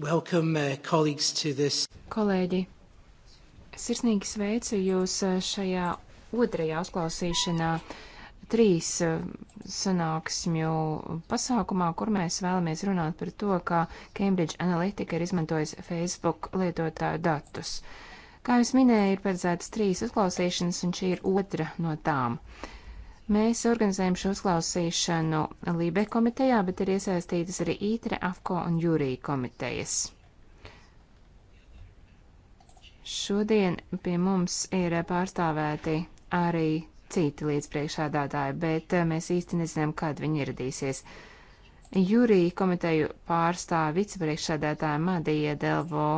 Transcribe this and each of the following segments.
Welcome, uh, colleagues, to this. Kolēģi, sirsnīgi sveicu jūs uh, šajā otrajā uzklausīšanā trīs uh, sanāksmju pasākumā, kur mēs vēlamies runāt par to, kā Cambridge Analytica ir izmantojis Facebook lietotāju datus. Kā jūs minēju, ir paredzētas trīs uzklausīšanas, un šī ir otra no tām. Uh, Mēs organizējam šo uzklausīšanu Lībe komitejā, bet ir iesaistītas arī ITRE, AFCO un Jūrija komitejas. Šodien pie mums ir pārstāvēti arī citi līdzpriekšādātāji, bet mēs īsti nezinām, kad viņi ieradīsies. Jūrija komiteju pārstāv vicepriekšādātāja Madija Delvo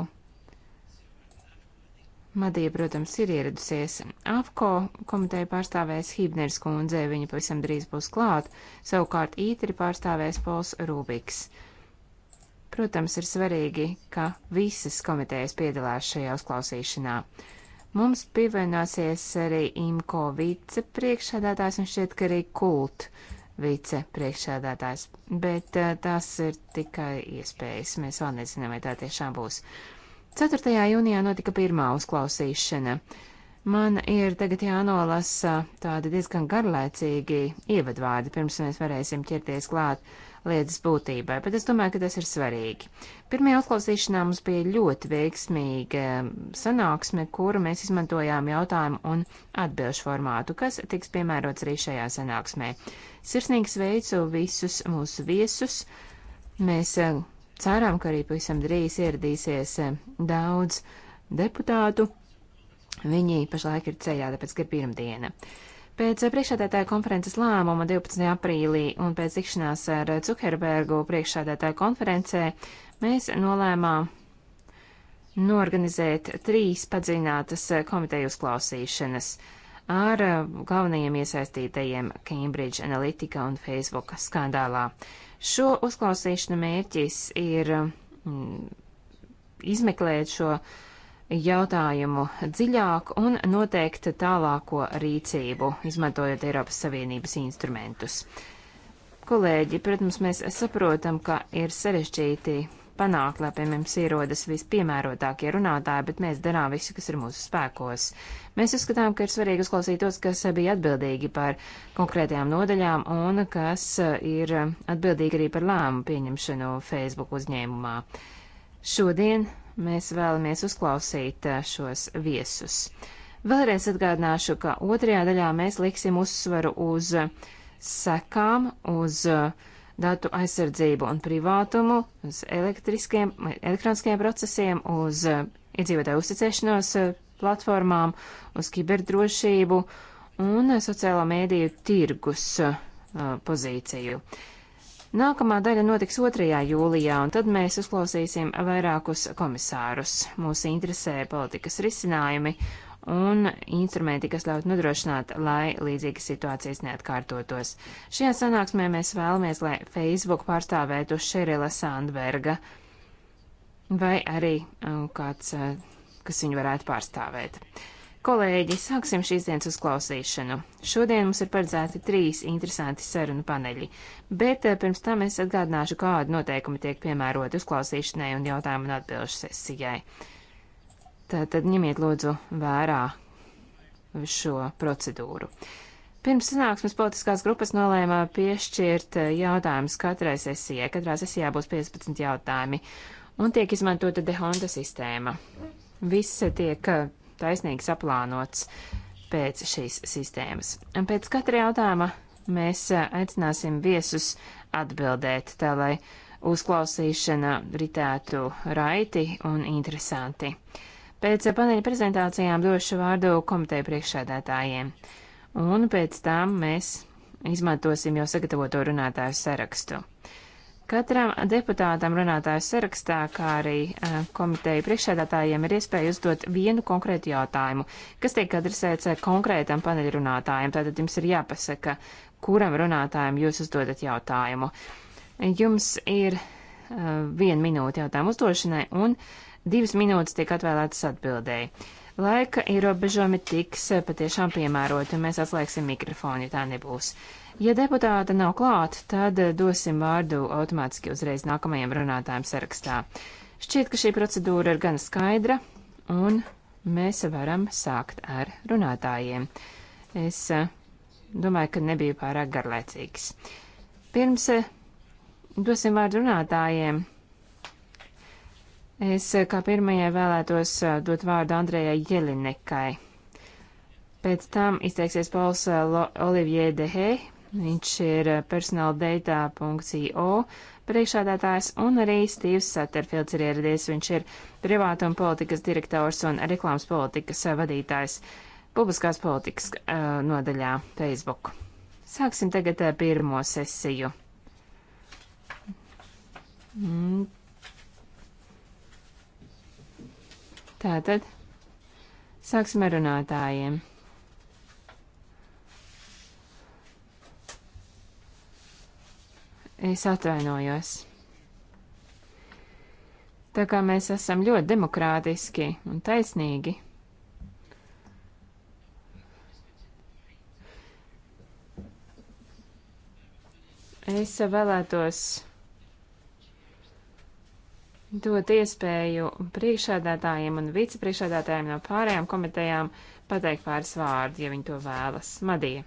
Madija, protams, ir ieradusies. AFCO komiteja pārstāvēs Hībners kundze, viņa pavisam drīz būs klāt, savukārt ītri pārstāvēs Pols Rūbiks. Protams, ir svarīgi, ka visas komitejas piedalās šajā uzklausīšanā. Mums pievienosies arī IMCO vicepriekšādātājs un šķiet, ka arī kult vicepriekšādātājs, bet eh, tās ir tikai iespējas. Mēs vēl nezinām, vai tā tiešām būs. Uh, 4. jūnijā notika pirmā uzklausīšana. Man ir tagad jānolasa tādi diezgan garlaicīgi ievadvārdi, pirms mēs varēsim ķerties klāt lietas būtībai, bet es domāju, ka tas ir svarīgi. Pirmajā uzklausīšanā mums bija ļoti veiksmīga sanāksme, kuru mēs izmantojām jautājumu un atbilžu formātu, kas tiks piemērots arī šajā sanāksmē. Sirsnīgi sveicu visus mūsu viesus. Mēs eh, Ceram, ka arī pavisam drīz ieradīsies eh, daudz deputātu. Viņi pašlaik ir ceļā, tāpēc ir pirmdiena. Pēc priekšādātāja konferences lēmuma 12. aprīlī un pēc tikšanās ar Cukerbergu priekšādātāja konferencē mēs nolēmām norganizēt trīs padziļinātas eh, komiteju uzklausīšanas. Uh, ar eh, galvenajiem iesaistītajiem Cambridge Analytica un Facebook skandālā. Šo uzklausīšanu mērķis ir mm, izmeklēt šo jautājumu dziļāk un noteikt tālāko rīcību, izmantojot Eiropas Savienības instrumentus. Kolēģi, protams, mēs saprotam, ka ir sarežģīti panākt, lai pie mums ierodas vispiemērotākie runātāji, bet mēs darām visu, kas ir mūsu spēkos. Mēs uzskatām, ka ir svarīgi uzklausīt tos, kas bija atbildīgi par konkrētajām nodaļām un kas eh, ir atbildīgi arī par lēmumu pieņemšanu Facebook uzņēmumā. Šodien mēs vēlamies uzklausīt eh, šos viesus. Vēlreiz atgādināšu, ka otrajā daļā mēs liksim uzsvaru uz sekām, uz uh, datu aizsardzību un privātumu, uz elektriskiem, elektroniskiem procesiem, uz eh, iedzīvotāju uzticēšanos eh, platformām, uz kiberdrošību un eh, sociālo mēdīju tirgus pozīciju. Nākamā daļa notiks 2. jūlijā, un tad mēs uzklausīsim vairākus komisārus. Mūs interesē politikas risinājumi, un instrumenti, kas ļaut nodrošināt, lai līdzīgas situācijas neatkārtotos. Šajā sanāksmē mēs vēlamies, lai Facebook pārstāvētu Šerila Sandberga vai arī um, kāds, uh, kas viņu varētu pārstāvēt. Kolēģi, sāksim šīs dienas uzklausīšanu. Šodien mums ir paredzēti trīs interesanti sarunu paneļi, bet uh, pirms tam es atgādināšu, kādu noteikumu tiek piemēroti uzklausīšanai un jautājumu un atbilžu sesijai. Tātad ņemiet lūdzu vērā šo procedūru. Pirms sanāksmes politiskās grupas nolēma piešķirt jautājumus katrai sesijai. Katrā sesijā būs 15 jautājumi un tiek izmantota dehonta sistēma. Viss tiek eh, taisnīgi saplānots pēc šīs sistēmas. Un pēc katra jautājuma mēs eh, aicināsim viesus atbildēt, tā lai uzklausīšana ritētu raiti un interesanti. Pēc paneļa prezentācijām došu vārdu komiteja priekšsēdētājiem, un pēc tam mēs izmantosim jau sagatavoto runātāju sarakstu. Katram deputātam runātāju sarakstā, kā arī komiteju priekšsēdētājiem, ir iespēja uzdot vienu konkrētu jautājumu, kas tiek adresēts konkrētam paneļrunātājam. Tātad jums ir jāpasaka, kuram runātājam jūs uzdodat jautājumu. Jums ir uh, viena minūte jautājumu uzdošanai, un uh, Divas minūtes tiek atvēlētas atbildēji. Laika ierobežojumi tiks eh, patiešām piemēroti, un mēs atslēgsim mikrofonu, ja tā nebūs. Ja deputāta nav klāt, tad eh, dosim vārdu automātiski uzreiz nākamajam runātājam sarakstā. Šķiet, ka šī procedūra ir gan skaidra, un mēs varam sākt ar runātājiem. Es eh, domāju, ka nebija pārāk garlaicīgs. Pirms dosim vārdu runātājiem, Es eh, kā pirmajai vēlētos eh, dot vārdu Andrejai Jelinekai. Pēc tam izteiksies Pauls eh, Olivier Dehe, viņš ir personaldata.io priekšādātājs, un arī Stīvs Satterfields ir ieradies, viņš ir privāta un politikas direktors un reklāmas politikas vadītājs publiskās politikas uh, nodaļā Facebook. Sāksim tagad uh, pirmo sesiju. Mm, Tātad sāksim ar runātājiem. Es atvainojos. Tā kā mēs esam ļoti demokrātiski un taisnīgi. Es vēlētos dot iespēju priekšādātājiem un vicepriekšādātājiem no pārējām komitejām pateikt pāris vārdu, ja viņi to vēlas. Madija.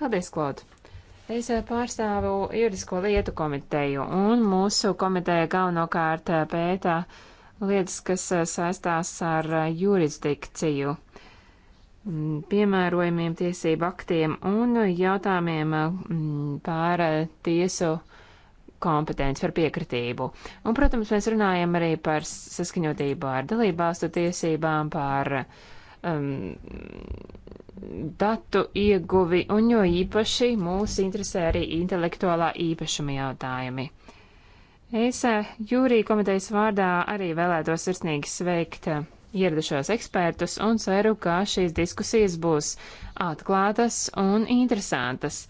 Paldies, Klod! Es eh, pārstāvu juridisko lietu komiteju, un mūsu komiteja galvenokārt eh, pētā lietas, kas eh, saistās ar jurisdikciju, piemērojumiem tiesību aktiem un jautājumiem pār tiesu kompetenci, par piekritību. Un, protams, mēs runājam arī par saskaņotību ar dalībvalstu tiesībām, par um, datu ieguvi, un jo īpaši mūs interesē arī intelektuālā īpašuma jautājumi. Es eh, jūrī komitejas vārdā arī vēlētos sirsnīgi sveikt eh, ieradušos ekspertus un ceru, ka šīs diskusijas būs atklātas un interesantas,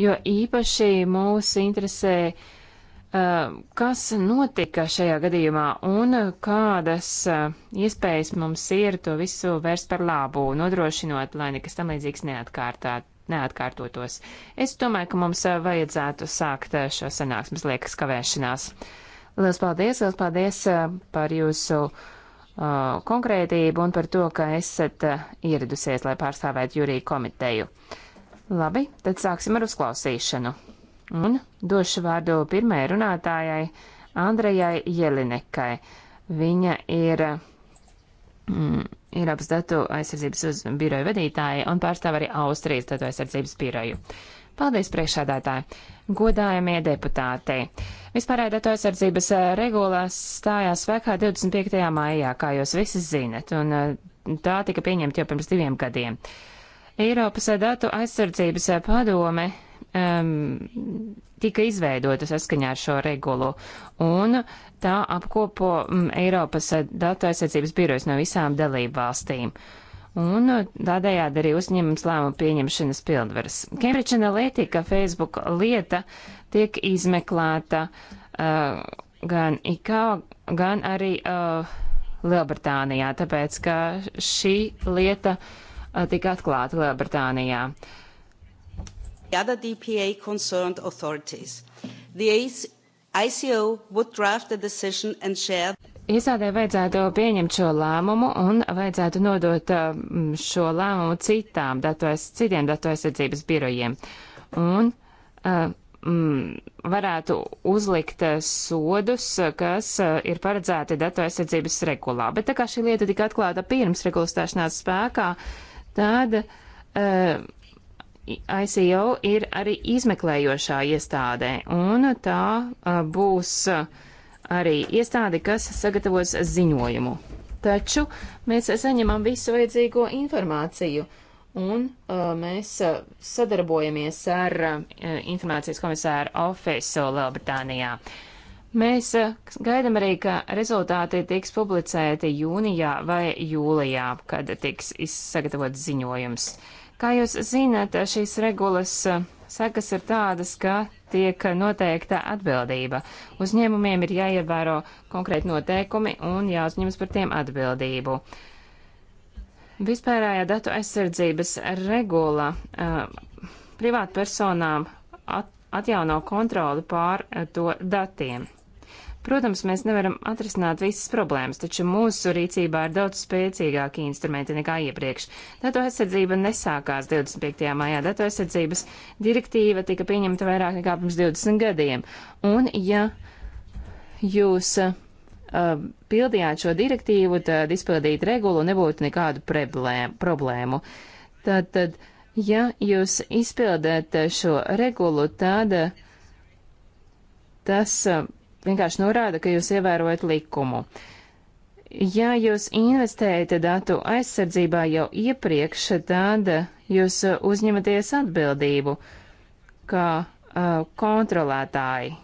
jo īpaši mūs interesē uh, kas notika šajā gadījumā un kādas iespējas mums ir to visu vērst par labu, nodrošinot, lai nekas tam līdzīgs neatkārtotos. Es domāju, ka mums vajadzētu sākt šo sanāksmes liekas kavēšanās. Lielas paldies, liels paldies par jūsu uh, konkrētību un par to, ka esat ieradusies, lai pārstāvētu jūriju komiteju. Labi, tad sāksim ar uzklausīšanu. Un došu vārdu pirmajai runātājai, Andrejai Jelinekai. Viņa ir mm, Eiropas datu aizsardzības uz biroju vadītāja un pārstāv arī Austrijas datu aizsardzības biroju. Paldies, priekšādātāji! Godājamie deputāti! Vispārējā datu aizsardzības eh, regulās stājās spēkā 25. maijā, kā jūs visi zinat, un eh, tā tika pieņemta jau pirms diviem gadiem. Eiropas eh, datu aizsardzības padome um, tika izveidota saskaņā ar šo regulu, un tā apkopo um, Eiropas datu aizsardzības birojas no visām dalību valstīm. Un tādējādi arī uzņēmums lēmumu pieņemšanas pildvaras. Cambridge Analytica Facebook lieta tiek izmeklēta uh, gan IKA, gan arī uh, Lielbritānijā, tāpēc ka šī lieta uh, tika atklāta Lielbritānijā. Uh, the other DPA concerned authorities. The ICO would draft a decision and share Iestādē vajadzētu pieņemt šo lēmumu un vajadzētu nodot um, šo lēmumu citām datojas, citiem datu aizsardzības birojiem. Un uh, mm, varētu uzlikt uh, sodus, uh, kas uh, ir paredzēti datu aizsardzības regulā. Bet tā kā šī lieta tika atklāta pirms regulas stāšanās spēkā, tad uh, ICO ir arī izmeklējošā iestādē, un tā būs arī iestāde, kas sagatavos ziņojumu. Taču mēs saņemam visu vajadzīgo informāciju, un mēs sadarbojamies ar informācijas komisāru ofisu Lielbritānijā. Mēs gaidam arī, ka rezultāti tiks publicēti jūnijā vai jūlijā, kad tiks sagatavots ziņojums. Uh, Kā jūs zināt, šīs regulas eh, sekas ir tādas, ka tiek noteikta atbildība. Uzņēmumiem ir jāievēro konkrēti noteikumi un jāuzņemas par tiem atbildību. Vispārējā datu aizsardzības regula eh, privātpersonām at, atjauno kontroli pār eh, to datiem. Protams, mēs nevaram atrisināt visas problēmas, taču mūsu rīcībā ir daudz spēcīgāki instrumenti nekā iepriekš. Datu aizsardzība nesākās 25. maijā. Datu aizsardzības direktīva tika pieņemta vairāk nekā pirms 20 gadiem. Un, ja jūs uh, pildījāt šo direktīvu, tad izpildīt regulu nebūtu nekādu preblēm, problēmu. Tad, tad, ja jūs izpildāt šo regulu, tad uh, tas uh, vienkārši norāda, ka jūs ievērojat likumu. Ja jūs investējat datu aizsardzībā jau iepriekš, tad jūs uzņematies atbildību kā uh, kontrolētāji,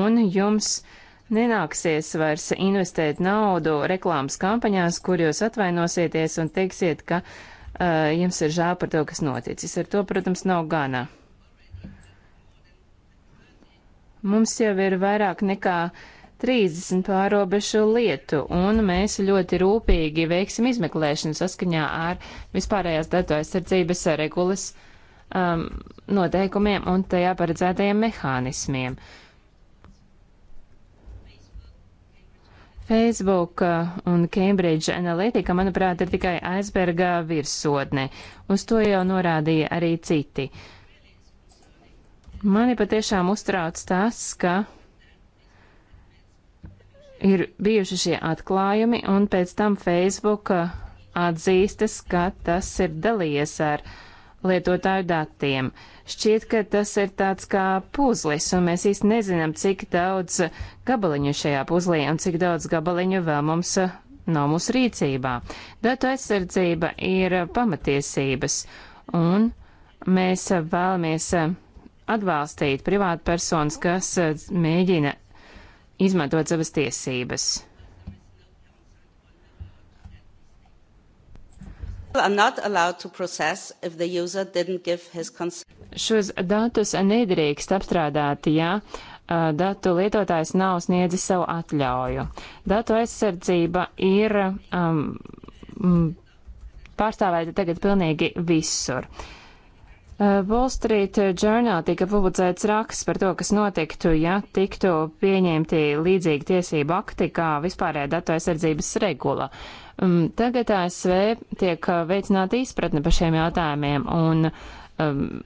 un jums nenāksies vairs investēt naudu reklāmas kampaņās, kur jūs atvainosieties un teiksiet, ka uh, jums ir žēl par to, kas noticis. Ar to, protams, nav gana. Mums jau ir vairāk nekā 30 pārobežu lietu, un mēs ļoti rūpīgi veiksim izmeklēšanu saskaņā ar vispārējās datu aizsardzības regulas um, noteikumiem un tajā paredzētajiem mehānismiem. Facebook uh, un Cambridge Analytica, manuprāt, ir tikai aizberga virsotne. Uz to jau norādīja arī citi. Uh, Mani patiešām uztrauc tas, ka ir bijuši šie atklājumi, un pēc tam Facebook atzīstas, ka tas ir dalījies ar lietotāju datiem. Šķiet, ka tas ir tāds kā puzlis, un mēs īsti nezinām, cik daudz gabaliņu šajā puzlī un cik daudz gabaliņu vēl mums nav mūsu rīcībā. Datu aizsardzība ir pamatiesības, un mēs vēlamies atbalstīt privātpersonas, kas eh, mēģina izmantot savas tiesības. Šos datus nedrīkst apstrādāt, ja eh, datu lietotājs nav sniedzis savu atļauju. Datu aizsardzība ir um, pārstāvēta tagad pilnīgi visur. Uh, Eh, Wall Street Journal tika publicēts raksts par to, kas notiktu, ja tiktu pieņemti līdzīgi tiesību akti kā vispārējā datu aizsardzības regula. Mm, tagad ASV tiek eh, veicināta izpratne par šiem jautājumiem, un um,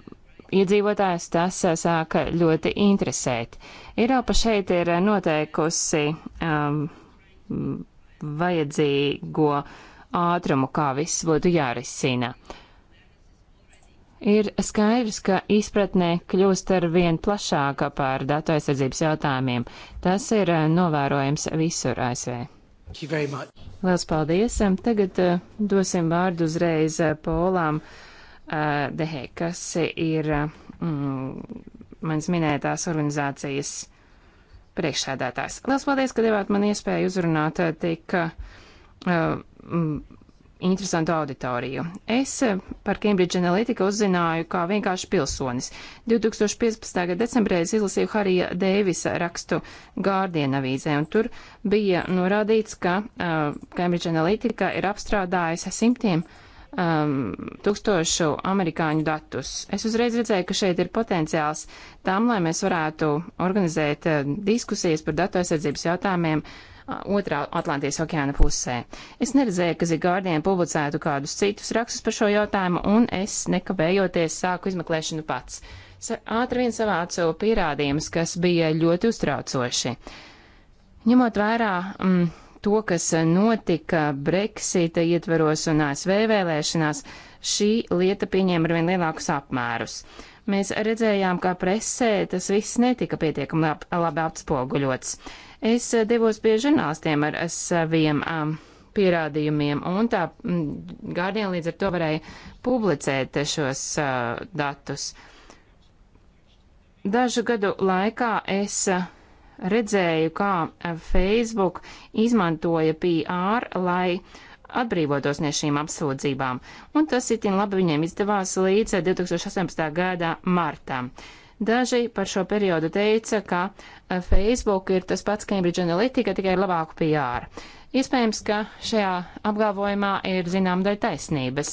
iedzīvotājs tas eh, sāka ļoti interesēt. Eiropa šeit ir noteikusi um, vajadzīgo ātrumu, kā viss būtu jārisina. Uh, Ir skaidrs, ka izpratnē kļūst ar vien plašāka par datu aizsardzības jautājumiem. Tas ir eh, novērojams visur ASV. Lielas paldies! Tagad eh, dosim vārdu uzreiz eh, Polam Dehē, kas ir mm, mans minētās organizācijas priekšsēdētājs. Lielas paldies, ka devāt man iespēju uzrunāt tik. Uh, mm, interesantu auditoriju. Es eh, par Cambridge Analytica uzzināju kā vienkārši pilsonis. 2015. gada decembrī es izlasīju Harija Dēvisa rakstu Guardian avīzē, un tur bija norādīts, ka uh, Cambridge Analytica ir apstrādājusi simtiem um, tūkstošu amerikāņu datus. Es uzreiz redzēju, ka šeit ir potenciāls tam, lai mēs varētu organizēt uh, diskusijas par datu aizsardzības jautājumiem otrā Atlantijas okeāna pusē. Es neredzēju, ka Zigārdien publicētu kādus citus rakstus par šo jautājumu, un es nekavējoties sāku izmeklēšanu pats. Ātri vien savācu pierādījumus, kas bija ļoti uztraucoši. Ņemot vērā mm, to, kas notika Brexita ietveros un ASV vēlēšanās, šī lieta pieņēma arvien lielākus apmērus. Mēs redzējām, kā presē tas viss netika pietiekami labi apspoguļots. Lab Es eh, devos pie žurnālistiem ar eh, saviem um, pierādījumiem, un tā mm, Guardian līdz ar to varēja publicēt šos uh, datus. Dažu gadu laikā es uh, redzēju, kā Facebook izmantoja PR, lai atbrīvotos no šīm apsūdzībām, un tas itin labi viņiem izdevās līdz 2018. gada martam. Uh, Daži par šo periodu teica, ka eh, Facebook ir tas pats Cambridge Analytica, tikai ar labāku PR. Iespējams, ka šajā apgalvojumā ir zinām daļa taisnības.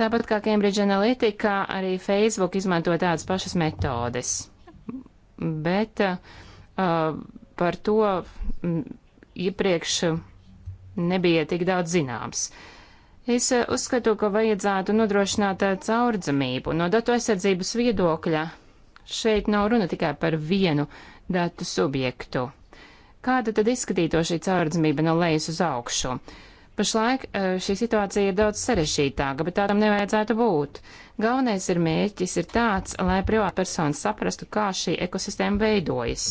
Tāpat kā Cambridge Analytica, arī Facebook izmanto tādas pašas metodes. Bet uh, par to mm, iepriekš nebija tik daudz zināms. Es uzskatu, ka vajadzētu nodrošināt caurdzamību no datu aizsardzības viedokļa. Šeit nav runa tikai par vienu datu subjektu. Kāda tad izskatītos šī caurdzamība no lejas uz augšu? Pašlaik e, šī situācija ir daudz sarešķītāka, bet tādam nevajadzētu būt. Galvenais ir mērķis ir tāds, lai privātpersona saprastu, kā šī ekosistēma veidojas.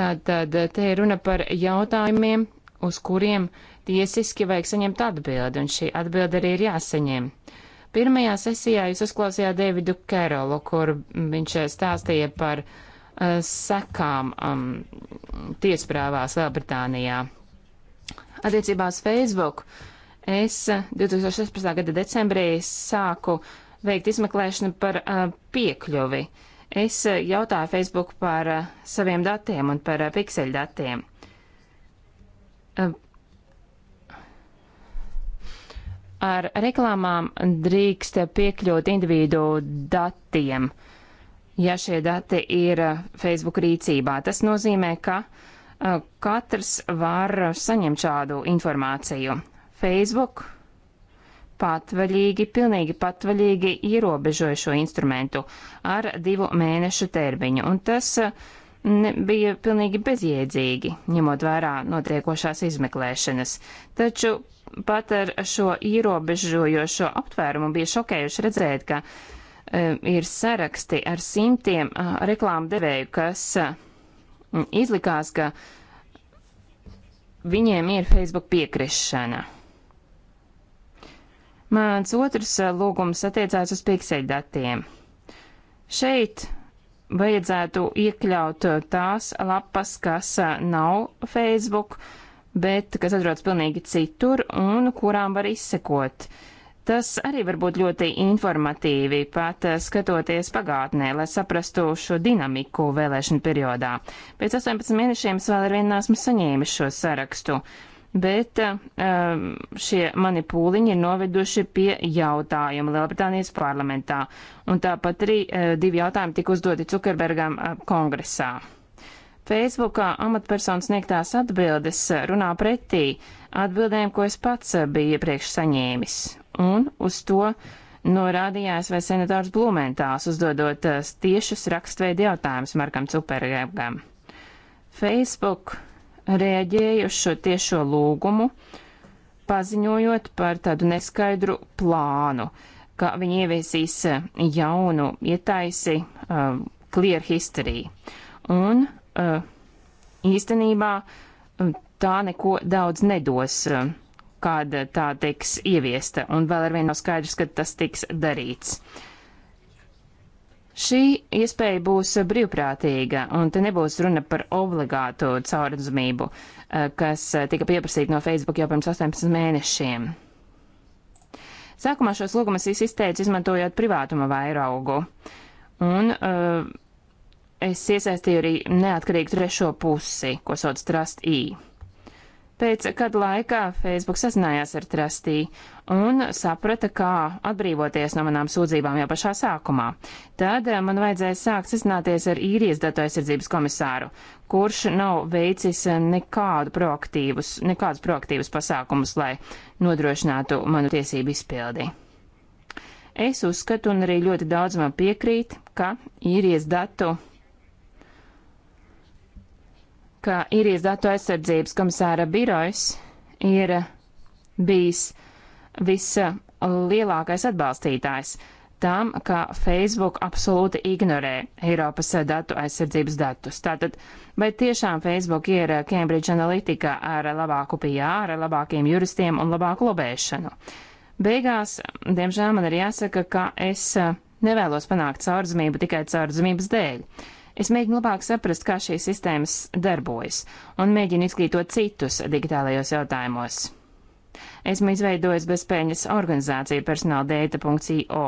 Tātad e, te ir runa par jautājumiem, uz kuriem tiesiski vajag saņemt atbildi, un šī atbilde arī ir jāsaņem. Uh, Pirmajā sesijā jūs uzklausījāt Davidu Kerolu, kur viņš eh, stāstīja par uh, sekām um, tiesprāvās Lielbritānijā. Attiecībā uz Facebook es 2016. Eh, gada decembrī sāku veikt izmeklēšanu par uh, piekļuvi. Es uh, jautāju Facebook par uh, saviem datiem un par uh, pikseļdatiem. Uh, Ar reklāmām drīkst piekļūt individu datiem, ja šie dati ir Facebook rīcībā. Tas nozīmē, ka uh, katrs var saņemt šādu informāciju. Facebook patvaļīgi, pilnīgi patvaļīgi ierobežoja šo instrumentu ar divu mēnešu termiņu, un tas uh, bija pilnīgi bezjēdzīgi, ņemot vērā notriekošās izmeklēšanas. Taču pat ar šo ierobežojošo aptvērumu bija šokējuši redzēt, ka uh, ir saraksti ar simtiem uh, reklāmu devēju, kas uh, izlikās, ka viņiem ir Facebook piekrišana. Mans otrs lūgums attiecās uz pikseļdatiem. Šeit vajadzētu iekļaut tās lapas, kas nav Facebook, uh, bet kas atrodas pilnīgi citur un kurām var izsekot. Tas arī var būt ļoti informatīvi, pat skatoties pagātnē, lai saprastu šo dinamiku vēlēšanu periodā. Pēc 18 mēnešiem es vēl ar vienu nesmu saņēmis šo sarakstu, bet um, šie mani pūliņi ir noveduši pie jautājuma Lielbritānijas parlamentā, un tāpat arī uh, divi jautājumi tika uzdoti Cukerbergam uh, kongresā. Facebookā amatpersonas sniegtās atbildes runā pretī atbildēm, ko es pats biju iepriekš saņēmis, un uz to norādījās vai senators Blumentāls uzdodot eh, tiešus rakstveidu jautājumus Markam Cupergam. Facebook reaģēja uz šo tiešo lūgumu, paziņojot par tādu neskaidru plānu, ka viņi ieviesīs eh, jaunu ietaisi um, clear history. Un Uh, īstenībā uh, tā neko daudz nedos, uh, kāda tā tiks ieviesta, un vēl arvien nav skaidrs, kad tas tiks darīts. Šī iespēja būs brīvprātīga, un te nebūs runa par obligātu caurredzamību, kas tika pieprasīta no Facebook jau pirms 18 mēnešiem. Sākumā šos lūgumus es izteicu izmantojot privātuma vairaugu, un uh, es iesaistīju arī neatkarīgu trešo pusi, ko sauc Trustī. E. Pēc kāda laika Facebook sazinājās ar Trustī e un saprata, kā atbrīvoties no manām sūdzībām jau pašā sākumā. Tad eh, man vajadzēja sākt sazināties ar īrijas datu aizsardzības komisāru, kurš nav veicis eh, nekādu proaktīvus, nekādus proaktīvus pasākumus, lai nodrošinātu manu tiesību izpildi. Es uzskatu, un arī ļoti daudz man piekrīt, ka īrijas datu ka Irijas datu aizsardzības komisāra birojs ir bijis vislielākais atbalstītājs tam, ka Facebook absolūti ignorē Eiropas datu aizsardzības datus. Tātad, vai tiešām Facebook ir Cambridge Analytica ar labāku PR, ar labākiem juristiem un labāku lobēšanu? Beigās, diemžēl, man ir jāsaka, ka es nevēlos panākt caurzmību tikai caurzmības dēļ. Es mēģinu labāk saprast, kā šīs sistēmas darbojas, un mēģinu izglītot citus digitālajos jautājumos. Esmu izveidojis bezpēļņas organizāciju personāldata.io,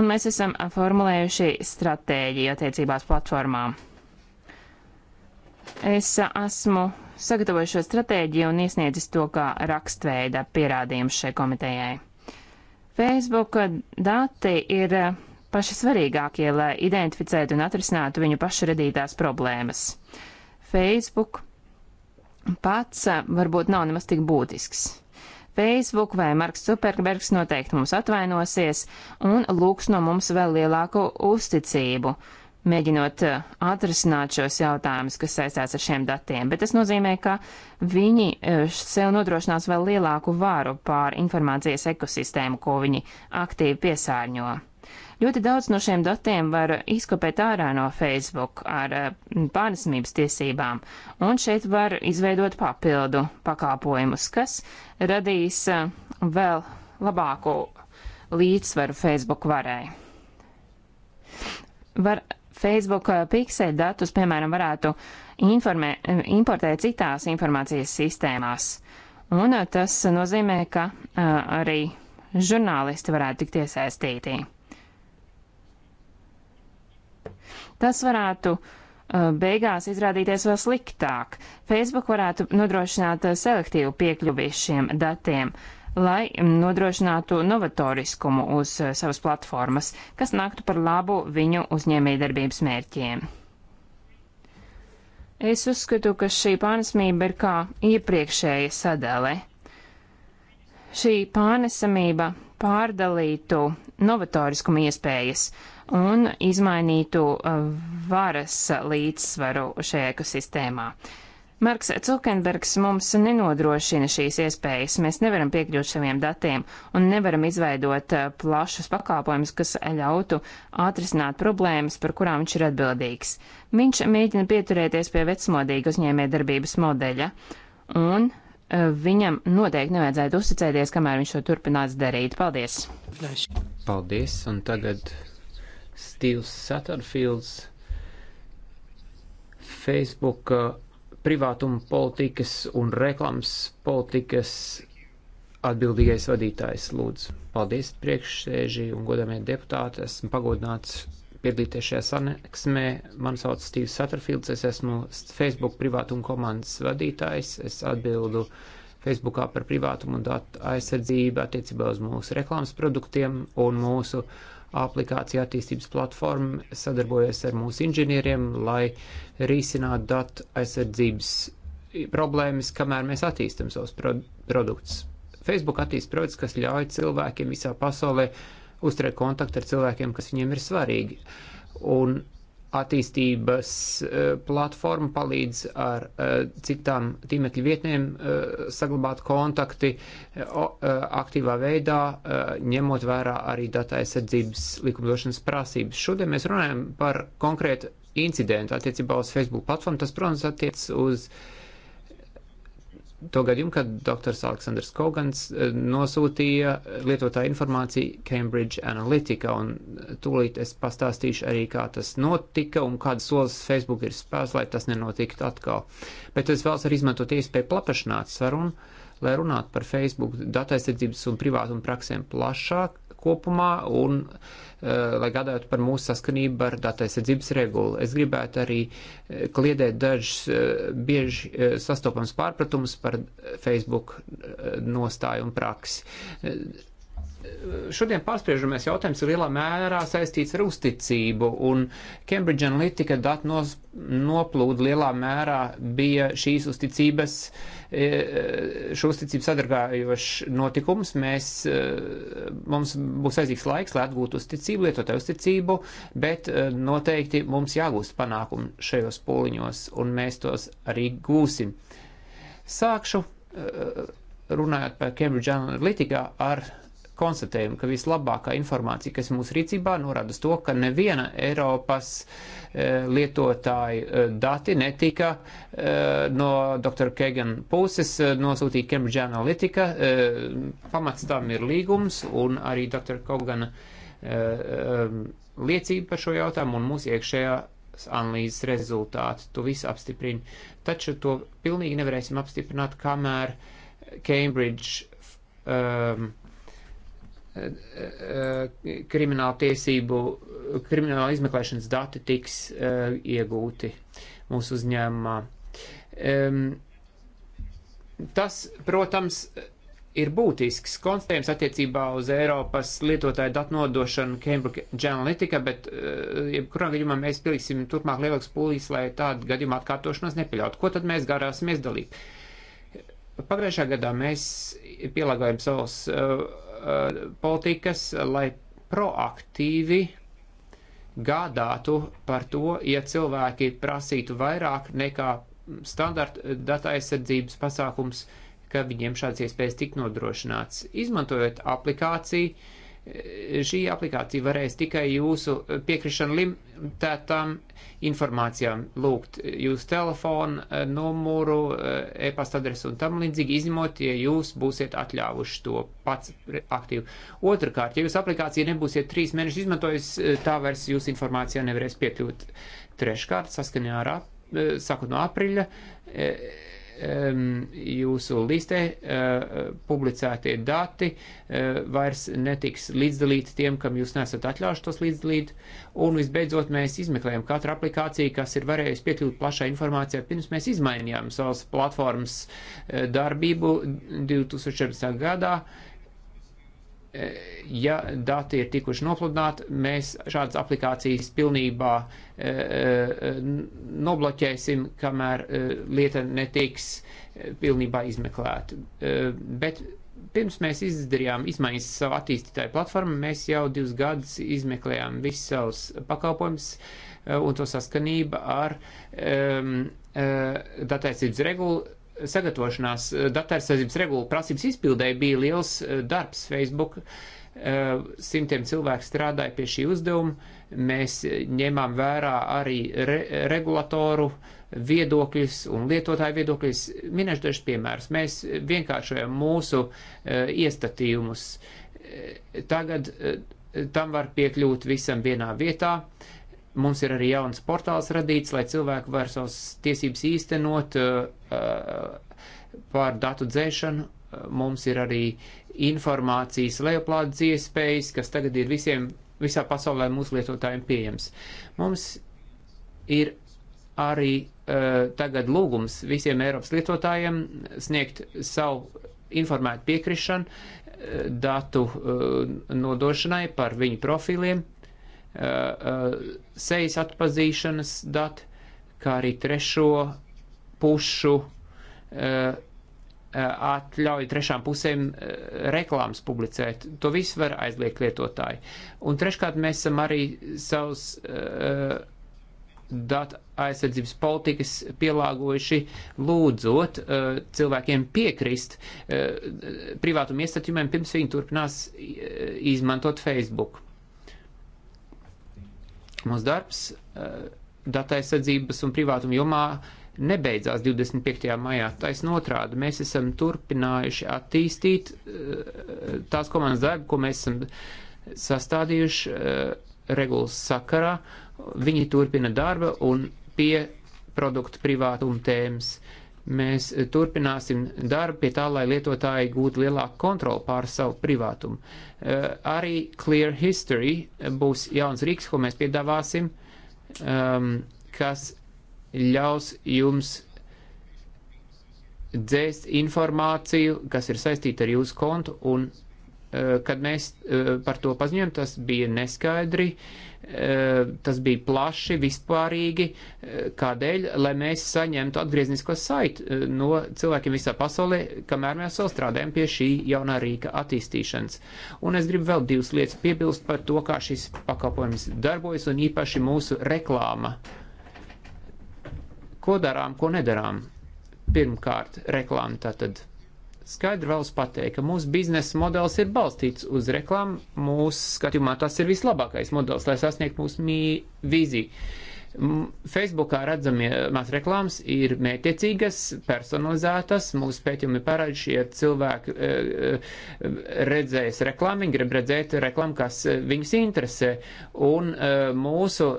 un mēs esam formulējuši stratēģiju attiecībās platformām. Es esmu sagatavojis šo stratēģiju un iesniedzis to kā rakstveida pierādījumu šai komitejai. Facebook dati ir paši svarīgākie, lai identificētu un atrisinātu viņu pašu radītās problēmas. Facebook pats varbūt nav nemaz tik būtisks. Facebook vai Marks Zukerbergs noteikti mums atvainosies un lūgs no mums vēl lielāku uzticību, mēģinot atrisināt šos jautājumus, kas saistās ar šiem datiem. Bet tas nozīmē, ka viņi sev nodrošinās vēl lielāku vāru pār informācijas ekosistēmu, ko viņi aktīvi piesārņo. Ļoti daudz no šiem datiem var izkopēt ārā no Facebook ar eh, pārnesamības tiesībām, un šeit var izveidot papildu pakāpojumus, kas radīs eh, vēl labāku līdzsvaru Facebook varai. Var Facebook eh, pixel datus, piemēram, varētu informē, importēt citās informācijas sistēmās. Un tas nozīmē, ka arī žurnālisti varētu tikt iesaistīti. Tas varētu uh, beigās izrādīties vēl sliktāk. Facebook varētu nodrošināt uh, selektīvu piekļuvi šiem datiem, lai mm, nodrošinātu novatoriskumu uz uh, savas platformas, kas nāktu par labu viņu uzņēmējdarbības mērķiem. Es uzskatu, ka šī pārnesamība ir kā iepriekšēja sadale. Šī pārnesamība pārdalītu novatoriskumu iespējas, uh, un izmainītu uh, varas līdzsvaru šajā ekosistēmā. Marks Cukenbergs mums nenodrošina šīs iespējas. Mēs nevaram piekļūt saviem datiem un nevaram izveidot uh, plašus pakāpojumus, kas ļautu atrisināt problēmas, par kurām viņš ir atbildīgs. Viņš mēģina pieturēties pie vecmodīga uzņēmējdarbības modeļa, un uh, viņam noteikti nevajadzētu uzticēties, kamēr viņš to turpinās darīt. Paldies! Paldies, un tagad Stīvs Satterfields Facebook uh, privātuma politikas un reklāmas politikas atbildīgais vadītājs lūdzu. Paldies priekšsēži un godamie deputāti, esmu pagodināts piedalīties šajā saneksmē. Man sauc Stīvs Satterfields, es esmu Facebook privātuma komandas vadītājs, es atbildu Facebookā par privātumu un datu aizsardzību attiecībā uz mūsu reklāmas produktiem un mūsu uh, aplikācija attīstības platforma sadarbojas ar mūsu inženieriem, lai risinātu datu aizsardzības problēmas, kamēr mēs attīstam savus pro produktus. Facebook attīst produkts, kas ļauj cilvēkiem visā pasaulē uzturēt kontaktu ar cilvēkiem, kas viņiem ir svarīgi. Un attīstības e, platforma palīdz ar e, citām tīmekļa vietnēm e, saglabāt kontakti aktīvā veidā, ņemot vērā arī datu aizsardzības likumdošanas prasības. Šodien mēs runājam par konkrētu incidentu attiecībā uz Facebook platformu. Tas, protams, attiec uz uh, to gadījumu, kad dr. Aleksandrs Kogans e, nosūtīja lietotāju informāciju Cambridge Analytica, un tūlīt es pastāstīšu arī, kā tas notika un kādas solis Facebook ir spērs, lai tas nenotiktu atkal. Bet es vēlos arī izmantot iespēju plapašanāt sarunu, lai runātu par Facebook dataizsardzības un privātumu praksēm plašāk, kopumā un eh, lai gādātu par mūsu saskanību ar dataizsardzības regulu. Es gribētu arī eh, kliedēt dažus eh, bieži sastopams pārpratums par Facebook nostāju un praksi šodien pārspriežamies jautājums ir lielā mērā saistīts ar uzticību, un Cambridge Analytica datu nos, noplūda lielā mērā bija šīs uzticības, e, šo uzticību sadargājošs notikums. Mēs, e, mums būs aizīgs laiks, lai atgūtu uzticību, lietotāju uzticību, bet e, noteikti mums jāgūst panākumi šajos poliņos, un mēs tos arī gūsim. Sākšu runājot par Cambridge Analytica ar konstatējam, ka vislabākā informācija, kas mūsu rīcībā, norāda uz to, ka neviena Eiropas eh, lietotāja eh, dati netika eh, no dr. Kegan puses nosūtīta Cambridge Analytica. Pamats tam ir līgums un arī dr. Kogana liecība par šo jautājumu un mūsu iekšējā analīzes rezultāti. To visu apstiprina. Taču to pilnīgi nevarēsim apstiprināt, kamēr Cambridge um, krimināla tiesību, krimināla izmeklēšanas dati tiks eh, iegūti mūsu uzņēmumā. Tas, protams, ir būtisks konstatējums attiecībā uz Eiropas lietotāju datu nodošanu Cambridge Analytica, bet eh, jebkurā gadījumā mēs pilīsim turpmāk lielāks pūlīs, lai tādu gadījumu atkārtošanos nepieļautu. Ko tad mēs garāsimies dalīt? Pagājušā gadā mēs pielāgojam savus uh, Eh, politikas, lai proaktīvi gādātu par to, ja cilvēki prasītu vairāk nekā standarta data aizsardzības pasākums, ka viņiem šāds iespējas tik nodrošināts. Izmantojot aplikāciju, Šī aplikācija varēs tikai jūsu piekrišanu limitētām informācijām lūgt jūsu telefonu, numuru, e-pasta adresu un tam līdzīgi izņemot, ja jūs būsiet atļāvuši to pats aktīvi. Otrakārt, ja jūs aplikāciju nebūsiet trīs mēnešus izmantojis, tā vairs jūsu informācijā nevarēs piekļūt. Treškārt, saskaņā ar, ap, sakot no apriļa, Um, jūsu listē uh, publicētie dati uh, vairs netiks līdzdalīti tiem, kam jūs nesat atļaujuši tos līdzdalīt. Un visbeidzot, mēs izmeklējam katru aplikāciju, kas ir varējusi piekļūt plašai informācijai, pirms mēs izmainījām savas platformas uh, darbību 2014. gadā Eh, ja dati ir tikuši nopludināti, mēs šādas aplikācijas pilnībā eh, eh, nobloķēsim, kamēr lieta netiks pilnībā izmeklēta. Bet pirms mēs izdarījām izmaiņas savu attīstītāju platformu, mēs jau divus gadus izmeklējām visus savus pakalpojumus un to saskanību ar um, ehm, dataizsības regulu sagatavošanās eh, datarsardzības regula prasības izpildēji bija liels eh, darbs Facebook. Eh, simtiem cilvēku strādāja pie šī uzdevuma. Mēs ņēmām vērā arī re regulatoru viedokļus un lietotāju viedokļus. Minēšu dažus piemērus. Mēs vienkāršojam mūsu iestatījumus. Tagad tam var piekļūt visam vienā vietā. Uh, Mums ir arī jauns portāls radīts, lai cilvēki var savas tiesības īstenot eh, pār datu dzēšanu. Mums ir arī informācijas lejoplādes iespējas, kas tagad ir visiem, visā pasaulē mūsu lietotājiem pieejams. Mums ir arī uh, tagad lūgums visiem Eiropas lietotājiem sniegt savu informētu piekrišanu uh, datu uh, nodošanai par viņu profiliem. Uh, uh, sejas atpazīšanas dati, kā arī trešo pušu uh, atļauj trešām pusēm reklāmas publicēt. To visu var aizliegt lietotāji. Un treškārt mēs esam arī savus uh, datu aizsardzības politikas pielāgojuši lūdzot uh, cilvēkiem piekrist uh, privātum iestatījumiem, pirms viņi turpinās izmantot Facebook. Mūsu darbs eh, datu aizsardzības un privātuma jomā nebeidzās 25. maijā. Taisn otrādi, mēs esam turpinājuši attīstīt eh, tās komandas darbu, ko mēs esam sastādījuši eh, regulas sakarā. Viņi turpina darba un pie produktu privātuma tēmas. Uh, Mēs turpināsim darbu pie tā, lai lietotāji gūtu lielāku kontroli pār savu privātumu. Eh, arī Clear History būs jauns rīks, ko mēs piedāvāsim, ehm, kas ļaus jums dzēst informāciju, kas ir saistīta ar jūsu kontu, un eh, kad mēs eh, par to paziņojam, tas bija neskaidri. Eh, tas bija plaši, vispārīgi, eh, kādēļ, lai mēs saņemtu atgrieznisko saiti eh, no cilvēkiem visā pasaulē, kamēr mēs vēl strādājam pie šī jaunā rīka attīstīšanas. Un es gribu vēl divas lietas piebilst par to, kā šis pakalpojums darbojas un īpaši mūsu reklāma. Ko darām, ko nedarām? Pirmkārt, reklāma tātad skaidri vēlas pateikt, ka mūsu biznesa modelis ir balstīts uz reklāmu. Mūsu skatījumā tas ir vislabākais modelis, lai sasniegtu mūsu vīziju. Facebookā redzamās reklāmas ir mētiecīgas, personalizētas. Mūsu pētījumi parāda, šie cilvēki e, e, redzēs reklāmu, viņi grib redzēt reklāmu, kas viņus interesē. Un e, mūsu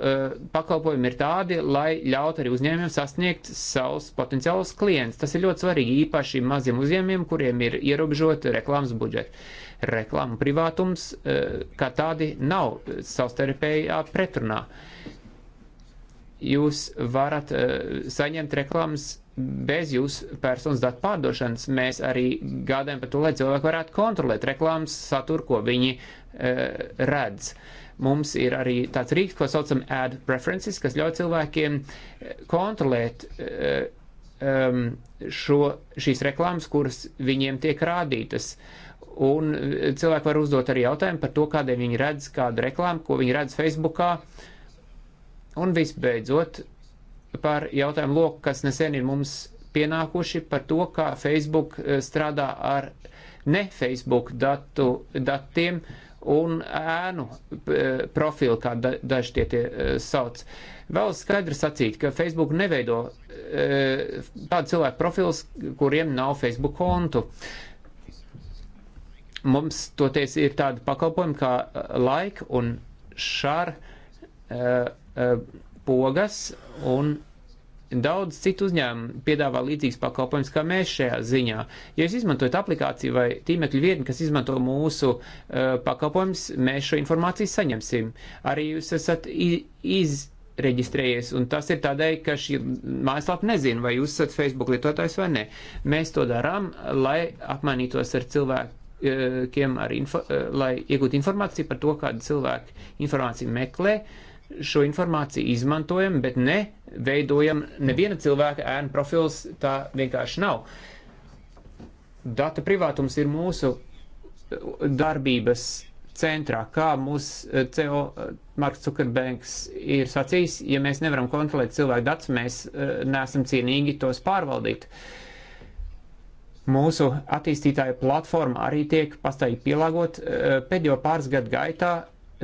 pakalpojumi ir tādi, lai ļaut arī uzņēmumiem sasniegt savus potenciālus klientus. Tas ir ļoti svarīgi īpaši maziem uzņēmumiem, kuriem ir ierobežota reklāmas budžeta. Reklāmu privātums kā tādi nav savstarpējā pretrunā jūs varat uh, saņemt reklāmas bez jūsu personas datu pārdošanas. Mēs arī gādājam par to, lai cilvēki varētu kontrolēt reklāmas saturu, ko viņi uh, redz. Mums ir arī tāds rīks, ko saucam ad preferences, kas ļauj cilvēkiem eh, kontrolēt uh, um, šo, šīs reklāmas, kuras viņiem tiek rādītas. Un cilvēki var uzdot arī jautājumu par to, kādēļ viņi redz kādu reklāmu, ko viņi redz Facebookā. Uh, Un visbeidzot, par jautājumu loku, kas nesen ir mums pienākuši par to, kā Facebook e, strādā ar ne Facebook datu, datiem un ēnu e, profilu, kā da, daži tie, tie e, sauc. Vēl skaidri sacīt, ka Facebook neveido tādu cilvēku profilus, kuriem nav Facebook kontu. Mums toties ir tādi pakalpojumi kā laika un šāra Eh, pogas un daudz citu uzņēmumu piedāvā līdzīgs pakalpojums kā mēs šajā ziņā. Ja jūs izmantojat aplikāciju vai tīmekļu vietni, kas izmanto mūsu uh, eh, pakalpojums, mēs šo informāciju saņemsim. Arī jūs esat izreģistrējies, un tas ir tādēļ, ka šī mājaslapa nezina, vai jūs esat Facebook lietotājs vai nē. Mēs to darām, lai apmainītos ar cilvēku kiem ar info, eh, lai iegūtu informāciju par to, kādu cilvēku informāciju meklē, uh, šo informāciju izmantojam, bet ne veidojam neviena cilvēka ēnu profils, tā vienkārši nav. Data privātums ir mūsu uh, darbības centrā, kā mūsu uh, CEO uh, Marks Zuckerbergs ir sacījis, ja mēs nevaram kontrolēt cilvēku datus, mēs neesam cienīgi tos pārvaldīt. Mūsu attīstītāju platforma arī tiek pastāvīgi pielāgot. Pēdējo pāris gadu gaitā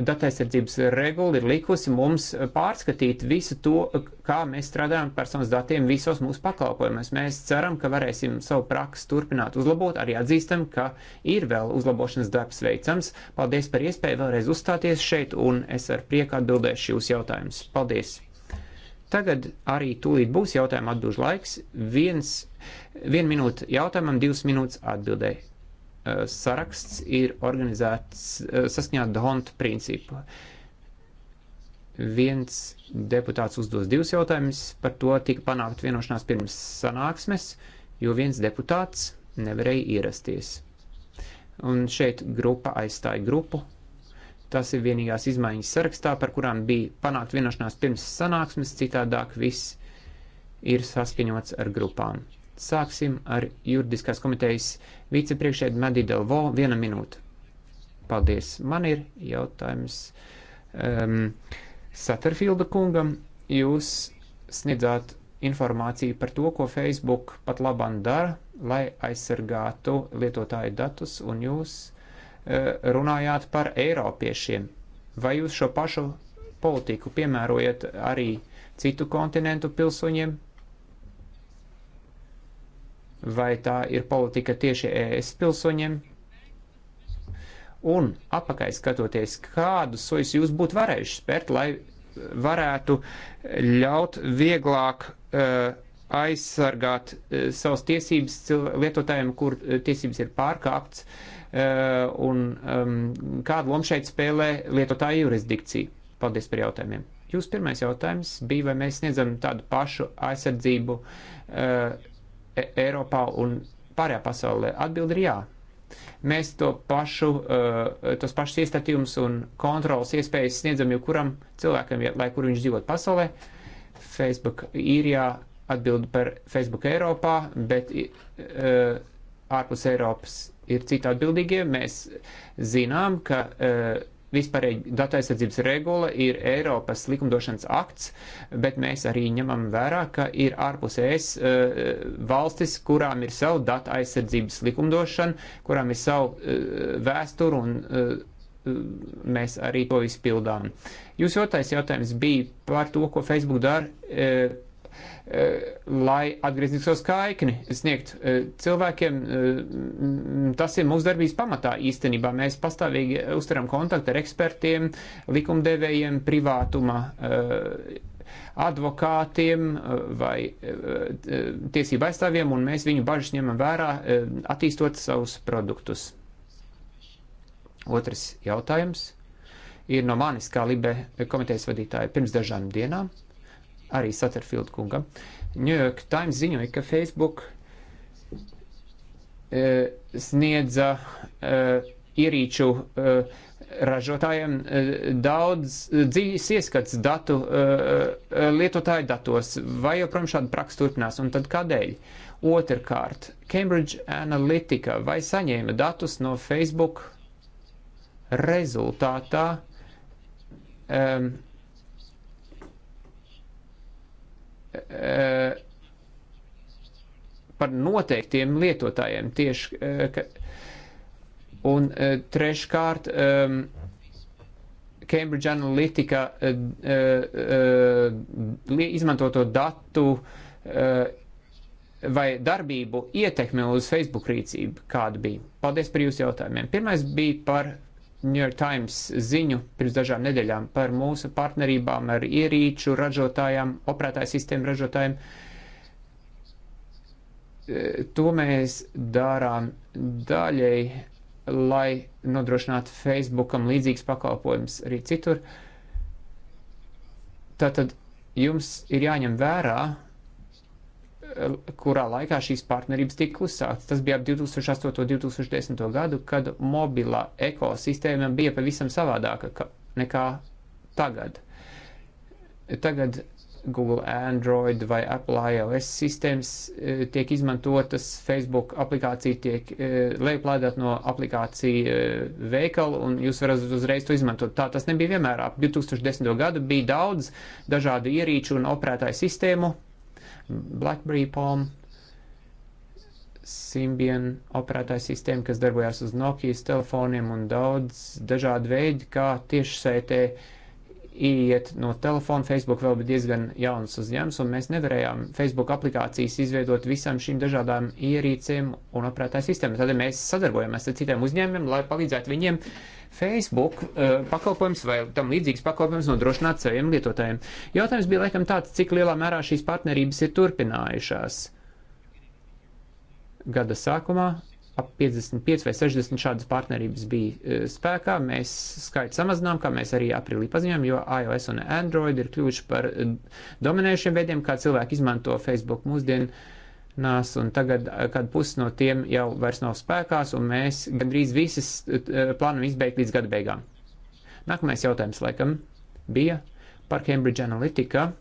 datu aizsardzības regula ir likusi mums pārskatīt visu to, kā mēs strādājam ar personas datiem visos mūsu pakalpojumos. Mēs ceram, ka varēsim savu praksi turpināt uzlabot, arī atzīstam, ka ir vēl uzlabošanas darbs veicams. Paldies par iespēju vēlreiz uzstāties šeit, un es ar prieku atbildēšu jūs jautājumus. Paldies! Tagad arī tūlīt būs jautājuma atbilžu laiks. Viens, viena minūte jautājumam, divas minūtes atbildēji. Eh, saraksts ir organizēts eh, saskaņā Dhonta principu. Viens deputāts uzdos divus jautājumus, par to tika panākt vienošanās pirms sanāksmes, jo viens deputāts nevarēja ierasties. Un šeit grupa aizstāja grupu. Tas ir vienīgās izmaiņas sarakstā, par kurām bija panākt vienošanās pirms sanāksmes, citādāk viss ir saskaņots ar grupām. Sāksim ar juridiskās komitejas vicepriekšēdu Madidovo viena minūte. Paldies. Man ir jautājums um, Satterfielda kungam. Jūs sniedzāt informāciju par to, ko Facebook pat labam dara, lai aizsargātu lietotāju datus, un jūs uh, runājāt par Eiropiešiem. Vai jūs šo pašu politiku piemērojat arī citu kontinentu pilsoņiem? vai tā ir politika tieši ES pilsoņiem. Un apakai skatoties, kādus soļus jūs būtu varējuši spērt, lai varētu ļaut vieglāk uh, aizsargāt uh, savas tiesības lietotājiem, kur uh, tiesības ir pārkāpts, uh, un um, kādu lomu šeit spēlē lietotāja jurisdikcija? Paldies par jautājumiem. Jūsu pirmais jautājums bija, vai mēs sniedzam tādu pašu aizsardzību uh, e Eiropā un pārējā pasaulē? Atbildi ir jā. Mēs to pašu, uh, tos pašus iestatījumus un kontrolas iespējas sniedzam jebkuram cilvēkam, ja, lai kur viņš dzīvot pasaulē. Facebook īrijā atbild par Facebook Eiropā, bet uh, ārpus Eiropas ir citi atbildīgie. Mēs zinām, ka uh, Vispārēji datu aizsardzības regula ir Eiropas likumdošanas akts, bet mēs arī ņemam vērā, ka ir ārpus ES eh, valstis, kurām ir savu datu aizsardzības likumdošanu, kurām ir savu eh, vēsturu un eh, mēs arī to izpildām. Jūsu otrais jautājums bija par to, ko Facebook dara Eh, lai atgrieznisko skaikni sniegt eh, cilvēkiem. Eh, tas ir mūsu darbības pamatā īstenībā. Mēs pastāvīgi uztaram kontaktu ar ekspertiem, likumdevējiem, privātuma advokātiem vai tiesību aizstāvjiem, un mēs viņu bažas ņemam vērā, attīstot savus produktus. Otrs jautājums ir no manis kā Libe komitejas vadītāja pirms dažām dienām. Uh, arī Satterfield kungam. New York Times ziņoja, ka Facebook e, sniedza e, ierīču e, ražotājiem e, daudz e, dziļas ieskats datu e, e, lietotāju datos, vai joprojām šāda praksa turpinās, un tad kādēļ? Otrkārt, Cambridge Analytica vai saņēma datus no Facebook rezultātā um, Eh, par noteiktiem lietotājiem tieši. Eh, ka, un eh, treškārt, ehm, Cambridge Analytica izmantoto datu vai darbību ietekme uz Facebook rīcību, kāda bija? Paldies par jūsu jautājumiem. Pirmais bija par New York Times ziņu pirms dažām nedēļām par mūsu partnerībām ar ierīču ražotājiem, operētāju sistēmu ražotājiem. E, to mēs darām daļai, lai nodrošinātu Facebookam līdzīgs pakalpojums arī citur. Tātad jums ir jāņem vērā kurā laikā šīs partnerības tika uzsāktas. Tas bija ap 2008. un 2010. gadu, kad mobilā ekosistēma bija pavisam savādāka nekā tagad. Tagad Google Android vai Apple iOS sistēmas e, tiek izmantotas, Facebook aplikācija tiek e, lejuplādēta no aplikācija e, veikala un jūs varat uzreiz to izmantot. Tā tas nebija vienmēr. Ap 2010. gadu bija daudz dažādu ierīču un operētāju sistēmu BlackBerry Palm, Symbian operētāja sistēma, kas darbojās uz Nokijas telefoniem un daudz dažādu veidu, kā tiešsaitē iet no telefona. Facebook vēl bija diezgan jauns uzņēmums, un mēs nevarējām Facebook aplikācijas izveidot visām šīm dažādām ierīcēm un operētāju sistēmām. Tad mēs sadarbojamies ar citiem uzņēmumiem, lai palīdzētu viņiem uh, Facebook uh, pakalpojums vai tam līdzīgs pakalpojums nodrošināt saviem lietotājiem. Jautājums bija laikam tāds, cik lielā mērā šīs partnerības ir turpinājušās. Gada sākumā ap 55 vai 60 šādas partnerības bija eh, spēkā. Mēs skaitu samazinām, kā mēs arī aprīlī paziņojām, jo iOS un Android ir kļuvuši par eh, dominējušiem veidiem, kā cilvēki izmanto Facebook mūsdienu. Uh, nās, un tagad, eh, kad pusi no tiem jau vairs nav spēkās, un mēs gandrīz visas eh, plānojam izbeigt līdz gada beigām. Nākamais jautājums, laikam, bija par Cambridge Analytica eh,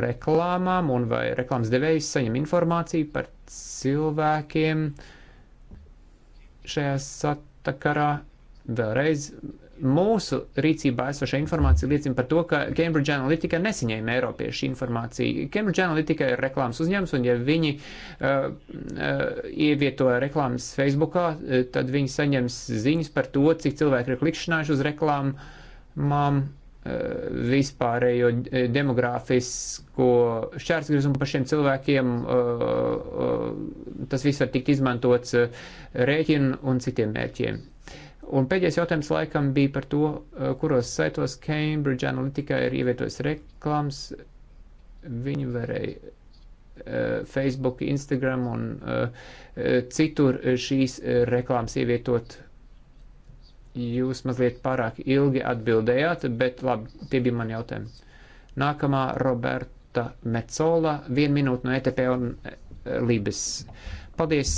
reklāmām un vai reklāmas devējs saņem informāciju par cilvēkiem šajā satakarā. Vēlreiz mūsu rīcībā esošā informācija liecina par to, ka Cambridge Analytica nesaņēma Eiropiešu informāciju. Cambridge Analytica ir reklāmas uzņēmums, un ja viņi uh, uh, ievieto reklāmas Facebookā, uh, tad viņi saņems ziņas par to, cik cilvēki ir klikšķinājuši uz reklāmām uh, vispārējo uh, demogrāfisko šķērsgrizumu par šiem cilvēkiem, uh, uh, tas viss var tikt izmantots uh, rēķinu un citiem mērķiem. Un pēdējais jautājums laikam bija par to, eh, kuros saitos Cambridge Analytica ir ievietojis reklāmas. Viņi varēja eh, Facebook, Instagram un eh, citur šīs reklāmas ievietot. Jūs mazliet pārāk ilgi atbildējāt, bet labi, tie bija mani jautājumi. Nākamā Roberta Mecola, viena minūte no ETP un Libes. Paldies!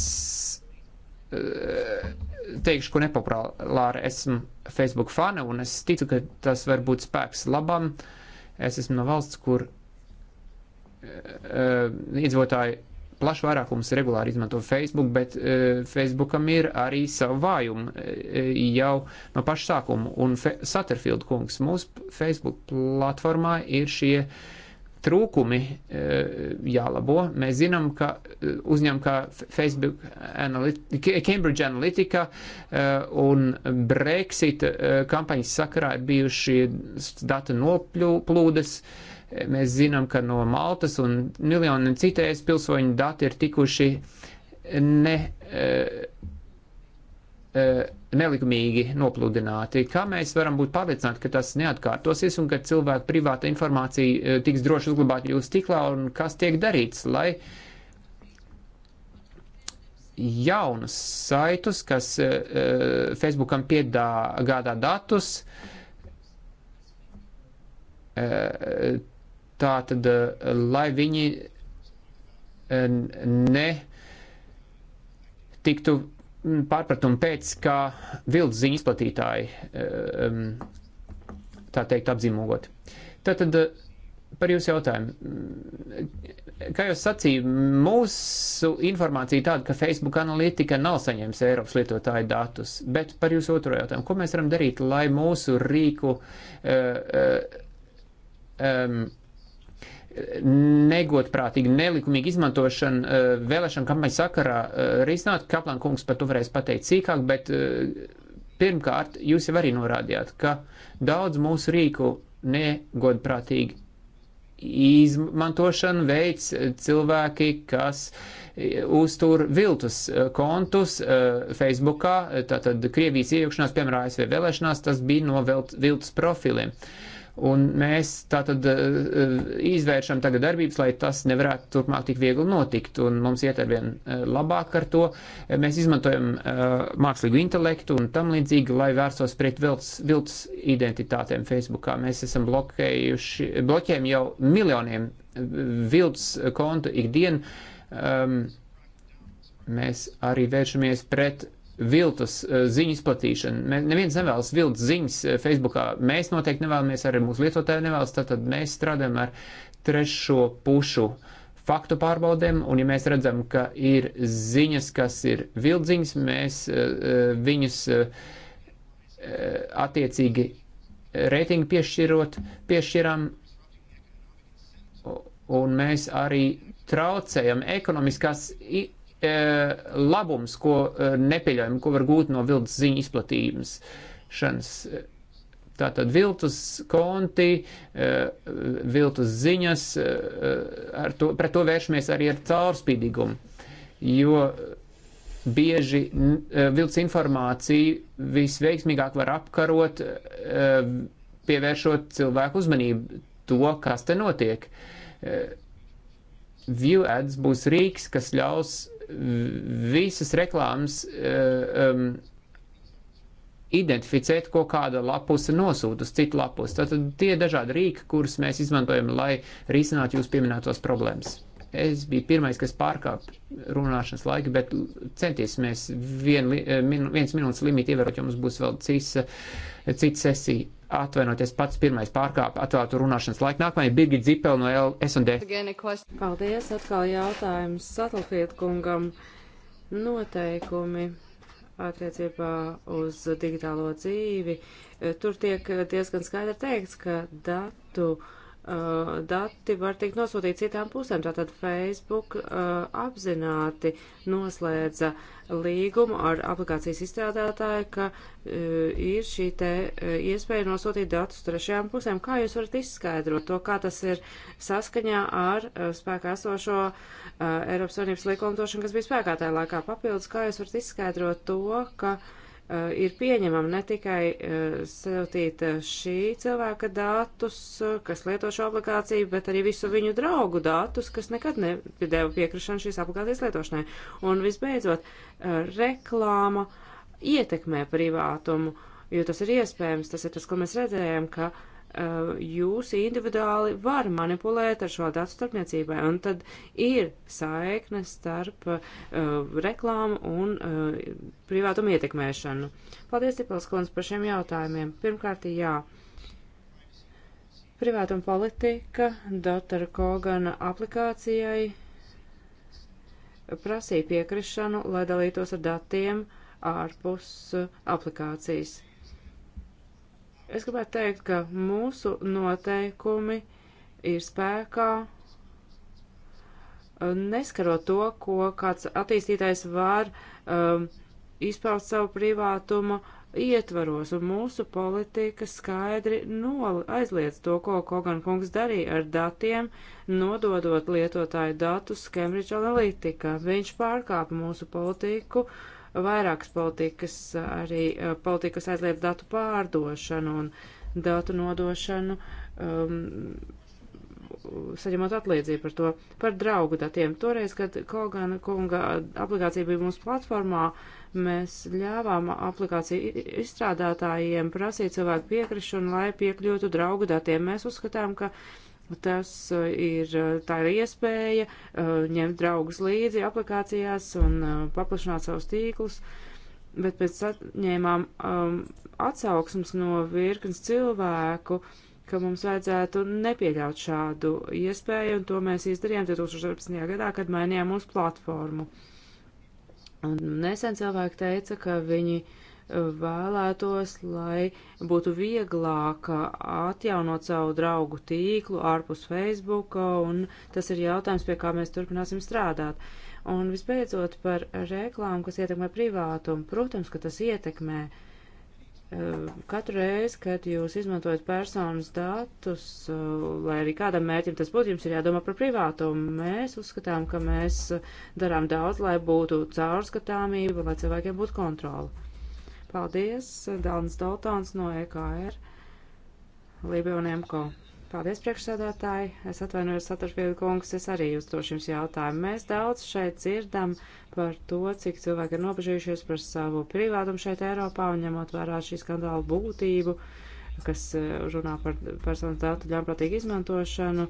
teikšu, ko nepopulāri esmu Facebook fana, un es ticu, ka tas var būt spēks labam. Es esmu no valsts, kur uh, iedzīvotāji plašs vairākums regulāri izmanto Facebook, bet uh, Facebookam ir arī savu vājumu uh, jau no paša sākuma. Un Satterfield kungs mūsu Facebook platformā ir šie uh, trūkumi e, jālabo. Mēs zinām, ka e, uzņem kā Facebook, Analytica, Cambridge Analytica e, un Brexit kampaņas sakarā ir bijuši datu noplūdes. Mēs zinām, ka no Maltas un miljoniem citējas pilsoņu dati ir tikuši ne. Uh, uh, nelikumīgi nopludināti. Kā mēs varam būt pārliecināti, ka tas neatkārtosies un ka cilvēku privāta informācija eh, tiks droši uzglabāta jūsu tiklā un kas tiek darīts, lai jaunus saitus, kas uh, Facebookam piedāvā datus, uh, tā tad, uh, lai viņi uh, ne tiktu Mm, pārpratumu pēc, ka viltus ziņu izplatītāji ehm, tā teikt apzīmogot. Tātad eh, par jūsu jautājumu. Mm, kā jau sacīju, mūsu informācija tāda, ka Facebook analītika nav saņēmusi Eiropas lietotāju datus, bet par jūsu otro jautājumu, ko mēs varam darīt, lai mūsu rīku uh, uh, um, negodprātīgu, nelikumīgu izmantošanu eh, vēlēšanu kampaņu sakarā eh, risināt. Kaplan kungs par to varēs pateikt cīkāk, bet eh, pirmkārt, jūs jau arī norādījāt, ka daudz mūsu rīku negodprātīgi izmantošanu veids cilvēki, kas uztur viltus kontus Facebookā, tātad Krievijas iejaukšanās, piemēram, ASV vēlēšanās, tas bija no viltus profiliem. Uh, Un mēs tātad eh, izvēršam tagad darbības, lai tas nevarētu turpmāk tik viegli notikt, un mums iet arvien eh, labāk ar to. Mēs izmantojam eh, mākslīgu intelektu un tam līdzīgi, lai vērstos pret vilts, vilts identitātēm Facebookā. Mēs esam blokējuši, bloķējam jau miljoniem vilts kontu ikdienu. Um, ehm, mēs arī vēršamies pret viltus eh, ziņu izplatīšanu. Neviens nevēlas viltus ziņas eh, Facebookā. Mēs noteikti nevēlamies, arī mūsu lietotāji nevēlas, tad mēs strādājam ar trešo pušu faktu pārbaudēm, un ja mēs redzam, ka ir ziņas, kas ir vildziņas, mēs eh, viņus attiecīgi reitingu piešķirot, piešķiram, un mēs arī traucējam ekonomiskās E, labums, ko e, nepieļaujam, ko var gūt no viltus ziņu izplatības. Šans. Tātad viltus konti, e, viltus ziņas, ar to, pret to vēršamies arī ar caurspīdīgumu, jo bieži viltus informāciju visveiksmīgāk var apkarot, pievēršot cilvēku uzmanību to, kas te notiek. View ads būs rīks, kas ļaus visas reklāmas um, identificēt, ko kāda lapuse nosūta uz citu lapusi. Tātad tie dažādi rīki, kurus mēs izmantojam, lai risinātu jūs pieminētos problēmas. Es biju pirmais, kas pārkāpa runāšanas laiku, bet centīsimies vien, eh, viens minūtes limitu ievērot, jo mums būs vēl cisa, eh, cita sesija atvainoties pats pirmais pārkāpa atvēlētu runāšanas laiku. Nākamajai Birgit Zipel no S&D. Paldies, atkal jautājums Satlfiet kungam. Noteikumi attiecībā uz digitālo dzīvi. Tur tiek diezgan skaidri teikts, ka datu, uh, dati var tikt nosūtīti citām pusēm. Tātad Facebook uh, apzināti noslēdza uh, līgumu ar aplikācijas izstrādātāju, ka uh, ir šī te uh, iespēja nosūtīt datus trešajām pusēm. Kā jūs varat izskaidrot to, kā tas ir saskaņā ar uh, spēkā esošo uh, Eiropas Savienības likumdošanu, kas bija spēkā tajā laikā papildus? Kā jūs varat izskaidrot to, ka uh, Eh, ir pieņemama ne tikai eh, sūtīt eh, šī cilvēka datus, kas lieto šo aplikāciju, bet arī visu viņu draugu datus, kas nekad nepidēva piekrišanu šīs aplikācijas lietošanai. Un visbeidzot, reklāma ietekmē privātumu, jo tas ir iespējams, tas ir tas, ko mēs redzējām, ka uh, Eh, jūs individuāli var manipulēt ar šo datu starpniecībai, un tad ir saikne starp uh, reklāmu un uh, privātumu ietekmēšanu. Paldies, Tipels Kons, par šiem jautājumiem. Pirmkārt, jā. Privātuma politika Dr. Kogana aplikācijai prasīja piekrišanu, lai dalītos ar datiem ārpus aplikācijas. Es gribētu teikt, ka mūsu noteikumi ir spēkā eh, neskarot to, ko kāds attīstītājs var um, izpaust savu privātumu ietvaros, un mūsu politika skaidri noli, aizliedz to, ko Kogan kungs darīja ar datiem, nododot lietotāju datus Cambridge Analytica. Viņš pārkāpa mūsu politiku, uh, vairākas politikas, arī eh, politikas aizliedz datu pārdošanu un datu nodošanu, um, saņemot atliedzību par to, par draugu datiem. Toreiz, kad Kogana kunga aplikācija bija mūsu platformā, mēs ļāvām aplikāciju izstrādātājiem prasīt cilvēku piekrišanu, lai piekļūtu draugu datiem. Mēs uzskatām, ka uh, Tas uh, ir, uh, tā ir iespēja uh, ņemt draugus līdzi aplikācijās un paplašināt savus tīklus, bet pēc saņēmām um, atsauksmes no virknes cilvēku, ka mums vajadzētu nepieļaut šādu iespēju, un to mēs izdarījām 2014. gadā, kad mainījām mūsu platformu. Un nesen cilvēki teica, ka viņi uh, vēlētos, lai būtu vieglāk atjaunot savu draugu tīklu ārpus Facebooka, un tas ir jautājums, pie kā mēs turpināsim strādāt. Un visbeidzot par reklāmu, kas ietekmē privātumu, protams, ka tas ietekmē. Eh, katru reizi, kad jūs izmantojat personas datus, lai eh, arī kādam mērķim tas būtu, jums ir jādomā par privātumu. Mēs uzskatām, ka mēs darām daudz, lai būtu caurskatāmība, lai cilvēkiem būtu kontrola. Paldies, Dānis Daltons no EKR, Lībe un Emko. Paldies, priekšsēdētāji. Es atvainojos, Satarpīda kungs, es arī uzdošu jums jautājumu. Mēs daudz šeit dzirdam par to, cik cilvēki ir nobežījušies par savu privātumu šeit Eiropā un ņemot vērā šī skandāla būtību, kas eh, runā par personas datu ļaunprātīgu izmantošanu.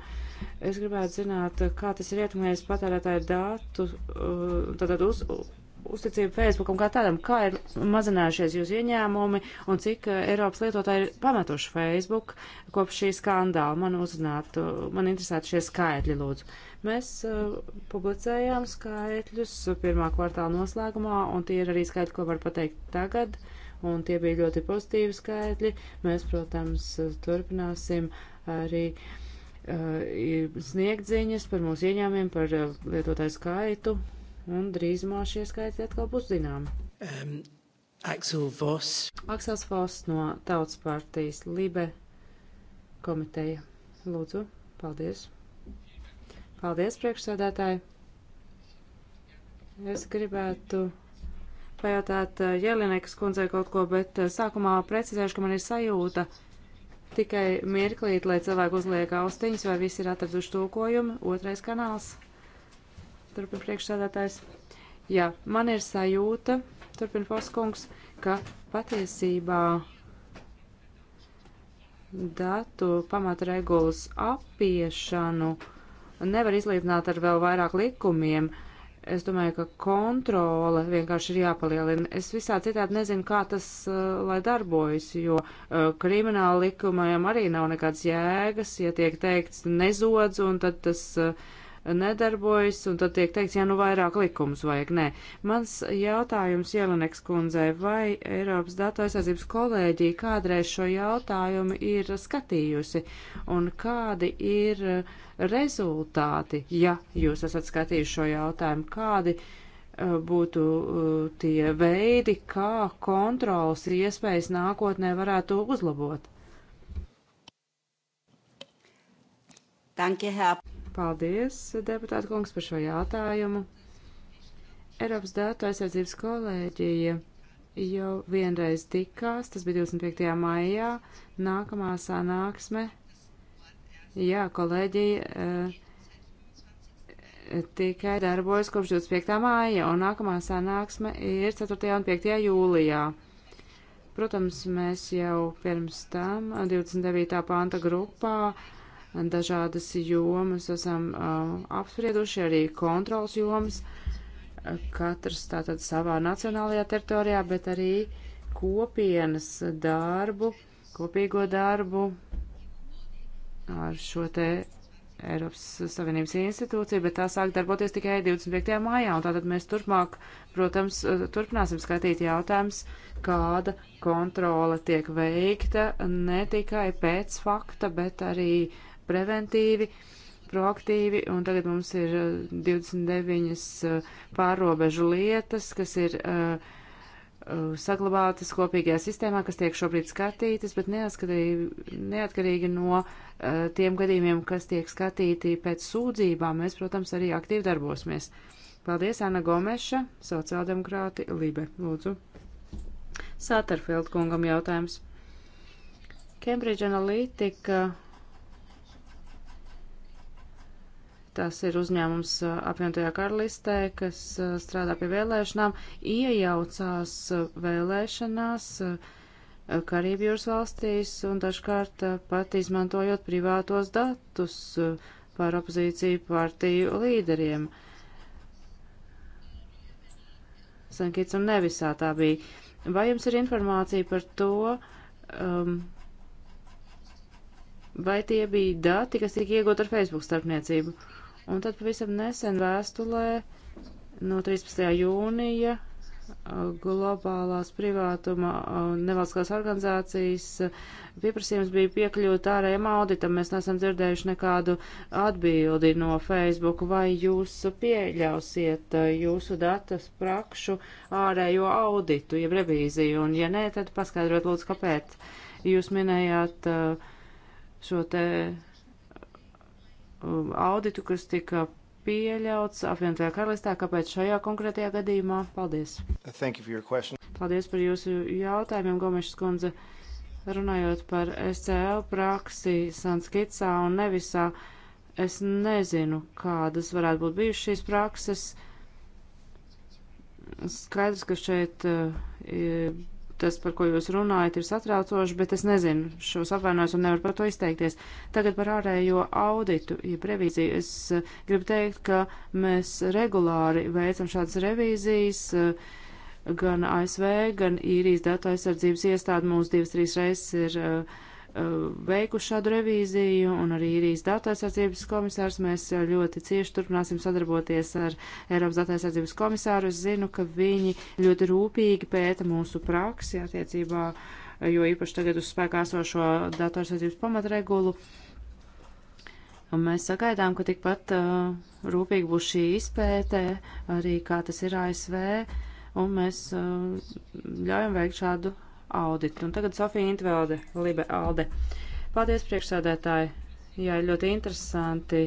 Es gribētu zināt, kā tas ir ietekmējis patērētāju datu, eh, tātad uz uzticību Facebookam kā tādam, kā ir mazinājušies jūsu ieņēmumi un cik eh, Eiropas lietotāji ir pametuši Facebook kopš šī skandāla. Man uzzinātu, man interesētu šie skaitļi, lūdzu. Mēs uh, publicējām skaitļus pirmā kvartāla noslēgumā, un tie ir arī skaitļi, ko var pateikt tagad, un tie bija ļoti pozitīvi skaitļi. Mēs, protams, turpināsim arī uh, sniegt ziņas par mūsu ieņēmumiem, par uh, lietotāju skaitu un drīzumā šie skaitļi atkal būs zināmi. Um, Aksel Voss. Aksels Voss no Tautas partijas Libe komiteja. Lūdzu, paldies. Paldies, priekšsēdētāji. Es gribētu pajautāt eh, Jelinekas kundzei kaut ko, bet eh, sākumā precizēšu, ka man ir sajūta tikai mirklīt, lai cilvēku uzliek austiņas, vai visi ir atraduši tūkojumu. Otrais kanāls turpina priekšsēdētājs. Jā, man ir sajūta, turpina poskungs, ka patiesībā datu pamatregulas apiešanu nevar izlīdzināt ar vēl vairāk likumiem. Es domāju, ka kontrole vienkārši ir jāpalielina. Es visā citādi nezinu, kā tas uh, lai darbojas, jo uh, krimināla likumajam arī nav nekāds jēgas, ja tiek teikts nezodz, un tad tas uh, nedarbojas, un tad tiek teikts, ja nu vairāk likums vajag, nē. Mans jautājums Jeleneks kundzei, vai Eiropas datu aizsardzības kolēģija kādreiz šo jautājumu ir skatījusi, un kādi ir rezultāti, ja jūs esat skatījuši šo jautājumu, kādi uh, būtu uh, tie veidi, kā kontrols iespējas nākotnē varētu uzlabot. Danke, Herr Paldies, deputāta kungs, par šo jautājumu. Eiropas datu aizsardzības kolēģija jau vienreiz tikās, tas bija 25. maijā, nākamā sanāksme. Jā, kolēģija eh, tikai darbojas kopš 25. māja, un nākamā sanāksme ir 4. un 5. jūlijā. Protams, mēs jau pirms tam 29. panta grupā uh, dažādas jomas esam uh, apsprieduši, arī kontrols jomas, katrs tātad savā nacionālajā teritorijā, bet arī kopienas darbu, kopīgo darbu ar šo te Eiropas Savienības institūciju, bet tā sāk darboties tikai 25. maijā, un tātad mēs turpmāk, protams, turpināsim skatīt jautājums, kāda kontrola tiek veikta ne tikai pēc fakta, bet arī uh, preventīvi, proaktīvi, un tagad mums ir 29 uh, uh, pārobežu lietas, kas ir uh, uh, saglabātas kopīgajā sistēmā, kas tiek šobrīd skatītas, bet neatkarīgi no uh, tiem gadījumiem, kas tiek skatīti pēc sūdzībām, mēs, protams, arī aktīvi darbosimies. Paldies, Ana Gomeša, sociāldemokrāti, Libe, lūdzu. Sāterfield kungam jautājums. Cambridge Analytica tas ir uzņēmums apvienotajā karalistē, kas strādā pie vēlēšanām, iejaucās vēlēšanās Karību jūras valstīs un dažkārt pat izmantojot privātos datus par opozīciju partiju līderiem. Sankīts un nevisā tā bija. Vai jums ir informācija par to, um, vai tie bija dati, kas tika iegūti ar Facebook starpniecību? Uh, Un tad pavisam nesen vēstulē no 13. jūnija globālās privātuma nevalstiskās organizācijas pieprasījums bija piekļūt ārējiem auditam. Mēs nesam dzirdējuši nekādu atbildi no Facebook, vai jūs pieļausiet jūsu datas prakšu ārējo auditu, jeb revīziju, un ja nē, tad paskaidrot lūdzu, kāpēc jūs minējāt šo te Um, auditu, kas tika pieļauts apvienotajā karalistā, kāpēc šajā konkrētajā gadījumā? Paldies! You Paldies par jūsu jautājumiem, Gomešas kundze. Runājot par SCL praksi Sanskitsā un nevisā, es nezinu, kādas varētu būt bijušas šīs prakses. Skaidrs, ka šeit uh, tas, par ko jūs runājat, ir satraucoši, bet es nezinu šos apvainojus un nevaru par to izteikties. Tagad par ārējo auditu, jeb ja revīziju. Es eh, gribu teikt, ka mēs regulāri veicam šādas revīzijas. Eh, gan ASV, gan īrijas datu aizsardzības iestāde mūs divas, trīs reizes ir uh, Uh, veikuši šādu revīziju, un arī īrijas dataizsardzības komisārs. Mēs uh, ļoti cieši turpināsim sadarboties ar Eiropas dataizsardzības komisāru. Es zinu, ka viņi ļoti rūpīgi pēta mūsu praksi attiecībā, uh, jo īpaši tagad uz spēkā esošo dataizsardzības pamatregulu. Un mēs sagaidām, ka tikpat uh, rūpīgi būs šī izpēte, arī kā tas ir ASV, un mēs uh, ļaujam veikt šādu auditu. Un tagad Sofija Intvelde, Libe Alde. Paldies, priekšsēdētāji. Jā, ļoti interesanti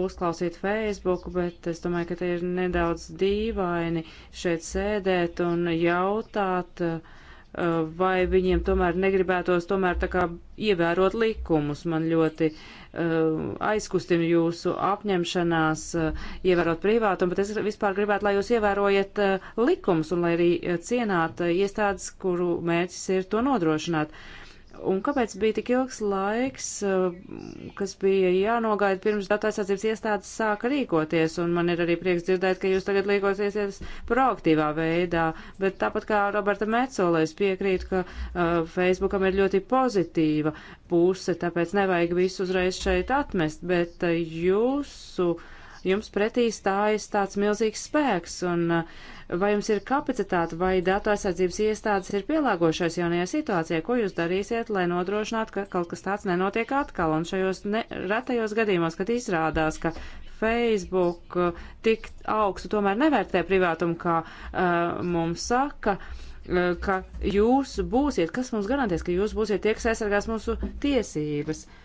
uzklausīt Facebook, bet es domāju, ka te ir nedaudz dīvaini šeit sēdēt un jautāt, eh, vai viņiem tomēr negribētos tomēr tā kā ievērot likumus. Man ļoti uh, Eh, aizkustina jūsu apņemšanās eh, ievērot privātumu, bet es vispār gribētu, lai jūs ievērojat eh, likums un lai arī cienāt iestādes, kuru mērķis ir to nodrošināt. Uh, Un kāpēc bija tik ilgs laiks, eh, kas bija jānogaida pirms datu aizsardzības iestādes sāka rīkoties? Un man ir arī prieks dzirdēt, ka jūs tagad rīkosieties proaktīvā veidā. Bet tāpat kā Roberta Metzola, es piekrītu, ka uh, Facebookam ir ļoti pozitīva puse, tāpēc nevajag visu uzreiz šeit atmest. Bet uh, jūsu uh, jums pretī stājas tāds milzīgs spēks, un uh, vai jums ir kapacitāte vai datu aizsardzības iestādes ir pielāgojušās jaunajā situācijā, ko jūs darīsiet, lai nodrošinātu, ka kaut kas tāds nenotiek atkal, un šajos ne, retajos gadījumos, kad izrādās, ka Facebook uh, tik augstu tomēr nevērtē privātumu, kā uh, mums saka, uh, ka jūs būsiet, kas mums garantēs, ka jūs būsiet tie, kas aizsargās mūsu tiesības. Uh,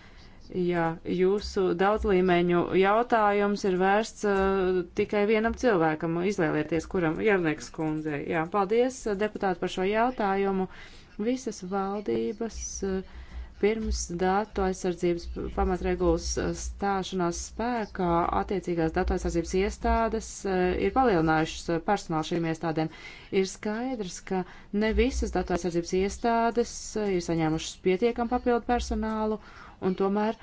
ja jūsu daudzlīmeņu jautājums ir vērsts uh, tikai vienam cilvēkam, izvēlieties, kuram Jarnieks kundze. Jā, paldies uh, deputāti par šo jautājumu. Visas valdības uh, pirms datu aizsardzības pamatregulas uh, stāšanās spēkā attiecīgās datu aizsardzības iestādes uh, ir palielinājušas uh, personālu šīm iestādēm. Ir skaidrs, ka ne visas datu aizsardzības iestādes ir saņēmušas pietiekam papildu personālu Un tomēr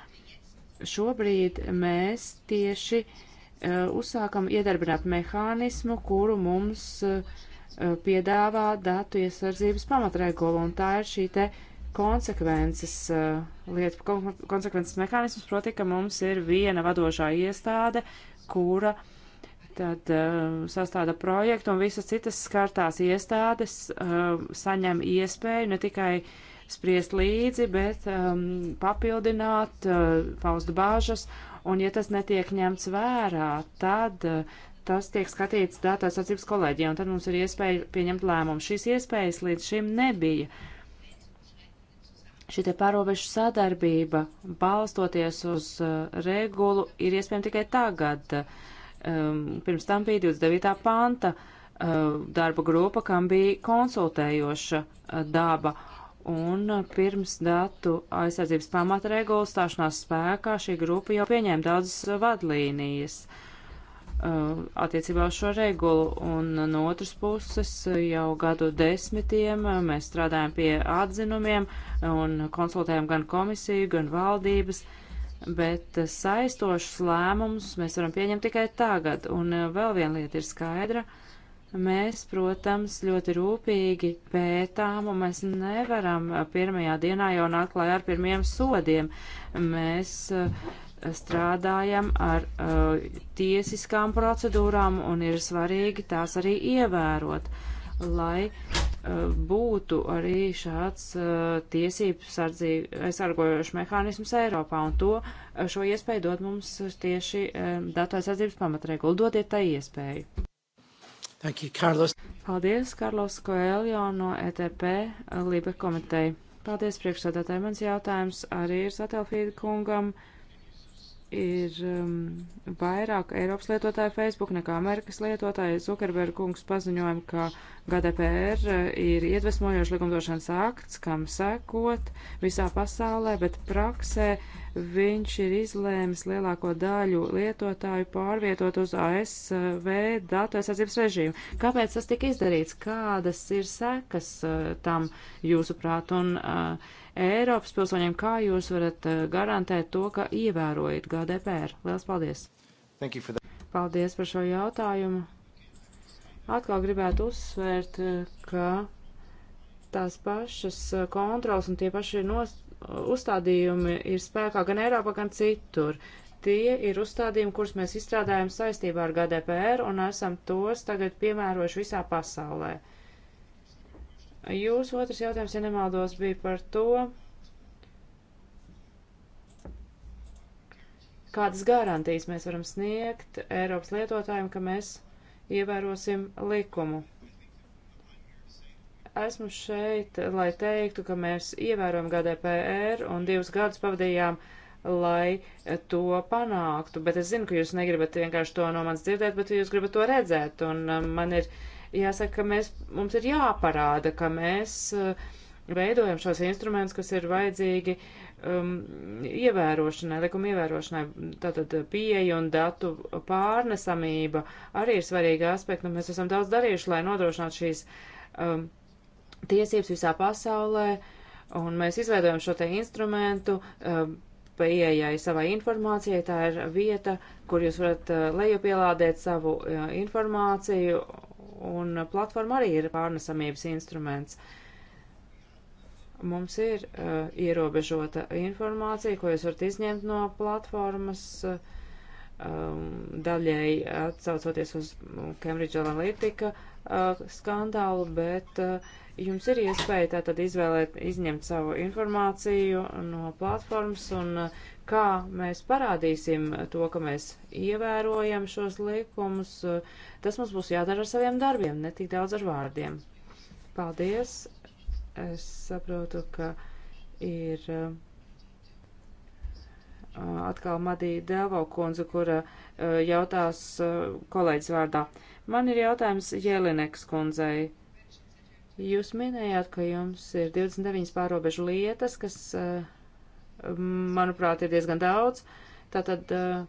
šobrīd mēs tieši uh, uzsākam iedarbināt mehānismu, kuru mums uh, piedāvā datu iesardzības pamatregula, un tā ir šī te konsekvences uh, lieta, kon konsekvences mehānisms, proti, ka mums ir viena vadošā iestāde, kura tad uh, sastāda projektu, un visas citas skartās iestādes uh, saņem iespēju ne tikai uh, spriest līdzi, bet um, papildināt uh, paust bāžas, un ja tas netiek ņemts vērā, tad uh, tas tiek skatīts datu aizsardzības kolēģijā, un tad mums ir iespēja pieņemt lēmumu. Šīs iespējas līdz šim nebija. Šī te pārobežu sadarbība, balstoties uz uh, regulu, ir iespējama tikai tagad. Um, pirms tam bija 29. panta uh, darba grupa, kam bija konsultējoša uh, daba, Un uh, pirms datu aizsardzības pamatregula stāšanās spēkā šī grupa jau pieņēma daudzas vadlīnijas uh, attiecībā uz šo regulu. Un uh, no otras puses jau gadu desmitiem mēs strādājam pie atzinumiem un konsultējam gan komisiju, gan valdības, bet saistošus lēmumus mēs varam pieņemt tikai tagad. Un vēl viena lieta ir skaidra. Uh, Mēs, protams, ļoti rūpīgi pētām, un mēs nevaram pirmajā dienā jau nākt klājā ar pirmiem sodiem. Mēs eh, strādājam ar eh, tiesiskām procedūrām, un ir svarīgi tās arī ievērot, lai eh, būtu arī šāds tiesību aizsargojošs mehānisms Eiropā, un to šo iespēju dod mums tieši datu aizsardzības pamatregula. Dodiet tā iespēju! Karlos. Paldies, Karlos Koeljo no ETP Libe komiteja. Paldies, priekšsēdētāji. Mans jautājums arī ir Satelfīda kungam. Uh, ir um, vairāk Eiropas lietotāju Facebook nekā Amerikas lietotāju. Zukerbergungs paziņoja, ka GDPR uh, ir iedvesmojošs likumdošanas akts, kam sekot visā pasaulē, bet praksē viņš ir izlēmis lielāko daļu lietotāju pārvietot uz ASV datu aizsardzības režīmu. Kāpēc tas tika izdarīts? Kādas ir sekas uh, tam jūsuprāt? Un, uh, Eiropas pilsoņiem, kā jūs varat eh, garantēt to, ka ievērojat GDPR? Lielas paldies! Paldies par šo jautājumu. Atkal gribētu uzsvērt, eh, ka tās pašas eh, kontrols un tie paši nost, uzstādījumi ir spēkā gan Eiropā, gan citur. Tie ir uzstādījumi, kurus mēs izstrādājam saistībā ar GDPR un esam tos tagad piemērojuši visā pasaulē. Uh, Jūsu otrs jautājums, ja nemaldos, bija par to, kādas garantijas mēs varam sniegt Eiropas lietotājiem, ka mēs ievērosim likumu. Esmu šeit, lai teiktu, ka mēs ievērojam GDPR un divus gadus pavadījām, lai to panāktu. Bet es zinu, ka jūs negribat vienkārši to no manis dzirdēt, bet jūs gribat to redzēt. Un um, man ir uh, jāsaka, ka mēs, mums ir jāparāda, ka mēs eh, veidojam šos instrumentus, kas ir vajadzīgi um, ievērošanai, likuma ievērošanai, tātad pieeja un datu pārnesamība arī ir svarīga aspekta. Nu, mēs esam daudz darījuši, lai nodrošinātu šīs um, tiesības visā pasaulē, un mēs izveidojam šo te instrumentu. Um, pieejai savai informācijai, tā ir vieta, kur jūs varat uh, lejupielādēt savu uh, informāciju un platforma arī ir pārnesamības instruments. Mums ir uh, ierobežota informācija, ko jūs varat izņemt no platformas, uh, um, uh, daļēji atsaucoties uz Cambridge Analytica uh, skandālu, bet uh, Jums ir iespēja tātad izvēlēt, izņemt savu informāciju no platformas un uh, kā mēs parādīsim to, ka mēs ievērojam šos likumus, uh, tas mums būs jādara ar saviem darbiem, ne tik daudz ar vārdiem. Paldies! Es saprotu, ka ir uh, atkal Madija Delvo kundze, kura jautās kolēģis vārdā. Man ir jautājums Jelineks kundzei Jūs minējāt, ka jums ir 29 pārobežu lietas, kas, eh, manuprāt, ir diezgan daudz. Tātad eh,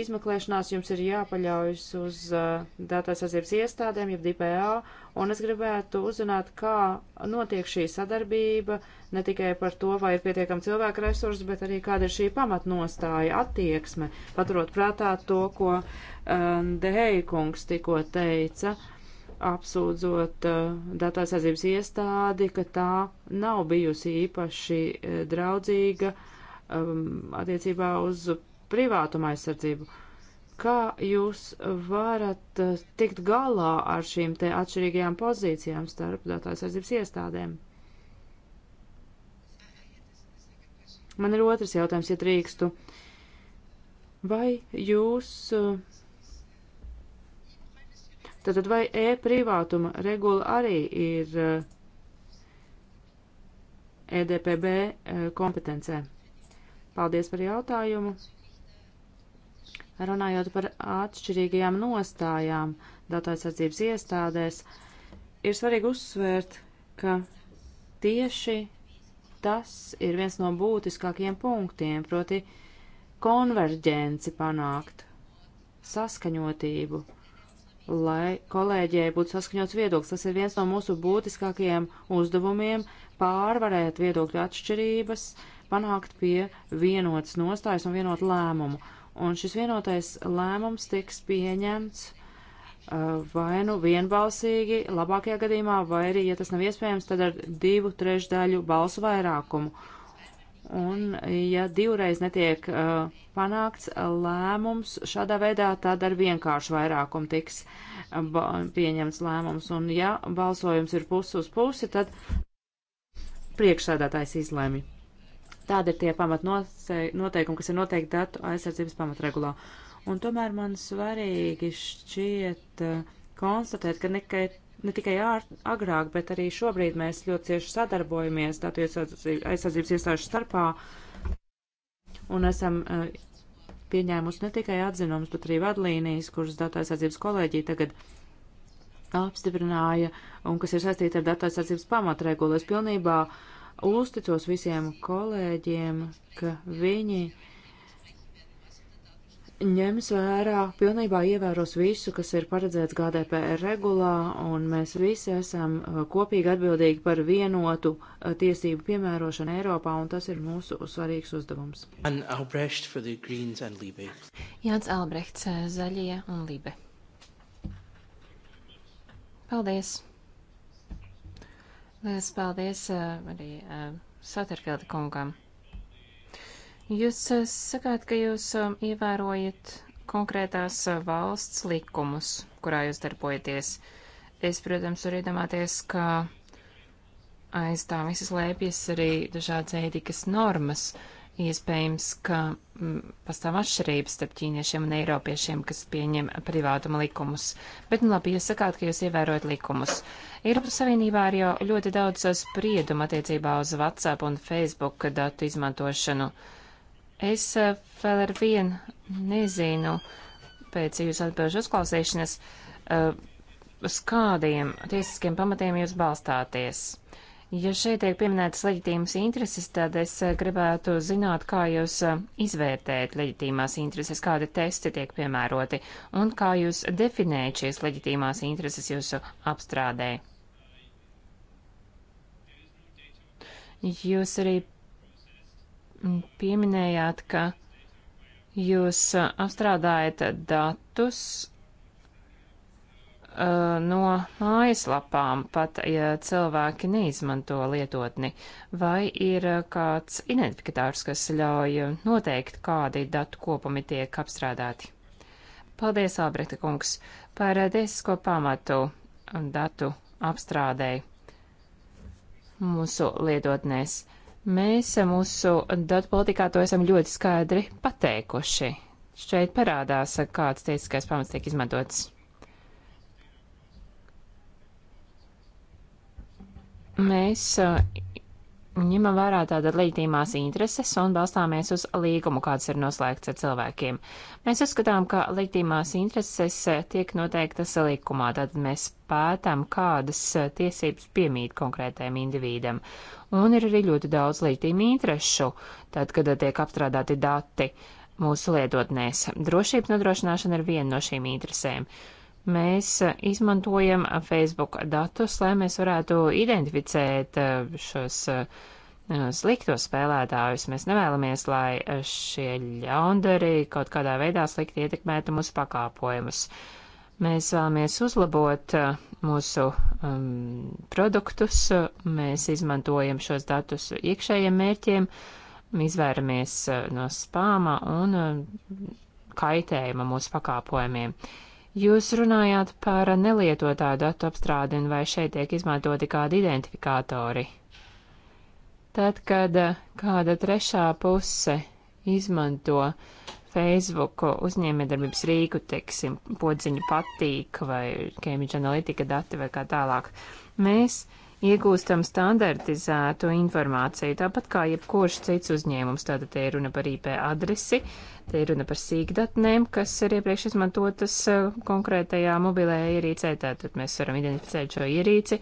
izmeklēšanās jums ir jāpaļaujas uz eh, datāsardzības iestādēm, jeb DPA, un es gribētu uzzināt, kā notiek šī sadarbība, ne tikai par to, vai ir pietiekami cilvēku resursi, bet arī kāda ir šī pamatnostāja attieksme, paturot prātā to, ko um, Deheikungs tikko teica. Uh, apsūdzot eh, datu aizsardzības iestādi, ka tā nav bijusi īpaši eh, draudzīga um, attiecībā uz privātuma aizsardzību. Kā jūs varat eh, tikt galā ar šīm te atšķirīgajām pozīcijām starp datu aizsardzības iestādēm? Man ir otrs jautājums, ja drīkstu. Vai jūs uh, Tātad vai e-privātuma regula arī ir EDPB e e, kompetencē? Paldies par jautājumu. Runājot par atšķirīgajām nostājām datu aizsardzības iestādēs, ir svarīgi uzsvērt, ka tieši tas ir viens no būtiskākajiem punktiem, proti konverģenci panākt, saskaņotību lai kolēģiem būtu saskaņots viedoklis. Tas ir viens no mūsu būtiskākajiem uzdevumiem - pārvarēt viedokļu atšķirības, panākt pie vienotas nostājas un vienotu lēmumu. Un šis vienotais lēmums tiks pieņemts uh, vai nu vienbalsīgi, labākajā gadījumā, vai arī, ja tas nav iespējams, tad ar divu trešdaļu balsu vairākumu. Un, ja divreiz netiek uh, panākts lēmums šādā veidā, tad ar vienkāršu vairākumu tiks uh, pieņemts lēmums. Un, ja balsojums ir pusi uz pusi, tad priekšsēdētājs izlēmi. Tāda ir tie pamatnoteikumi, kas ir noteikti datu aizsardzības pamatregulā. Un tomēr man svarīgi šķiet uh, konstatēt, ka nekai ne tikai ār, agrāk, bet arī šobrīd mēs ļoti cieši sadarbojamies datu aizsardzības iestāžu starpā un esam uh, pieņēmusi ne tikai atzinums, bet arī vadlīnijas, kuras datu aizsardzības kolēģija tagad apstiprināja un kas ir saistīta ar datu aizsardzības pamatregulu. Es pilnībā uzticos visiem kolēģiem, ka viņi uh, ņems vērā, pilnībā ievēros visu, kas ir paredzēts GDPR regulā, un mēs visi esam uh, kopīgi atbildīgi par vienotu uh, tiesību piemērošanu Eiropā, un tas ir mūsu svarīgs uzdevums. Jānis Albrechts, uh, Zaļie un Libe. Paldies! Lielas paldies arī Saterfelda kungam! Jūs eh, sakāt, ka jūs eh, ievērojat konkrētās eh, valsts likumus, kurā jūs darbojaties. Es, protams, varu iedomāties, ka aiz tā visas lēpjas arī dažādas ētikas normas. Iespējams, ka mm, pastāv atšķirības starp ķīniešiem un eiropiešiem, kas pieņem privātuma likumus. Bet, nu labi, jūs sakāt, ka jūs ievērojat likumus. Eiropas Savienībā ir jau ļoti daudz spriedumu attiecībā uz WhatsApp un Facebook datu izmantošanu. Uh, Es eh, vēl ar vienu nezinu pēc jūsu atbildžu uzklausīšanas, eh, uz kādiem tiesiskiem pamatiem jūs balstāties. Ja šeit tiek pieminētas leģitīmas intereses, tad es eh, gribētu zināt, kā jūs izvērtējat leģitīmās intereses, kādi testi tiek piemēroti un kā jūs definējat šīs leģitīmās intereses jūsu apstrādē. Jūs arī pieminējāt, ka jūs apstrādājat datus no mājaslapām, pat ja cilvēki neizmanto lietotni, vai ir kāds identifikators, kas ļauj noteikt, kādi datu kopumi tiek apstrādāti. Paldies, Albrehta kungs, par tiesisko pamatu datu apstrādēji mūsu lietotnēs. Mēs mūsu datu politikā to esam ļoti skaidri pateikuši. Šeit parādās, kāds tiesiskais pamats tiek izmantots. Mēs ņemam vērā tātad leģitīmās intereses un balstāmies uz līgumu, kāds ir noslēgts ar cilvēkiem. Mēs uzskatām, ka leģitīmās intereses tiek noteiktas likumā, tad mēs pētām, kādas tiesības piemīt konkrētajam individam. Un ir arī ļoti daudz leģitīmu interešu, tad, kad tiek apstrādāti dati mūsu lietotnēs. Drošības nodrošināšana ir viena no šīm interesēm mēs eh, izmantojam eh, Facebook datus, lai mēs varētu identificēt eh, šos sliktos spēlētājus. Mēs nevēlamies, lai šie ļaundari kaut kādā veidā slikti ietekmētu mūsu pakāpojumus. Mēs vēlamies uzlabot mūsu um, produktus, mēs izmantojam šos datus iekšējiem mērķiem, izvēramies no spāma un kaitējuma mūsu pakāpojumiem. Uh, Jūs runājāt par nelietotā datu apstrādi un vai šeit tiek izmantoti kādi identifikātori. Tad, kad eh, kāda trešā puse izmanto Facebook uzņēmējdarbības rīku, teiksim, podziņu patīk vai Cambridge Analytica dati vai kā tālāk, mēs uh, iegūstam standartizētu informāciju, tāpat kā jebkurš cits uzņēmums. Tātad te ir runa par IP adresi, te ir runa par sīkdatnēm, kas ir iepriekš izmantotas eh, konkrētajā mobilajā ierīcē, tātad mēs varam identificēt šo ierīci.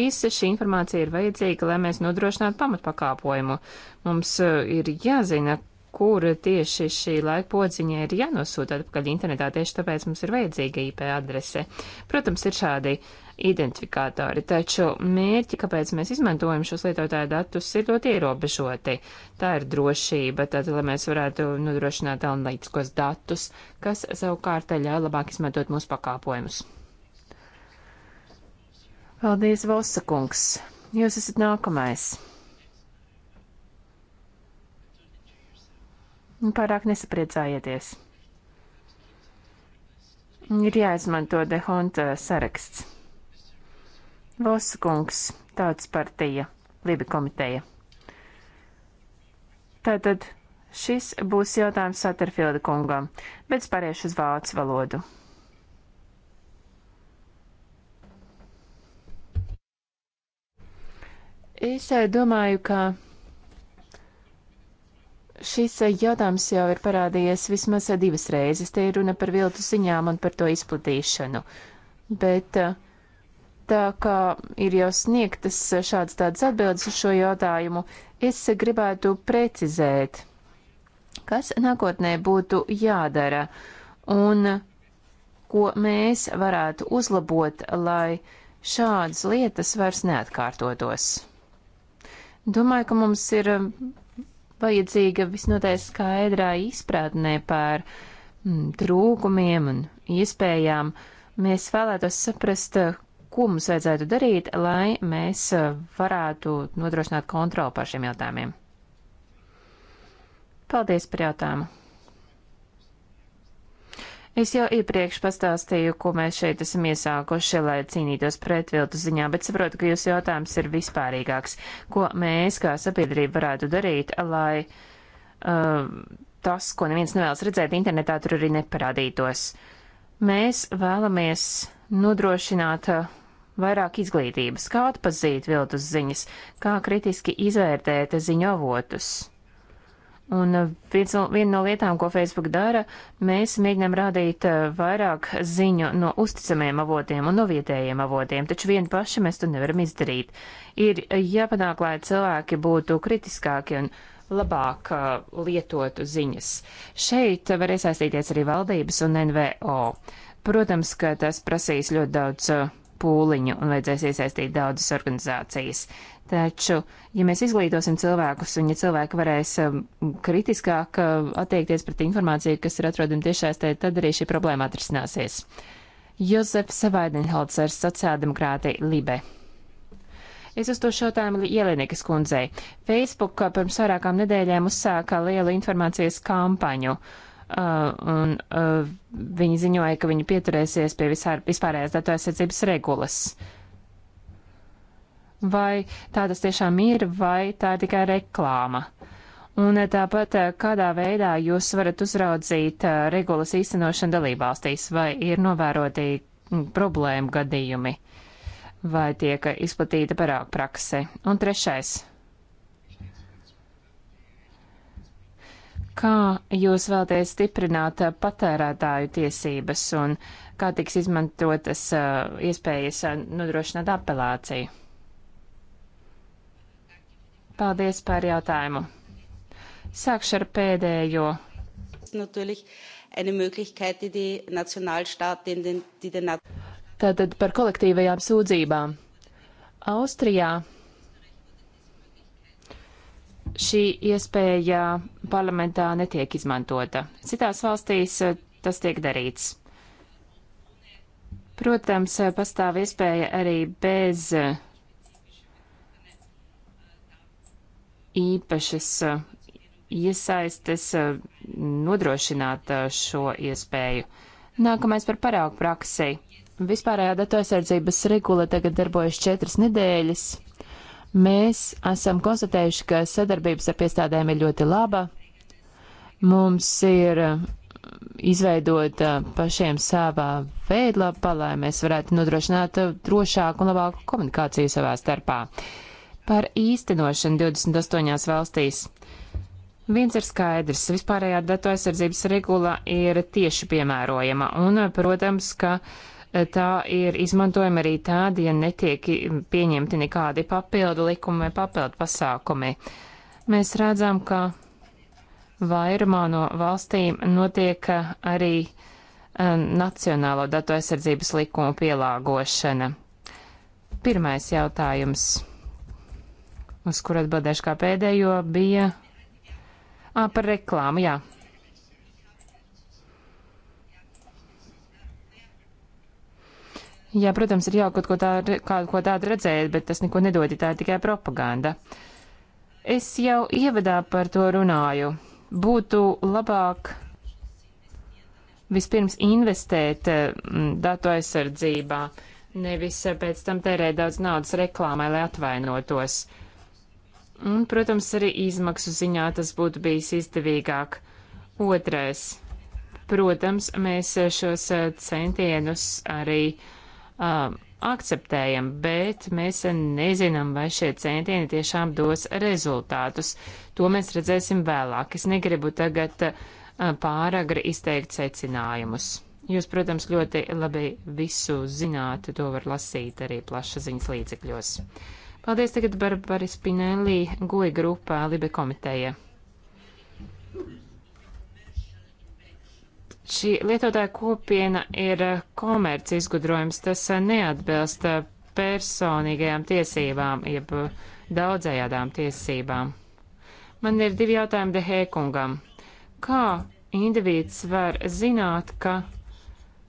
Visa šī informācija ir vajadzīga, lai mēs nodrošinātu pamatpakāpojumu. Mums eh, ir jāzina, kur tieši šī laikpodziņa ir jānosūta atpakaļ internetā, tieši tāpēc mums ir vajadzīga IP adrese. Protams, ir šādi identifikātori, taču mērķi, kāpēc mēs izmantojam šos lietotāju datus, ir ļoti ierobežoti. Tā ir drošība, tad, lai mēs varētu nodrošināt analītiskos datus, kas savukārt ļauj labāk izmantot mūsu pakāpojumus. Paldies, Vosakungs! Jūs esat nākamais. Pārāk nesapriecājieties. Ir jāizmanto dehonta saraksts. Vosa kungs, tautas partija, Libi komiteja. Tātad šis būs jautājums Saterfilda kungam, bet es pāriešu uz vācu valodu. Es eh, domāju, ka šis eh, jautājums jau ir parādījies vismaz eh, divas reizes. Te ir runa par viltu ziņām un par to izplatīšanu. Bet uh, Tā kā ir jau sniegtas šādas tādas atbildes uz šo jautājumu, es gribētu precizēt, kas nākotnē būtu jādara un ko mēs varētu uzlabot, lai šādas lietas vairs neatkārtotos. Domāju, ka mums ir vajadzīga visnotaļ skaidrā izpratnē par mm, trūkumiem un iespējām. Mēs vēlētos saprast, ko mums vajadzētu darīt, lai mēs e, varētu nodrošināt kontroli pār šiem jautājumiem. Paldies par jautājumu! Es jau iepriekš pastāstīju, ko mēs šeit esam iesākuši, lai cīnītos pret viltu ziņā, bet saprotu, ka jūsu jautājums ir vispārīgāks. Ko mēs kā sabiedrība varētu darīt, lai uh, tas, ko neviens nevēlas redzēt internetā, tur arī neparādītos? Mēs vēlamies nodrošināt uh, vairāk izglītības, kā atpazīt viltus ziņas, kā kritiski izvērtēt ziņu avotus. Un uh, viena no lietām, ko Facebook dara, mēs mēģinām rādīt uh, vairāk ziņu no uzticamiem avotiem un no vietējiem avotiem, taču vien paši mēs to nevaram izdarīt. Ir jāpanāk, lai cilvēki būtu kritiskāki un labāk uh, lietotu ziņas. Šeit var iesaistīties arī valdības un NVO. Protams, ka tas prasīs ļoti daudz uh, pūliņu un vajadzēs iesaistīt daudzas organizācijas. Taču, ja mēs izglītosim cilvēkus un ja cilvēki varēs um, kritiskāk uh, attiekties pret informāciju, kas ir atrodama tiešsaistē, tad arī šī problēma atrisināsies. Jozefs Savaidenholcers, sociāldemokrāti Libe. Es uz to jautājumu Ielinikas kundzei. Facebook uh, pirms vairākām nedēļām uzsāka lielu informācijas kampaņu. Uh, Uh, un uh, viņi ziņoja, ka viņi pieturēsies pie visār, vispārējās datu aizsardzības regulas. Vai tā tas tiešām ir, vai tā ir tikai reklāma? Un uh, tāpat, kādā veidā jūs varat uzraudzīt regulas īstenošanu dalībvalstīs, vai ir novēroti mm, problēmu gadījumi, vai tiek izplatīta parāk prakse? Un trešais kā jūs vēlaties stiprināt uh, patērētāju tiesības un kā tiks izmantotas uh, iespējas uh, nodrošināt apelāciju? Paldies par jautājumu. Sākšu ar pēdējo. Tātad par kolektīvajām sūdzībām. Austrijā šī iespēja parlamentā netiek izmantota. Citās valstīs eh, tas tiek darīts. Protams, eh, pastāv iespēja arī bez eh, īpašas iesaistes nodrošināt šo iespēju. Nākamais par paraugu praksi. Vispārējā datu aizsardzības regula tagad darbojas četras nedēļas. Mēs esam konstatējuši, ka sadarbības ar piestādēm ir ļoti laba. Mums ir uh, izveidot uh, pašiem savā veidlapa, lai mēs varētu nodrošināt uh, drošāku un labāku komunikāciju savā starpā. Par īstenošanu 28 valstīs. Viens ir skaidrs, vispārējā datu aizsardzības regula ir tieši piemērojama, un, protams, ka uh, tā ir izmantojama arī tādi, ja netiek pieņemti nekādi papildu likumi vai papildu pasākumi. Mēs redzam, ka vairumā no valstīm notiek arī eh, nacionālo datu aizsardzības likumu pielāgošana. Pirmais jautājums, uz kuru atbildēšu kā pēdējo, bija à, par reklāmu. Jā, Jā, protams, ir jau kaut ko tādu, kādu ko tādu redzēt, bet tas neko nedod, tā ir tikai propaganda. Es jau ievadā par to runāju. Būtu labāk vispirms investēt eh, datu aizsardzībā, nevis eh, pēc tam tērēt daudz naudas reklāmai, lai atvainotos. Un, protams, arī izmaksu ziņā tas būtu bijis izdevīgāk. Otrais. Protams, mēs eh, šos centienus arī uh, um, akceptējam, bet mēs nezinām, vai šie centieni tiešām dos rezultātus. To mēs redzēsim vēlāk. Es negribu tagad uh, pāragri izteikt secinājumus. Jūs, protams, ļoti labi visu zināt, to var lasīt arī plašsaziņas līdzekļos. Paldies tagad Barbara Spinelli, Goja grupā, Libe komiteja. Šī lietotāja kopiena ir eh, komerc izgudrojums, tas eh, neatbilst eh, personīgajām tiesībām, jeb daudzējādām tiesībām. Man ir divi jautājumi Dehēkungam. Kā indivīds var zināt, ka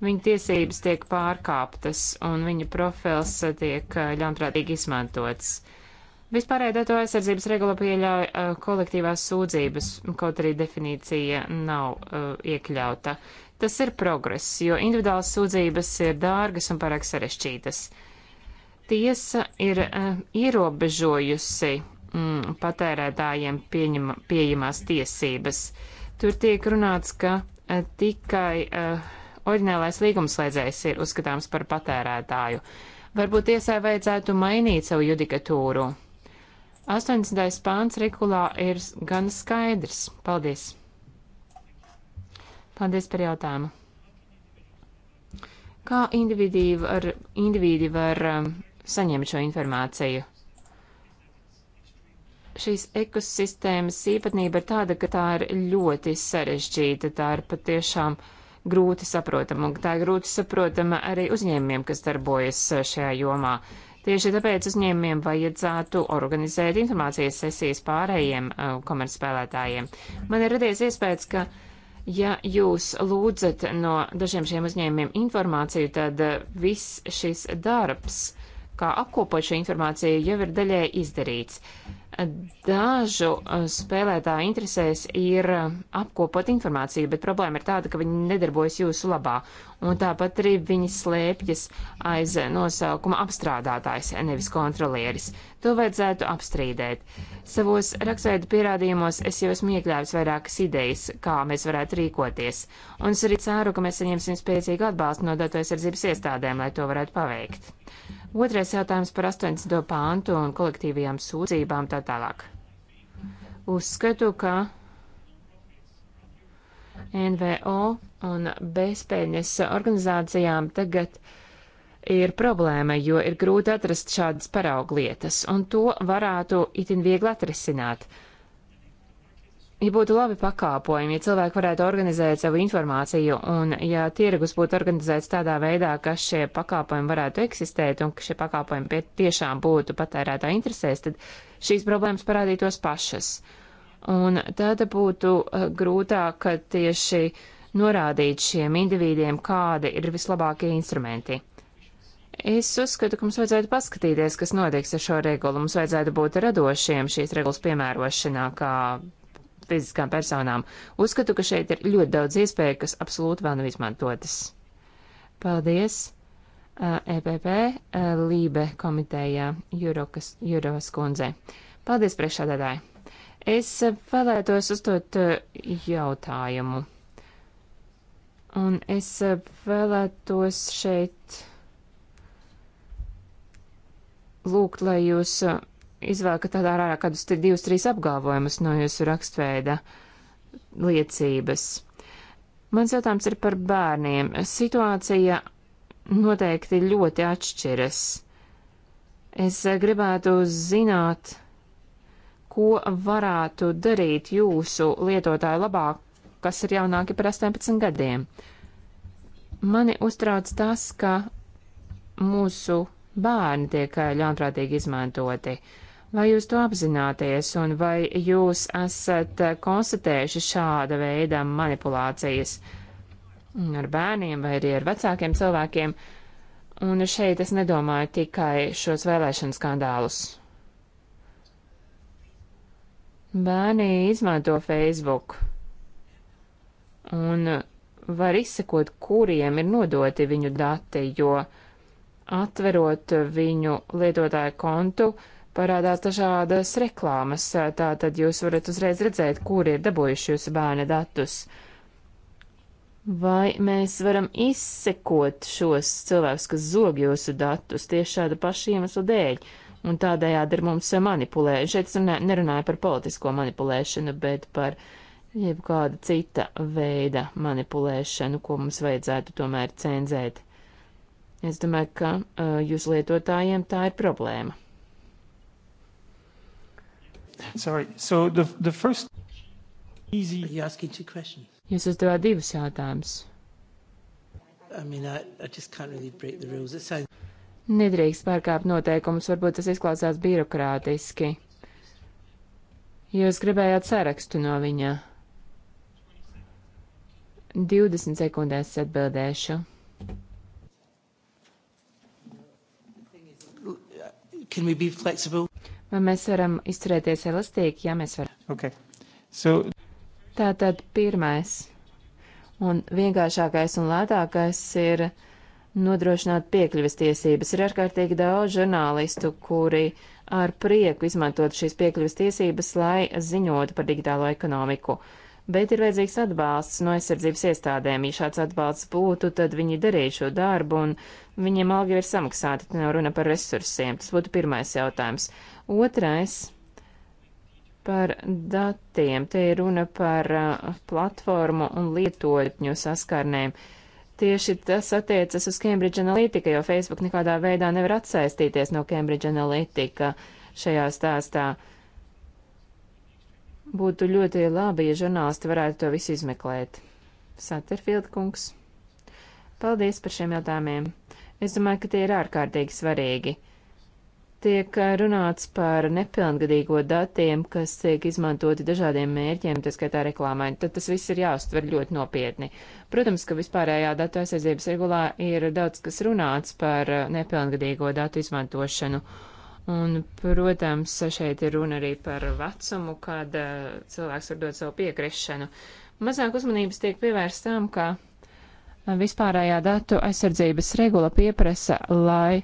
viņa tiesības tiek pārkāptas un viņa profils tiek ļaunprātīgi izmantots? Vispārējā datu aizsardzības regula pieļauj uh, kolektīvās sūdzības, kaut arī definīcija nav uh, iekļauta. Tas ir progress, jo individuālas sūdzības ir dārgas un pārāk sarešķītas. Tiesa ir uh, ierobežojusi mm, patērētājiem pieņem, pieejamās tiesības. Tur tiek runāts, ka uh, tikai uh, oriģinālais līgumslēdzējs ir uzskatāms par patērētāju. Varbūt tiesai vajadzētu mainīt savu judikatūru 80. pāns regulā ir gan skaidrs. Paldies! Paldies par jautājumu! Kā individīvi var, individu var um, saņemt šo informāciju? Šīs ekosistēmas īpatnība ir tāda, ka tā ir ļoti sarežģīta, tā ir patiešām grūti saprotama, un tā ir grūti saprotama arī uzņēmumiem, kas darbojas uh, šajā jomā. Tieši tāpēc uzņēmumiem vajadzētu organizēt informācijas sesijas pārējiem uh, komercspēlētājiem. Man ir radies iespējas, ka ja jūs lūdzat no dažiem šiem uzņēmumiem informāciju, tad uh, viss šis darbs kā apkopot šo informāciju, jau ir daļai izdarīts. Dažu uh, spēlētāju interesēs ir uh, apkopot informāciju, bet problēma ir tāda, ka viņi nedarbojas jūsu labā. Un tāpat arī viņi slēpjas aiz nosaukuma apstrādātājs, nevis kontrolieris. To vajadzētu apstrīdēt. Savos raksveidu pierādījumos es jau esmu iekļāvis vairākas idejas, kā mēs varētu rīkoties. Un es arī ceru, ka mēs saņemsim spēcīgu atbalstu no datorsardzības iestādēm, lai to varētu paveikt. Otrais jautājums par 80. pāntu un kolektīvajām sūdzībām tā tālāk. Uzskatu, ka NVO un bezpēļņas organizācijām tagad ir problēma, jo ir grūti atrast šādas parauglietas, un to varētu itin viegli atrisināt. Uh, ja būtu labi pakāpojumi, ja cilvēki varētu organizēt savu informāciju un ja tirgus būtu organizēts tādā veidā, ka šie pakāpojumi varētu eksistēt un ka šie pakāpojumi tiešām būtu patērētā interesēs, tad šīs problēmas parādītos pašas. Un tad būtu eh, grūtāk tieši norādīt šiem individiem, kādi ir vislabākie instrumenti. Es uzskatu, ka mums vajadzētu paskatīties, kas notiks ar šo regulu. Mums vajadzētu būt radošiem šīs regulas piemērošanā, kā fiziskām personām. Uzskatu, ka šeit ir ļoti daudz iespēju, kas absolūti vēl nav izmantotas. Paldies! EPP Lībe komitējā Jurokas, Jurovas kundze. Paldies, priekšādādāji! Es vēlētos uzdot jautājumu. Un es vēlētos šeit lūgt, lai jūs izvēlka tādā ārā kādus divus, trīs apgalvojumus no jūsu rakstveida liecības. Mans jautājums ir par bērniem. Situācija noteikti ļoti atšķiras. Es gribētu zināt, ko varētu darīt jūsu lietotāju labā, kas ir jaunāki par 18 gadiem. Mani uztrauc tas, ka mūsu bērni tiek ļaunprātīgi izmantoti. Vai jūs to apzināties un vai jūs esat konstatējuši šāda veida manipulācijas ar bērniem vai arī ar vecākiem cilvēkiem? Un šeit es nedomāju tikai šos vēlēšanu skandālus. Bērni izmanto Facebook un var izsekot, kuriem ir nodoti viņu dati, jo atverot viņu lietotāju kontu, uh, parādās dažādas reklāmas, tā tad jūs varat uzreiz redzēt, kur ir dabūjuši jūsu bērna datus. Vai mēs varam izsekot šos cilvēkus, kas zog jūsu datus tieši šāda paša iemesla dēļ, un tādējādi ar mums manipulē. Šeit es nerunāju par politisko manipulēšanu, bet par jebkāda cita veida manipulēšanu, ko mums vajadzētu tomēr cenzēt. Es domāju, ka uh, jūs lietotājiem tā ir problēma. Sorry. So the, the first easy. Are you asking two questions? Jūs uzdevāt divus jautājumus. I mean, I, I just can't really break the rules. It sounds... Nedrīkst pārkāpt noteikumus, varbūt tas izklausās birokrātiski. Jūs gribējāt sarakstu no viņa. 20 sekundēs atbildēšu. Can we be flexible? Vai mēs varam izturēties elastīgi? Jā, mēs varam. Okay. So... Tātad pirmais un vienkāršākais un lētākais ir nodrošināt piekļuves tiesības. Ir ārkārtīgi daudz žurnālistu, kuri ar prieku izmantot šīs piekļuves tiesības, lai ziņotu par digitālo ekonomiku. Bet ir vajadzīgs atbalsts no aizsardzības iestādēm. Ja šāds atbalsts būtu, tad viņi darīja šo darbu un viņiem alga ir samaksāta, te nav runa par resursiem. Tas būtu pirmais jautājums. Otrais par datiem. Te ir runa par uh, platformu un lietotņu saskarnēm. Tieši tas attiecas uz Cambridge Analytica, jo Facebook nekādā veidā nevar atsaistīties no Cambridge Analytica šajā stāstā. Būtu ļoti labi, ja žurnālisti varētu to visu izmeklēt. Satterfield kungs. Paldies par šiem jautājumiem. Es domāju, ka tie ir ārkārtīgi svarīgi. Tiek eh, runāts par nepilngadīgo datiem, kas tiek izmantoti dažādiem mērķiem, tas skaitā reklāmai, tad tas viss ir jāuztver ļoti nopietni. Protams, ka vispārējā datu aizsardzības regulā ir daudz kas runāts par eh, nepilngadīgo datu izmantošanu. Un, protams, šeit ir runa arī par vecumu, kad eh, cilvēks var dot savu piekrišanu. Mazāk uzmanības tiek pievērst tam, ka vispārējā datu aizsardzības regula pieprasa, lai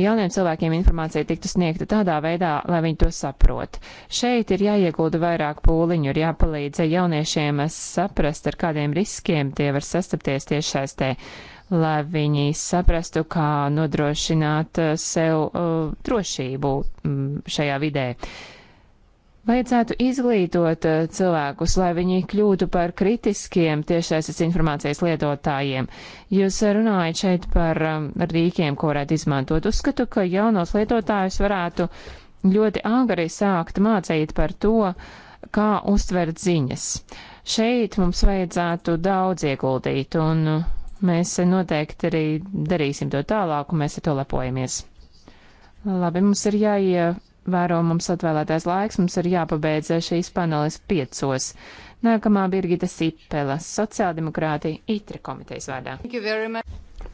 jauniem cilvēkiem informācija tiktu sniegta tādā veidā, lai viņi to saprot. Šeit ir jāiegulda vairāk pūliņu, ir jāpalīdz jauniešiem saprast, ar kādiem riskiem tie var sastapties tiešsaistē, lai viņi saprastu, kā nodrošināt sev uh, drošību um, šajā vidē. Uh, Vajadzētu izglītot eh, cilvēkus, lai viņi kļūtu par kritiskiem tiešsaistes informācijas lietotājiem. Jūs eh, runājat šeit par um, rīkiem, ko varētu izmantot. Uzskatu, ka jaunos lietotājus varētu ļoti āgari sākt mācīt par to, kā uztvert ziņas. Šeit mums vajadzētu daudz ieguldīt, un uh, mēs noteikti arī darīsim to tālāk, un mēs ar to lepojamies. Labi, mums ir jāie Vēro mums atvēlētais laiks, mums ir jāpabeidz šīs panelis piecos. Nākamā Birgita Sipela, sociāldemokrāti ITRE komitejas vārdā.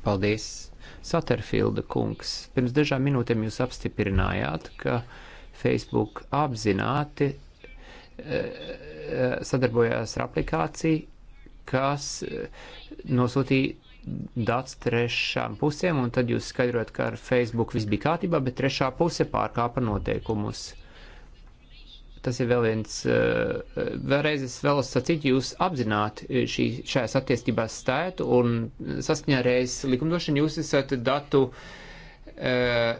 Paldies! Saterfilda kungs, pirms dažām minūtēm jūs apstiprinājāt, ka Facebook apzināti eh, eh, sadarbojās ar aplikāciju, kas eh, nosūtīja dats trešām pusēm, un tad jūs skaidrojat, ka ar Facebook viss bija kārtībā, bet trešā puse pārkāpa noteikumus. Tas ir vēl viens, eh, vēlreiz es vēlos sacīt, jūs apzināti eh, šī, šajās attiestībās stājat, un saskaņā reiz likumdošana jūs esat datu eh,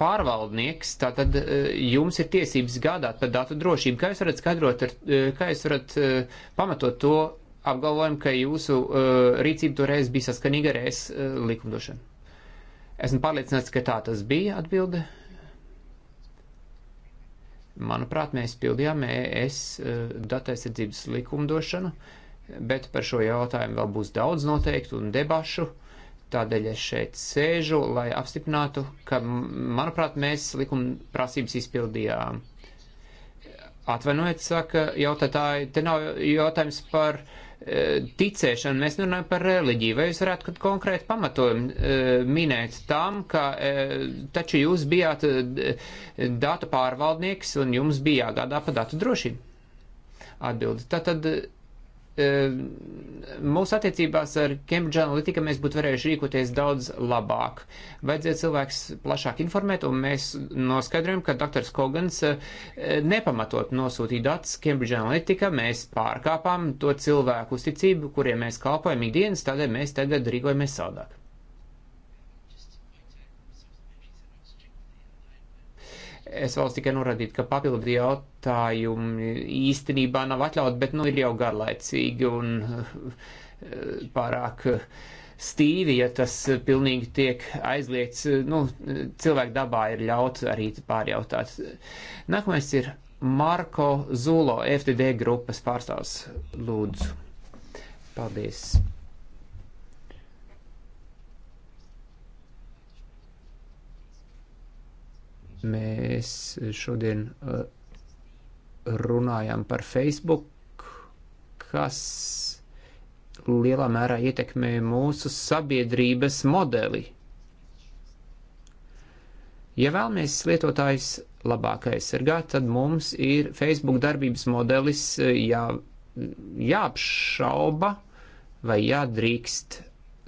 pārvaldnieks, tātad jums ir tiesības gādāt par datu drošību. Kā jūs varat skaidrot, ar, kā jūs varat pamatot to, apgalvojumu, ka jūsu uh, rīcība toreiz bija saskanīga ar es uh, likumdošanu. Esmu pārliecināts, ka tā tas bija atbilde. Manuprāt, mēs pildījām ES uh, dataizsardzības likumdošanu, bet par šo jautājumu vēl būs daudz noteiktu un debašu. Tādēļ es šeit sēžu, lai apstiprinātu, ka, manuprāt, mēs likuma prasības izpildījām. Atvainojiet, saka jautātāji, te nav jautājums par uh, E, ticēšanu, mēs runājam par reliģiju. Vai jūs varētu kaut konkrēti pamatojumi e, minēt tam, ka e, taču jūs bijāt datu pārvaldnieks un jums bija jāgādā par datu drošību? Atbildi. Tātad E, mūsu attiecībās ar Cambridge Analytica mēs būtu varējuši rīkoties daudz labāk. Vajadzēja cilvēks plašāk informēt, un mēs noskaidrojam, ka dr. Skogans e, nepamatot nosūtīja datus Cambridge Analytica, mēs pārkāpām to cilvēku uzticību, kuriem mēs kalpojam ikdienas, tādēļ mēs tagad rīkojamies savādāk. Es vēlos tikai norādīt, ka papildu jautājumi īstenībā nav atļauti, bet nu ir jau garlaicīgi un eh, pārāk stīvi, ja tas pilnīgi tiek aizliegts. Nu, cilvēku dabā ir ļauts arī pārjautāt. Nākamais ir Marko Zulo, FTD grupas pārstāvs. Lūdzu. Paldies. Mēs šodien uh, runājam par Facebook, kas lielā mērā ietekmē mūsu sabiedrības modeli. Ja vēlamies lietotājs labāk aizsargāt, tad mums ir Facebook darbības modelis uh, jā, jāapšauba vai jādrīkst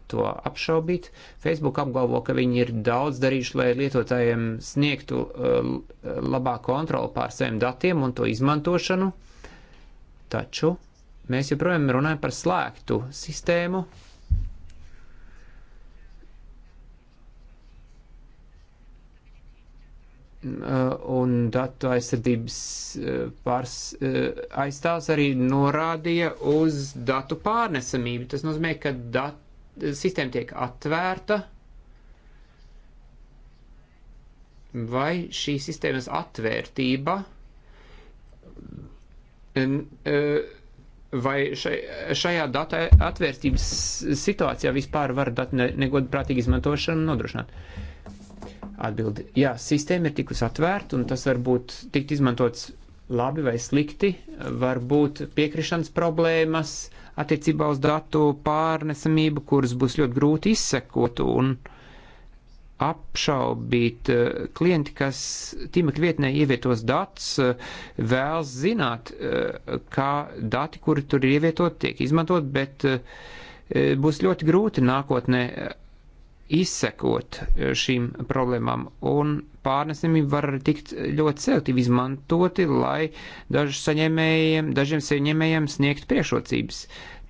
to apšaubīt. Facebook apgalvo, ka viņi ir daudz darījuši, lai lietotājiem sniegtu uh, labāku kontroli pār saviem datiem un to izmantošanu, taču mēs joprojām runājam par slēgtu sistēmu. Uh, un datu aizsardzības uh, pārs, aizstāvs arī norādīja uz datu pārnesamību. Tas nozīmē, ka datu sistēma tiek atvērta, vai šī sistēmas atvērtība, e, vai šajā datu atvērtības situācijā vispār var datu negodprātīgi izmantošanu nodrošināt? Atbildi. Jā, sistēma ir tikus atvērta, un tas var būt tikt izmantots labi vai slikti, var būt piekrišanas problēmas, uh, attiecībā uz datu pārnesamību, kuras būs ļoti grūti izsekot un apšaubīt eh, klienti, kas tīmekļa vietnē ievietos datus, eh, vēlas zināt, eh, kā dati, kuri tur ir ievietot, tiek izmantot, bet būs ļoti grūti nākotnē izsekot šīm problēmām. Un pārnesamība var tikt ļoti selektīvi izmantoti, lai dažus saņēmējiem, dažiem saņēmējiem sniegt priekšrocības.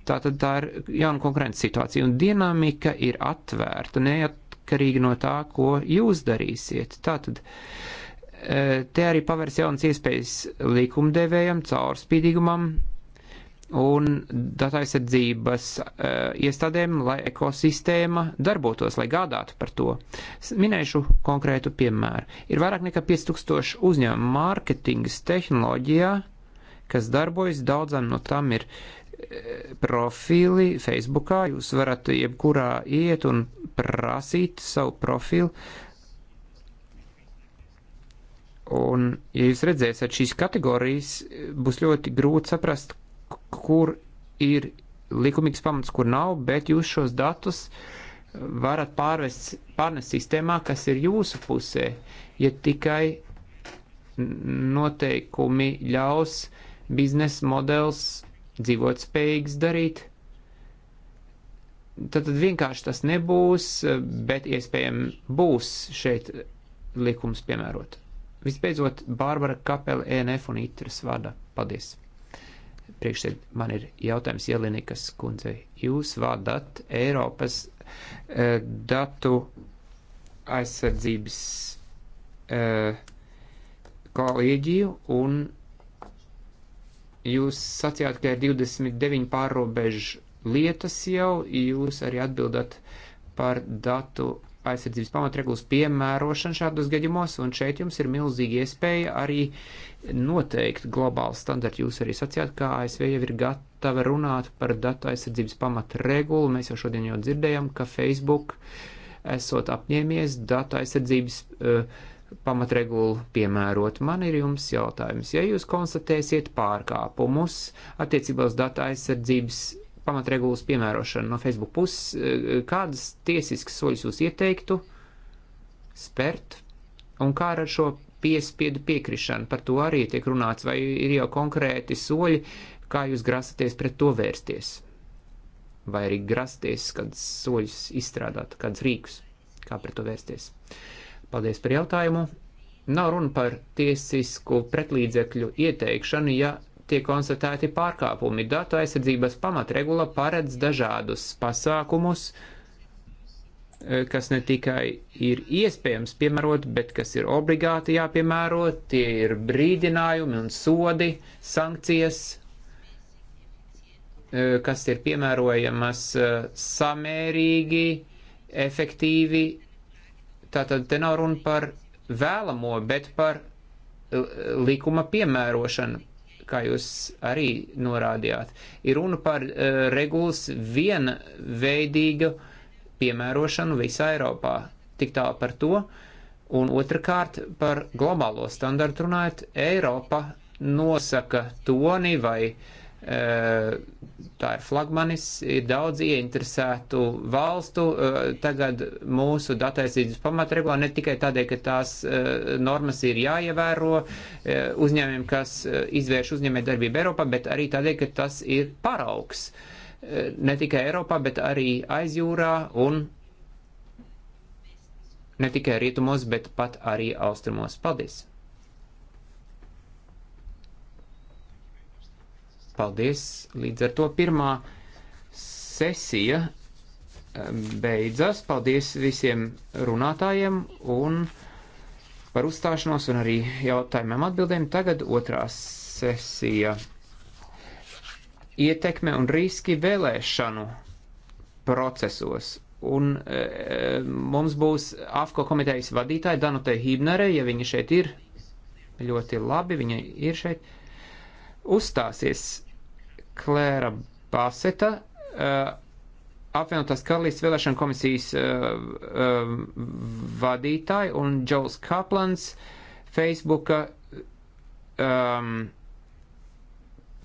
Tā tad tā ir jauna konkurences situācija, un dinamika ir atvērta, neatkarīgi no tā, ko jūs darīsiet. Tātad eh, te arī pavērs jaunas iespējas likumdevējam, caurspīdīgumam, un dataizsardzības uh, iestādēm, lai ekosistēma darbotos, lai gādātu par to. Minēšu konkrētu piemēru. Ir vairāk nekā 5000 uzņēmumu mārketingas tehnoloģijā, kas darbojas, daudzam no tam ir eh, profili Facebookā. Jūs varat jebkurā iet un prasīt savu profilu. Un, ja jūs redzēsiet šīs kategorijas, eh, būs ļoti grūti saprast, kur ir likumīgs pamats, kur nav, bet jūs šos datus varat pārvest, pārnest sistēmā, kas ir jūsu pusē, ja tikai noteikumi ļaus biznesa modelis dzīvot spējīgs darīt. Tad, tad vienkārši tas nebūs, bet iespējams būs šeit likums piemērot. Visbeidzot, Bārbara Kapela, ENF un ITRS vada. Paldies! priekšsēd, man ir jautājums Jelinikas kundzei. Jūs vadat Eiropas uh, datu aizsardzības uh, kolēģiju un jūs sacījāt, ka ir 29 pārrobežu lietas jau, jūs arī atbildat par datu aizsardzības pamatregulas piemērošana šādos gadījumos, un šeit jums ir milzīga iespēja arī noteikt globālu standartu. Jūs arī sacījāt, ka ASV jau ir gatava runāt par datu aizsardzības pamatregulu. Mēs jau šodien jau dzirdējam, ka Facebook esot apņēmies datu aizsardzības uh, pamatregulu piemērot. Man ir jums jautājums, ja jūs konstatēsiet pārkāpumus attiecībā uz datu aizsardzības pamatregulas piemērošanu no Facebook puses, eh, kādas tiesiskas soļus jūs ieteiktu spērt un kā ar šo piespiedu piekrišanu? Par to arī tiek runāts, vai ir jau konkrēti soļi, kā jūs grasaties pret to vērsties? Vai arī grasties, kad soļus izstrādāt, kādus rīkus, kā pret to vērsties? Paldies par jautājumu! Nav runa par tiesisku pretlīdzekļu ieteikšanu, ja tiek konstatēti pārkāpumi. Datu aizsardzības pamatregula paredz dažādus pasākumus, eh, kas ne tikai ir iespējams piemērot, bet kas ir obligāti jāpiemēro, tie ir brīdinājumi un sodi, sankcijas, eh, kas ir piemērojamas eh, samērīgi, efektīvi. Tātad te nav runa par vēlamo, bet par likuma piemērošanu, kā jūs arī norādījāt. Ir runa par uh, regulas vienveidīgu piemērošanu visā Eiropā. Tik tālu par to. Un otrkārt, par globālo standartu runājot, Eiropa nosaka toni vai uh, Eh, tā ir flagmanis, ir daudz ieinteresētu valstu. Eh, tagad mūsu dataizsīdzes pamatregulā ne tikai tādēļ, ka tās eh, normas ir jāievēro uzņēmiem, kas izvērš uzņēmē darbību Eiropā, bet arī tādēļ, ka tas ir paraugs. Ne tikai Eiropā, bet arī aizjūrā un ne tikai rietumos, bet pat arī austrumos. Paldies! Paldies! Līdz ar to pirmā sesija eh, beidzas. Paldies visiem runātājiem un par uzstāšanos un arī jautājumiem atbildēm. Tagad otrā sesija ietekme un riski vēlēšanu procesos. Un e, mums būs AFCO komitejas vadītāja Danute Hībnere, ja viņa šeit ir. Ļoti labi, viņa ir šeit. Uzstāsies Klēra Baseta, eh, apvienotās karalīs vēlēšana komisijas eh, eh, vadītāja un Džols Kaplans, Facebooka um,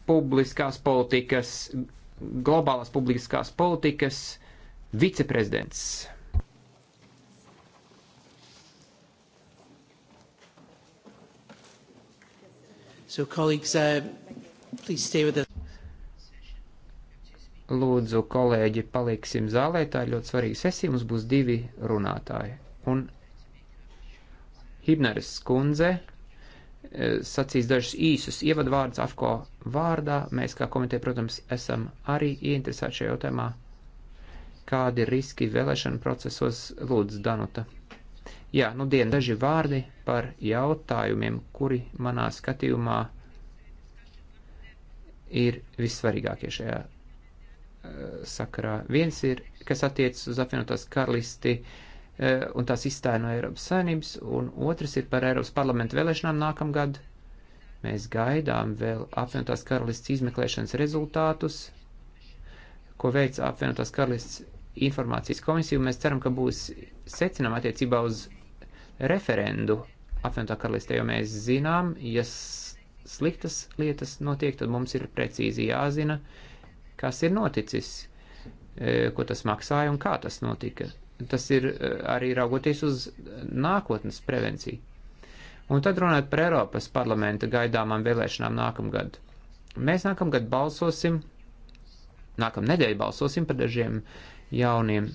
publiskās politikas, globālās publiskās politikas viceprezidents. So, colleagues, uh, please stay with us. Lūdzu, kolēģi, paliksim zālē, tā ir ļoti svarīga sesija, mums būs divi runātāji. Un Hibneres skundze eh, sacīs dažus īsus ievadvārdus AFCO vārdā. Mēs kā komiteja, protams, esam arī ieinteresēti šajā jautājumā. Kādi ir riski vēlēšana procesos, lūdzu, Danuta? Jā, nu dien daži vārdi par jautājumiem, kuri manā skatījumā ir vissvarīgākie šajā Eh, sakarā. Viens ir, kas attiecas uz apvienotās karalisti eh, un tās izstāja no Eiropas saimnības, un otrs ir par Eiropas parlamentu vēlēšanām nākamgad. Mēs gaidām vēl apvienotās karalists izmeklēšanas rezultātus, ko veica apvienotās karalists informācijas komisija, un mēs ceram, ka būs secinām attiecībā uz referendu apvienotā karalistē, jo mēs zinām, ja sliktas lietas notiek, tad mums ir precīzi jāzina, uh, kas ir noticis, e, ko tas maksāja un kā tas notika. Tas ir e, arī raugoties uz nākotnes prevenciju. Un tad runājot par Eiropas parlamenta gaidāmām vēlēšanām nākamgad. Mēs nākamgad balsosim, nākamnedēļ balsosim par dažiem jauniem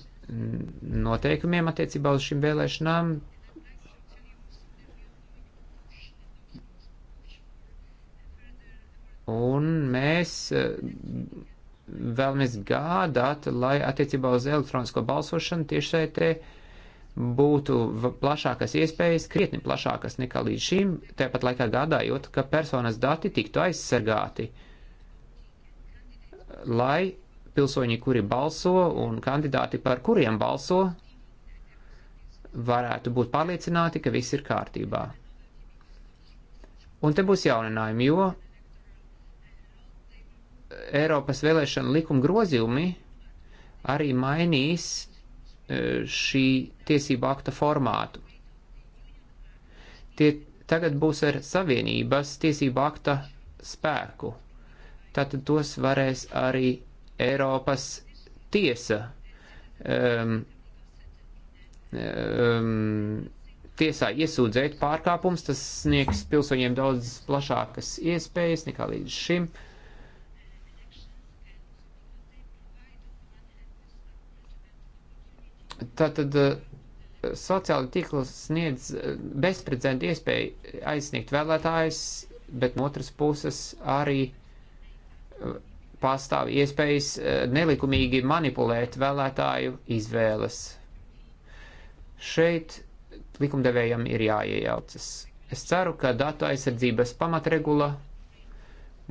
noteikumiem attiecībā uz šīm vēlēšanām. Un mēs e, vēlamies gādāt, lai attiecībā uz elektronisko balsošanu tiešsaitē būtu plašākas iespējas, krietni plašākas nekā līdz šim, tāpat laikā gādājot, ka personas dati tiktu aizsargāti, lai pilsoņi, kuri balso un kandidāti, par kuriem balso, varētu būt pārliecināti, ka viss ir kārtībā. Un te būs jauninājumi, jo Eiropas vēlēšana likuma grozījumi arī mainīs e, šī tiesību akta formātu. Tie tagad būs ar savienības tiesību akta spēku. Tātad tos varēs arī Eiropas tiesa um, um, tiesā iesūdzēt pārkāpums, tas sniegs pilsoņiem daudz plašākas iespējas nekā līdz šim. Uh, Tātad eh, sociāla tīkla sniedz eh, bezprecedenta iespēju aizsniegt vēlētājus, bet no otras puses arī eh, pastāv iespējas nelikumīgi manipulēt vēlētāju izvēles. Šeit likumdevējam ir jāiejaucas. Es ceru, ka datu aizsardzības pamatregula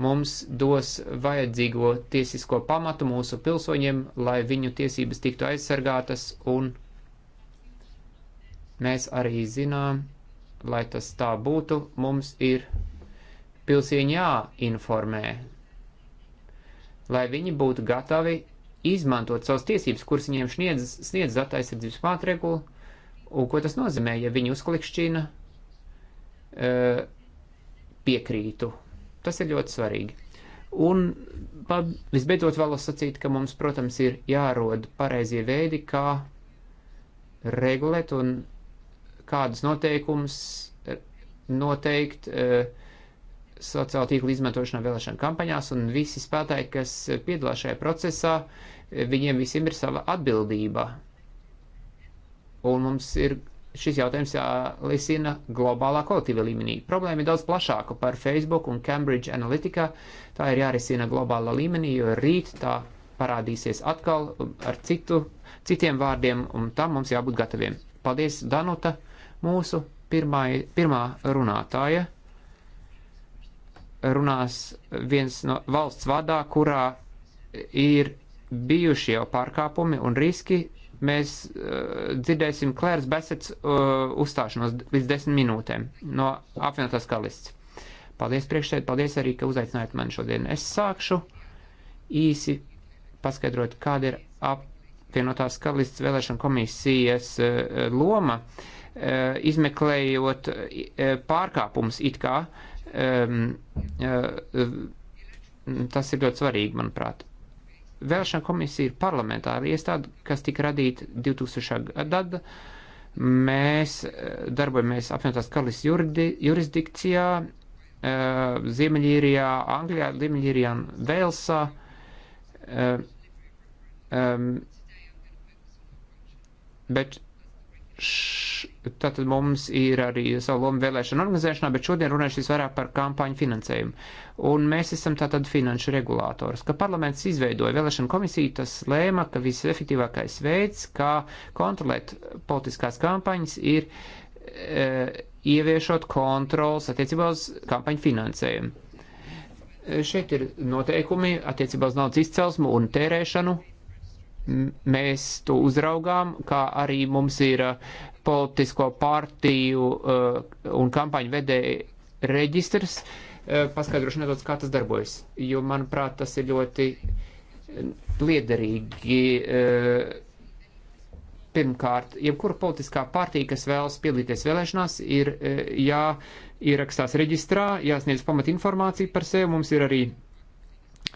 mums dos vajadzīgo tiesisko pamatu mūsu pilsoņiem, lai viņu tiesības tiktu aizsargātas, un mēs arī zinām, lai tas tā būtu, mums ir pilsieņi jāinformē, lai viņi būtu gatavi izmantot savas tiesības, kuras viņiem sniedz, sniedz datu aizsardzības mātregula, un ko tas nozīmē, ja viņi uzklikšķina, eh, piekrītu Tas ir ļoti svarīgi. Un pa, visbeidzot vēlos sacīt, ka mums, protams, ir jārod pareizie veidi, kā regulēt un kādus noteikumus eh, noteikt uh, sociāla tīkla izmantošanā vēlēšana kampaņās, un visi spēlētāji, kas piedalās šajā procesā, eh, viņiem visiem ir sava atbildība. Un mums ir šis jautājums jārisina globālā kolektīva līmenī. Problēma ir daudz plašāka par Facebook un Cambridge Analytica. Tā ir jārisina globālā līmenī, jo rīt tā parādīsies atkal ar citu, citiem vārdiem, un tam mums jābūt gataviem. Paldies, Danuta, mūsu pirmā, pirmā runātāja. Runās viens no valsts vadā, kurā ir bijuši jau pārkāpumi un riski mēs uh, dzirdēsim Klērs Besets uh, uzstāšanos līdz desmit minūtēm no apvienotās kalists. Paldies priekšsēd, paldies arī, ka uzaicinājāt mani šodien. Es sākšu īsi paskaidrot, kāda ir apvienotās kalists vēlēšana komisijas uh, loma, uh, izmeklējot uh, pārkāpums it kā. Um, uh, tas ir ļoti svarīgi, manuprāt. Vēlēšana komisija ir parlamentāra iestāde, kas tika radīta 2000. gada. Mēs eh, darbojamies apvienotās kalis jurisdikcijā, eh, Ziemeļīrijā, Anglijā, Ziemeļīrijā un Velsā. Eh, bet Tātad mums ir arī savu lomu vēlēšanu organizēšanā, bet šodien runājušies vairāk par kampaņu finansējumu. Un mēs esam tātad finanšu regulātors. Kad parlaments izveidoja vēlēšanu komisiju, tas lēma, ka visefektīvākais veids, kā kontrolēt politiskās kampaņas, ir e, ieviešot kontrols attiecībā uz kampaņu finansējumu. E, šeit ir noteikumi attiecībā uz naudas izcelsmu un tērēšanu mēs to uzraugām, kā arī mums ir uh, politisko partiju uh, un kampaņu vedēja reģistrs, uh, paskaidrošu nedaudz, kā tas darbojas, jo, manuprāt, tas ir ļoti liederīgi. Pirmkārt, jebkura politiskā partija, kas vēlas piedalīties vēlēšanās, ir jāierakstās reģistrā, jāsniedz pamatinformācija par sevi. Mums ir arī uh,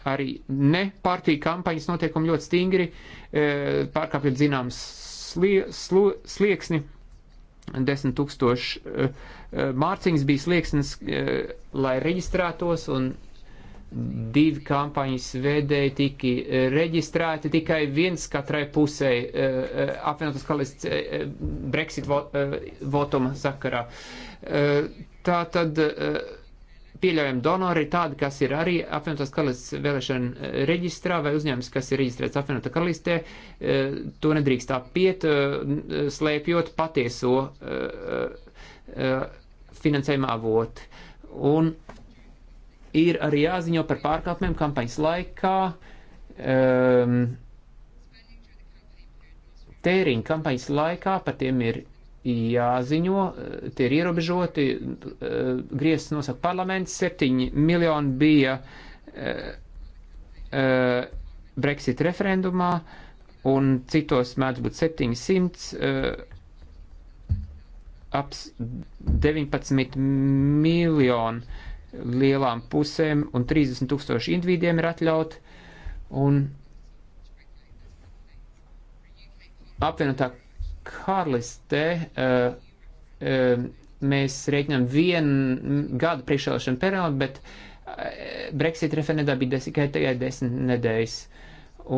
arī ne partija kampaņas notiekumi ļoti stingri, e, pārkāpjot zināms slie, slu, slieksni. 10 tūkstoši e, e, mārciņas bija slieksnis, lai reģistrētos, un divi kampaņas vedēji tika reģistrēti, tikai viens katrai pusē apvienotās karalists Brexit votuma sakarā. Tā tad pieļaujami donori ir tādi, kas ir arī apvienotās karalistes vēlēšana eh, reģistrā vai uzņēmums, kas ir reģistrēts apvienotā karalistē. Eh, to nedrīkst apiet, eh, slēpjot patieso finansējuma avotu. Un ir arī jāziņo par pārkāpumiem kampaņas laikā. Ehm, Tēriņu kampaņas laikā par tiem ir jāziņo, eh, tie ir ierobežoti, eh, griezts nosaka parlaments, 7 miljoni bija eh, Brexit referendumā, un citos mēdz būt 700, ap 19 miljoni lielām pusēm un 30 tūkstoši individiem ir atļaut, un apvienotā karalistē uh, eh, uh, eh, mēs rēķinām vienu gadu priekšvēlēšanu periodu, bet uh, Brexit referendā bija tikai tikai desmit nedēļas.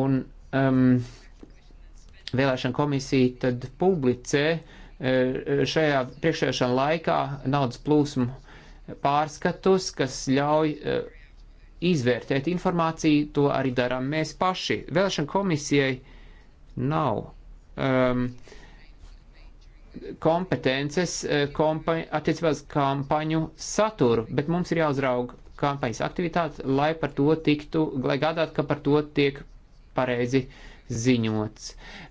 Un um, vēlēšana komisija tad publicē uh, šajā priekšvēlēšana laikā naudas plūsmu pārskatus, kas ļauj. Uh, izvērtēt informāciju, to arī darām mēs paši. Vēlēšana komisijai nav um, uh, kompetences eh, kompa, attiecībā uz kampaņu saturu, bet mums ir jāuzraug kampaņas aktivitātes, lai par to tiktu, lai gādāt, ka par to tiek pareizi ziņots.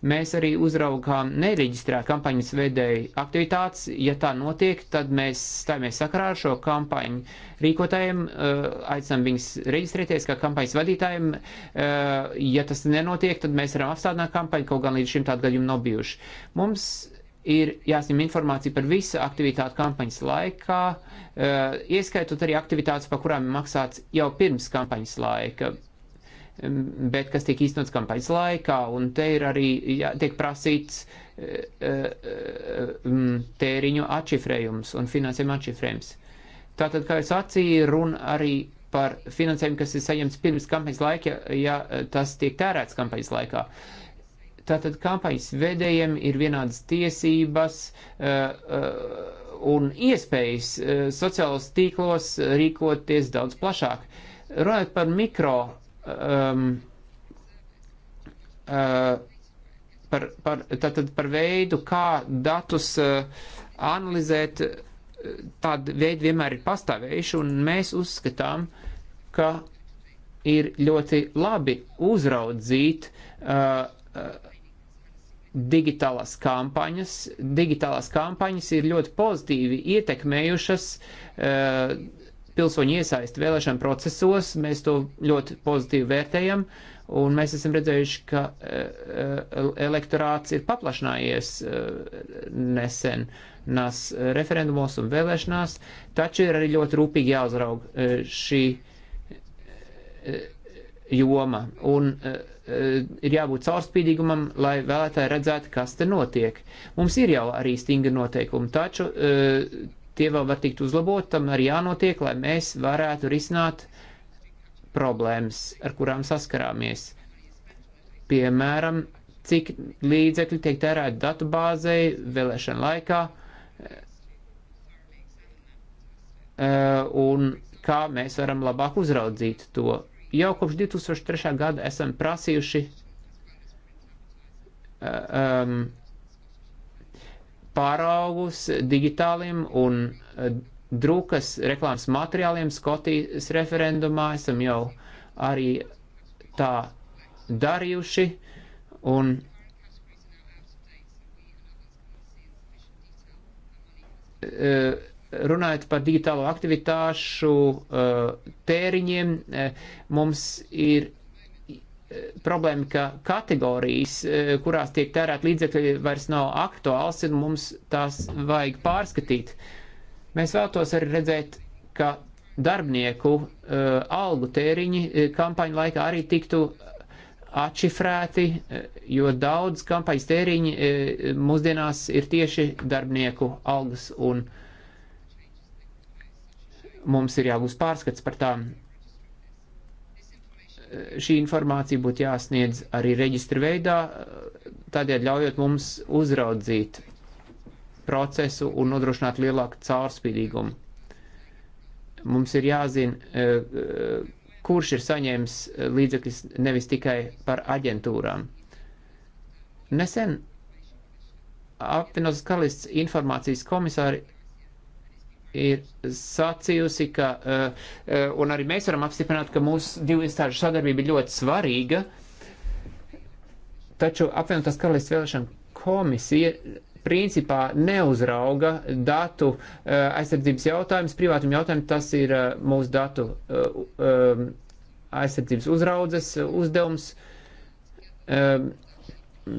Mēs arī uzraugām nereģistrē kampaņas vedēju aktivitātes. Ja tā notiek, tad mēs stājamies sakarā ar šo kampaņu rīkotājiem, eh, aicinām viņus reģistrēties kā kampaņas vadītājiem. Eh, ja tas nenotiek, tad mēs varam apstādināt kampaņu, kaut gan līdz šim tādu gadījumu nav bijuši. Mums ir jāsniem informācija par visu aktivitātu kampaņas laikā, eh, ieskaitot arī aktivitātes, par kurām ir maksāts jau pirms kampaņas laika, bet kas tiek īstenots kampaņas laikā, un te ir arī jā, tiek prasīts eh, eh, tēriņu atšifrējums un finansējuma atšifrējums. Tātad, kā es acīju, runa arī par finansējumu, kas ir saņemts pirms kampaņas laika, ja, ja tas tiek tērēts kampaņas laikā. Uh, Tātad kampaņas vedējiem ir vienādas tiesības eh, eh, un iespējas eh, sociālos tīklos rīkoties daudz plašāk. Runājot par mikro, um, uh, par, par, tātad par veidu, kā datus uh, analizēt, tāda veida vienmēr ir pastāvējuši, un mēs uzskatām, ka ir ļoti labi uzraudzīt uh, uh, digitālās kampaņas. Digitālās kampaņas ir ļoti pozitīvi ietekmējušas uh, pilsoņu iesaisti vēlēšana procesos. Mēs to ļoti pozitīvi vērtējam, un mēs esam redzējuši, ka uh, elektorāts ir paplašinājies uh, nesen nās referendumos un vēlēšanās, taču ir arī ļoti rūpīgi jāuzraug šī joma. Un, uh, Eh, ir jābūt caurspīdīgumam, lai vēlētāji redzētu, kas te notiek. Mums ir jau arī stingri noteikumi, taču eh, tie vēl var tikt uzlabot, tam arī jānotiek, lai mēs varētu risināt problēmas, ar kurām saskarāmies. Piemēram, cik līdzekļi tiek tērēti datubāzei vēlēšana laikā eh, un kā mēs varam labāk uzraudzīt to Jau kopš 2003. gada esam prasījuši um, pāraugus digitāliem un eh, drukas reklāmas materiāliem. Skotijas referendumā esam jau arī tā darījuši. Un uh, runājot par digitālo aktivitāšu eh, tēriņiem, eh, mums ir eh, problēma, ka kategorijas, kurās tiek tērēt līdzekļi, vairs nav aktuāls, un mums tās vajag pārskatīt. Mēs vēlamies arī redzēt, ka darbinieku algu tēriņi kampaņu laikā arī tiktu atšifrēti, jo daudz kampaņas tēriņi mūsdienās ir tieši darbinieku algas un algas mums ir jāgūst pārskats par tām. Šī informācija būtu jāsniedz arī reģistra veidā, tādēļ ļaujot mums uzraudzīt procesu un nodrošināt lielāku caurspīdīgumu. Mums ir jāzina, e, e, kurš ir saņēmis līdzekļus nevis tikai par aģentūrām. Nesen apvienotās karalists informācijas komisāri ir sacījusi, ka, eh, eh, un arī mēs varam apstiprināt, ka mūsu divu iestāžu sadarbība ir ļoti svarīga, taču apvienotās karalists vēlēšana komisija principā neuzrauga datu eh, aizsardzības jautājumus, privātumu jautājumu, tas ir mūsu datu aizsardzības uzraudzes uzdevums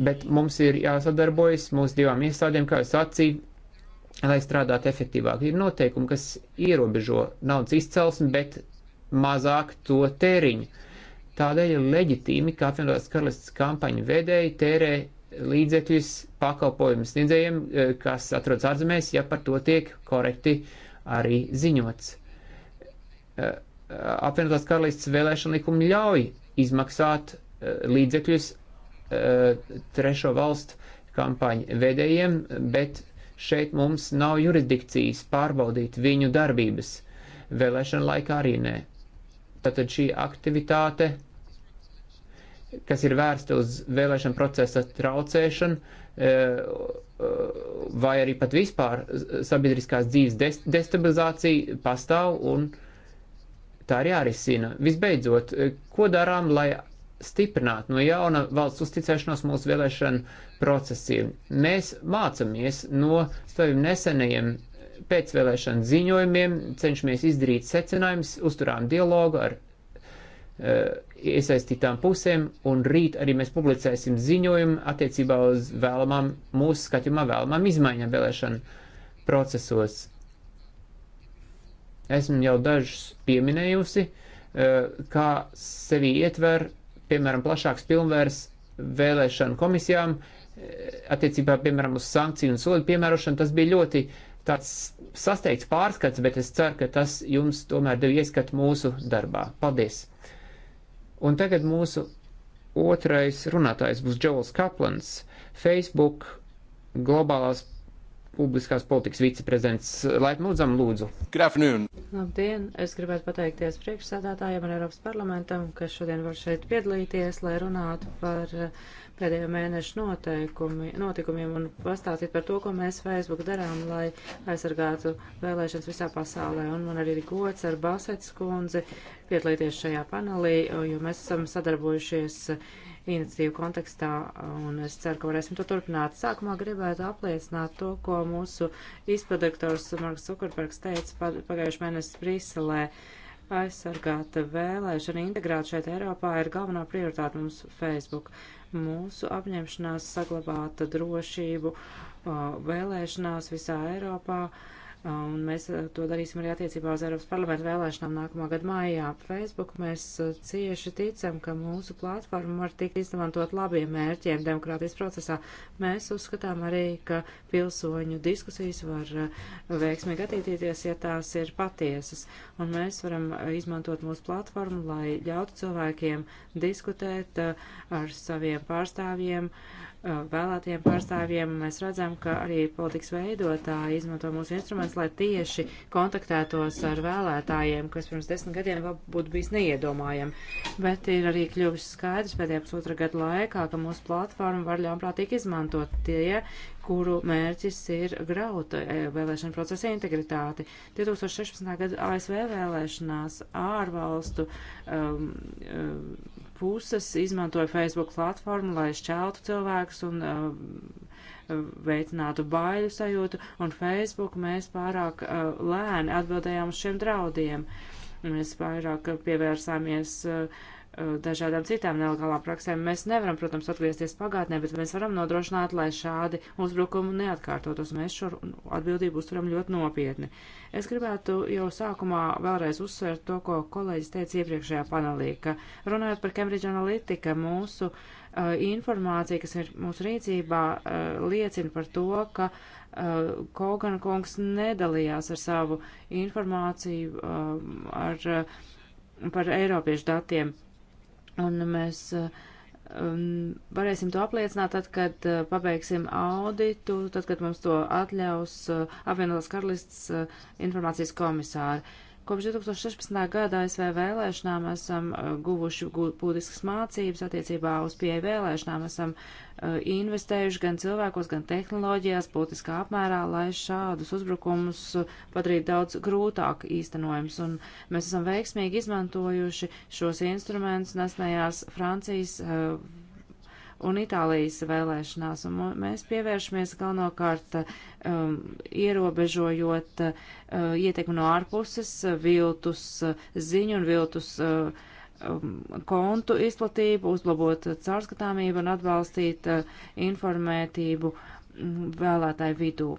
bet mums ir jāsadarbojas mūsu divām iestādēm, kā jau sacīju, lai strādātu efektīvāk. Ir noteikumi, kas ierobežo naudas izcelsmi, bet mazāk to tēriņu. Tādēļ ir leģitīmi, ka apvienotās karalistas kampaņu vedēji tērē līdzekļus pakalpojumu sniedzējiem, eh, kas atrodas ārzemēs, ja par to tiek korekti arī ziņots. Eh, eh, apvienotās karalistas vēlēšana likuma ļauj izmaksāt līdzekļus trešo valstu kampaņu vedējiem, bet Šeit mums nav jurisdikcijas pārbaudīt viņu darbības. Vēlēšana laikā arī nē. Tātad šī aktivitāte, kas ir vērsta uz vēlēšana procesa traucēšanu, eh, eh, vai arī pat vispār sabiedriskās dzīves destabilizācija pastāv un tā ir jārisina. Visbeidzot, eh, ko darām, lai stiprināt no jauna valsts uzticēšanos mūsu vēlēšanu procesiem. Mēs mācāmies no saviem nesenajiem pēcvēlēšanu ziņojumiem, cenšamies izdarīt secinājumus, uzturām dialogu ar eh, iesaistītām pusēm, un rīt arī mēs publicēsim ziņojumu attiecībā uz vēlamām, mūsu skatījumā vēlamām izmaiņām vēlēšanu procesos. Esmu jau dažus pieminējusi, eh, kā sevi ietver piemēram, plašāks pilnvērs vēlēšanu komisijām attiecībā, piemēram, uz sankciju un sodu piemērošanu. Tas bija ļoti tāds sasteigts pārskats, bet es ceru, ka tas jums tomēr deva ieskatu mūsu darbā. Paldies! Un tagad mūsu otrais runātājs būs Džovals Kaplans, Facebook globālās publiskās politikas viceprezidents. Laipni lūdzam, lūdzu. Good afternoon. Labdien! Es gribētu pateikties priekšsēdētājiem un Eiropas parlamentam, kas šodien var šeit piedalīties, lai runātu par uh, pēdējo mēnešu notikumiem un pastāstīt par to, ko mēs Facebook darām, lai aizsargātu vēlēšanas visā pasaulē. Un man arī ir gods ar Balsētas kundzi piedalīties šajā panelī, jo mēs esam sadarbojušies iniciatīvu kontekstā, un es ceru, ka varēsim to turpināt. Sākumā gribētu apliecināt to, ko mūsu izproduktors Marks Zukerbergs teica pagājušajā mēnesī Briselē. Aizsargāt vēlēšanu integrēt šeit Eiropā ir galvenā prioritāte mums Facebook mūsu apņemšanās saglabāt drošību uh, vēlēšanās visā Eiropā Un mēs eh, to darīsim arī attiecībā uz Eiropas parlamentu vēlēšanām nākamā gada mājā. Facebook mēs eh, cieši ticam, ka mūsu platforma var tikt izmantot labiem mērķiem demokrātijas procesā. Mēs uzskatām arī, ka pilsoņu diskusijas var eh, veiksmīgi attīstīties, ja tās ir patiesas. Un mēs varam izmantot mūsu platformu, lai ļautu cilvēkiem diskutēt ar saviem pārstāvjiem. Uh, Uh, vēlētajiem pārstāvjiem. Mēs redzam, ka arī politikas veidotāji izmanto mūsu instrumentus, lai tieši kontaktētos ar vēlētājiem, kas pirms desmit gadiem vēl būtu bijis neiedomājami. Bet ir arī kļuvis skaidrs pēdējā pusotra gada laikā, ka mūsu platforma var ļaunprātīgi izmantot tie, kuru mērķis ir graut uh, vēlēšana procesa integritāti. 2016. gada ASV vēlēšanās ārvalstu um, um, puses izmantoja Facebook platformu, lai šķeltu cilvēkus un uh, veicinātu baiļu sajūtu, un Facebook mēs pārāk uh, lēni atbildējām uz šiem draudiem. Mēs pārāk pievērsāmies uh, Eh, dažādām citām nelegālām praksēm. Mēs nevaram, protams, atgriezties pagātnē, bet mēs varam nodrošināt, lai šādi uzbrukumi neatkārtotos. Mēs šo atbildību uzturam ļoti nopietni. Es gribētu jau sākumā vēlreiz uzsvērt to, ko kolēģis teica iepriekšējā panelī, ka runājot par Cambridge Analytica, mūsu uh, informācija, kas ir mūsu rīcībā, uh, liecina par to, ka uh, Kogan kungs nedalījās ar savu informāciju, uh, ar, uh, par Eiropiešu datiem Un mēs um, varēsim to apliecināt tad, kad uh, pabeigsim auditu, tad, kad mums to atļaus uh, apvienotās karalists uh, informācijas komisāri. Uh, Kopš 2016. gada ASV vēlēšanām esam uh, guvuši būtiskas mācības attiecībā uz pieeja vēlēšanām. Esam uh, investējuši gan cilvēkos, gan tehnoloģijās būtiskā apmērā, lai šādus uzbrukumus uh, padarītu daudz grūtāk īstenojams. Un mēs esam veiksmīgi izmantojuši šos instrumentus nesnējās Francijas un Itālijas vēlēšanās, un mēs pievēršamies galvenokārt um, ierobežojot uh, ietekmi no ārpuses, viltus uh, ziņu un viltus uh, um, kontu izplatību, uzlabot caurskatāmību un atbalstīt uh, informētību mm, vēlētāju vidū.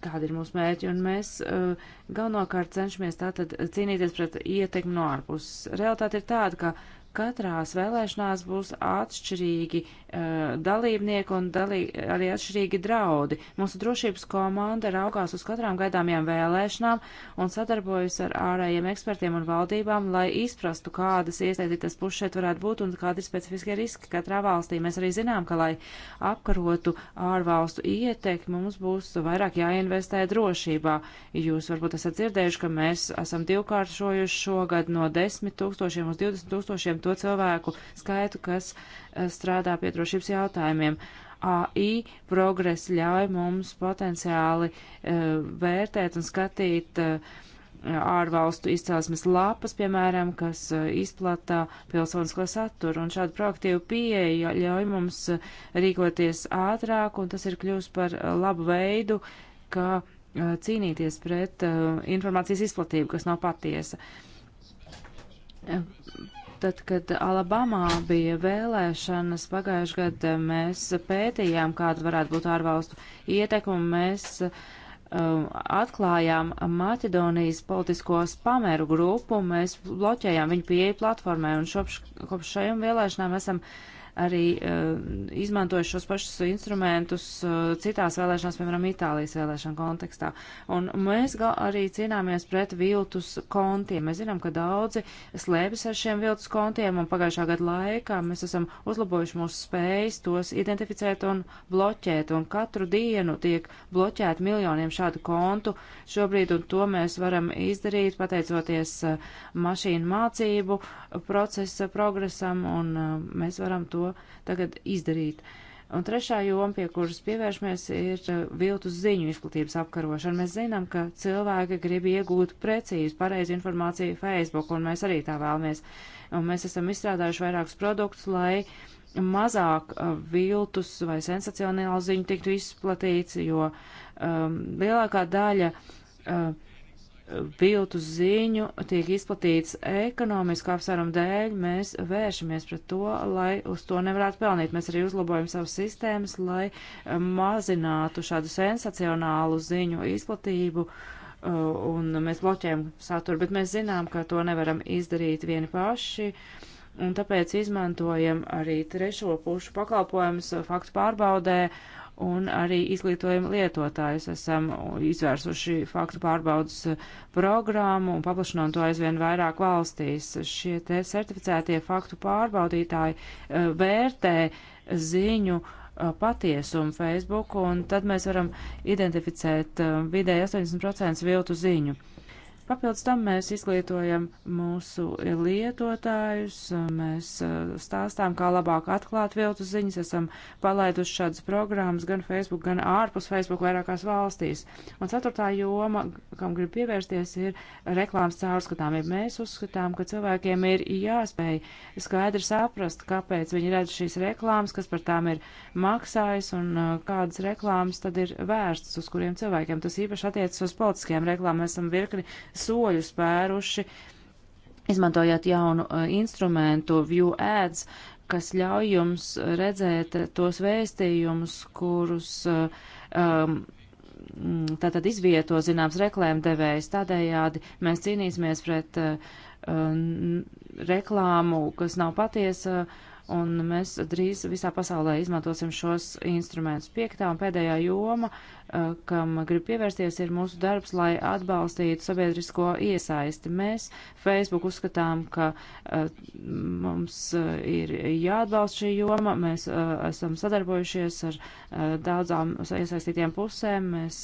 Tādi ir mūsu mērķi, un mēs uh, galvenokārt cenšamies tātad cīnīties pret ietekmi no ārpuses. Realtāte ir tāda, ka katrās vēlēšanās būs atšķirīgi uh, dalībnieki un dalī, arī atšķirīgi draudi. Mūsu drošības komanda raugās uz katrām gaidāmajām vēlēšanām un sadarbojas ar ārējiem ekspertiem un valdībām, lai izprastu, kādas iesaistītas puses šeit varētu būt un kādi ir specifiskie riski katrā valstī. Mēs arī zinām, ka, lai apkarotu ārvalstu ietekmi, mums būs vairāk jāinvestē drošībā. Jūs varbūt esat dzirdējuši, ka mēs esam divkāršojuši šogad no 10 tūkstošiem uz 20 tūkstošiem to cilvēku skaitu, kas eh, strādā pie drošības jautājumiem. AI progress ļauj mums potenciāli eh, vērtēt un skatīt eh, ārvalstu izcelsmes lapas, piemēram, kas izplatā pilsonisko saturu. Un šāda proaktīva pieeja ļauj mums rīkoties ātrāk, un tas ir kļūst par labu veidu, kā cīnīties pret informācijas izplatību, kas nav patiesa. Tad, kad Alabamā bija vēlēšanas pagājušajā gadā, mēs pētījām, kāda varētu būt ārvalstu ietekme. Mēs uh, atklājām Maķedonijas politisko spameru grupu, mēs bloķējām viņu pieeju platformai, un šopš, kopš šajām vēlēšanām esam arī eh, izmantojuši šos pašus instrumentus eh, citās vēlēšanās, piemēram, Itālijas vēlēšana kontekstā. Un mēs arī cīnāmies pret viltus kontiem. Mēs zinām, ka daudzi slēpjas ar šiem viltus kontiem, un pagājušā gada laikā mēs esam uzlabojuši mūsu spējas tos identificēt un bloķēt, un katru dienu tiek bloķēti miljoniem šādu kontu šobrīd, un to mēs varam izdarīt pateicoties eh, mašīnu mācību procesa progresam, un mēs varam to to tagad izdarīt. Un trešā joma, pie kuras pievēršamies, ir uh, viltus ziņu izplatības apkarošana. Mēs zinām, ka cilvēki grib iegūt precīzu, pareizu informāciju Facebook, un mēs arī tā vēlamies. Un mēs esam izstrādājuši vairākus produktus, lai uh, mazāk viltus vai sensacionālu ziņu tiktu izplatīts, jo um, lielākā daļa uh, viltu ziņu tiek izplatīts ekonomisku apsvērumu dēļ, mēs vēršamies pret to, lai uz to nevarētu pelnīt. Mēs arī uzlabojam savas sistēmas, lai mazinātu šādu sensacionālu ziņu izplatību. Uh, un mēs bloķējam saturu, bet mēs zinām, ka to nevaram izdarīt vieni paši. Uh, un tāpēc izmantojam arī trešo pušu pakalpojumus faktu pārbaudē un arī izglītojumu lietotājus. Esam izvērsuši faktu pārbaudas programmu un paplašinām to aizvien vairāk valstīs. Šie te certificētie faktu pārbaudītāji eh, vērtē ziņu eh, patiesumu Facebook, un tad mēs varam identificēt eh, vidēji 80% viltu ziņu. Papildus tam mēs izglītojam mūsu lietotājus, mēs eh, stāstām, kā labāk atklāt viltu ziņas, esam palaiduši šādas programmas gan Facebook, gan ārpus Facebook vairākās valstīs. Un ceturtā joma, kam grib pievērsties, ir reklāmas caurskatāmība. Mēs uzskatām, ka cilvēkiem ir jāspēj skaidri saprast, kāpēc viņi redz šīs reklāmas, kas par tām ir maksājis un eh, kādas reklāmas tad ir vērstas, uz kuriem cilvēkiem. Tas īpaši attiecas uz politiskajām reklāmām. Mēs esam virkni soļu spēruši, izmantojot jaunu e, instrumentu View Ads, kas ļauj jums redzēt tos vēstījumus, kurus e, um, tātad izvieto zināms reklēmdevējs. Tādējādi mēs cīnīsimies pret uh, reklāmu, kas nav patiesa. Uh, un mēs drīz visā pasaulē izmantosim šos instrumentus. Piektā un pēdējā joma, kam grib pievērsties, ir mūsu darbs, lai atbalstītu sabiedrisko iesaisti. Mēs Facebook uzskatām, ka mums ir jāatbalsta šī joma, mēs esam sadarbojušies ar daudzām iesaistītiem pusēm, mēs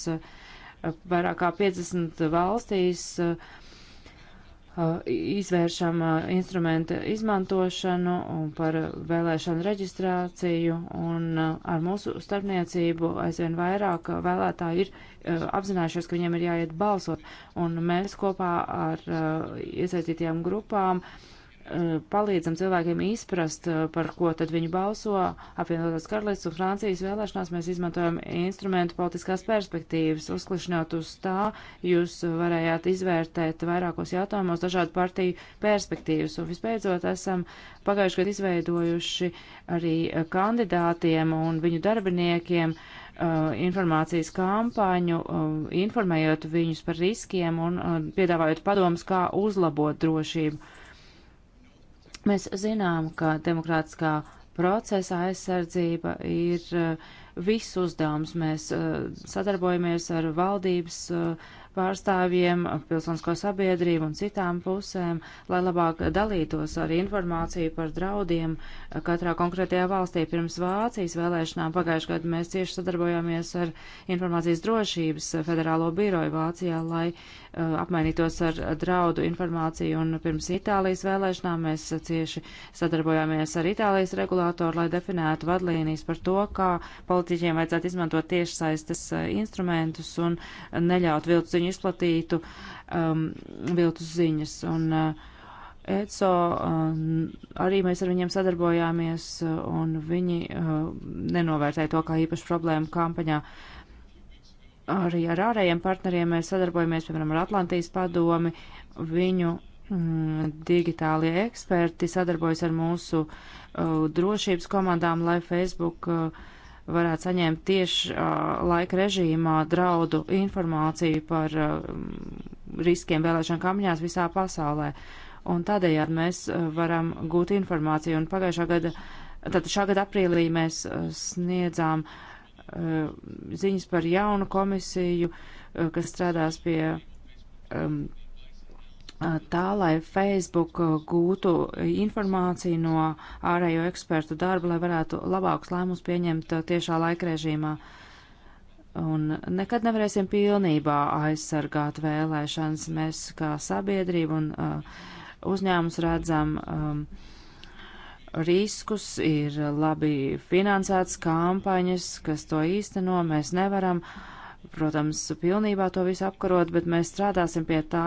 vairāk kā 50 valstīs uh, Uh, izvēršam uh, instrumenta izmantošanu un par vēlēšanu reģistrāciju, un uh, ar mūsu starpniecību aizvien vairāk vēlētāji ir apzinājušies, ka viņiem ir jāiet balsot, un mēs kopā ar iesaistītajām grupām uh, Eh, palīdzam cilvēkiem izprast, eh, par ko tad viņi balso. Apvienotās karalists un Francijas vēlēšanās mēs izmantojam instrumentu politiskās perspektīvas. Uzklišņot uz tā, jūs varējāt izvērtēt vairākos jautājumos dažādu partiju perspektīvas. Un vispēcot esam pagājuši gadu izveidojuši arī eh, kandidātiem un viņu darbiniekiem informācijas kampaņu, informējot viņus par riskiem un piedāvājot padomus, kā uzlabot drošību Mēs zinām, ka demokrātiskā procesa aizsardzība ir eh, visu uzdevums. Mēs eh, sadarbojamies ar valdības eh, pārstāvjiem, pilsonsko sabiedrību un citām pusēm, lai labāk dalītos ar informāciju par draudiem eh, katrā konkrētajā valstī. Pirms Vācijas vēlēšanām pagājušajā gadā mēs cieši sadarbojāmies ar Informācijas drošības federālo biroju Vācijā, lai uh, apmainītos ar draudu informāciju. Un pirms Itālijas vēlēšanām mēs cieši sadarbojāmies ar Itālijas regulātoru, lai definētu vadlīnijas par to, kā politiķiem vajadzētu izmantot tiešsaistes eh, instrumentus un neļaut vilciņu izplatītu um, viltus ziņas. Un uh, ECO um, arī mēs ar viņiem sadarbojāmies, uh, un viņi uh, nenovērtēja to kā īpašu problēmu kampaņā. Arī ar ārējiem partneriem mēs sadarbojamies, piemēram, ar Atlantijas padomi. Viņu mm, digitālie eksperti sadarbojas ar mūsu uh, drošības komandām, lai Facebook uh, varētu saņemt tieši uh, laika režīmā draudu informāciju par uh, riskiem vēlēšana kampaņās visā pasaulē. Un tādējādi mēs varam gūt informāciju. Un pagājušā gada, tad šā gada aprīlī mēs sniedzām uh, ziņas par jaunu komisiju, uh, kas strādās pie um, tā, lai Facebook gūtu informāciju no ārējo ekspertu darba, lai varētu labākus lēmumus pieņemt tiešā laika režīmā. Un nekad nevarēsim pilnībā aizsargāt vēlēšanas. Mēs kā sabiedrība un uh, uzņēmums redzam um, riskus, ir labi finansētas kampaņas, kas to īsteno. Mēs nevaram uh, protams, pilnībā to visu apkarot, bet mēs strādāsim pie tā,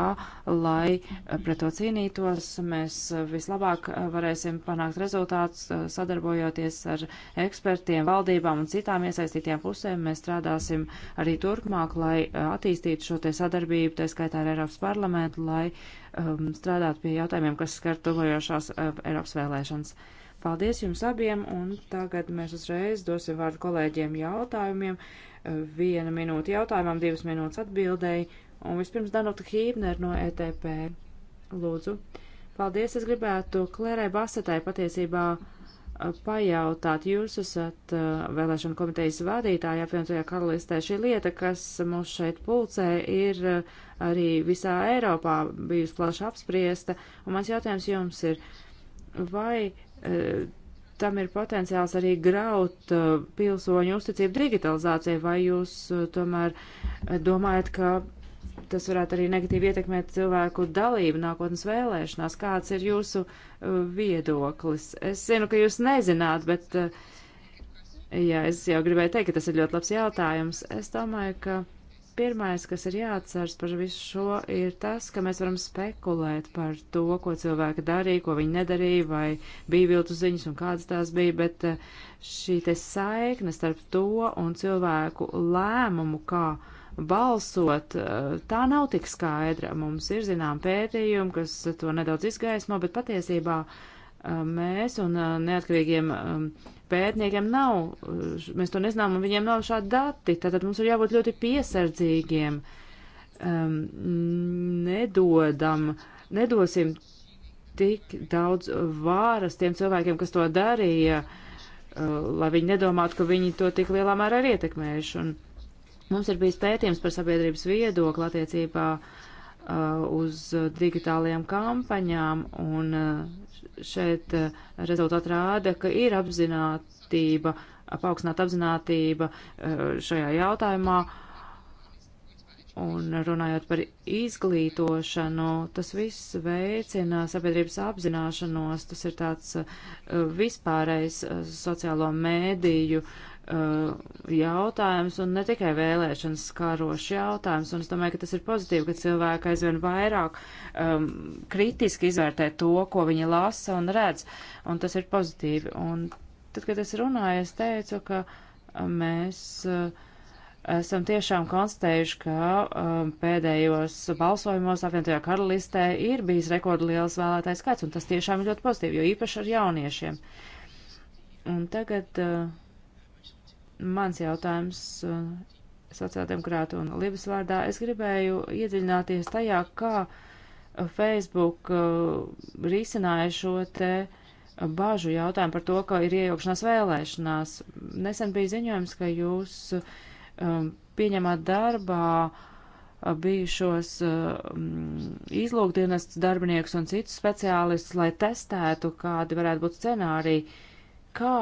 lai pret to cīnītos. Mēs vislabāk varēsim panākt rezultātus sadarbojoties ar ekspertiem, valdībām un citām iesaistītiem pusēm. Mēs strādāsim arī turpmāk, lai attīstītu šo te sadarbību, tā skaitā ar Eiropas parlamentu, lai um, strādātu pie jautājumiem, kas skar tuvojošās uh, Eiropas vēlēšanas. Paldies jums abiem, un tagad mēs uzreiz dosim vārdu kolēģiem jautājumiem. Uh, viena minūte jautājumam, divas minūtes atbildēji. Un vispirms Danuta Hībner no ETP. Lūdzu. Paldies, es gribētu Klērai Basetai patiesībā pajautāt. Jūs esat vēlēšana komitejas vadītāja apvienotajā karalistē. Šī lieta, kas mūs šeit pulcē, ir arī visā Eiropā bijusi plaši apspriesta. Un mans jautājums jums ir, vai tam ir potenciāls arī graut uh, pilsoņu uzticību digitalizācijai, vai jūs uh, tomēr uh, domājat, ka tas varētu arī negatīvi ietekmēt cilvēku dalību nākotnes vēlēšanās? Kāds ir jūsu uh, viedoklis? Es zinu, ka jūs nezināt, bet, uh, jā, es jau gribēju teikt, ka tas ir ļoti labs jautājums. Es domāju, ka Pirmais, kas ir jāatceras par visu šo, ir tas, ka mēs varam spekulēt par to, ko cilvēki darīja, ko viņi nedarīja, vai bija viltu ziņas un kādas tās bija, bet eh, šī te saikne starp to un cilvēku lēmumu, kā balsot, eh, tā nav tik skaidra. Mums ir zinām pētījumi, kas to nedaudz izgaismo, bet patiesībā uh, mēs un neatkarīgiem pētniekiem nav, mēs to nezinām, un viņiem nav šādi dati, tātad mums ir jābūt ļoti piesardzīgiem, nedodam, nedosim tik daudz vāras tiem cilvēkiem, kas to darīja, lai viņi nedomātu, ka viņi to tik lielā mērā ir ietekmējuši. Un mums ir bijis pētījums par sabiedrības viedokli attiecībā uh, Uh, uz digitālajām kampaņām, un uh, šeit uh, rezultāti rāda, ka ir apzinātība, paaugstināta apzinātība šajā jautājumā. Un runājot par izglītošanu, tas viss veicina sabiedrības apzināšanos, tas ir tāds vispārējs sociālo mēdīju uh, Uh, jautājums un ne tikai vēlēšanas skārošs jautājums. Un es domāju, ka tas ir pozitīvi, ka cilvēki aizvien vairāk um, kritiski izvērtē to, ko viņi lasa un redz. Un tas ir pozitīvi. Un tad, kad es runāju, es teicu, ka uh, mēs. Uh, esam tiešām konstatējuši, ka um, pēdējos balsojumos apvienotajā karalistē ir bijis rekordliels vēlētājs skaits, un tas tiešām ir ļoti pozitīvi, jo īpaši ar jauniešiem. Un tagad uh, mans jautājums sociāldemokrātu un Libas vārdā. Es gribēju iedziļināties tajā, kā Facebook uh, risināja šo te bāžu jautājumu par to, ka ir iejaukšanās vēlēšanās. Nesen bija ziņojums, ka jūs um, pieņemat darbā uh, bijušos uh, mm, izlūkdienests darbiniekus un citus speciālistus, lai testētu, kādi varētu būt scenāriji, kā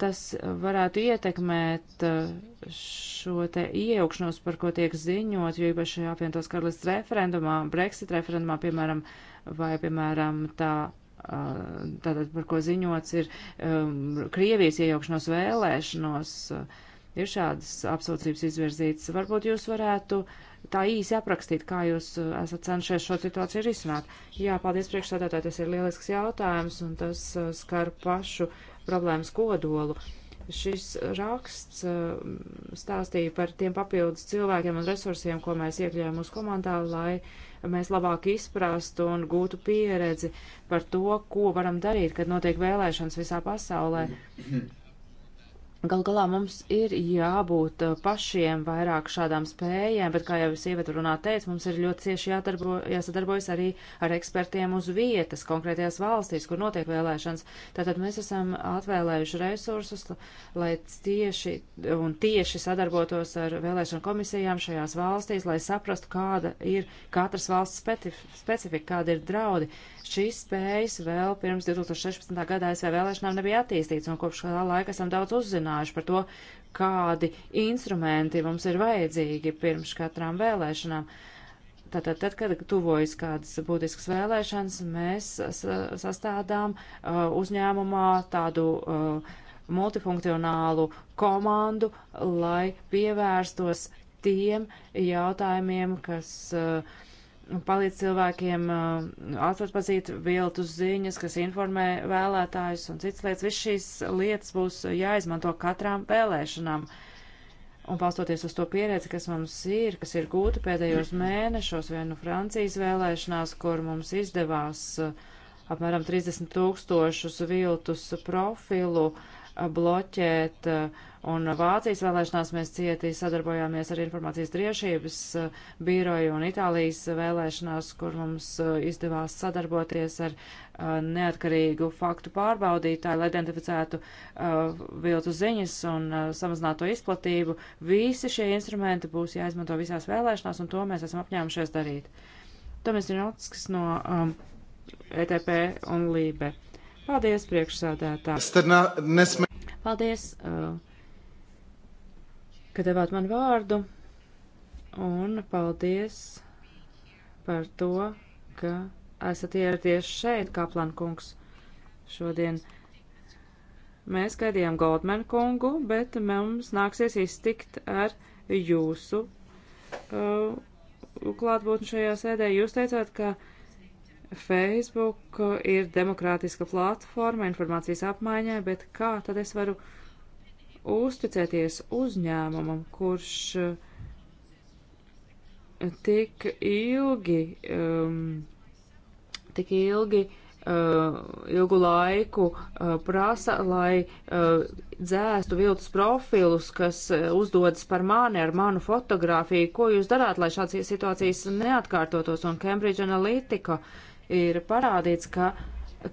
tas varētu ietekmēt uh, šo te iejaukšanos, par ko tiek ziņot, jo īpaši apvienotās karalists referendumā, Brexit referendumā, piemēram, vai, piemēram, tā, uh, tātad, par ko ziņots, ir um, Krievijas iejaukšanos vēlēšanos, uh, ir šādas apsūdzības izvirzītas. Varbūt jūs varētu tā īsi aprakstīt, kā jūs esat cenšies šo situāciju risināt. Jā, paldies priekšsādātāji, tas ir lielisks jautājums, un tas skar pašu uh, problēmas kodolu. Šis raksts eh, stāstīja par tiem papildus cilvēkiem un resursiem, ko mēs iekļējām mūsu komandā, lai mēs labāk izprastu un gūtu pieredzi par to, ko varam darīt, kad notiek vēlēšanas visā pasaulē. Gal galā mums ir jābūt uh, pašiem vairāk šādām spējām, bet, kā jau es ievadu runā teicu, mums ir ļoti cieši jādarbo, jāsadarbojas arī ar ekspertiem uz vietas, konkrētajās valstīs, kur notiek vēlēšanas. Tātad mēs esam atvēlējuši resursus, lai tieši un tieši sadarbotos ar vēlēšanu komisijām šajās valstīs, lai saprastu, kāda ir katras valsts specifika, kāda ir draudi. Šīs spējas vēl pirms 2016. gadā ASV vēlēšanām nebija attīstīts, un kopš tā laika esam daudz uzzinājuši runājuši par to, kādi instrumenti mums ir vajadzīgi pirms katrām vēlēšanām. Tātad, tad, kad tuvojas kādas būtiskas vēlēšanas, mēs sastādām uh, uzņēmumā tādu uh, multifunkcionālu komandu, lai pievērstos tiem jautājumiem, kas uh, palīdz cilvēkiem uh, atpazīt viltus ziņas, kas informē vēlētājus un citas lietas. Viss šīs lietas būs jāizmanto katrām vēlēšanām. Un palstoties uz to pieredzi, kas mums ir, kas ir gūta pēdējos mēnešos, vienu Francijas vēlēšanās, kur mums izdevās uh, apmēram 30 tūkstošus viltus profilu uh, bloķēt uh, Un Vācijas vēlēšanās mēs cieti sadarbojāmies ar informācijas drošības eh, biroju un Itālijas vēlēšanās, kur mums eh, izdevās sadarboties ar eh, neatkarīgu faktu pārbaudītāju, lai identificētu uh, viltu ziņas un uh, samazinātu to izplatību. Visi šie instrumenti būs jāizmanto visās vēlēšanās, un to mēs esam apņēmušies darīt. Tomas Rinotskas no um, ETP un Lībe. Paldies, priekšsādētā. Paldies. Uh, ka devāt man vārdu, un paldies par to, ka esat ieradies šeit, Kaplan kungs, šodien. Mēs gaidījām Goldman kungu, bet mums nāksies iztikt ar jūsu uh, klātbūtni šajā sēdē. Jūs teicāt, ka Facebook ir demokrātiska platforma informācijas apmaiņai, bet kā tad es varu uh, uzticēties uzņēmumam, kurš eh, tik ilgi, um, tik ilgi uh, ilgu laiku uh, prasa, lai uh, dzēstu viltus profilus, kas uzdodas par mani ar manu fotografiju. Ko jūs darāt, lai šādas situācijas neatkārtotos? Un Cambridge Analytica ir parādīts, ka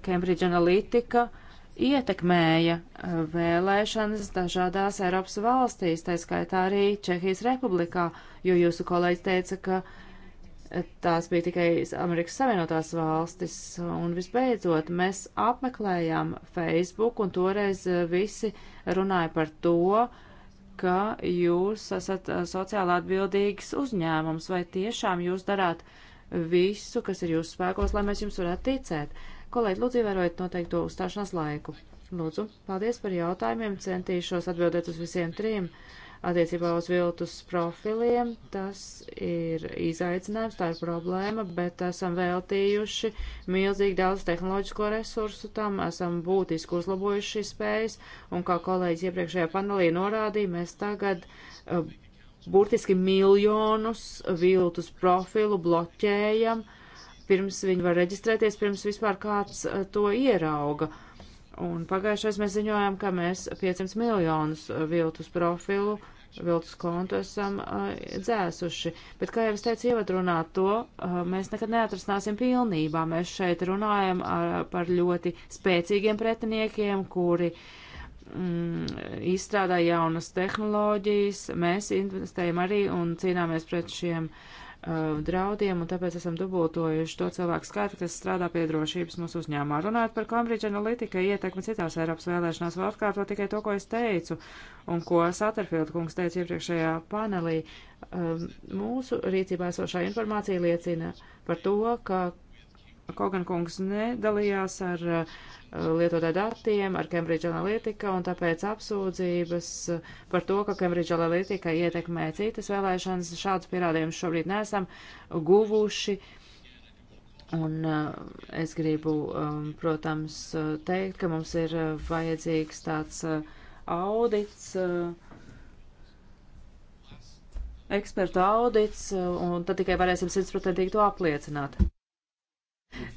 Cambridge Analytica uh, ietekmēja uh, vēlēšanas dažādās Eiropas valstīs, tā skaitā arī Čehijas republikā, jo jūsu kolēģis teica, ka uh, tās bija tikai Amerikas Savienotās valstis. Un visbeidzot, mēs apmeklējām Facebook, un toreiz uh, visi runāja par to, ka jūs esat sociāli atbildīgs uzņēmums, vai tiešām jūs darāt visu, kas ir jūsu spēkos, lai mēs jums varētu ticēt. Kolēģi, lūdzu, ievērojiet noteikto uzstāšanās laiku. Lūdzu, paldies par jautājumiem. Centīšos atbildēt uz visiem trim. Attiecībā uz viltus profiliem tas ir izaicinājums, tā ir problēma, bet esam veltījuši milzīgi daudz tehnoloģisko resursu tam, esam būtiski uzlabojuši šīs spējas, un kā kolēģis iepriekšējā panelī norādīja, mēs tagad uh, burtiski miljonus viltus profilu bloķējam pirms viņi var reģistrēties, pirms vispār kāds eh, to ierauga. Un pagājušais mēs ziņojām, ka mēs 500 miljonus eh, viltus profilu, viltus kontu esam eh, dzēsuši. Bet, kā jau es teicu, ievadrunā to mēs nekad neatrastāsim pilnībā. Mēs šeit runājam ar, par ļoti spēcīgiem pretiniekiem, kuri mm, izstrādā jaunas tehnoloģijas. Mēs investējam arī un cīnāmies pret šiem uh, Uh, draudiem, un tāpēc esam dubultojuši to cilvēku skaitu, kas strādā pie drošības mūsu uzņēmumā. Runājot par Cambridge Analytica ietekmi citās Eiropas vēlēšanās, vēl atkārto tikai to, ko es teicu, un ko Satterfield kungs teica iepriekšējā panelī. Um, mūsu rīcībā esošā informācija liecina par to, ka Kogan kungs nedalījās ar uh, lietotāju datiem ar Cambridge Analytica, un tāpēc apsūdzības par to, ka Cambridge Analytica ietekmē citas vēlēšanas, šādus pierādījumus šobrīd nesam guvuši. Un eh, es gribu, um, protams, teikt, ka mums ir eh, vajadzīgs tāds eh, audits, ekspertu audits, un tad tikai varēsim simtprocentīgi to apliecināt.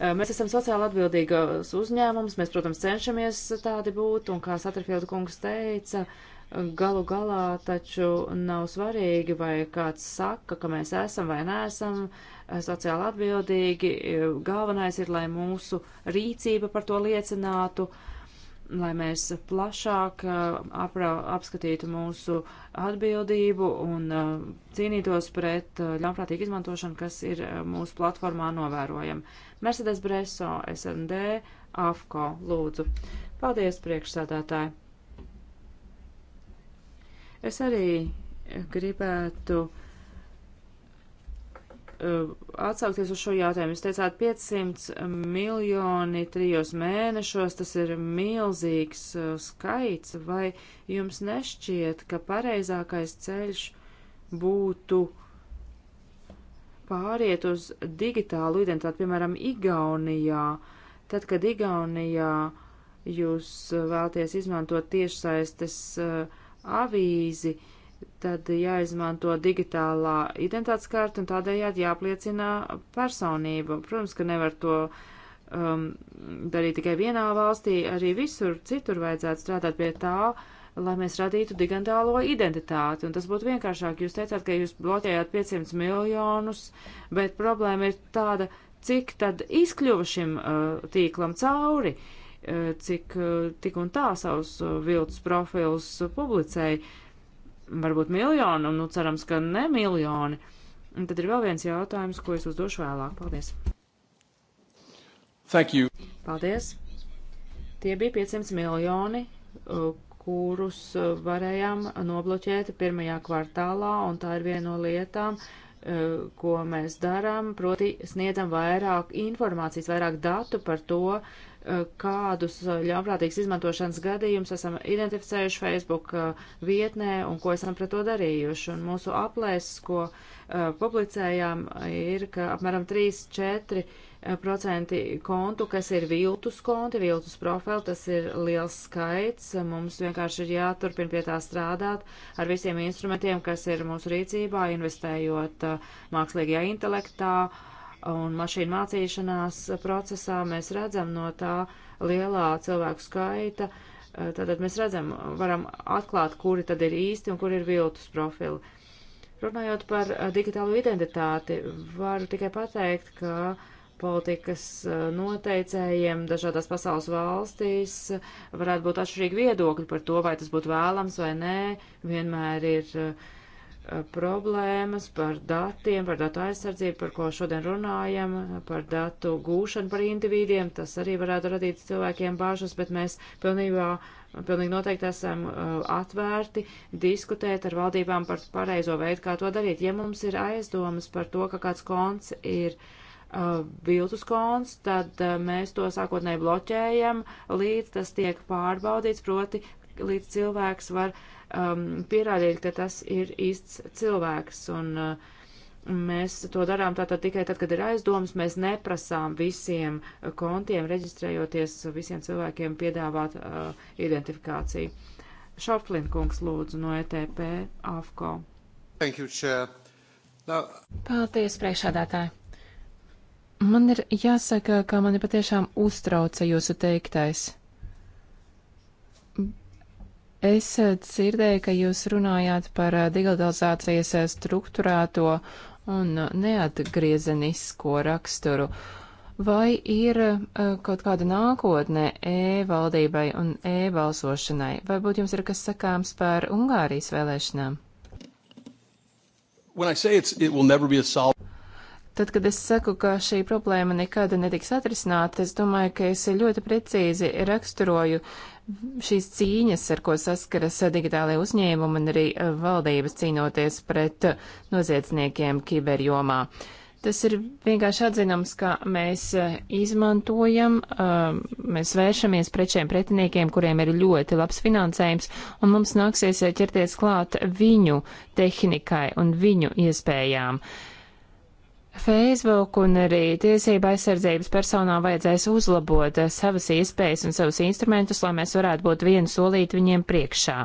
Eh, mēs esam sociāli atbildīgas uzņēmums, mēs, protams, cenšamies tādi būt, un kā Saterfielda kungs teica, galu galā taču nav svarīgi, vai kāds saka, ka mēs esam vai neesam eh, sociāli atbildīgi. Galvenais ir, lai mūsu rīcība par to liecinātu lai mēs plašāk eh, aprā, apskatītu mūsu atbildību un cīnītos pret ļaunprātīgu izmantošanu, kas ir mūsu platformā novērojama. Mercedes Breso, SND, AFCO, lūdzu. Paldies, priekšsādātāji. Es arī gribētu uh, atsaukties uz šo jautājumu. Jūs teicāt 500 miljoni trijos mēnešos, tas ir milzīgs uh, skaits, vai jums nešķiet, ka pareizākais ceļš būtu uh, pāriet uz digitālu identitāti, piemēram, Igaunijā, tad, kad Igaunijā jūs eh, vēlaties izmantot tiešsaistes uh, avīzi, tad jāizmanto digitālā identitātes karta un tādējādi jāpliecina personība. Protams, ka nevar to um, darīt tikai vienā valstī, arī visur citur vajadzētu strādāt pie tā, uh, lai mēs radītu digantālo identitāti. Un tas būtu vienkāršāk. Jūs teicāt, ka jūs bloķējāt 500 miljonus, bet problēma ir tāda, cik tad izkļuva šim uh, tīklam cauri, uh, cik uh, tik un tā savus uh, viltus profilus uh, publicēja. Varbūt miljonu, nu cerams, ka ne miljoni. Un tad ir vēl viens jautājums, ko es uzdošu vēlāk. Paldies! Thank you! Paldies! Tie bija 500 miljoni, uh, kurus e, varējām nobloķēt pirmajā kvartālā, un tā ir viena no lietām, e, ko mēs darām, proti sniedzam vairāk informācijas, vairāk datu par to, e, kādus ļaunprātīgas izmantošanas gadījumus esam identificējuši Facebook vietnē un ko esam pret to darījuši. Un mūsu aplēses, ko publicējām, ir, ka apmēram 3-4 Eh, procenti kontu, kas ir viltus konti, viltus profili, tas ir liels skaits. Mums vienkārši ir jāturpina pie tā strādāt ar visiem instrumentiem, kas ir mūsu rīcībā, investējot eh, mākslīgajā intelektā un mašīnu mācīšanās procesā. Mēs redzam no tā lielā cilvēku skaita. Eh, tātad mēs redzam, varam atklāt, kuri tad ir īsti un kuri ir viltus profili. Runājot par digitālo identitāti, varu tikai pateikt, ka uh, politikas eh, noteicējiem dažādās pasaules valstīs varētu būt atšķirīgi viedokļi par to, vai tas būtu vēlams vai nē. Vienmēr ir eh, problēmas par datiem, par datu aizsardzību, par ko šodien runājam, par datu gūšanu par individiem. Tas arī varētu radīt cilvēkiem bāžas, bet mēs pilnībā, pilnīgi noteikti esam eh, atvērti diskutēt ar valdībām par pareizo veidu, kā to darīt. Ja mums ir aizdomas par to, ka kāds konts ir uh, Uh, viltus konts, tad uh, mēs to sākotnēji bloķējam, līdz tas tiek pārbaudīts, proti, līdz cilvēks var um, pierādīt, ka tas ir īsts cilvēks. Un, uh, Mēs to darām tātad tikai tad, kad ir aizdomas. Mēs neprasām visiem kontiem, reģistrējoties visiem cilvēkiem, piedāvāt uh, identifikāciju. Šoflin kungs lūdzu no ETP AFCO. Thank you, Chair. Now... Paldies, priekšādātāji. Man ir jāsaka, ka mani patiešām uztrauca jūsu teiktais. Es dzirdēju, ka jūs runājāt par digitalizācijas struktūrēto un neatgriezenisko raksturu. Vai ir e, kaut kāda nākotne e-valdībai un e-balsošanai? Varbūt jums ir kas sakāms par Ungārijas vēlēšanām? It Tad, kad es saku, ka šī problēma nekad netiks atrisināta, es domāju, ka es ļoti precīzi raksturoju šīs cīņas, ar ko saskaras digitālajie uzņēmumi un arī eh, valdības cīnoties pret eh, noziedzniekiem kiberjomā. Tas ir vienkārši atzinams, ka mēs eh, izmantojam, mēs vēršamies pret šiem pretiniekiem, kuriem ir ļoti labs finansējums, un mums nāksies ķerties klāt viņu tehnikai un viņu iespējām. Uh, Facebook un arī tiesība aizsardzības personām vajadzēs uzlabot savas iespējas un savus instrumentus, lai mēs varētu būt vienu solīt viņiem priekšā.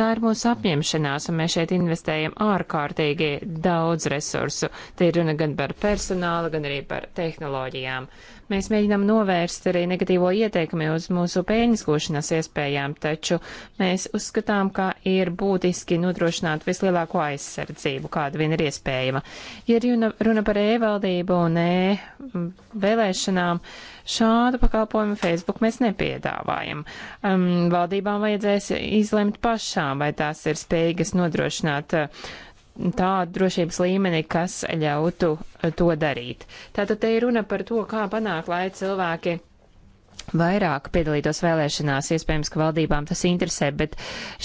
Tā ir mūsu apņemšanās, un mēs šeit investējam ārkārtīgi daudz resursu. Te ir runa gan par personālu, gan arī par tehnoloģijām. Uh, Mēs mēģinām novērst arī negatīvo ieteikumu uz mūsu pēļņas gūšanas iespējām, taču mēs uzskatām, ka ir būtiski nodrošināt vislielāko aizsardzību, kāda vien ir iespējama. Ja runa, runa par e-valdību un e-vēlēšanām, šādu pakalpojumu Facebook mēs nepiedāvājam. Um, valdībām vajadzēs izlemt pašām, vai tās ir spējīgas nodrošināt uh, tādu drošības līmeni, kas ļautu eh, to darīt. Tātad te ir runa par to, kā panākt, lai cilvēki vairāk piedalītos vēlēšanās, iespējams, ka valdībām tas interesē, bet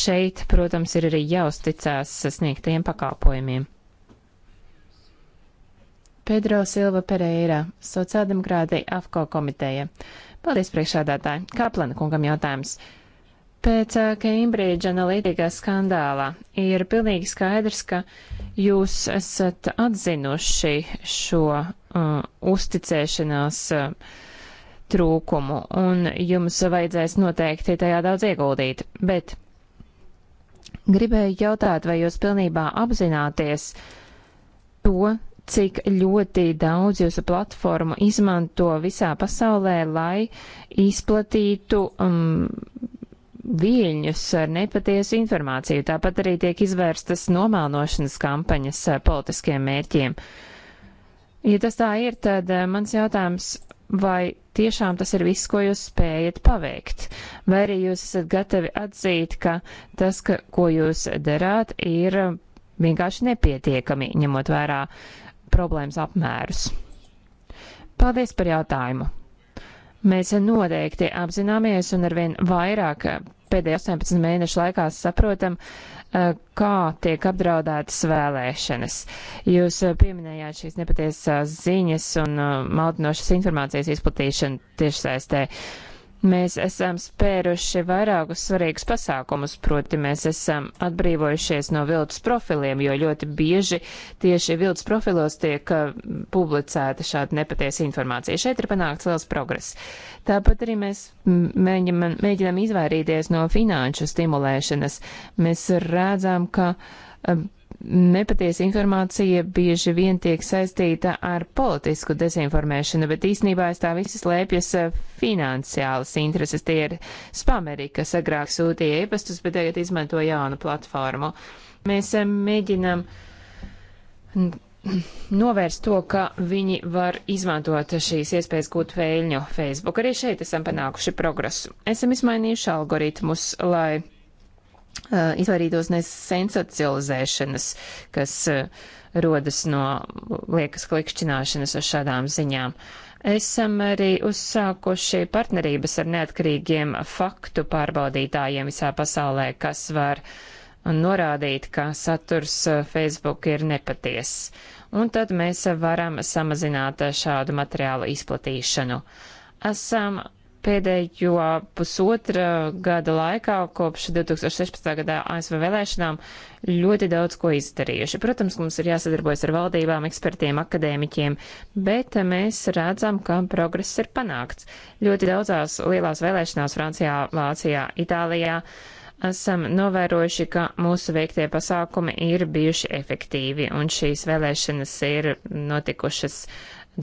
šeit, protams, ir arī jāuzticās sniegtiem pakalpojumiem. Pedro Silva Pereira, sociāldemokrāti AFKO komiteja. Paldies priekšādātāji. Kāplana kungam jautājums. Uh, Pēc Cambridge analītikas skandālā ir pilnīgi skaidrs, ka jūs esat atzinuši šo uh, uzticēšanās uh, trūkumu, un jums vajadzēs noteikti tajā daudz ieguldīt. Bet gribēju jautāt, vai jūs pilnībā apzināties to, cik ļoti daudz jūsu platformu izmanto visā pasaulē, lai izplatītu um, viļņus ar nepatiesu informāciju. Tāpat arī tiek izvērstas nomānošanas kampaņas politiskiem mērķiem. Ja tas tā ir, tad eh, mans jautājums, vai tiešām tas ir viss, ko jūs spējat paveikt? Vai arī jūs esat gatavi atzīt, ka tas, ka, ko jūs darāt, ir vienkārši nepietiekami, ņemot vērā problēmas apmērus? Paldies par jautājumu! Mēs noteikti apzināmies un arvien vairāk pēdējo 18 mēnešu laikā saprotam, eh, kā tiek apdraudētas vēlēšanas. Jūs eh, pieminējāt šīs nepatiesās ziņas un eh, maldinošas informācijas izplatīšanu tiešsaistē. Uh, Mēs esam spēruši vairākus svarīgus pasākumus, proti mēs esam atbrīvojušies no viltus profiliem, jo ļoti bieži tieši viltus profilos tiek uh, publicēta šāda nepatiesa informācija. Šeit ir panākts liels progress. Tāpat arī mēs mēģinam, mēģinam izvairīties no finanšu stimulēšanas. Mēs redzam, ka um, nepatiesa informācija bieži vien tiek saistīta ar politisku dezinformēšanu, bet īsnībā aiz tā visas lēpjas eh, finansiālas intereses. Tie ir spameri, kas agrāk sūtīja e-pastus, bet tagad izmanto jaunu platformu. Mēs eh, mēģinam novērst to, ka viņi var izmantot šīs iespējas gūt vēļņu Facebook. Arī šeit esam panākuši progresu. Esam izmainījuši algoritmus, lai Uh, izvairītos no sensacionalizēšanas, kas uh, rodas no liekas klikšķināšanas ar šādām ziņām. Esam arī uzsākuši partnerības ar neatkarīgiem faktu pārbaudītājiem visā pasaulē, kas var norādīt, ka saturs uh, Facebook ir nepatiess. Un tad mēs varam samazināt šādu materiālu izplatīšanu. Esam Pēdējo pusotra gada laikā, kopš 2016. gadā ASV vēlēšanām, ļoti daudz ko izdarījuši. Protams, mums ir jāsadarbojas ar valdībām, ekspertiem, akadēmiķiem, bet mēs redzam, ka progress ir panākts. Ļoti daudzās lielās vēlēšanās Francijā, Vācijā, Itālijā esam novērojuši, ka mūsu veiktie pasākumi ir bijuši efektīvi un šīs vēlēšanas ir notikušas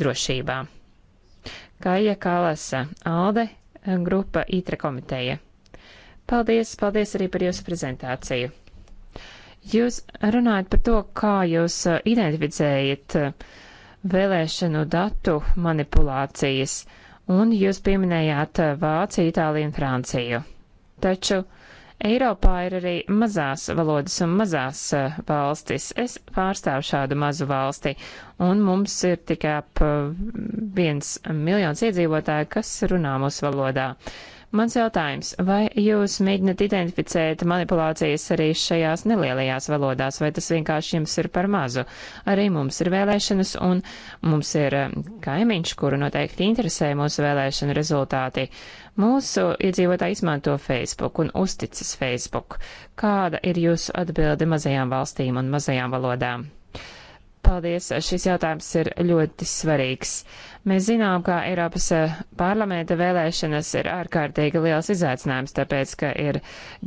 drošībā. Kaija Kalasa, Alde, grupa ITRE komiteja. Paldies, paldies arī par jūsu prezentāciju. Jūs runājat par to, kā jūs uh, identificējat uh, vēlēšanu datu manipulācijas, un jūs pieminējāt uh, Vāciju, Itāliju un Franciju. Taču Eiropā ir arī mazās valodas un mazās eh, valstis. Es pārstāvu šādu mazu valsti, un mums ir tikai ap eh, viens miljons iedzīvotāju, kas runā mūsu valodā. Uh, Mans jautājums, vai jūs mēģinat identificēt manipulācijas arī šajās nelielajās valodās, vai tas vienkārši jums ir par mazu? Arī mums ir vēlēšanas, un mums ir eh, kaimiņš, kuru noteikti interesē mūsu vēlēšanu rezultāti. Mūsu iedzīvotāji izmanto Facebook un uzticas Facebook. Kāda ir jūsu atbilde mazajām valstīm un mazajām valodām? Paldies, šis jautājums ir ļoti svarīgs. Mēs zinām, ka Eiropas eh, parlamenta vēlēšanas ir ārkārtīgi liels izaicinājums, tāpēc, ka ir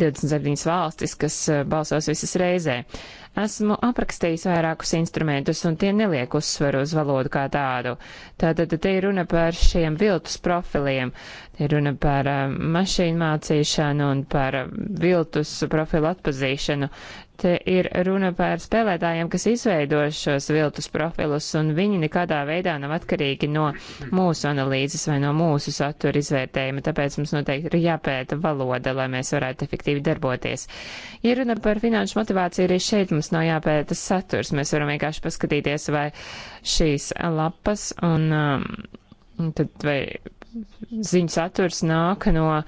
27 valstis, kas eh, balsos visas reizē. Esmu aprakstījis vairākus instrumentus, un tie neliek uzsveru uz valodu kā tādu. Tātad te ir runa par šiem viltus profiliem, te ir runa par eh, mašīnu mācīšanu un par viltus profilu atpazīšanu. Te ir runa par spēlētājiem, kas izveido šos viltus profilus, un viņi nekādā veidā nav atkarīgi no no mūsu analīzes vai no mūsu satura izvērtējuma, tāpēc mums noteikti ir jāpēta valoda, lai mēs varētu efektīvi darboties. Ja runa par finanšu motivāciju, arī šeit mums nav jāpēta saturs, mēs varam vienkārši paskatīties, vai šīs lapas un um, tad vai ziņu saturs nāk no uh,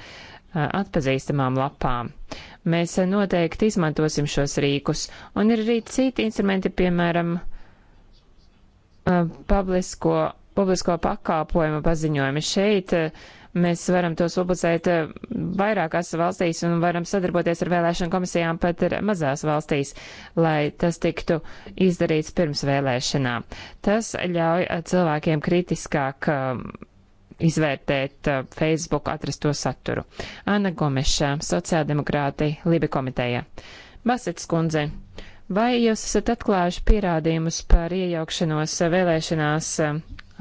atpazīstamām lapām mēs noteikti izmantosim šos rīkus. Un ir arī citi instrumenti, piemēram, uh, publisko publisko pakāpojumu paziņojumi. Šeit eh, mēs varam tos publicēt eh, vairākās valstīs un varam sadarboties ar vēlēšanu komisijām pat ar mazās valstīs, lai tas tiktu izdarīts pirms vēlēšanām. Tas ļauj eh, cilvēkiem kritiskāk izvērtēt Facebook atrasto saturu. Anna Gomeša, sociāldemokrāti, Libi komiteja. Basets kundze, vai jūs esat atklājuši pierādījumus par iejaukšanos vēlēšanās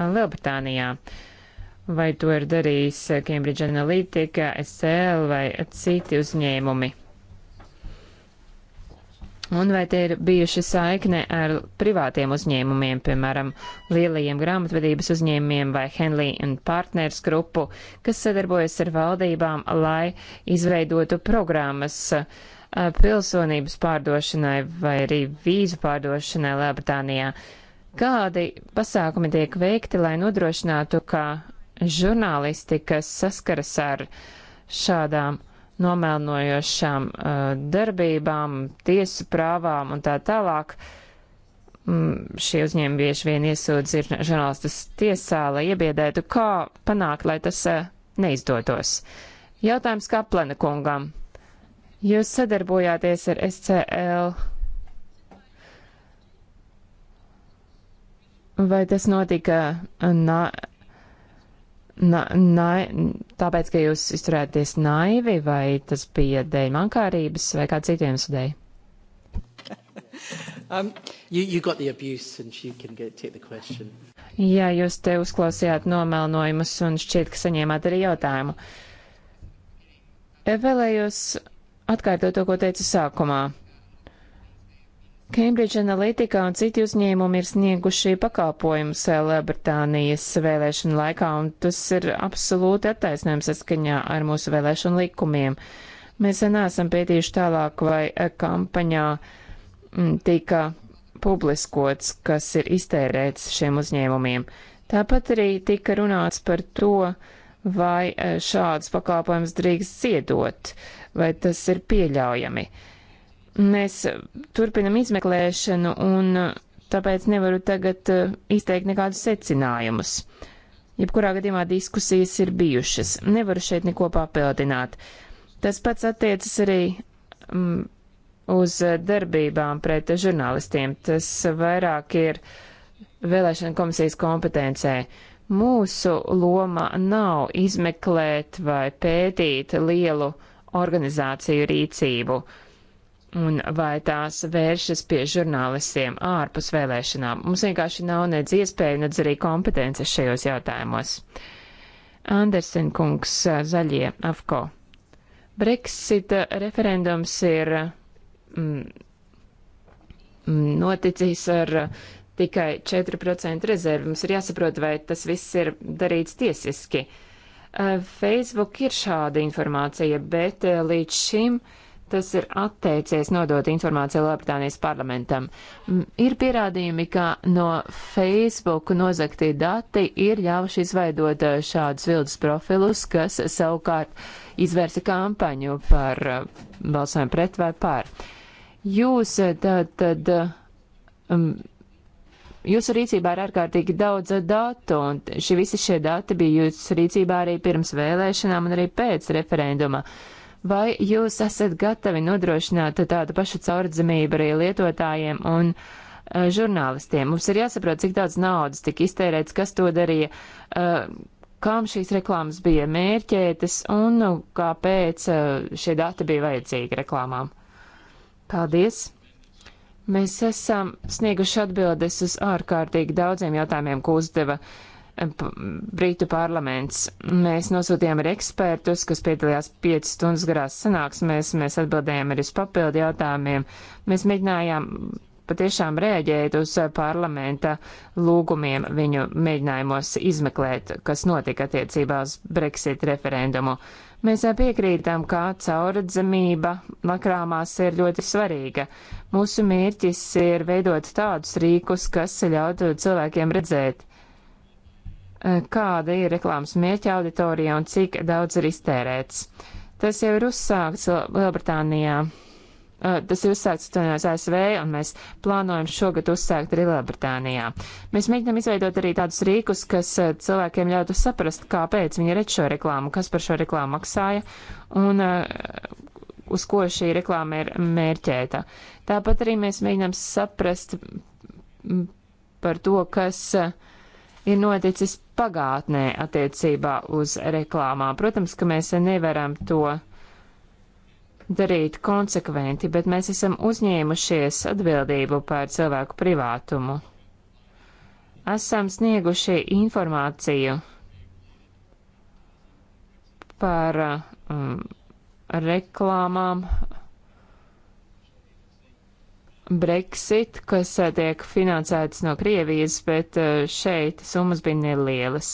Lielbritānijā. Vai to ir darījis Cambridge Analytica, SL vai citi uzņēmumi? Un vai tie ir bijuši saikne ar privātiem uzņēmumiem, piemēram, lielajiem grāmatvedības uzņēmumiem vai Henley and Partners grupu, kas sadarbojas ar valdībām, lai izveidotu programmas eh, pilsonības pārdošanai vai arī vīzu pārdošanai Lielbritānijā? Kādi pasākumi tiek veikti, lai nodrošinātu, ka žurnālisti, kas saskaras ar šādām nomēlnojošām uh, darbībām, tiesu prāvām un tā tālāk, mm, šie uzņēmumi bieži vien iesūdz ir žurnālistus tiesā, lai iebiedētu, kā panākt, lai tas uh, neizdotos. Jautājums kā plana kungam. Jūs sadarbojāties ar SCL Vai tas notika uh, na, na, na, tāpēc, ka jūs izturēties naivi, vai tas bija dēļ mankārības, vai kā citiem sudēļ? Um, you, you got the abuse and she can get, take the question. Jā, jūs te uzklausījāt nomelnojumus un šķiet, ka saņēmāt arī jautājumu. Vēlējos atkārtot to, ko teicu sākumā. Cambridge Analytica un citi uzņēmumi ir snieguši pakalpojumus Lielbritānijas vēlēšanu laikā, un tas ir absolūti attaisnojums saskaņā ar mūsu vēlēšanu likumiem. Mēs neesam pētījuši tālāk, vai eh, kampaņā mm, tika publiskots, kas ir iztērēts šiem uzņēmumiem. Tāpat arī tika runāts par to, vai eh, šādus pakalpojumus drīkst ziedot, vai tas ir pieļaujami. Uh, Mēs turpinam izmeklēšanu un uh, tāpēc nevaru tagad uh, izteikt nekādus secinājumus. Jebkurā gadījumā diskusijas ir bijušas. Nevaru šeit neko papildināt. Tas pats attiecas arī mm, uz darbībām pret žurnālistiem. Tas vairāk ir vēlēšana komisijas kompetencē. Mūsu loma nav izmeklēt vai pētīt lielu organizāciju rīcību. Uh, un vai tās vēršas pie žurnālistiem ārpus vēlēšanām. Mums vienkārši nav nedz iespēja, nedz arī kompetences šajos jautājumos. Andersen kungs, zaļie, AFCO. Brexit referendums ir mm, noticis ar tikai 4% rezervi. Mums ir jāsaprot, vai tas viss ir darīts tiesiski. Facebook ir šāda informācija, bet līdz šim uh, tas ir atteicies nodot informāciju Lielbritānijas parlamentam. Ir pierādījumi, ka no Facebook nozaktie dati ir ļāvuši izveidot eh, šādus viltus profilus, kas savukārt izvērsa kampaņu par eh, balsojumu pret vai par. Jūs eh, tad, tad um, jūsu rīcībā ir ārkārtīgi daudz datu, un šie visi šie dati bija jūsu rīcībā arī pirms vēlēšanām un arī pēc referenduma. Uh, Vai jūs esat gatavi nodrošināt tādu pašu caurdzamību arī lietotājiem un uh, žurnālistiem? Mums ir jāsaprot, cik daudz naudas tika iztērēts, kas to darīja, uh, kam šīs reklāmas bija mērķētas un uh, kāpēc uh, šie dati bija vajadzīgi reklāmām. Paldies! Mēs esam snieguši atbildes uz ārkārtīgi daudziem jautājumiem, ko uzdeva uh, Brītu parlaments. Mēs nosūtījām arī ekspertus, kas piedalījās 5 stundas garās sanāksmēs, mēs atbildējām arī uz papildu jautājumiem. Mēs mēģinājām patiešām rēģēt uz parlamenta lūgumiem viņu mēģinājumos izmeklēt, kas notika attiecībā uz Brexit referendumu. Mēs piekrītam, ka cauradzamība lakrāmās ir ļoti svarīga. Mūsu mērķis ir veidot tādus rīkus, kas ļautu cilvēkiem redzēt Eh, kāda ir reklāmas mērķa auditorija un cik daudz ir iztērēts. Tas jau ir uzsākts Lielbritānijā. Eh, tas ir uzsākts Tunijos ASV, un mēs plānojam šogad uzsākt arī Lielbritānijā. Mēs mēģinām izveidot arī tādus rīkus, kas eh, cilvēkiem ļautu saprast, kāpēc viņi redz šo reklāmu, kas par šo reklāmu maksāja, un uz ko šī reklāma ir mērķēta. Tāpat arī mēs mēģinām saprast par to, kas uh, ir noticis pagātnē attiecībā uz reklāmām. Protams, ka mēs nevaram to darīt konsekventi, bet mēs esam uzņēmušies atbildību par cilvēku privātumu. Esam snieguši informāciju par um, reklāmām, Brexit, kas eh, tiek finansētas no Krievijas, bet eh, šeit summas bija nelielas.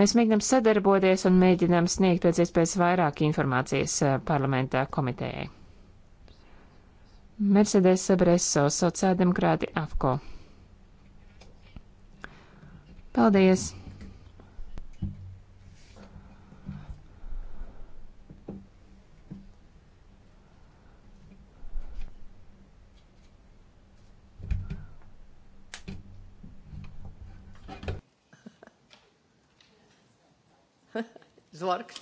Mēs mēģinām sadarboties un mēģinām sniegt pēc iespējas vairāk informācijas eh, parlamentā komitejai. Mercedes Breso, sociāldemokrāti AFCO. Paldies! Zorgs.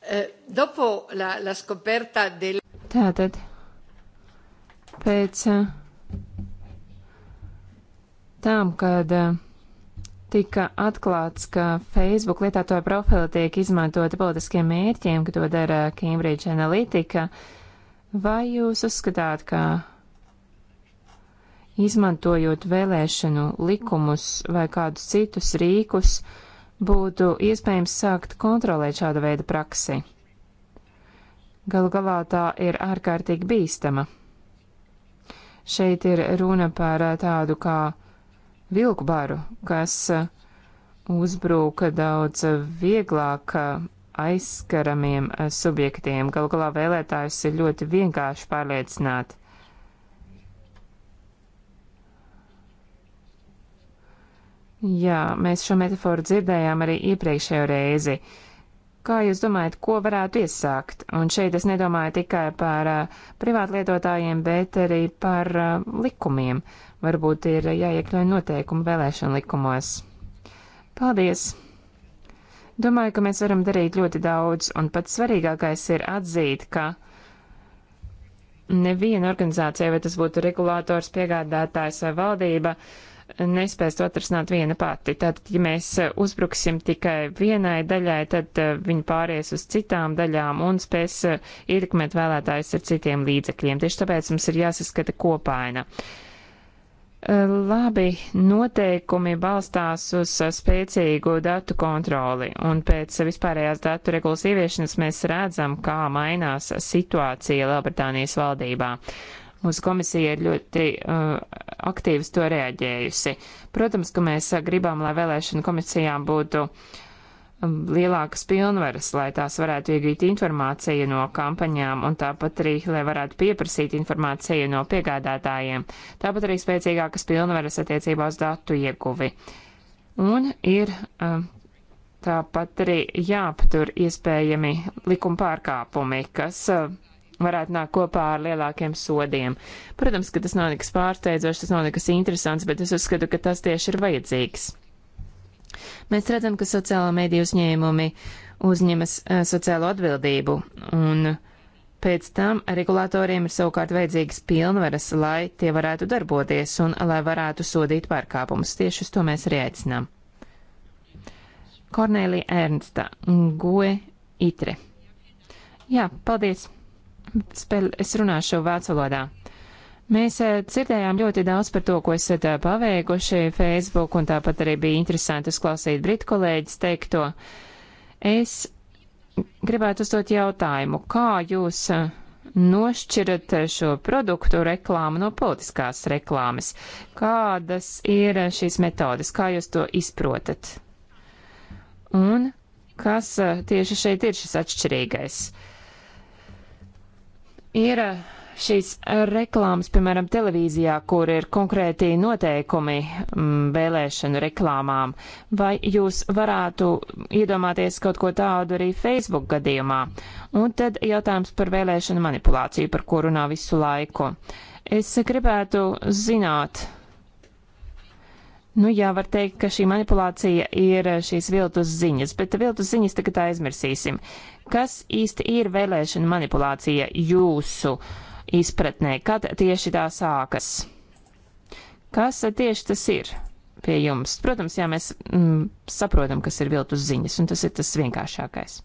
Eh, dopo la, la scoperta del... Tātad, pēc eh, tam, kad eh, tika atklāts, ka Facebook lietotāja profila tiek izmantota politiskiem mērķiem, ka to dara Cambridge Analytica, vai jūs uzskatāt, ka izmantojot vēlēšanu likumus vai kādus citus rīkus, uh, būtu iespējams sākt kontrolēt šāda veida praksi. Galu galā tā ir ārkārtīgi bīstama. Šeit ir runa par tādu kā vilku baru, kas uzbruka daudz vieglāk aizskaramiem subjektiem. Galu galā vēlētājus ir ļoti vienkārši pārliecināt. Jā, mēs šo metaforu dzirdējām arī iepriekšējo reizi. Kā jūs domājat, ko varētu iesākt? Un šeit es nedomāju tikai par uh, privātlietotājiem, bet arī par uh, likumiem. Varbūt ir jāiekļauj noteikumi vēlēšana likumos. Paldies! Domāju, ka mēs varam darīt ļoti daudz, un pats svarīgākais ir atzīt, ka neviena organizācija, vai tas būtu regulators, piegādātājs vai valdība, uh, nespēs to atrasināt viena pati. Tātad, ja mēs uzbruksim tikai vienai daļai, tad eh, viņi pāries uz citām daļām un spēs eh, ietekmēt vēlētājus ar citiem līdzekļiem. Tieši tāpēc mums ir jāsaskata kopaina. Eh, labi, noteikumi balstās uz spēcīgu datu kontroli, un pēc vispārējās datu regulas ieviešanas mēs redzam, kā mainās situācija Lielbritānijas valdībā. Mūsu komisija ir ļoti uh, aktīvi to reaģējusi. Protams, ka mēs uh, gribam, lai vēlēšana komisijām būtu um, lielākas pilnvaras, lai tās varētu iegūt informāciju no kampaņām un tāpat arī, lai varētu pieprasīt informāciju no piegādātājiem. Tāpat arī spēcīgākas pilnvaras attiecībā uz datu ieguvi. Un ir uh, tāpat arī jāaptur iespējami likuma pārkāpumi, kas uh, varētu nākt kopā ar lielākiem sodiem. Protams, ka tas nav nekas pārsteidzošs, tas nav nekas interesants, bet es uzskatu, ka tas tieši ir vajadzīgs. Mēs redzam, ka sociālo mediju uzņēmumi uzņemas uh, sociālo atbildību, un pēc tam regulātoriem ir savukārt vajadzīgas pilnvaras, lai tie varētu darboties un lai varētu sodīt pārkāpumus. Tieši uz to mēs arī aicinām. Kornēlija Ernsta, Goe Itre. Jā, paldies! spēļ, es runāšu vācu valodā. Mēs eh, dzirdējām ļoti daudz par to, ko esat eh, paveikuši Facebook, un tāpat arī bija interesanti uzklausīt britu kolēģis teikto. Es gribētu uzdot jautājumu, kā jūs eh, nošķirat šo produktu reklāmu no politiskās reklāmas? Kādas ir šīs metodas, kā jūs to izprotat? Un kas tieši šeit ir šis atšķirīgais? Uh, Ir eh, šīs reklāmas, piemēram, televīzijā, kur ir konkrēti noteikumi m, mm, vēlēšanu reklāmām, vai jūs varētu iedomāties kaut ko tādu arī Facebook gadījumā? Un tad jautājums par vēlēšanu manipulāciju, par ko runā visu laiku. Es gribētu zināt, Nu jā, var teikt, ka šī manipulācija ir eh, šīs viltus ziņas, bet viltus ziņas tagad aizmirsīsim. Kas īsti ir vēlēšana manipulācija jūsu izpratnē? Kad tieši tā sākas? Kas tieši tas ir pie jums? Protams, jā, mēs mm, saprotam, kas ir viltus ziņas, un tas ir tas vienkāršākais.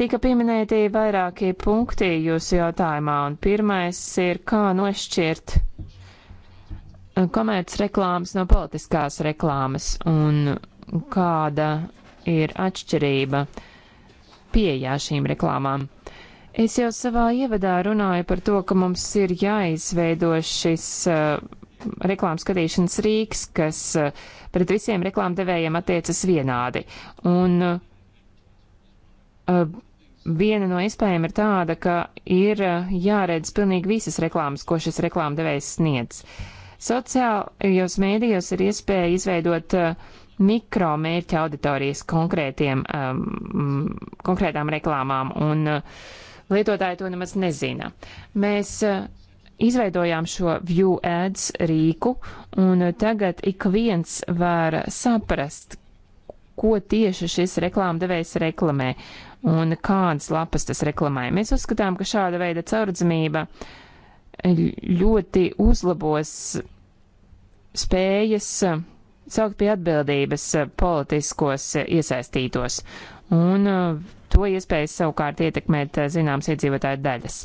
Tika pieminēti vairāki punkti jūsu jautājumā, un pirmais ir, kā nošķirt eh, komerc reklāmas no politiskās reklāmas, un kāda ir atšķirība pieejā šīm reklāmām. Es jau savā ievadā runāju par to, ka mums ir jāizveido šis uh, reklāmas skatīšanas rīks, kas uh, pret visiem reklāmdevējiem attiecas vienādi. Un uh, viena no iespējām ir tāda, ka ir uh, jāredz pilnīgi visas reklāmas, ko šis reklāmdevējs sniedz. Sociālajos mēdījos ir iespēja izveidot uh, mikro mērķa auditorijas konkrētiem, um, konkrētām reklāmām, un uh, lietotāji to nemaz nezina. Mēs uh, izveidojām šo view ads rīku, un uh, tagad ik viens var saprast, ko tieši šis reklāmdevējs reklamē un kādas lapas tas reklamē. Mēs uzskatām, ka šāda veida caurdzamība ļoti uzlabos spējas uh, saukt pie atbildības eh, politiskos eh, iesaistītos, un eh, to iespējas savukārt ietekmēt zināmas iedzīvotāju daļas.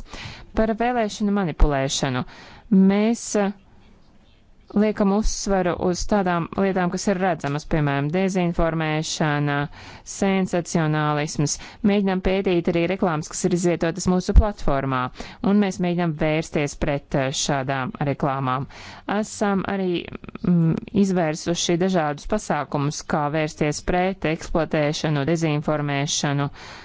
Par vēlēšanu manipulēšanu mēs liekam uzsvaru uz tādām lietām, kas ir redzamas, piemēram, dezinformēšana, sensacionālisms. Mēģinām pētīt arī reklāmas, kas ir izvietotas mūsu platformā, un mēs mēģinām vērsties pret eh, šādām reklāmām. Esam arī mm, izvērsuši dažādus pasākumus, kā vērsties pret eksploatēšanu, dezinformēšanu. Uh,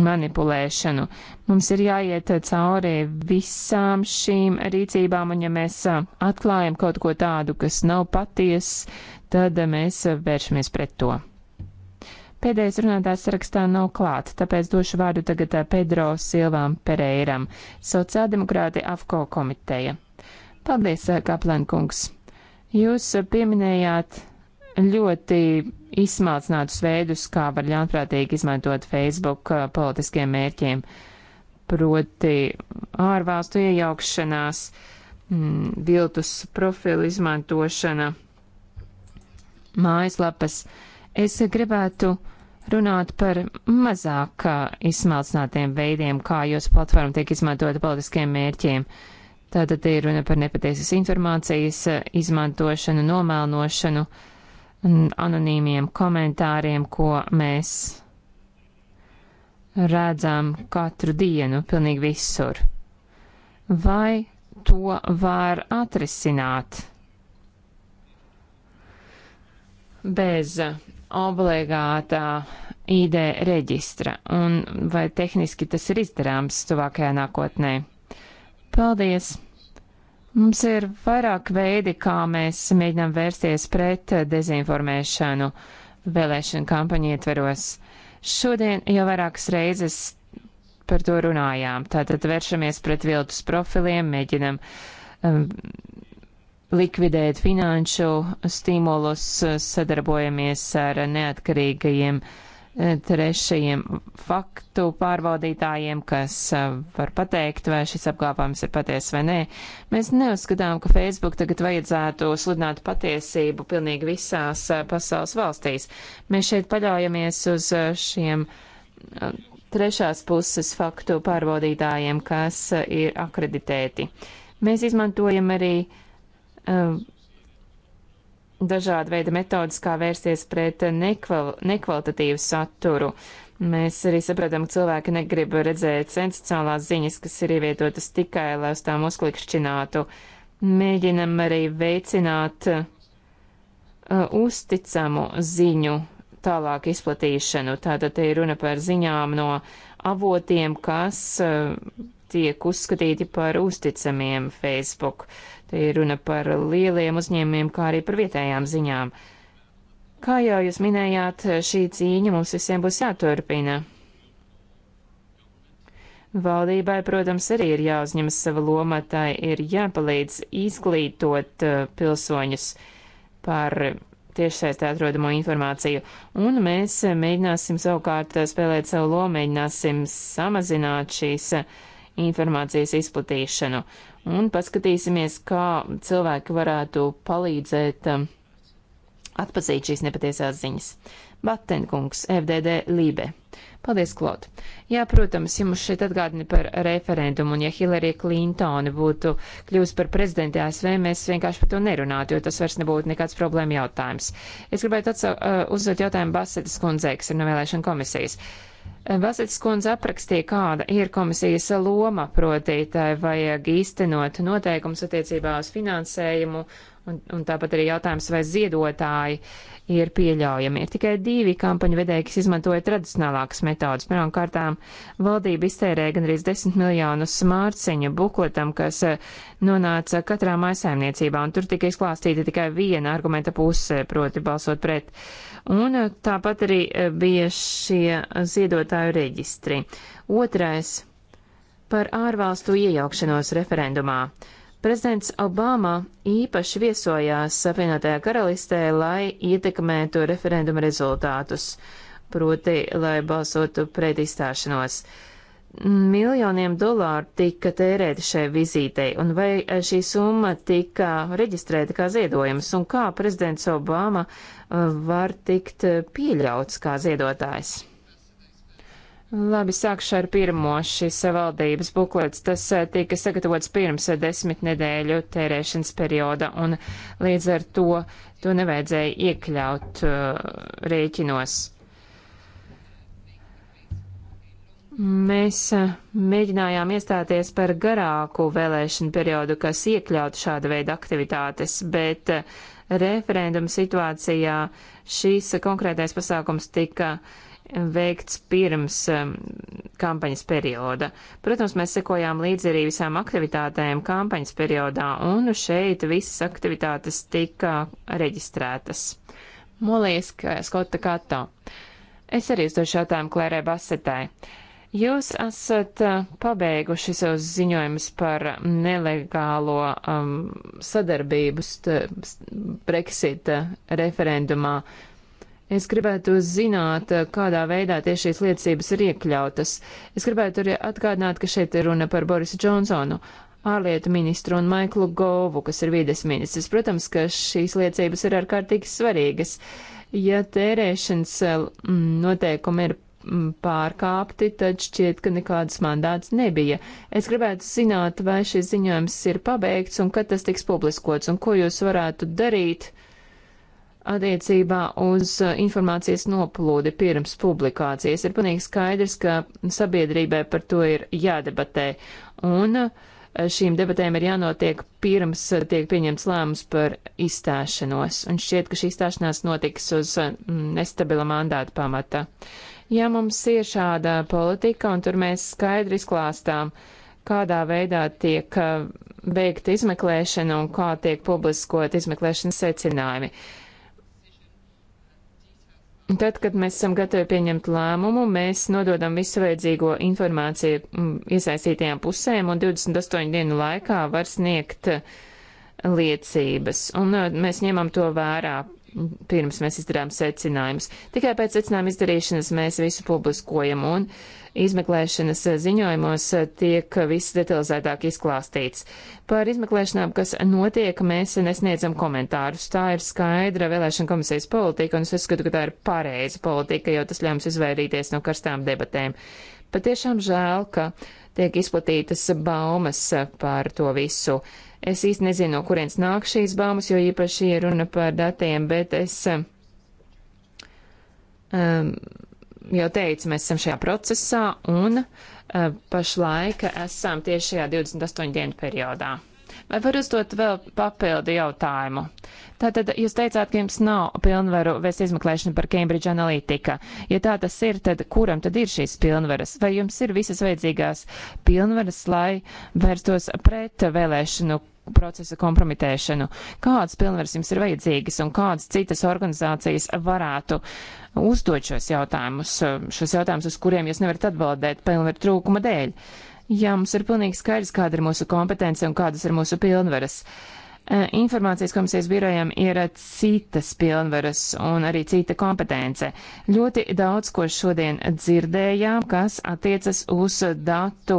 manipulēšanu. Mums ir jāiet cauri visām šīm rīcībām, un ja mēs atklājam kaut ko tādu, kas nav paties, tad mēs vēršamies pret to. Pēdējais runātājs sarakstā nav klāt, tāpēc došu vārdu tagad Pedro Silvām Pereiram, sociāldemokrāti AFCO komiteja. Paldies, Kaplankungs! Jūs pieminējāt ļoti izsmalcinātus veidus, kā var ļaunprātīgi izmantot Facebook uh, politiskiem mērķiem, proti ārvalstu iejaukšanās, mm, viltus profilu izmantošana, mājaslapas. Es gribētu runāt par mazāk uh, izsmalcinātiem veidiem, kā jūsu platforma tiek izmantota politiskiem mērķiem. Tātad ir runa par nepatiesas informācijas uh, izmantošanu, nomēlnošanu, uh, anonīmiem komentāriem, ko mēs redzam katru dienu, pilnīgi visur. Vai to var atrisināt bez obligātā ID reģistra, un vai tehniski tas ir izdarāms tuvākajā nākotnē? Paldies! Mums ir vairāk veidi, kā mēs mēģinām vērsties pret dezinformēšanu vēlēšanu kampaņu ietveros. Šodien jau vairākas reizes par to runājām. Tātad vēršamies pret viltus profiliem, mēģinam um, likvidēt finanšu stimulus, sadarbojamies ar neatkarīgajiem uh, trešajiem faktu pārvaldītājiem, kas var pateikt, vai šis apgāvājums ir patiesa vai nē. Mēs neuzskatām, ka Facebook tagad vajadzētu sludināt patiesību pilnīgi visās pasaules valstīs. Mēs šeit paļaujamies uz šiem trešās puses faktu pārvaldītājiem, kas ir akreditēti. Mēs izmantojam arī uh, dažāda veida metodas, kā vērsties pret nekval nekvalitatīvu saturu. Mēs arī saprotam, ka cilvēki negrib redzēt sensacionālās ziņas, kas ir ievietotas tikai, lai uz tām uzklikšķinātu. Mēģinam arī veicināt uh, uzticamu ziņu tālāk izplatīšanu. Tātad te ir runa par ziņām no avotiem, kas uh, tiek uzskatīti par uzticamiem Facebook. Uh, Te ir runa par lieliem uzņēmumiem, kā arī par vietējām ziņām. Kā jau jūs minējāt, šī cīņa mums visiem būs jāturpina. Valdībai, protams, arī ir jāuzņemas sava loma, tai ir jāpalīdz izglītot uh, pilsoņus par tiešsaistē atrodamo informāciju, un mēs mēģināsim savukārt uh, spēlēt savu lomu, mēģināsim samazināt šīs uh, informācijas izplatīšanu un paskatīsimies, kā cilvēki varētu palīdzēt um, atpazīt šīs nepatiesās ziņas. Battenkungs, FDD Lībe. Paldies, Klot. Jā, protams, ja mums šeit atgādina par referendumu, un ja Hillary Clinton būtu kļūst par prezidenti ASV, mēs vienkārši par to nerunātu, jo tas vairs nebūtu nekāds problēma jautājums. Es gribētu atsau, uh, uzdot jautājumu Basetas kundzei, kas ir no vēlēšana komisijas. Uh, Vasits kundze aprakstīja, kāda ir komisijas loma, proti, tai vajag īstenot noteikums attiecībā uz finansējumu Un, un tāpat arī jautājums, vai ziedotāji ir pieļaujami. Ir tikai divi kampaņu vedēji, kas izmantoja tradicionālākas metodas. Pirmkārt, valdība iztērēja gandrīz 10 miljonus mārciņu bukletam, kas eh, nonāca katrā maisaimniecībā, un tur tika izklāstīta tikai viena argumenta puse, proti balsot pret. Un eh, tāpat arī eh, bija šie ziedotāju reģistri. Otrais par ārvalstu iejaukšanos referendumā. Prezidents Obama īpaši viesojās apvienotajā karalistē, lai ietekmētu referenduma rezultātus, proti, lai balsotu pret izstāšanos. Miljoniem dolāru tika tērēti šai vizītei, un vai šī summa tika reģistrēta kā ziedojums, un kā prezidents Obama var tikt pieļauts kā ziedotājs? Labi, sākšu ar pirmo šīs valdības buklets. Tas eh, tika sagatavots pirms eh, desmit nedēļu tērēšanas perioda, un līdz ar to to nevajadzēja iekļaut uh, rēķinos. Mēs uh, mēģinājām iestāties par garāku vēlēšanu periodu, kas iekļautu šāda veida aktivitātes, bet uh, referenduma situācijā šīs konkrētais pasākums tika uh, veikts pirms um, kampaņas perioda. Protams, mēs sekojām līdzi arī visām aktivitātēm kampaņas periodā, un šeit visas aktivitātes tika reģistrētas. Molijas Skota Kato. Es arī uzdošu jautājumu Klērai Basetai. Jūs esat uh, pabeiguši savus ziņojumus par nelegālo um, sadarbību Brexit uh, referendumā Es gribētu zināt, kādā veidā tieši šīs liecības ir iekļautas. Es gribētu arī atgādināt, ka šeit ir runa par Borisu Džonsonu, ārlietu ministru un Maiklu Govu, kas ir vīdes ministrs. Protams, ka šīs liecības ir ārkārtīgi svarīgas. Ja tērēšanas eh, mm, noteikumi ir mm, pārkāpti, tad šķiet, ka nekādas mandāts nebija. Es gribētu zināt, vai šis ziņojums ir pabeigts un kad tas tiks publiskots un ko jūs varētu darīt, uh, attiecībā uz uh, informācijas noplūdi pirms publikācijas. Ir panīgi skaidrs, ka sabiedrībai par to ir jādebatē, un uh, šīm debatēm ir jānotiek pirms uh, tiek pieņemts lēmums par izstāšanos, un šķiet, ka šī izstāšanās notiks uz nestabila mandāta pamata. Ja mums ir šāda politika, un tur mēs skaidri izklāstām, kādā veidā tiek veikta izmeklēšana un kā tiek publiskot izmeklēšanas secinājumi. Tad, kad mēs esam gatavi pieņemt lēmumu, mēs nododam visu vajadzīgo informāciju mm, iesaistītajām pusēm un 28 dienu laikā var sniegt eh, liecības. Un eh, mēs ņemam to vērā mm, pirms mēs izdarām secinājumus. Tikai pēc secinājuma izdarīšanas mēs visu publiskojam un uh, izmeklēšanas ziņojumos tiek viss detalizētāk izklāstīts. Par izmeklēšanām, kas notiek, mēs nesniedzam komentārus. Tā ir skaidra vēlēšana komisijas politika, un es uzskatu, ka tā ir pareiza politika, jo tas ļāms izvairīties no karstām debatēm. Patiešām žēl, ka tiek izplatītas baumas par to visu. Es īsti nezinu, no kurienes nāk šīs baumas, jo īpaši ir runa par datiem, bet es um, jau teicu, mēs esam šajā procesā un uh, pašlaik esam tieši šajā 28 dienu periodā. Vai var uzdot vēl papildu jautājumu? Tātad jūs teicāt, ka jums nav pilnvaru vēst izmeklēšanu par Cambridge Analytica. Ja tā tas ir, tad kuram tad ir šīs pilnvaras? Vai jums ir visas vajadzīgās pilnvaras, lai vērstos pret vēlēšanu procesa kompromitēšanu? Kādas pilnvaras jums ir vajadzīgas un kādas citas organizācijas varētu uh, uzdot šos jautājumus, šos jautājumus, uz kuriem jūs nevarat atbildēt pilnvaru trūkuma dēļ. Jā, mums ir pilnīgi skaidrs, kāda ir mūsu kompetence un kādas ir mūsu pilnvaras. Uh, Informācijas komisijas birojam ir citas pilnvaras un arī cita kompetence. Ļoti daudz, ko šodien dzirdējām, kas attiecas uz datu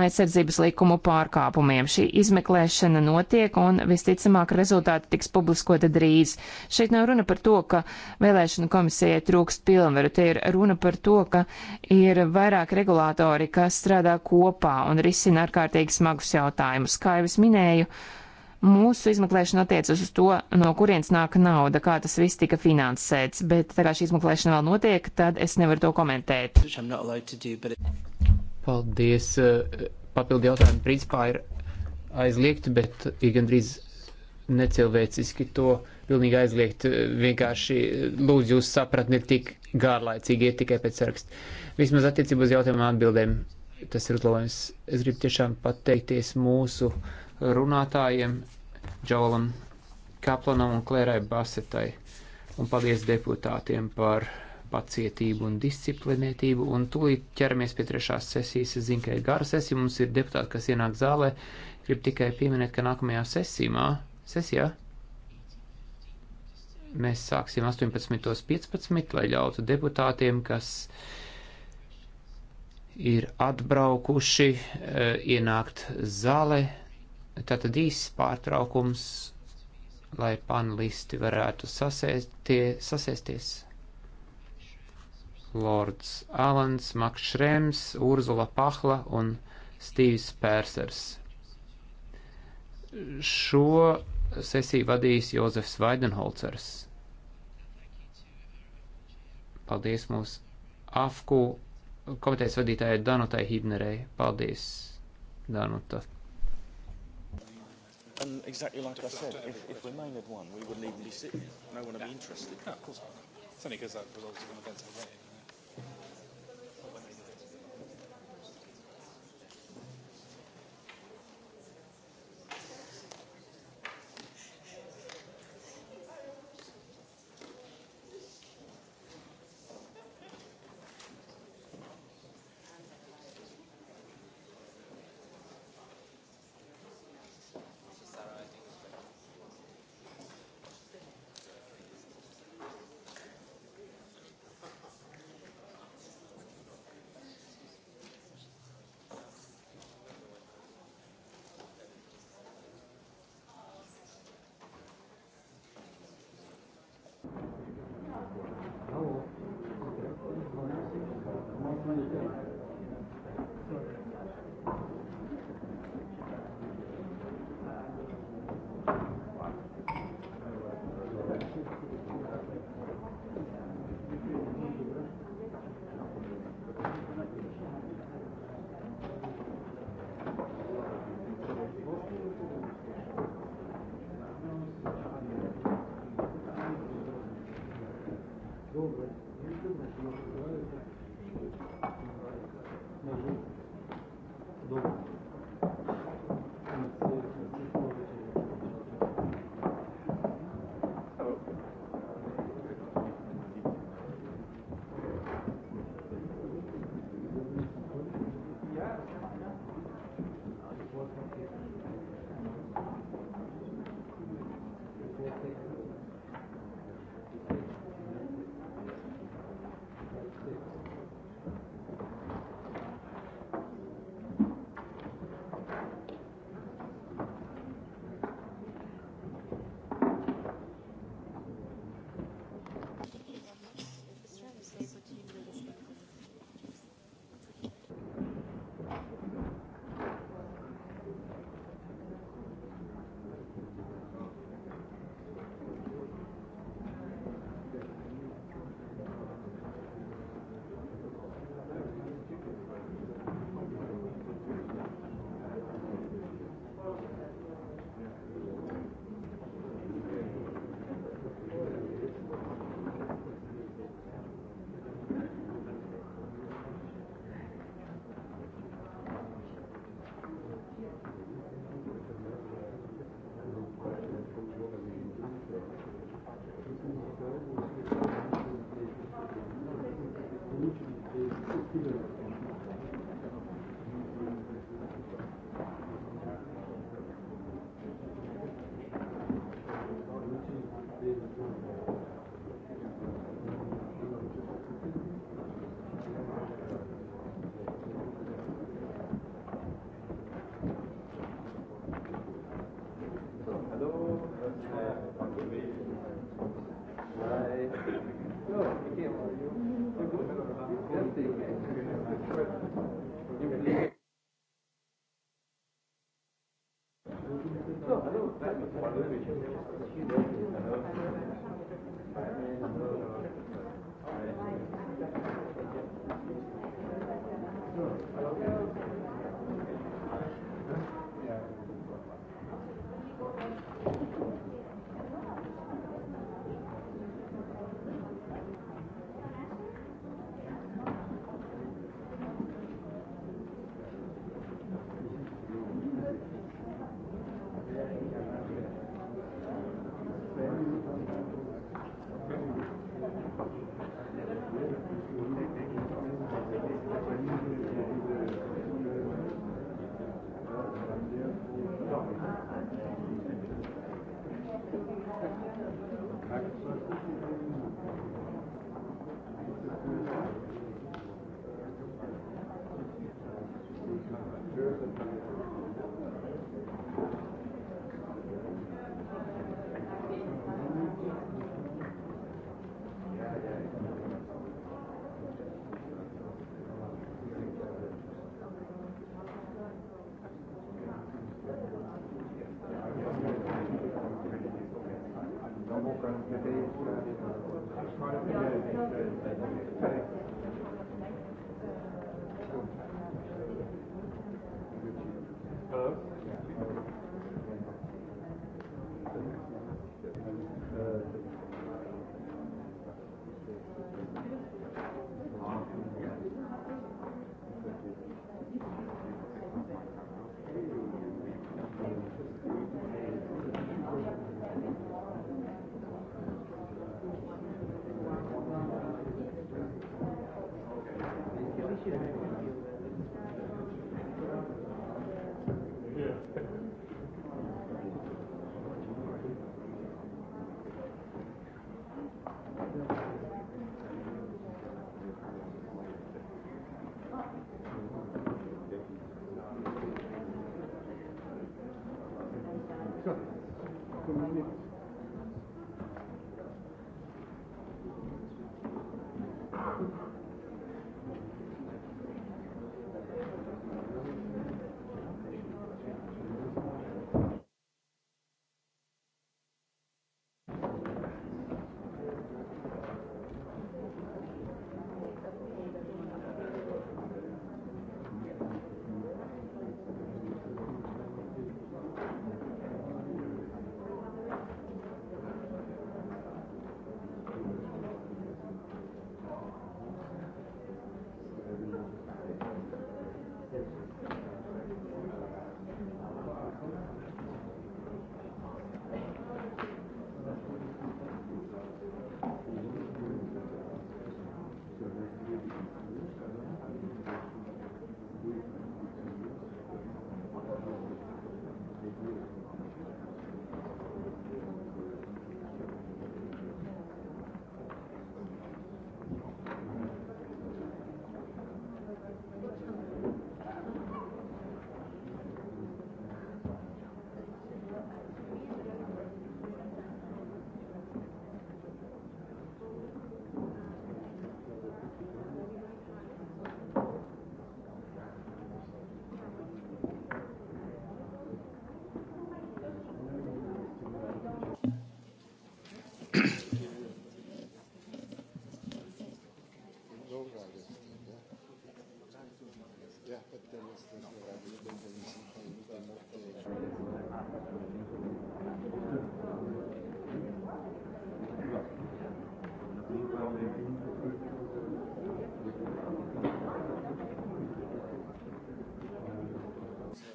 aizsardzības likumu pārkāpumiem. Šī izmeklēšana notiek un visticamāk rezultāti tiks publiskota drīz. Šeit nav runa par to, ka vēlēšana komisijai trūkst pilnvaru. Te ir runa par to, ka ir vairāk regulātori, kas strādā kopā un risina ārkārtīgi smagus jautājumus. Kā jau es minēju, Mūsu izmeklēšana attiecas uz to, no kurienes nāk nauda, kā tas viss tika finansēts, bet tā kā šī izmeklēšana vēl notiek, tad es nevaru to komentēt. Paldies. Papildu jautājumu principā ir aizliegti, bet ir gandrīz necilvēciski to pilnīgi aizliegt. Vienkārši lūdzu jūs sapratni ir tik gārlaicīgi, iet tikai pēc saraksta. Vismaz attiecībā uz jautājumu atbildēm tas ir uzlabojums. Es gribu tiešām pateikties mūsu uh, runātājiem Džolam Kaplanam un Klērai Basetai. Un paldies deputātiem par pacietību un disciplinētību. Un tūlīt ķeramies pie trešās sesijas. Es zinu, ka ir gara sesija. Mums ir deputāti, kas ienāk zālē. Gribu tikai pieminēt, ka nākamajā sesijā, sesijā mēs sāksim 18.15, lai ļautu deputātiem, kas ir atbraukuši, eh, ienākt zālē. Tātad īsts pārtraukums, lai panelisti varētu sasēstie, sasēsties. Lords Alans, Maks Šrems, Urzula Pahla un Stīvs Pērsers. Šo sesiju vadīs Jozefs Vaidenholcers. Paldies mūsu AFKU komitejas vadītājai Danutai Hibnerei. Paldies, Danuta. And exactly like I said, if, if Remain had won, we wouldn't even be sitting. No one would be interested. No, of course not. It's only because that result has gone against the Remain. 管理委员会。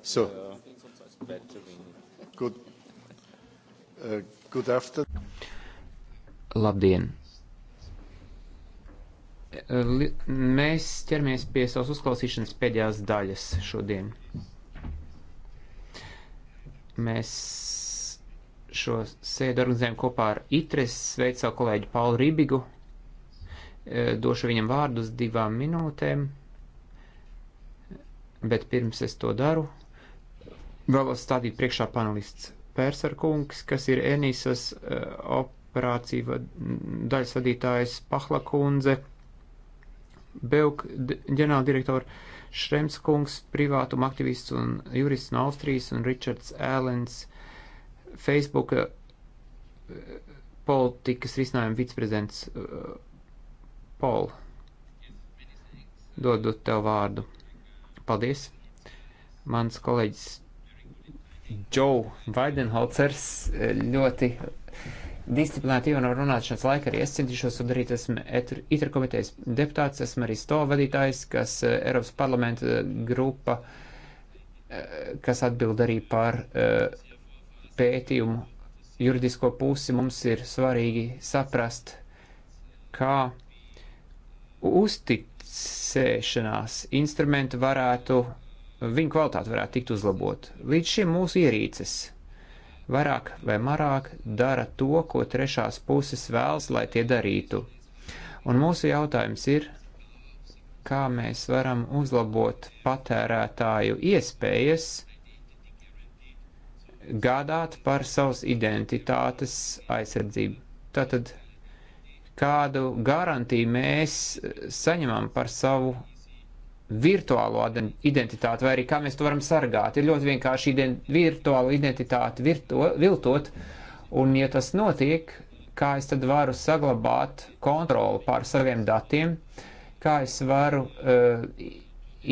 So, good, uh, good after. Labdien! Uh, mēs ķeramies pie savas uzklausīšanas pēdējās daļas šodien. Mēs šo sēdu organizējam kopā ar ITRES, sveicu savu kolēģi Paulu Rībigu, uh, došu viņam vārdu uz divām minūtēm, bet pirms es to daru, vēlos stādīt priekšā panelists Pērsarkungs, kas ir Enīsas eh, operācija daļas vadītājs Pahlakundze, Beuk ģenerāldirektora Šremskungs, privātuma aktivists un jurists no Austrijas, un Ričards Ēlens, Facebook eh, politikas risinājuma viceprezidents eh, Paul. Dodot tev vārdu. Paldies! Mans kolēģis Džou Vaidenholcers eh, ļoti disciplinēti jau no runāšanas laika arī es centīšos to darīt. Esmu ITR komitejas deputāts, esmu arī STO vadītājs, kas eh, Eiropas parlamenta eh, grupa, kas atbild arī par pētījumu juridisko pusi. Mums ir svarīgi saprast, kā uzticēšanās instrumenti varētu viņu kvalitāte varētu tikt uzlabot. Līdz šim mūsu ierīces vairāk vai marāk dara to, ko trešās puses vēlas, lai tie darītu. Un mūsu jautājums ir, kā mēs varam uzlabot patērētāju iespējas gādāt par savas identitātes aizsardzību. Tātad, kādu garantiju mēs saņemam par savu virtuālo identitāti, vai arī kā mēs to varam sargāt. Ir ļoti vienkārši ident virtuālu identitāti virtu viltot, un ja tas notiek, kā es tad varu saglabāt kontroli pār saviem datiem, kā es varu uh,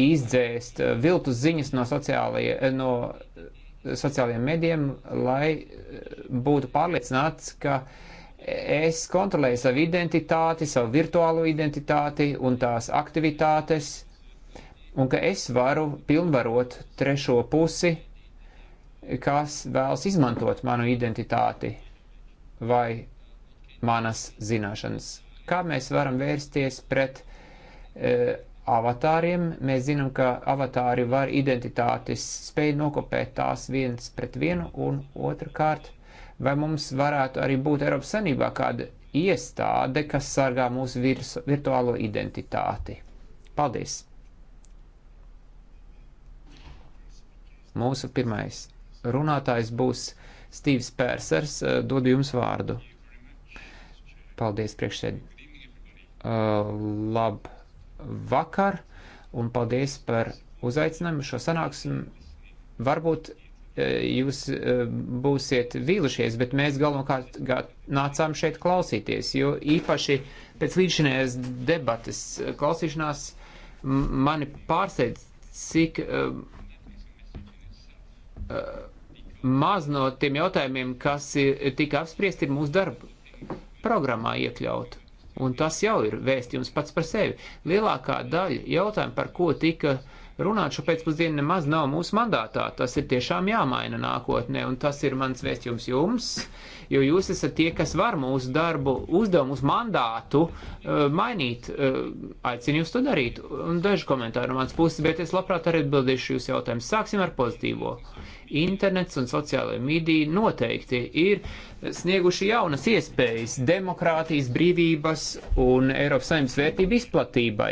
izdzēst uh, viltus ziņas no, sociālajie, eh, no sociālajiem medijiem, lai būtu pārliecināts, ka es kontrolēju savu identitāti, savu virtuālo identitāti un tās aktivitātes un ka es varu pilnvarot trešo pusi, kas vēlas izmantot manu identitāti vai manas zināšanas. Kā mēs varam vērsties pret e, avatāriem? Mēs zinām, ka avatāri var identitātes spēj nokopēt tās viens pret vienu un otrkārt. Vai mums varētu arī būt Eiropas Sanībā kāda iestāde, kas sargā mūsu virsu, virtuālo identitāti? Paldies! Mūsu pirmais runātājs būs Stīvs Pērsers. Eh, dodu jums vārdu. Paldies priekšsēd. Uh, lab vakar un paldies par uzaicinājumu šo sanāksmu. Varbūt eh, jūs būsiet vīlušies, bet mēs galvenokārt nācām šeit klausīties, jo īpaši pēc līdzinējās debatas klausīšanās mani pārsteidz, cik Eh, maz no tiem jautājumiem, kas ir, tika apspriesti, ir mūsu darba programmā iekļaut. Un tas jau ir vēstījums pats par sevi. Lielākā daļa jautājumu, par ko tika runāt šo pēcpusdienu, nemaz nav mūsu mandātā. Tas ir tiešām jāmaina nākotnē, un tas ir mans vēstījums jums jo jūs esat tie, kas var mūsu darbu, uzdevumus, mandātu eh, mainīt. Eh, aicinu jūs to darīt. Un daži komentāri no mans puses, bet es labprāt arī atbildīšu jūs jautājumus. Sāksim ar pozitīvo. Internets un sociālajie mediji noteikti ir snieguši jaunas iespējas demokrātijas, brīvības un Eiropas saimnes vērtību izplatībai.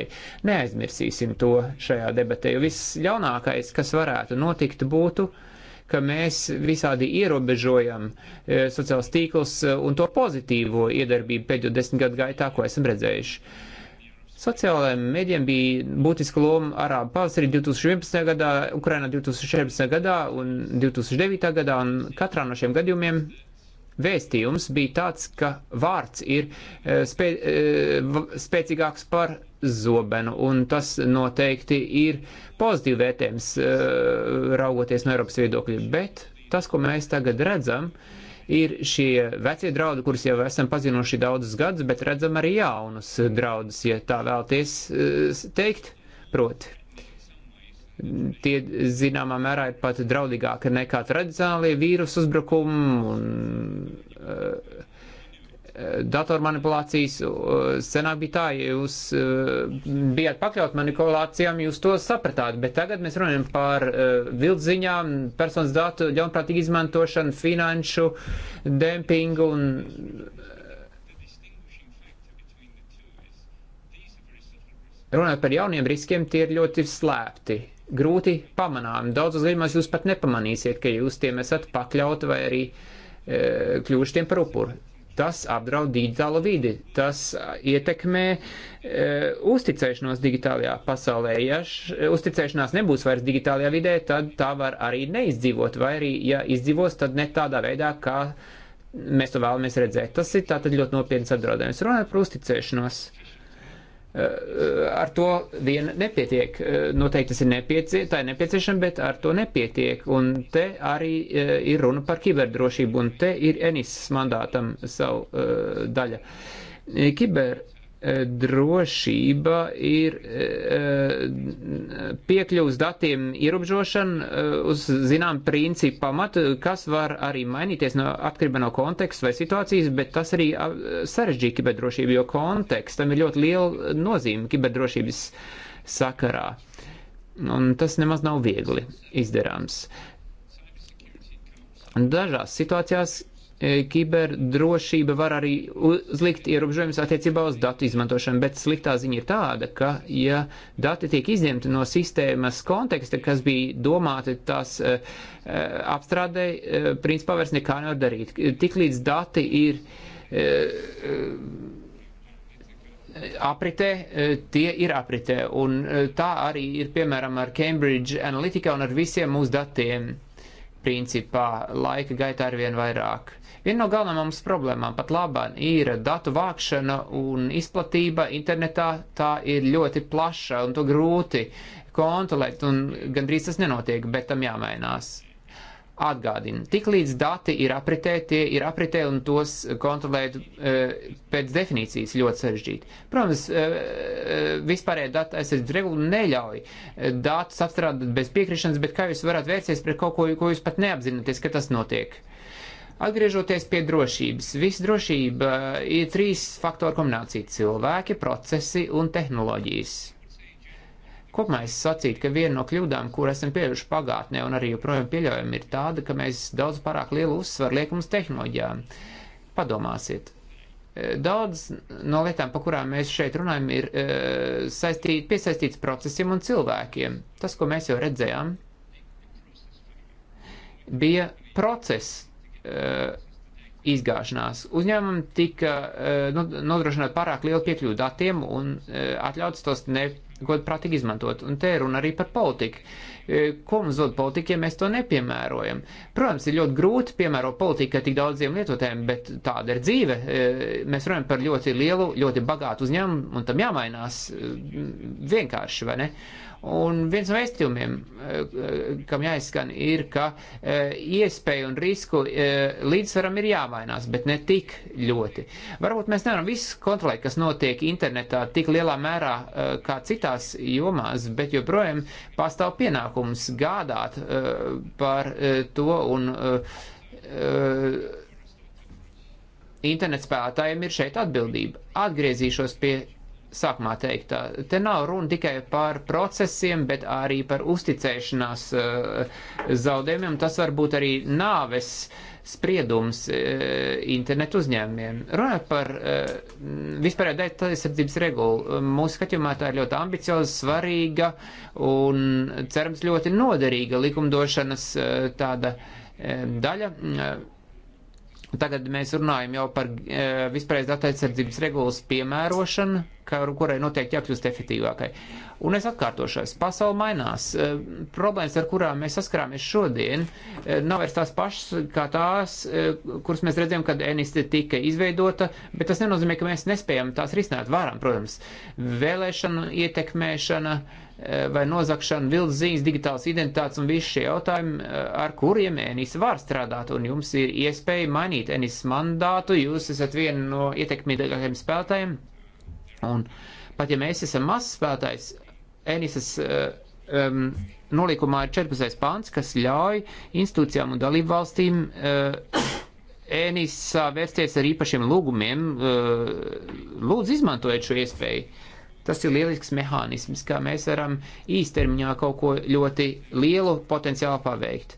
Neaizmirsīsim to šajā debatē, jo viss ļaunākais, kas varētu notikt, būtu uh, ka mēs visādi ierobežojam e, sociālos tīklus e, un to pozitīvo iedarbību pēdējo desmit gadu gaitā, ko esam redzējuši. Sociālajiem mēdiem bija būtiska loma Arābu pavasarī 2011. gadā, Ukrainā 2014. gadā un 2009. gadā, un katrā no šiem gadījumiem Vēstījums bija tāds, ka vārds ir e, spē, e, spēcīgāks par zobenu, un tas noteikti ir pozitīvi vērtējums e, raugoties no Eiropas viedokļa. Bet tas, ko mēs tagad redzam, ir šie vecie draudi, kurus jau esam pazinuši daudzus gadus, bet redzam arī jaunus draudus, ja tā vēlties teikt. Proti, tie zināmā mērā ir pat draudīgāki nekā tradicionālie vīrusu uzbrukumi un uh, datormanipulācijas. Uh, senāk bija tā, ja jūs uh, bijāt pakļaut manipulācijām, jūs to sapratāt, bet tagad mēs runājam par uh, vildziņām, personas datu ļaunprātīgu izmantošanu, finanšu dempingu un. Runājot par jauniem riskiem, tie ir ļoti slēpti grūti pamanāmi. Daudzos gadījumos jūs pat nepamanīsiet, ka jūs tiem esat pakļauti vai arī e, kļūšu tiem par upuru. Tas apdraud digitālo vidi, tas e, ietekmē e, uzticēšanos digitālajā pasaulē. Ja š, e, uzticēšanās nebūs vairs digitālajā vidē, tad tā var arī neizdzīvot, vai arī, ja izdzīvos, tad ne tādā veidā, kā mēs to vēlamies redzēt. Tas ir tātad ļoti nopietns apdraudējums. Runājot par uzticēšanos. E, Eh, ar to vien nepietiek. Eh, noteikti tas ir nepieciešams, tā ir nepieciešama, bet ar to nepietiek. Un te arī eh, ir runa par kiberdrošību, un te ir Enisas mandātam savu daļa. Kiber E, drošība ir e, e, piekļuvs datiem ierobežošana uz zinām principu pamatu, kas var arī mainīties no atkarībā no konteksta vai situācijas, bet tas arī sarežģīja kiberdrošību, jo kontekstam ir ļoti liela nozīme kiberdrošības sakarā. Un tas nemaz nav viegli izdarāms. Dažās situācijās E, kiberdrošība var arī uzlikt ierobežojumus attiecībā uz datu izmantošanu, bet sliktā ziņa ir tāda, ka ja dati tiek izņemti no sistēmas konteksta, kas bija domāti tās uh, e, e, apstrādē, uh, principā vairs nekā nevar darīt. Tiklīdz dati ir uh, apritē, tie ir apritē. Un tā arī ir, piemēram, ar Cambridge Analytica un ar visiem mūsu datiem, principā, laika gaitā arvien vairāk Viena no galvenām mums problēmām pat labā ir datu vākšana un izplatība internetā. Tā ir ļoti plaša un to grūti kontrolēt, un gandrīz tas nenotiek, bet tam jāmainās. Atgādina, tik līdz dati ir apritē, tie ir apritē un tos kontrolēt e, pēc definīcijas ļoti sarežģīti. Protams, e, e vispārējā data aizsardzības regula neļauj e, datus apstrādāt bez piekrišanas, bet kā jūs varat vērsties pret kaut ko, ko jūs pat neapzināties, ka tas notiek? E, Atgriežoties pie drošības, visdrošība eh, ir trīs faktoru kombinācija - cilvēki, procesi un tehnoloģijas. Kopumā es sacītu, ka viena no kļūdām, kur esam pieļaujuši pagātnē un arī joprojām pieļaujam, ir tāda, ka mēs daudz pārāk lielu uzsvaru liekam uz tehnoloģijām. Padomāsiet, eh, daudz no lietām, par kurām mēs šeit runājam, ir e, eh, saistīt, piesaistīts procesiem un cilvēkiem. Tas, ko mēs jau redzējām, bija process, Uh, izgāšanās. Uzņēmumam tika uh, nu, nodrošināt pārāk lielu piekļuvu datiem un uh, atļauts tos negodprātīgi izmantot. Un te runa arī par politiku. Ko mums dod politika, ja mēs to nepiemērojam? Protams, ir ļoti grūti piemērot politiku tik daudziem lietotājiem, bet tāda ir dzīve. Mēs runājam par ļoti lielu, ļoti bagātu uzņēmumu, un tam jāmainās vienkārši, vai ne? Un viens no vēstījumiem, eh, eh, kam jāizskan, ir, ka eh, iespēju un risku līdzsvaram ir jāmainās, bet ne tik ļoti. Varbūt mēs nevaram visu kontrolēt, kas notiek internetā tik lielā mērā kā citās jomās, bet joprojām pastāv pienākums gādāt par to un internetspēlētājiem ir šeit atbildība. Atgriezīšos pie sākumā teiktā. Te nav runa tikai par procesiem, bet arī par uzticēšanās eh, zaudējumiem. Tas var būt arī nāves spriedums eh, internetu uzņēmumiem. Runājot par eh, vispārējo datu aizsardzības regulu, mūsu skatījumā tā ir ļoti ambicioza, svarīga un cerams ļoti noderīga likumdošanas tāda daļa Nu, tagad mēs runājam jau par e, vispārējais datu aizsardzības regulas piemērošanu, kar, kurai noteikti jākļūst efektīvākai. Un es atkārtošos, pasauli mainās. E, problēmas, ar kurām mēs saskarāmies šodien, e, nav vairs tās pašas kā tās, e, kuras mēs redzējām, kad NST tika izveidota, bet tas nenozīmē, ka mēs nespējam tās risināt. Varam, protams, vēlēšanu ietekmēšana. E, Eh, vai nozakšana, vilnas ziņas, digitāls identitātes un visi šie jautājumi, eh, ar kuriem ENIS var strādāt. Un jums ir iespēja mainīt ENIS mandātu, jūs esat viena no ietekmīgākajiem spēlētājiem. Un pat ja mēs esam mazs spēlētājs, ENISas um, nolīkumā ir 14. pants, kas ļauj institūcijām un dalību valstīm uh, ENISā vērsties ar īpašiem lūgumiem. Uh, lūdzu, izmantojiet šo iespēju. Tas ir lielisks mehānisms, kā mēs varam īstermiņā kaut ko ļoti lielu potenciālu paveikt.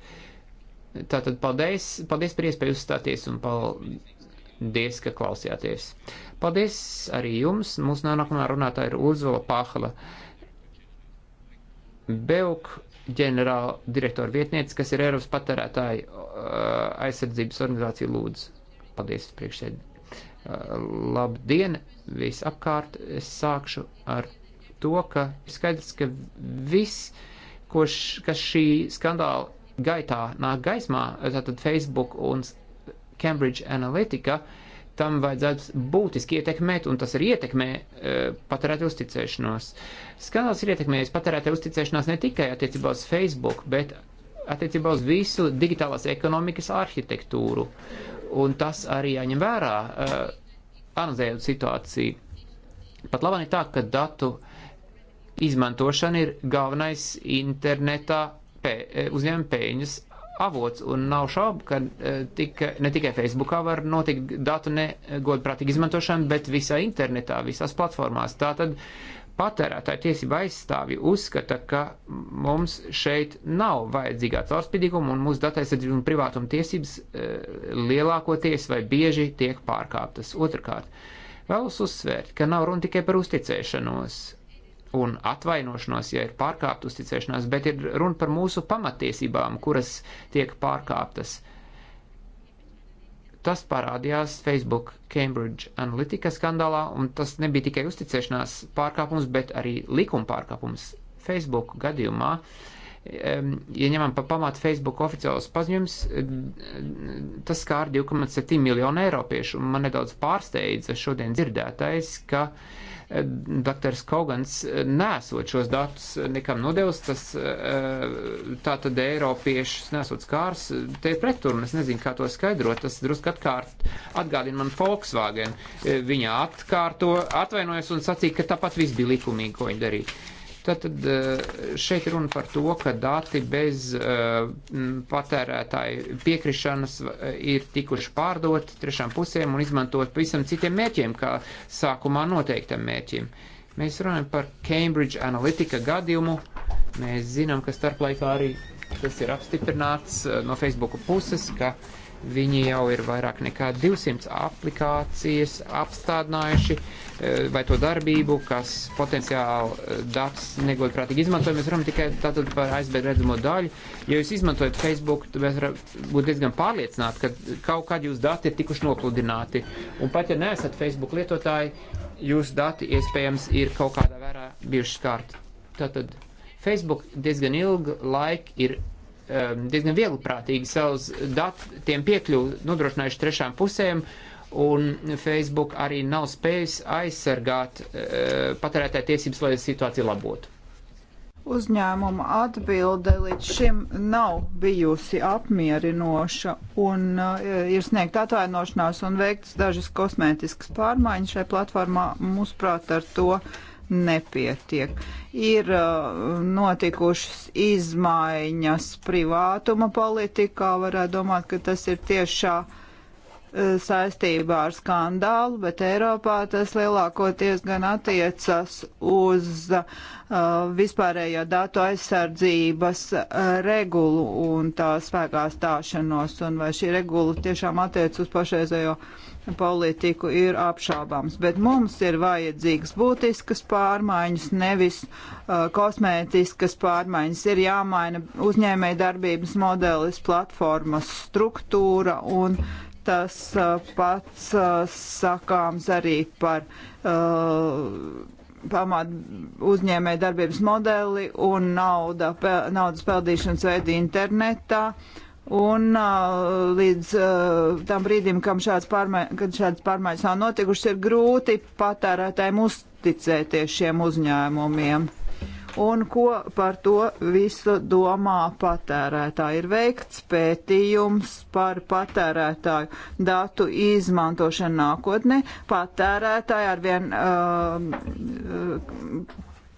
Tātad paldies, paldies par iespēju uzstāties un paldies, ka klausījāties. Paldies arī jums. Mūsu nākamā runātāja ir Ulzola Pāhala. Beuk ģenerāla direktora vietniece, kas ir Eiropas patērētāju uh, aizsardzības organizācija Lūdzu. Paldies, priekšsēdētāji. Uh, labdien! visapkārt. Es sākšu ar to, ka skaidrs, ka viss, ko š, kas šī skandāla gaitā nāk gaismā, tātad Facebook un Cambridge Analytica, tam vajadzētu būtiski ietekmēt, un tas arī ietekmē e, patērētāju uzticēšanos. Skandāls ir ietekmējis patērētāju uzticēšanās ne tikai attiecībā uz Facebook, bet attiecībā uz visu digitālās ekonomikas arhitektūru. Un tas arī jāņem vērā. E, analizējot situāciju. Pat labāk ir tā, ka datu izmantošana ir galvenais internetā pē, e, uzņēmuma pēļņas avots, un nav šaubu, ka e, tika, ne tikai Facebookā var notikt datu negodprātīga izmantošana, bet visā internetā, visās platformās. Tātad patērētāja tiesība aizstāvji uzskata, ka mums šeit nav vajadzīgā caurspīdīguma un mūsu dataizsardzība un privātuma tiesības e, lielākoties vai bieži tiek pārkāptas. Otrakārt, vēlos uzsvērt, ka nav runa tikai par uzticēšanos un atvainošanos, ja ir pārkāpta uzticēšanās, bet ir runa par mūsu pamatiesībām, kuras tiek pārkāptas. E, Tas parādījās Facebook Cambridge Analytica skandālā, un tas nebija tikai uzticēšanās pārkāpums, bet arī likuma pārkāpums. Facebook gadījumā uh, ieņemam ja pa pamatu Facebook oficiālos paziņojums, tas skār 2,7 miljonu eiropiešu. Un man nedaudz pārsteidza šodien dzirdētais, ka dr. Kogans nesot šos datus nekam nodevis, tas tā tad eiropiešus nesot skārs, te ir pretruna, es nezinu, kā to skaidrot, tas drusku atkārt atgādina man Volkswagen. Viņa atkārto, atvainojas un sacīja, ka tāpat viss bija likumīgi, ko viņa darīja Tātad eh, šeit runa par to, ka dati bez eh, patērētāju piekrišanas eh, ir tikuši pārdoti trešām pusēm un izmantot pavisam citiem mērķiem, kā sākumā noteiktam mērķim. Mēs runājam par Cambridge Analytica gadījumu. Mēs zinām, ka starplaikā arī tas ir apstiprināts no Facebook puses, ka uh, Viņi jau ir vairāk nekā 200 aplikācijas apstādinājuši eh, vai to darbību, kas potenciāli eh, datus negodprātīgi izmanto. Mēs runājam tikai tātad par aizbēd redzamo daļu. Ja jūs izmantojat Facebook, tad mēs būtu diezgan pārliecināti, ka kaut kad jūs dati ir tikuši nopludināti. Un pat ja neesat Facebook lietotāji, jūsu dati iespējams ir kaut kādā vērā bijuši skārti. Tātad Facebook diezgan ilgu laiku ir Um, diezgan viegliprātīgi savus datiem piekļuvu nodrošinājuši trešām pusēm, un Facebook arī nav spējis aizsargāt uh, patērētāju tiesības, lai situāciju labotu. Uzņēmuma atbilde līdz šim nav bijusi apmierinoša un uh, ir sniegt atvainošanās un veikts dažas kosmētiskas pārmaiņas šai platformā. Mūsuprāt, ar to uh, nepietiek. Ir uh, notikušas izmaiņas privātuma politikā, varētu domāt, ka tas ir tiešā uh, saistībā ar skandālu, bet Eiropā tas lielākoties gan attiecas uz uh, vispārējo datu aizsardzības uh, regulu un tā spēkā stāšanos, un vai šī regula tiešām attiec uz pašreizējo politiku ir apšaubāms, bet mums ir vajadzīgas būtiskas pārmaiņas, nevis uh, kosmētiskas pārmaiņas. Ir jāmaina uzņēmēja darbības modelis, platformas struktūra un tas uh, pats uh, sakāms arī par. Uh, pamat uzņēmēja darbības modeli un nauda, pe, naudas peldīšanas veidi internetā. Uh, Un uh, līdz uh, tam brīdim, šāds pārmai, kad šādas pārmaiņas nav notikušas, ir grūti patērētājiem uzticēties šiem uzņēmumiem. Un ko par to visu domā patērētāji? Ir veikts pētījums par patērētāju datu izmantošanu nākotnē. Patērētāji arvien uh,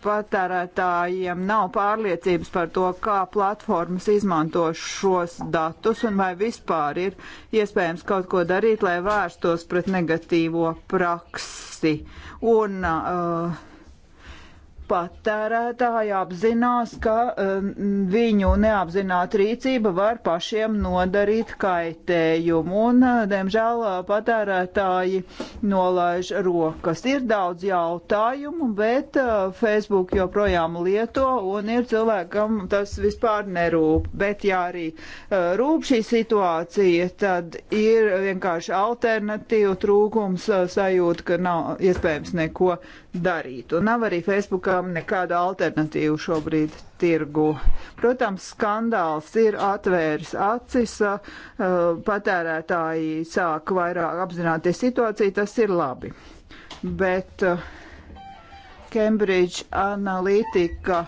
patērētājiem nav pārliecības par to, kā platformas izmanto šos datus un vai vispār ir iespējams kaut ko darīt, lai vērstos pret negatīvo praksi. Un uh, patērētāji apzinās, ka um, viņu neapzināta rīcība var pašiem nodarīt kaitējumu, un, uh, diemžēl, uh, patērētāji nolaiž rokas. Ir daudz jautājumu, bet uh, Facebook joprojām lieto, un ir cilvēkam tas vispār nerūp. Bet, ja arī rūp šī situācija, tad ir vienkārši alternatīva trūkums sajūta, ka nav iespējams neko darīt. Un nav arī Facebookā tam nekādu alternatīvu šobrīd tirgu. Protams, skandāls ir atvēris acis, patērētāji sāk vairāk apzināties situāciju, tas ir labi. Bet Cambridge Analytica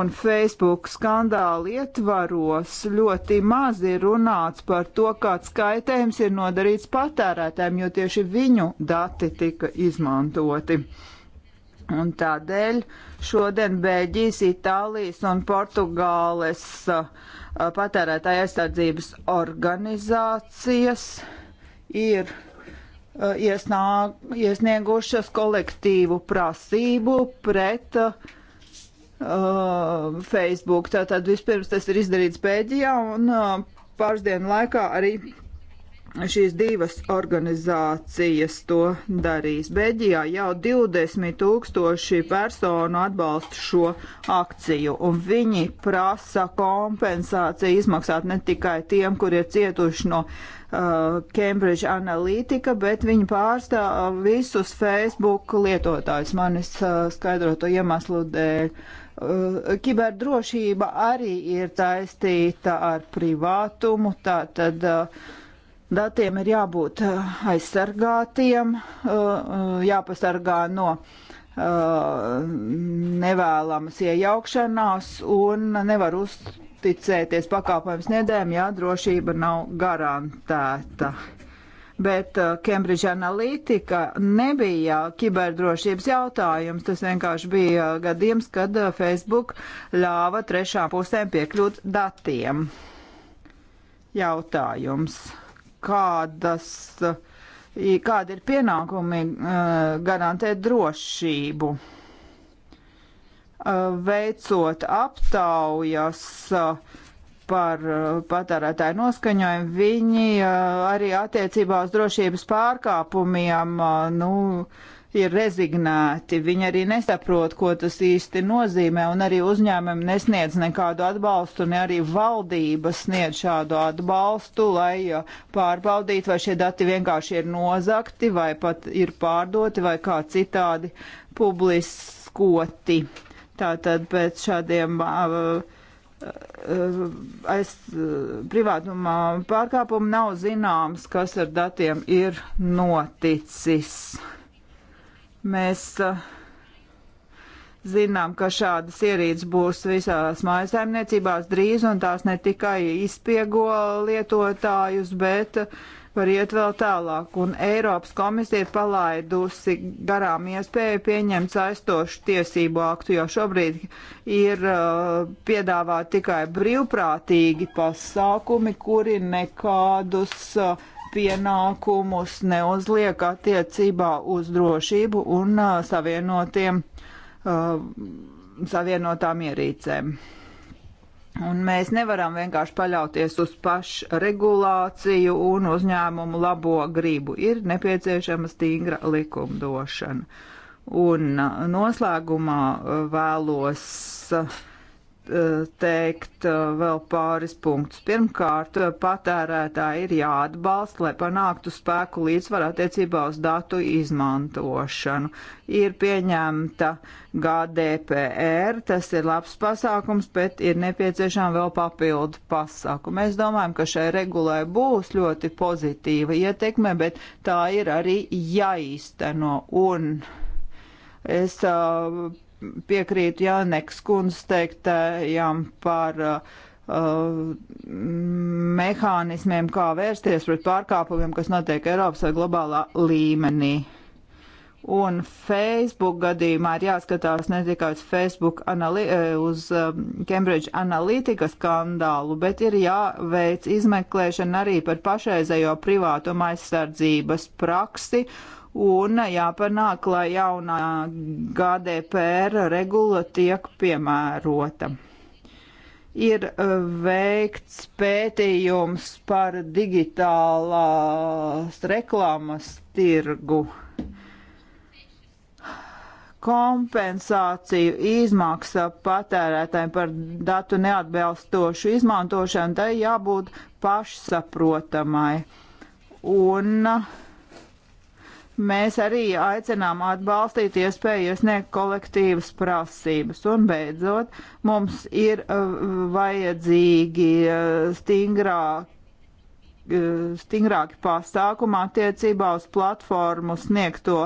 un Facebook skandāla ietvaros ļoti maz ir runāts par to, kāds kaitējums ir nodarīts patērētājiem, jo tieši viņu dati tika izmantoti. Un tādēļ šodien Bēļģijas, Itālijas un Portugāles uh, patērētāja aizsardzības organizācijas ir uh, iesnā, iesniegušas kolektīvu prasību pret uh, Facebook. Tātad vispirms tas ir izdarīts Bēļģijā un uh, pāris dienu laikā arī šīs divas organizācijas to darīs. Beļģijā jau 20 tūkstoši personu atbalsta šo akciju, un viņi prasa kompensāciju izmaksāt ne tikai tiem, kur ir cietuši no uh, Cambridge Analytica, bet viņi pārstāv visus Facebook lietotājus manis uh, skaidroto iemeslu dēļ. Uh, kiberdrošība arī ir taistīta ar privātumu, tātad uh, datiem ir jābūt uh, aizsargātiem, uh, uh, jāpasargā no nevēlamas iejaukšanās un nevar uzticēties pakāpojums nedēļām, ja drošība nav garantēta. Bet Cambridge Analytica nebija kiberdrošības jautājums, tas vienkārši bija gadījums, kad Facebook ļāva trešām pusēm piekļūt datiem. Jautājums kādas, kāda ir pienākumi e, garantēt drošību. E, veicot aptaujas par patērētāju noskaņojumu, viņi e, arī attiecībā uz drošības pārkāpumiem, nu, ir rezignēti. Viņi arī nesaprot, ko tas īsti nozīmē, un arī uzņēmumi nesniedz nekādu atbalstu, ne arī valdība sniedz šādu atbalstu, lai uh, pārbaudītu, vai šie dati vienkārši ir nozakti, vai pat ir pārdoti, vai kā citādi publiskoti. Tātad pēc šādiem uh, uh aiz uh, privātuma pārkāpuma nav zināms, kas ar datiem ir noticis. Mēs eh, zinām, ka šādas ierīces būs visās mājasaimniecībās drīz, un tās ne tikai izspiego lietotājus, bet eh, var iet vēl tālāk. Un Eiropas komisija ir palaidusi garām iespēju pieņemt saistošu tiesību aktu, jo šobrīd ir uh, piedāvāti tikai brīvprātīgi pasākumi, kuri nekādus uh, pienākumus neuzliek attiecībā uz drošību un uh, savienotiem, uh, savienotām ierīcēm. Un mēs nevaram vienkārši paļauties uz pašregulāciju un uzņēmumu labo gribu. Ir nepieciešama stingra likumdošana. Un uh, noslēgumā uh, vēlos uh, teikt eh, vēl pāris punktus. Pirmkārt, patērētāji ir jāatbalsta, lai panāktu spēku līdzvaru attiecībā uz datu izmantošanu. Ir pieņemta GDPR, tas ir labs pasākums, bet ir nepieciešama vēl papildu pasākumu. Mēs domājam, ka šai regulai būs ļoti pozitīva ietekme, bet tā ir arī jāīsteno. Un es uh, piekrītu Jāneks Kunz teiktajam par uh, mm, mehānismiem, kā vērsties pret pārkāpumiem, kas notiek Eiropas vai globālā līmenī. Un Facebook gadījumā ir jāskatās ne tikai uz Facebook anali eh, uz um, Cambridge Analytica skandālu, bet ir jāveic izmeklēšana arī par pašreizējo privātuma aizsardzības praksi un jāpanāk, lai jaunā GDPR regula tiek piemērota. Ir uh, veikts pētījums par digitālās reklāmas tirgu kompensāciju izmaksa patērētājiem par datu neatbilstošu izmantošanu, tai jābūt pašsaprotamai. Un uh, mēs arī aicinām atbalstīt iespēju iesniegt kolektīvas prasības. Un beidzot, mums ir uh, vajadzīgi uh, stingrāk uh, stingrāki pasākumi attiecībā uz platformu sniegto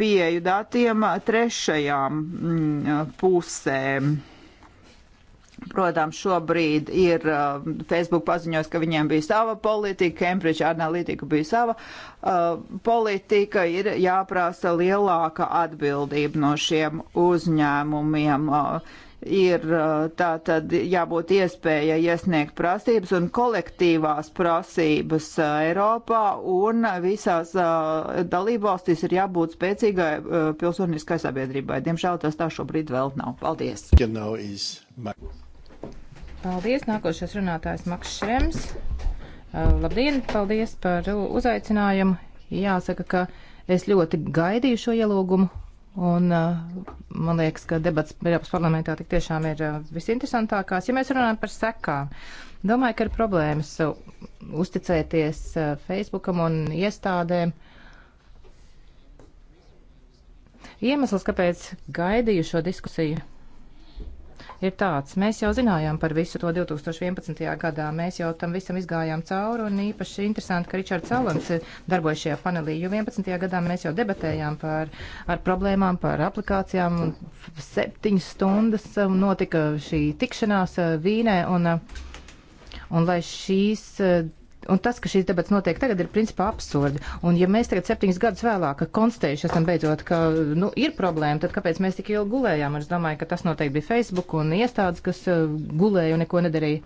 pieeju datiem trešajām mm, pusēm. Protams, šobrīd ir uh, Facebook paziņojis, ka viņiem bija sava politika, Cambridge Analytica bija sava uh, politika, ir jāprasa lielāka atbildība no šiem uzņēmumiem. Uh, ir uh, tā tad jābūt iespēja iesniegt prasības un kolektīvās prasības uh, Eiropā un visās uh, dalībvalstīs ir jābūt spēcīgai pilsoniskai sabiedrībai. Diemžēl tas tā šobrīd vēl nav. Paldies! Paldies. Nākošais runātājs Maks Šrems. Labdien, paldies par uzaicinājumu. Jāsaka, ka es ļoti gaidīju šo ielūgumu. Un man liekas, ka debats Eiropas parlamentā tik tiešām ir visinteresantākās. Ja mēs runājam par sekām, domāju, ka ir problēmas uzticēties Facebookam un iestādēm. Iemesls, kāpēc gaidīju šo diskusiju ir tāds. Mēs jau zinājām par visu to 2011. gadā, mēs jau tam visam izgājām cauri, un īpaši interesanti, ka Ričards Alans darbojas šajā panelī, jo 11. gadā mēs jau debatējām par ar problēmām, par aplikācijām, un septiņas stundas notika šī tikšanās uh, Vīnē, un, uh, un lai šīs uh, Un tas, ka šīs debats notiek tagad, ir principā absurdi. Un ja mēs tagad septiņus gadus vēlāk konstatējuši esam beidzot, ka nu, ir problēma, tad kāpēc mēs tik ilgi gulējām? Es domāju, ka tas noteikti bija Facebook un iestādes, kas uh, gulēja un neko nedarīja.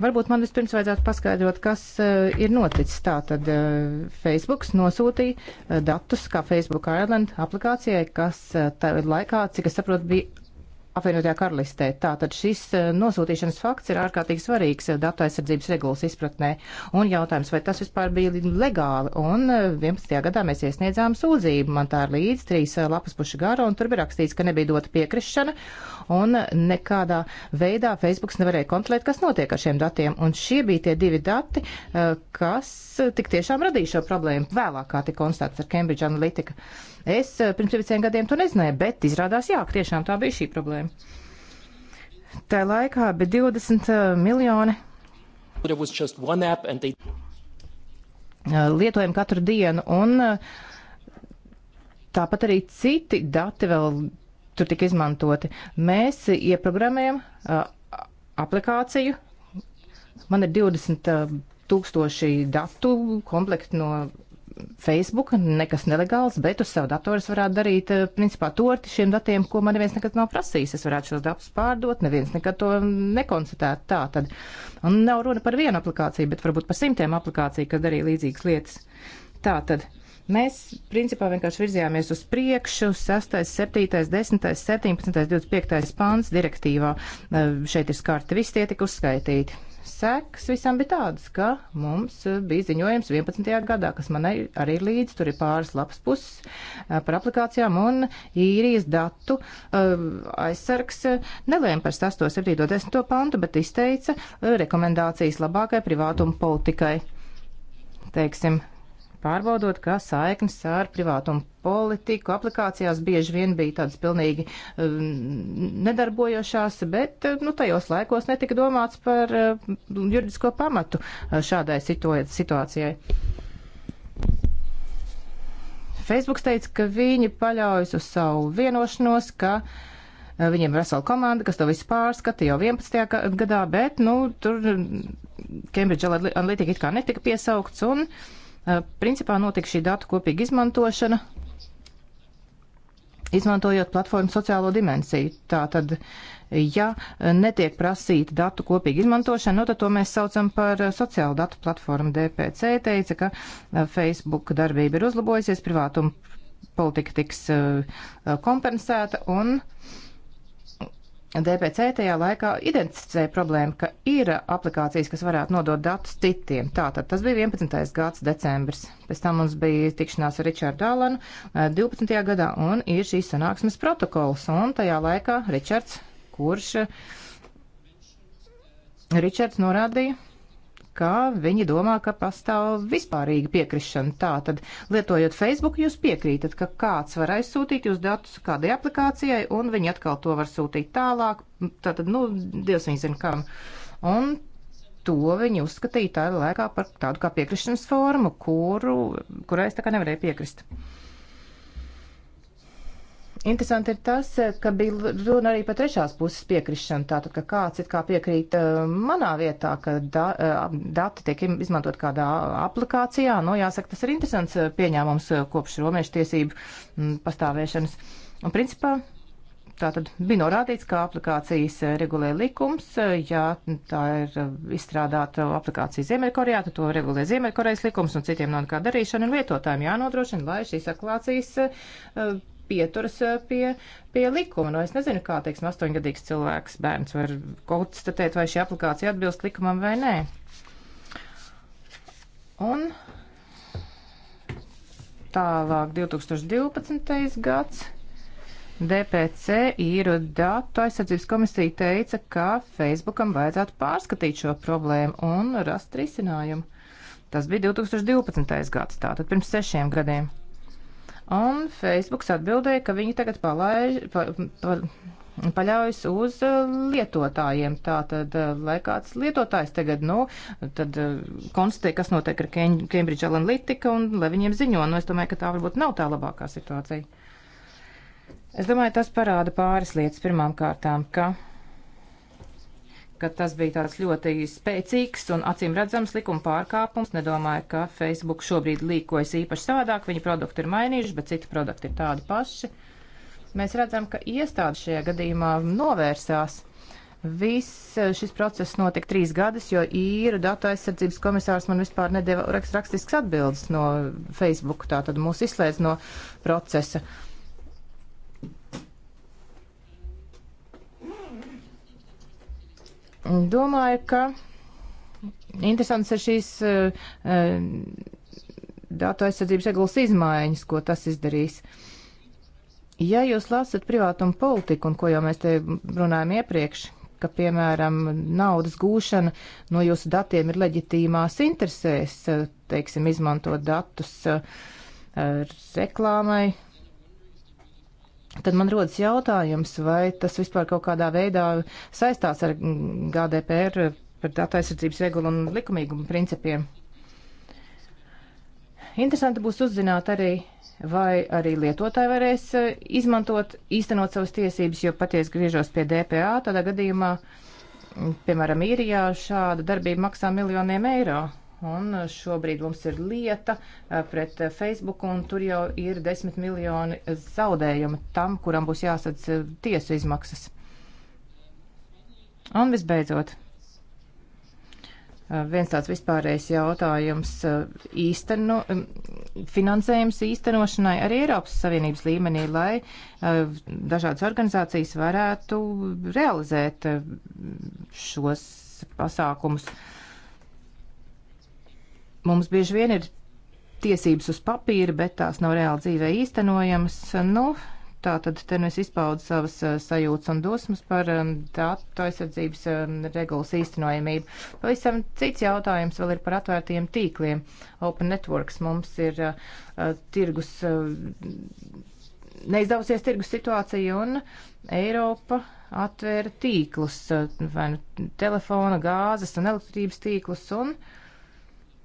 Varbūt man vispirms vajadzētu paskaidrot, kas uh, ir noticis. Tātad uh, Facebook nosūtīja uh, datus kā Facebook Ireland aplikācijai, kas uh, tā laikā, cik es saprotu, bija apvienotajā karalistē. Tātad šis eh, nosūtīšanas fakts ir ārkārtīgi svarīgs eh, datu aizsardzības regulas izpratnē. Un jautājums, vai tas vispār bija legāli? Un 11. Eh, gadā mēs iesniedzām sūdzību. Man tā ir līdz trīs lapas puša gara, un tur bija rakstīts, ka nebija dota piekrišana, un nekādā veidā Facebooks nevarēja kontrolēt, kas notiek ar šiem datiem. Un šie bija tie divi dati, kas tik tiešām radīja šo problēmu. Vēlāk kā tika konstatēts ar Cambridge Analytica. Uh, Es eh, pirms 15 gadiem to nezināju, bet izrādās, jā, tiešām tā bija šī problēma. Tā laikā bija 20 eh, miljoni. They... Eh, lietojam katru dienu, un tāpat arī citi dati vēl tur tika izmantoti. Mēs ieprogrammējam aplikāciju. Man ir 20 tūkstoši datu komplektu no Facebook, nekas nelegāls, bet uz savu datoru es varētu darīt, eh, principā, torti šiem datiem, ko man neviens nekad nav prasījis. Es varētu šos datus pārdot, neviens nekad to nekonstatētu tā tad. Un nav runa par vienu aplikāciju, bet varbūt par simtiem aplikāciju, kas darīja līdzīgas lietas. Tā tad. Mēs, principā, vienkārši virzījāmies uz priekšu. 6, 7, 10, 17, 25 pāns direktīvā. Eh, šeit ir skārti, visi tie tika uzskaitīti seks visam bija tādas, ka mums bija ziņojums 11. gadā, kas man arī ir līdz, tur ir pāris labs puses eh, par aplikācijām un īrijas datu eh, aizsargs eh, nelēma par 8, 7, 10 pantu, bet izteica rekomendācijas labākai privātuma politikai. Teiksim, pārbaudot, ka saiknes ar privātumu politiku aplikācijās bieži vien bija tādas pilnīgi um, nedarbojošās, bet uh, nu, tajos laikos netika domāts par uh, juridisko pamatu uh, šādai situācijai. Facebook teica, ka viņi paļaujas uz savu vienošanos, ka uh, Viņiem ir vesela komanda, kas to visu pārskata jau 11. gadā, bet, nu, tur uh, Cambridge Analytica it kā netika piesaukts, un Eh, principā notika šī datu kopīga izmantošana, izmantojot platformu sociālo dimensiju. Tātad, ja netiek prasīta datu kopīga izmantošana, no nu, tad to mēs saucam par sociālu datu platformu. DPC teica, ka eh, Facebook darbība ir uzlabojusies, privātuma politika tiks eh, kompensēta un. Uh, DPC tajā laikā identificēja problēmu, ka ir aplikācijas, kas varētu nodot datus citiem. Tātad tas bija 11. gads decembris. Pēc tam mums bija tikšanās ar Ričardu Alanu 12. gadā un ir šīs sanāksmes protokols. Un tajā laikā Ričards, kurš eh, Ričards norādīja, ka viņi domā, ka pastāv vispārīga piekrišana. Tātad, lietojot Facebook, jūs piekrītat, ka kāds var aizsūtīt jūs datus kādai aplikācijai, un viņi atkal to var sūtīt tālāk. Tātad, nu, Dievs viņi zina kam. Un to viņi uzskatīja tādā laikā par tādu kā piekrišanas formu, kuru, kurai es tā kā nevarēju piekrist. Uh, Interesanti ir tas, ka bija runa arī par trešās puses piekrišanu, tātad, ka kāds it kā piekrīt uh, manā vietā, ka da, uh, dati tiek izmantot kādā aplikācijā. Nu, jāsaka, tas ir interesants uh, pieņēmums uh, kopš romiešu tiesību m, mm, pastāvēšanas. Un, principā, tātad bija norādīts, ka aplikācijas uh, regulē likums, ja tā ir izstrādāta aplikācija Ziemeļkorejā, tad to regulē Ziemeļkorejas likums un citiem nav nekā darīšana un lietotājiem jānodrošina, lai šīs aplikācijas uh, pieturas eh, pie, pie likuma. Nu, es nezinu, kā, teiksim, nu, astoņgadīgs cilvēks bērns var konstatēt, vai šī aplikācija atbilst likumam vai nē. Un tālāk 2012. gads. DPC īru datu aizsardzības komisija teica, ka Facebookam vajadzētu pārskatīt šo problēmu un rast risinājumu. Tas bija 2012. gads, tātad pirms sešiem gadiem. Un Facebooks atbildēja, ka viņi tagad palaiž, pa, pa, paļaujas uz uh, lietotājiem. Tātad, uh, lai kāds lietotājs tagad, nu, tad uh, konstatē, kas notiek ar Cambridge Analytica un lai viņiem ziņo. Nu, es domāju, ka tā varbūt nav tā labākā situācija. Es domāju, tas parāda pāris lietas pirmām kārtām, ka ka tas bija tāds ļoti spēcīgs un acīm redzams likuma pārkāpums. Nedomāju, ka Facebook šobrīd līkojas īpaši savādāk, viņa produkti ir mainījuši, bet citi produkti ir tādi paši. Mēs redzam, ka iestāde šajā gadījumā novērsās. Viss eh, šis process notika trīs gadus, jo īru datu aizsardzības komisārs man vispār nedēva rakstisks atbildes no Facebook, tā tad mūs izslēdz no procesa. Uh, Domāju, ka interesants ir šīs eh, eh, datu aizsardzības regulas izmaiņas, ko tas izdarīs. Ja jūs lasat privātumu politiku, un ko jau mēs te runājam iepriekš, ka, piemēram, naudas gūšana no jūsu datiem ir leģitīmās interesēs, eh, teiksim, izmantot datus reklāmai tad man rodas jautājums, vai tas vispār kaut kādā veidā saistās ar GDPR par datu aizsardzības regulu un likumīgumu principiem. Interesanti būs uzzināt arī, vai arī lietotāji varēs eh, izmantot, īstenot savas tiesības, jo paties griežos pie DPA, tādā gadījumā, piemēram, īrijā šāda darbība maksā miljoniem eiro. Un eh, šobrīd mums ir lieta eh, pret eh, Facebook, un tur jau ir desmit miljoni zaudējumi tam, kuram būs jāsadz tiesu izmaksas. Un visbeidzot, viens tāds vispārējais jautājums īsteno, mm, finansējums īstenošanai arī Eiropas Savienības līmenī, lai dažādas organizācijas varētu realizēt šos pasākumus. Uh, mums bieži vien ir tiesības uz papīra, bet tās nav reāli dzīvē īstenojamas. Nu, tā tad te nu es izpaudu savas eh, sajūtas un dusmas par um, datu aizsardzības um, regulas īstenojamību. Pavisam cits jautājums vēl ir par atvērtiem tīkliem. Open Networks mums ir uh, tirgus. Uh, Neizdevusies tirgus situācija un Eiropa atvēra tīklus, vai nu telefona, gāzes un elektrības tīklus, un uh,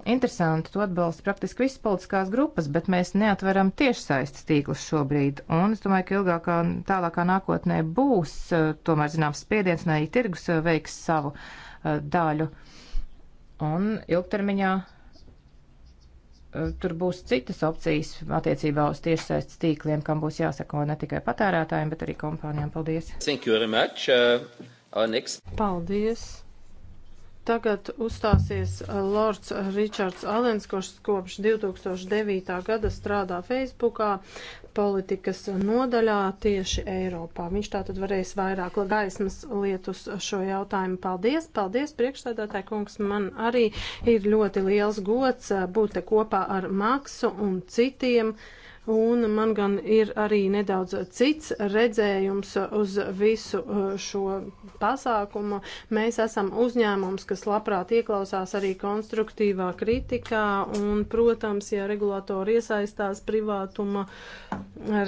Interesanti, to atbalsta praktiski visas politiskās grupas, bet mēs neatveram tiešsaistes tīklus šobrīd. Un es domāju, ka ilgākā, tālākā nākotnē būs eh, tomēr zināms spiediens, ne arī tirgus eh, veiks savu uh, daļu. Un ilgtermiņā uh, tur būs citas opcijas attiecībā uz tiešsaistes tīkliem, kam būs jāsako ne tikai patērētājiem, bet arī kompānijām. Paldies! Uh, Paldies! Tagad uzstāsies uh, Lords Ričards Alens, kurš kopš 2009. gada strādā Facebookā politikas nodaļā tieši Eiropā. Viņš tātad varēs vairāk gaismas liet uz šo jautājumu. Paldies, paldies, priekšstādātāji kungs. Man arī ir ļoti liels gods uh, būt te kopā ar Maksu un citiem. Uh, Un man gan ir arī nedaudz cits redzējums uz visu uh, šo pasākumu. Mēs esam uzņēmums, kas labprāt ieklausās arī konstruktīvā kritikā un, protams, ja regulātori iesaistās privātuma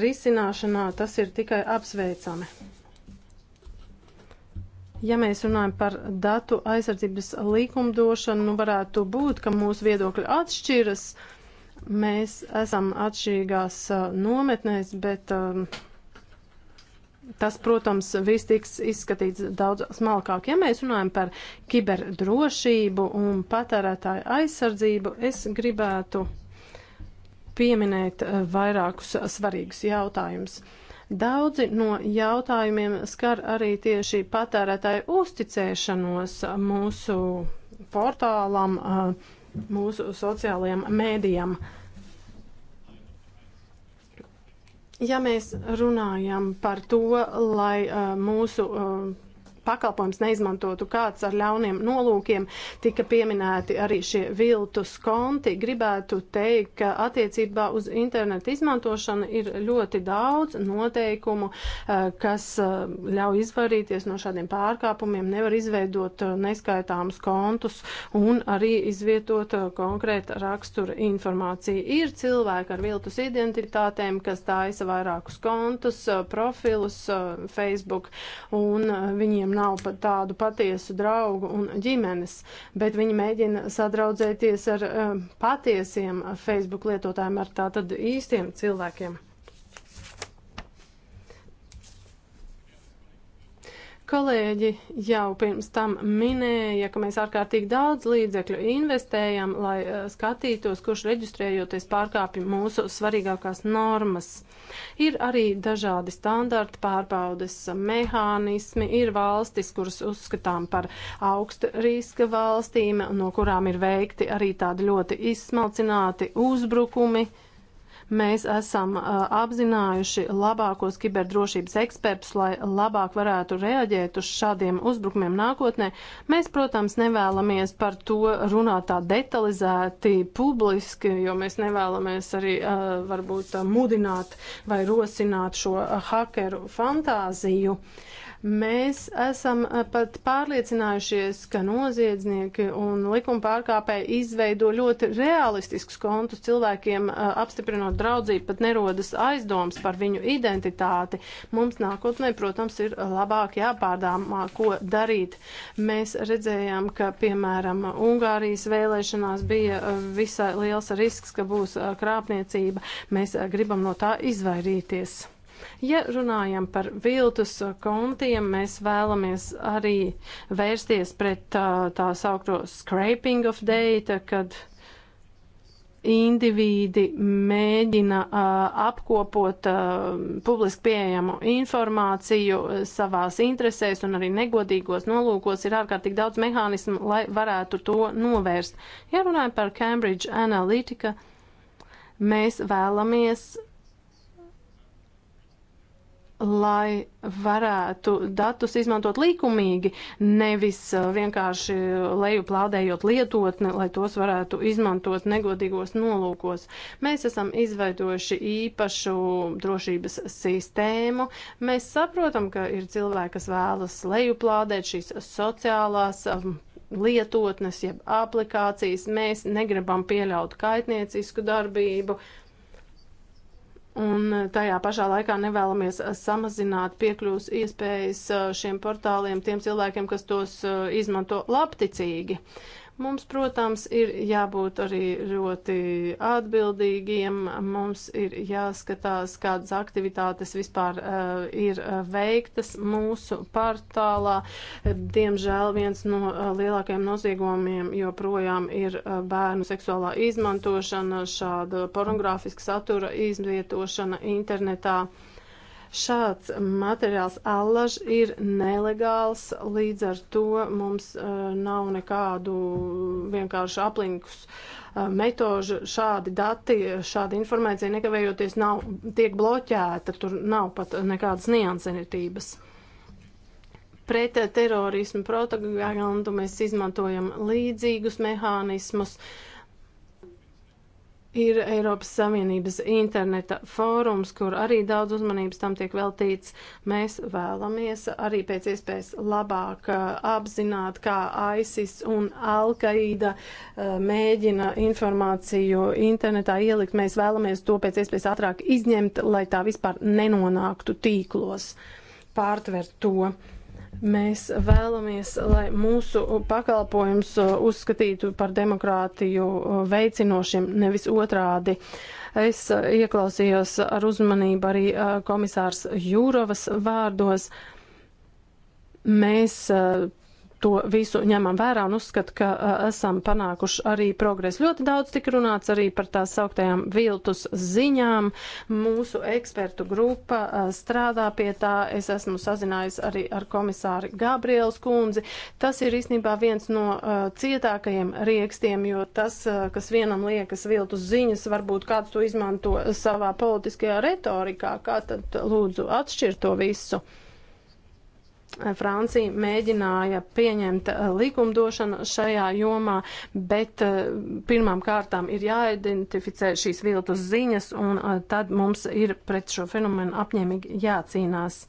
risināšanā, tas ir tikai apsveicami. Ja mēs runājam par datu aizsardzības likumdošanu, nu varētu būt, ka mūsu viedokļi atšķiras. Uh, Mēs esam atšķirīgās uh, nometnēs, bet um, tas, protams, viss tiks izskatīts daudz smalkāk. Ja mēs runājam par kiberdrošību un patērētāju aizsardzību, es gribētu pieminēt uh, vairākus svarīgus jautājumus. Daudzi no jautājumiem skar arī tieši patērētāju uzticēšanos mūsu portālam, uh, mūsu sociālajiem mēdījam. Uh, Ja mēs runājam par to, lai uh, mūsu uh, pakalpojums neizmantotu kāds ar ļauniem nolūkiem. Tika pieminēti arī šie viltus konti. Gribētu teikt, ka attiecībā uz internetu izmantošanu ir ļoti daudz noteikumu, eh, kas eh, ļauj izvairīties no šādiem pārkāpumiem, nevar izveidot eh, neskaitāmus kontus un arī izvietot konkrēta rakstura informāciju. Ir cilvēki ar viltus identitātēm, kas taisa vairākus kontus, profilus Facebook, un viņiem nav pat tādu patiesu draugu un ģimenes, bet viņi mēģina sadraudzēties ar eh, patiesiem Facebook lietotājiem, ar tātad īstiem cilvēkiem. Kolēģi jau pirms tam minēja, ka mēs ārkārtīgi daudz līdzekļu investējam, lai eh, skatītos, kurš reģistrējoties pārkāpj mūsu svarīgākās normas. Ir arī dažādi standarti pārbaudes mehānismi, ir valstis, kuras uzskatām par augsta riska valstīm, no kurām ir veikti arī tādi ļoti izsmalcināti uzbrukumi. Mēs esam apzinājuši labākos kiberdrošības ekspertus, lai labāk varētu reaģēt uz šādiem uzbrukumiem nākotnē. Mēs, protams, nevēlamies par to runāt tā detalizēti, publiski, jo mēs nevēlamies arī varbūt mudināt vai rosināt šo hakeru fantāziju. Uh, Mēs esam eh, pat pārliecinājušies, ka noziedznieki un likuma pārkāpēji izveido ļoti realistiskus kontus cilvēkiem, eh, apstiprinot draudzību, pat nerodas aizdoms par viņu identitāti. Mums nākotnē, protams, ir labāk jāpārdāmā, ko darīt. Mēs redzējām, ka, piemēram, Ungārijas vēlēšanās bija eh, visai liels risks, ka būs krāpniecība. Mēs gribam no tā izvairīties. Ja runājam par viltus kontiem, mēs vēlamies arī vērsties pret tā, tā saukto scraping of data, kad indivīdi mēģina uh, apkopot uh, publiski pieejamu informāciju savās interesēs un arī negodīgos nolūkos ir ārkārtīgi daudz mehānismu, lai varētu to novērst. Ja runājam par Cambridge Analytica, mēs vēlamies lai varētu datus izmantot likumīgi, nevis uh, vienkārši lejuplādējot lietotni, lai tos varētu izmantot negodīgos nolūkos. Mēs esam izveidojuši īpašu drošības sistēmu. Mēs saprotam, ka ir cilvēki, kas vēlas lejuplādēt šīs sociālās um, lietotnes, jeb aplikācijas. Mēs negribam pieļaut kaitniecisku darbību un tajā pašā laikā nevēlamies samazināt piekļūs iespējas uh, šiem portāliem tiem cilvēkiem, kas tos uh, izmanto labticīgi. Mums, protams, ir jābūt arī ļoti atbildīgiem, mums ir jāskatās, kādas aktivitātes vispār uh, ir eh, veiktas mūsu portālā. Diemžēl viens no uh, lielākajiem noziegumiem joprojām ir uh, bērnu seksuālā izmantošana, šāda pornogrāfiska satura izvietošana internetā. Uh, Šāds materiāls allaž ir nelegāls, līdz ar to mums uh, nav nekādu vienkārši aplinkus uh, metožu. Šādi dati, šāda informācija nekavējoties nav, tiek bloķēta, tur nav pat nekādas niansenitības. Pret terorismu propagandu mēs izmantojam līdzīgus mehānismus. Uh, ir Eiropas Savienības interneta fórums, kur arī daudz uzmanības tam tiek veltīts. Mēs vēlamies arī pēc iespējas labāk uh, apzināt, kā ISIS un Alkaīda uh, mēģina informāciju internetā ielikt. Mēs vēlamies to pēc iespējas ātrāk izņemt, lai tā vispār nenonāktu tīklos, pārtvert to. Mēs vēlamies, lai mūsu pakalpojums uh, uzskatītu par demokrātiju uh, veicinošiem, nevis otrādi. Es uh, ieklausījos ar uzmanību arī komisārs Jūrovas vārdos. Mēs to visu ņemam vērā un uzskatu, ka a, esam panākuši arī progresu. Ļoti daudz tika runāts arī par tās sauktajām viltus ziņām. Mūsu ekspertu grupa a, strādā pie tā. Es esmu sazinājis arī ar komisāri Gabriels kundzi. Tas ir īstenībā viens no a, cietākajiem riekstiem, jo tas, kas vienam liekas viltus ziņas, varbūt kāds to izmanto savā politiskajā retorikā. Kā tad lūdzu atšķir to visu? Francija mēģināja pieņemt eh, likumdošanu šajā jomā, bet eh, pirmām kārtām ir jāidentificē šīs viltus ziņas, un eh, tad mums ir pret šo fenomenu apņēmīgi jācīnās.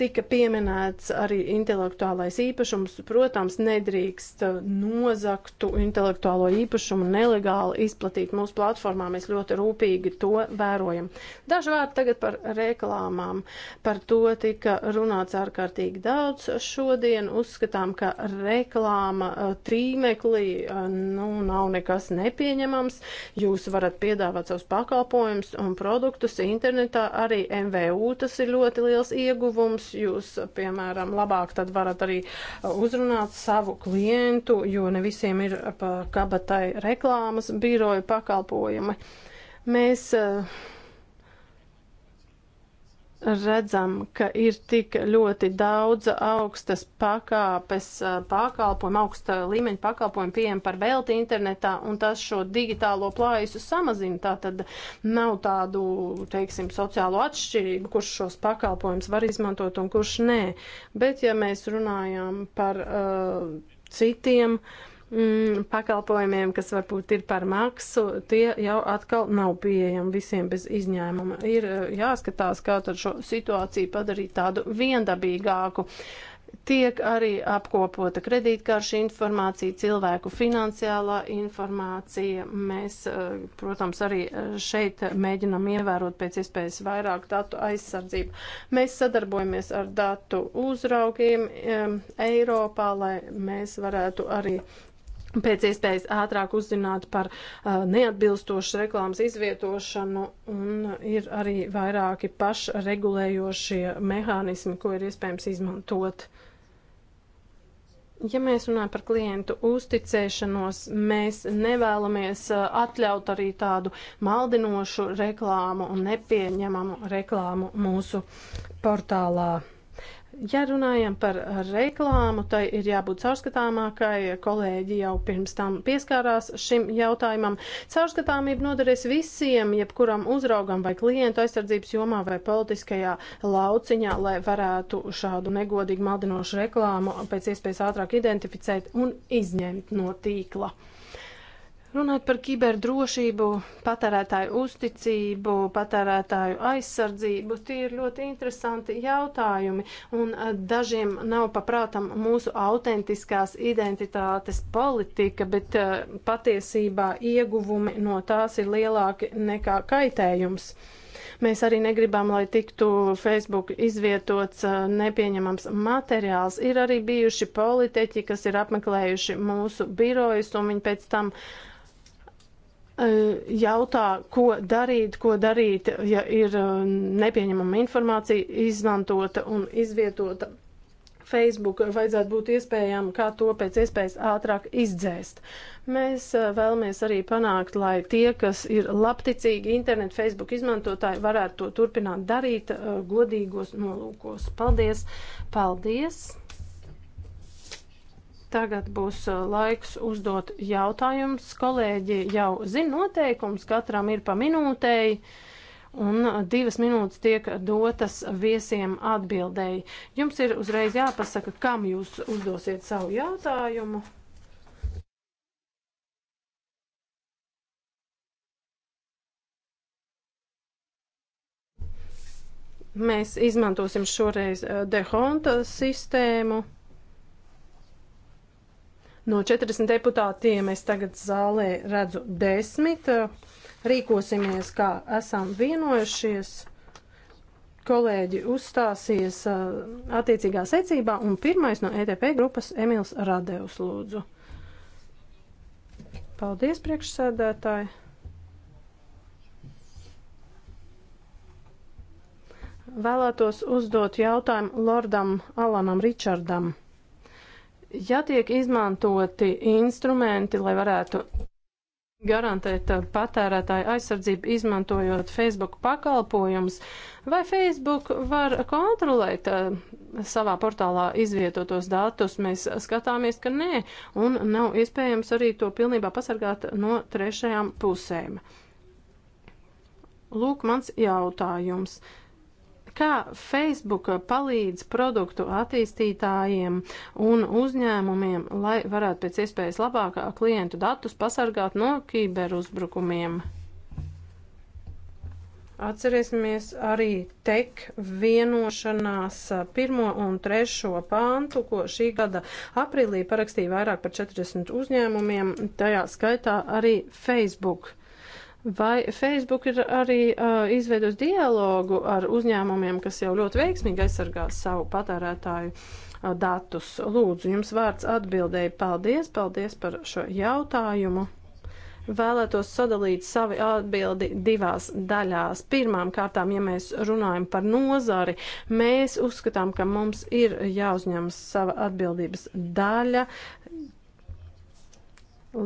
Tika pieminēts arī intelektuālais īpašums. Protams, nedrīkst nozaktu intelektuālo īpašumu nelegāli izplatīt mūsu platformā. Mēs ļoti rūpīgi to vērojam. Daži vārdi tagad par reklāmām. Par to tika runāts ārkārtīgi daudz šodien. Uzskatām, ka reklāma eh, trīmeklī eh, nu, nav nekas nepieņemams. Jūs varat piedāvāt savus pakalpojumus un produktus internetā. Arī MVU tas ir ļoti liels ieguvums jūs, piemēram, labāk tad varat arī uh, uzrunāt savu klientu, jo ne visiem ir uh, pa kabatai reklāmas biroja pakalpojumi. Mēs uh, redzam, ka ir tik ļoti daudz augstas pakāpes pakalpojumu, augsta līmeņa pakalpojumu pieejam par velti internetā, un tas šo digitālo plājusu samazina. Tā tad nav tādu, teiksim, sociālo atšķirību, kurš šos pakalpojumus var izmantot un kurš nē. Bet, ja mēs runājam par uh, citiem, uh, mm, pakalpojumiem, kas varbūt ir par maksu, tie jau atkal nav pieejami visiem bez izņēmuma. Ir eh, jāskatās, kā tad šo situāciju padarīt tādu viendabīgāku. Tiek arī apkopota kredītkarša informācija, cilvēku finansiālā informācija. Mēs, eh, protams, arī eh, šeit mēģinam ievērot pēc iespējas vairāk datu aizsardzību. Mēs sadarbojamies ar datu uzraugiem Eiropā, lai mēs varētu arī pēc iespējas ātrāk uzzināt par uh, neatbilstošu reklāmas izvietošanu, un ir arī vairāki pašregulējošie mehānismi, ko ir iespējams izmantot. Ja mēs runājam par klientu uzticēšanos, mēs nevēlamies uh, atļaut arī tādu maldinošu reklāmu un nepieņemamu reklāmu mūsu portālā. Ja runājam par reklāmu, tai ir jābūt caurskatāmākai. Kolēģi jau pirms tam pieskārās šim jautājumam. Caurskatāmība noderēs visiem, jebkuram uzraugam vai klientu aizsardzības jomā vai politiskajā lauciņā, lai varētu šādu negodīgu maldinošu reklāmu pēc iespējas ātrāk identificēt un izņemt no tīkla. Runāt par kiberdrošību, patērētāju uzticību, patērētāju aizsardzību, tie ir ļoti interesanti jautājumi, un eh, dažiem nav paprātam mūsu autentiskās identitātes politika, bet eh, patiesībā ieguvumi no tās ir lielāki nekā kaitējums. Mēs arī negribam, lai tiktu Facebook izvietots eh, nepieņemams materiāls. Ir arī bijuši politiķi, kas ir apmeklējuši mūsu birojas, un viņi pēc tam uh, E, jautā, ko darīt, ko darīt, ja ir e, nepieņemama informācija izmantota un izvietota Facebook vajadzētu būt iespējām, kā to pēc iespējas ātrāk izdzēst. Mēs e, vēlamies arī panākt, lai tie, kas ir labticīgi internetu Facebook izmantotāji, varētu to turpināt darīt godīgos nolūkos. Paldies! Paldies! Tagad būs laiks uzdot jautājumus. Kolēģi jau zina noteikums, katram ir pa minūtei. Un divas minūtes tiek dotas viesiem atbildēji. Jums ir uzreiz jāpasaka, kam jūs uzdosiet savu jautājumu. Mēs izmantosim šoreiz dehonta sistēmu. No 40 deputātiem es tagad zālē redzu 10. Rīkosimies, kā esam vienojušies. Kolēģi uzstāsies uh, attiecīgā secībā, un pirmais no ETP grupas Emils Radevs lūdzu. Paldies, priekšsēdētāji! Vēlētos uzdot jautājumu Lordam Alanam Ričardam. Ja tiek izmantoti instrumenti, lai varētu garantēt uh, patērētāju aizsardzību, izmantojot Facebook pakalpojumus, vai Facebook var kontrolēt uh, savā portālā izvietotos datus? Mēs skatāmies, ka nē, un nav iespējams arī to pilnībā pasargāt no trešajām pusēm. Lūk, mans jautājums. Uh, Kā Facebook palīdz produktu attīstītājiem un uzņēmumiem, lai varētu pēc iespējas labāk klientu datus pasargāt no kiberuzbrukumiem? Atcerēsimies arī tek vienošanās pirmo un trešo pāntu, ko šī gada aprīlī parakstīja vairāk par 40 uzņēmumiem, tajā skaitā arī Facebook. Vai Facebook ir arī uh, izveidus dialogu ar uzņēmumiem, kas jau ļoti veiksmīgi aizsargās savu patērētāju uh, datus? Lūdzu, jums vārds atbildēja. Paldies, paldies par šo jautājumu. Vēlētos sadalīt savu atbildi divās daļās. Pirmām kārtām, ja mēs runājam par nozari, mēs uzskatām, ka mums ir jāuzņemas sava atbildības daļa,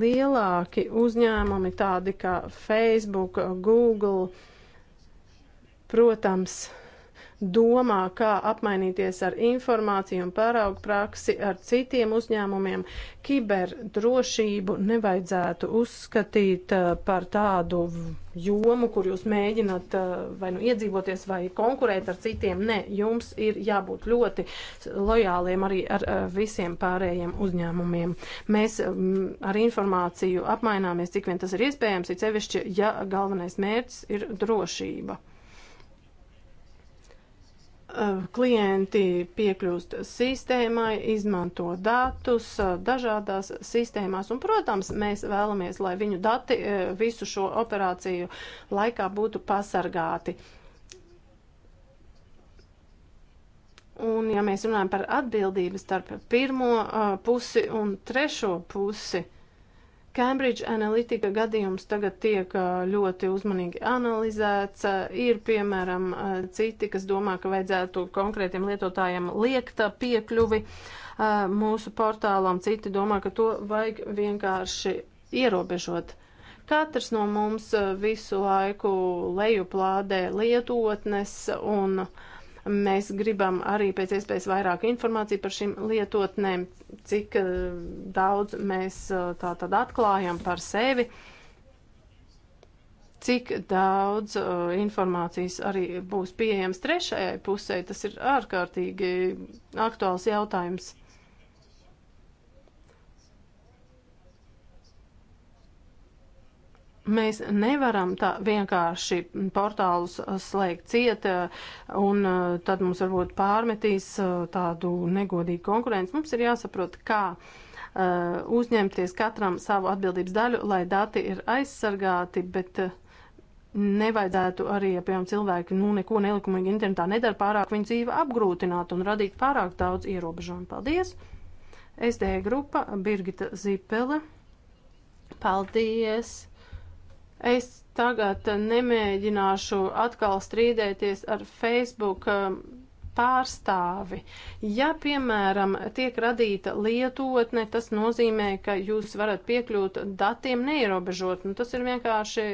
lielāki uzņēmumi, tādi kā Facebook, Google, protams, domā, kā apmainīties ar informāciju un pāraugu praksi ar citiem uzņēmumiem. Kiberdrošību nevajadzētu uzskatīt eh, par tādu jomu, kur jūs mēģināt eh, vai nu iedzīvoties vai konkurēt ar citiem. Nē, jums ir jābūt ļoti lojāliem arī ar eh, visiem pārējiem uzņēmumiem. Mēs mm, ar informāciju apmaināmies, cik vien tas ir iespējams, it sevišķi, ja galvenais mērķis ir drošība. Eh, klienti piekļūst sistēmai, izmanto datus eh, dažādās sistēmās, un, protams, mēs vēlamies, lai viņu dati eh, visu šo operāciju laikā būtu pasargāti. Un, ja mēs runājam par atbildību starp pirmo pusi un trešo pusi, Cambridge Analytica gadījums tagad tiek ļoti uzmanīgi analizēts. Ir, piemēram, citi, kas domā, ka vajadzētu konkrētiem lietotājiem liekt piekļuvi mūsu portālam, citi domā, ka to vajag vienkārši ierobežot. Katrs no mums visu laiku lejuplādē lietotnes un uh, Mēs gribam arī pēc iespējas vairāk informāciju par šīm lietotnēm, cik eh, daudz mēs eh, tā tad atklājam par sevi, cik daudz eh, informācijas arī būs pieejams trešajai pusē. Tas ir ārkārtīgi aktuāls jautājums. Mēs nevaram tā vienkārši portālus slēgt ciet, eh, un eh, tad mums varbūt pārmetīs eh, tādu negodīgu konkurenci. Mums ir jāsaprot, kā uzņemties katram savu atbildības daļu, lai dati ir aizsargāti, bet nevajadzētu arī, ja piemēram cilvēki nu, neko nelikumīgi internetā nedara, pārāk viņu dzīve apgrūtināt un radīt pārāk daudz ierobežojumu. Paldies! SD grupa Birgita Zipele. Paldies! Es tagad nemēģināšu atkal strīdēties ar Facebook um, pārstāvi. Ja, piemēram, tiek radīta lietotne, tas nozīmē, ka jūs varat piekļūt datiem neierobežot. Nu, tas ir vienkārši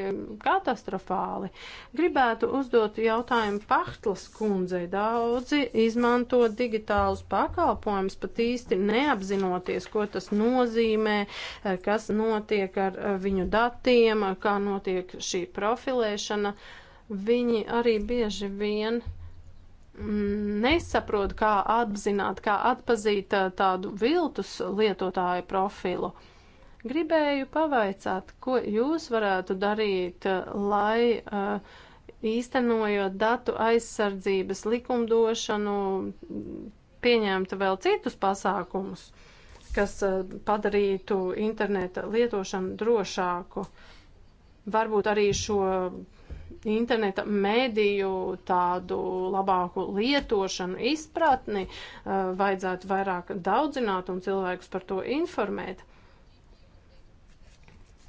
katastrofāli. Gribētu uzdot jautājumu Pahtlas kundzei. Daudzi izmanto digitālus pakalpojumus, pat īsti neapzinoties, ko tas nozīmē, kas notiek ar viņu datiem, kā notiek šī profilēšana. Viņi arī bieži vien uh, nesaprot, kā apzināt, kā atpazīt tādu viltus lietotāju profilu. Gribēju pavaicāt, ko jūs varētu darīt, lai īstenojot datu aizsardzības likumdošanu, pieņemtu vēl citus pasākumus, kas padarītu interneta lietošanu drošāku. Varbūt arī šo interneta mediju tādu labāku lietošanu, izpratni, eh, vajadzētu vairāk daudzināt un cilvēkus par to informēt.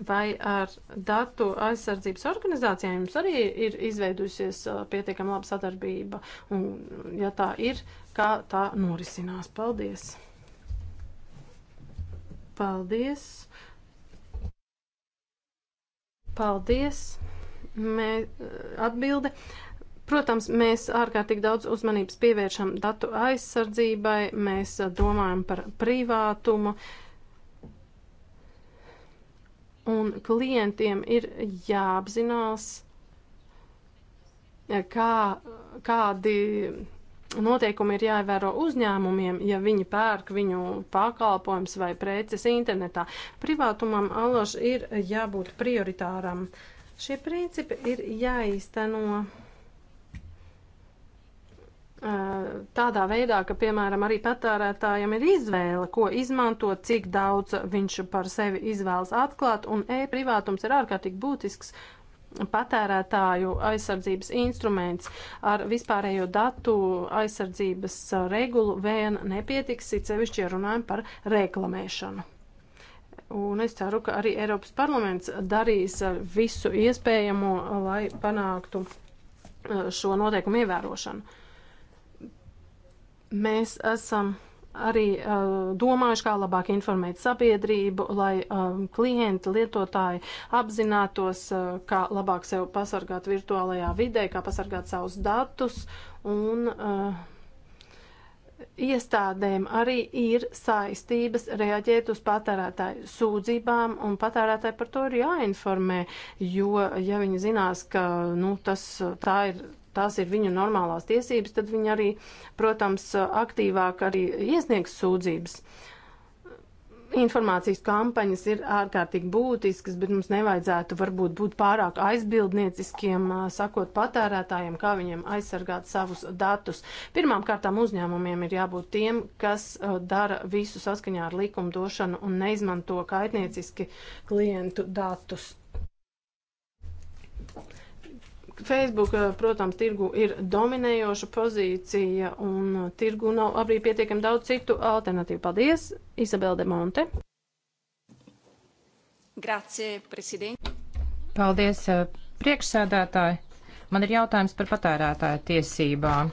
Vai ar datu aizsardzības organizācijām jums arī ir izveidusies eh, pietiekami laba sadarbība? Un, ja tā ir, kā tā norisinās? Paldies! Paldies! Paldies! Mē, atbilde. Protams, mēs ārkārtīgi daudz uzmanības pievēršam datu aizsardzībai, mēs domājam par privātumu, un klientiem ir jāapzinās, kā, kādi noteikumi ir jāievēro uzņēmumiem, ja viņi pērk viņu pakalpojums vai preces internetā. Privātumam allaž ir jābūt prioritāram. Uh, Šie principi ir jāīsteno tādā veidā, ka, piemēram, arī patērētājam ir izvēle, ko izmantot, cik daudz viņš par sevi izvēlas atklāt, un e-privātums ir ārkārtīgi būtisks patērētāju aizsardzības instruments ar vispārējo datu aizsardzības regulu vien nepietiks, it sevišķi runājam par reklamēšanu. Un es ceru, ka arī Eiropas parlaments darīs visu iespējamo, lai panāktu uh, šo noteikumu ievērošanu. Mēs esam arī uh, domājuši, kā labāk informēt sabiedrību, lai um, klienti, lietotāji apzinātos, uh, kā labāk sev pasargāt virtuālajā vidē, kā pasargāt savus datus un uh, Iestādēm arī ir saistības reaģēt uz patērētāju sūdzībām, un patērētāji par to ir jāinformē, jo, ja viņi zinās, ka nu, tas, tā ir tās ir viņu normālās tiesības, tad viņi arī, protams, aktīvāk arī iesniegs sūdzības. Informācijas kampaņas ir ārkārtīgi būtiskas, bet mums nevajadzētu varbūt būt pārāk aizbildnieciskiem, sakot patērētājiem, kā viņiem aizsargāt savus datus. Pirmām kārtām uzņēmumiem ir jābūt tiem, kas dara visu saskaņā ar likumdošanu un neizmanto kaitnieciski klientu datus. Facebook, eh, protams, tirgu ir dominējoša pozīcija un tirgu nav arī pietiekami daudz citu alternatīvu. Paldies, Isabel de Monte. Grazie, prezident. Paldies, eh, priekšsēdētāji. Man ir jautājums par patērētāju tiesībām.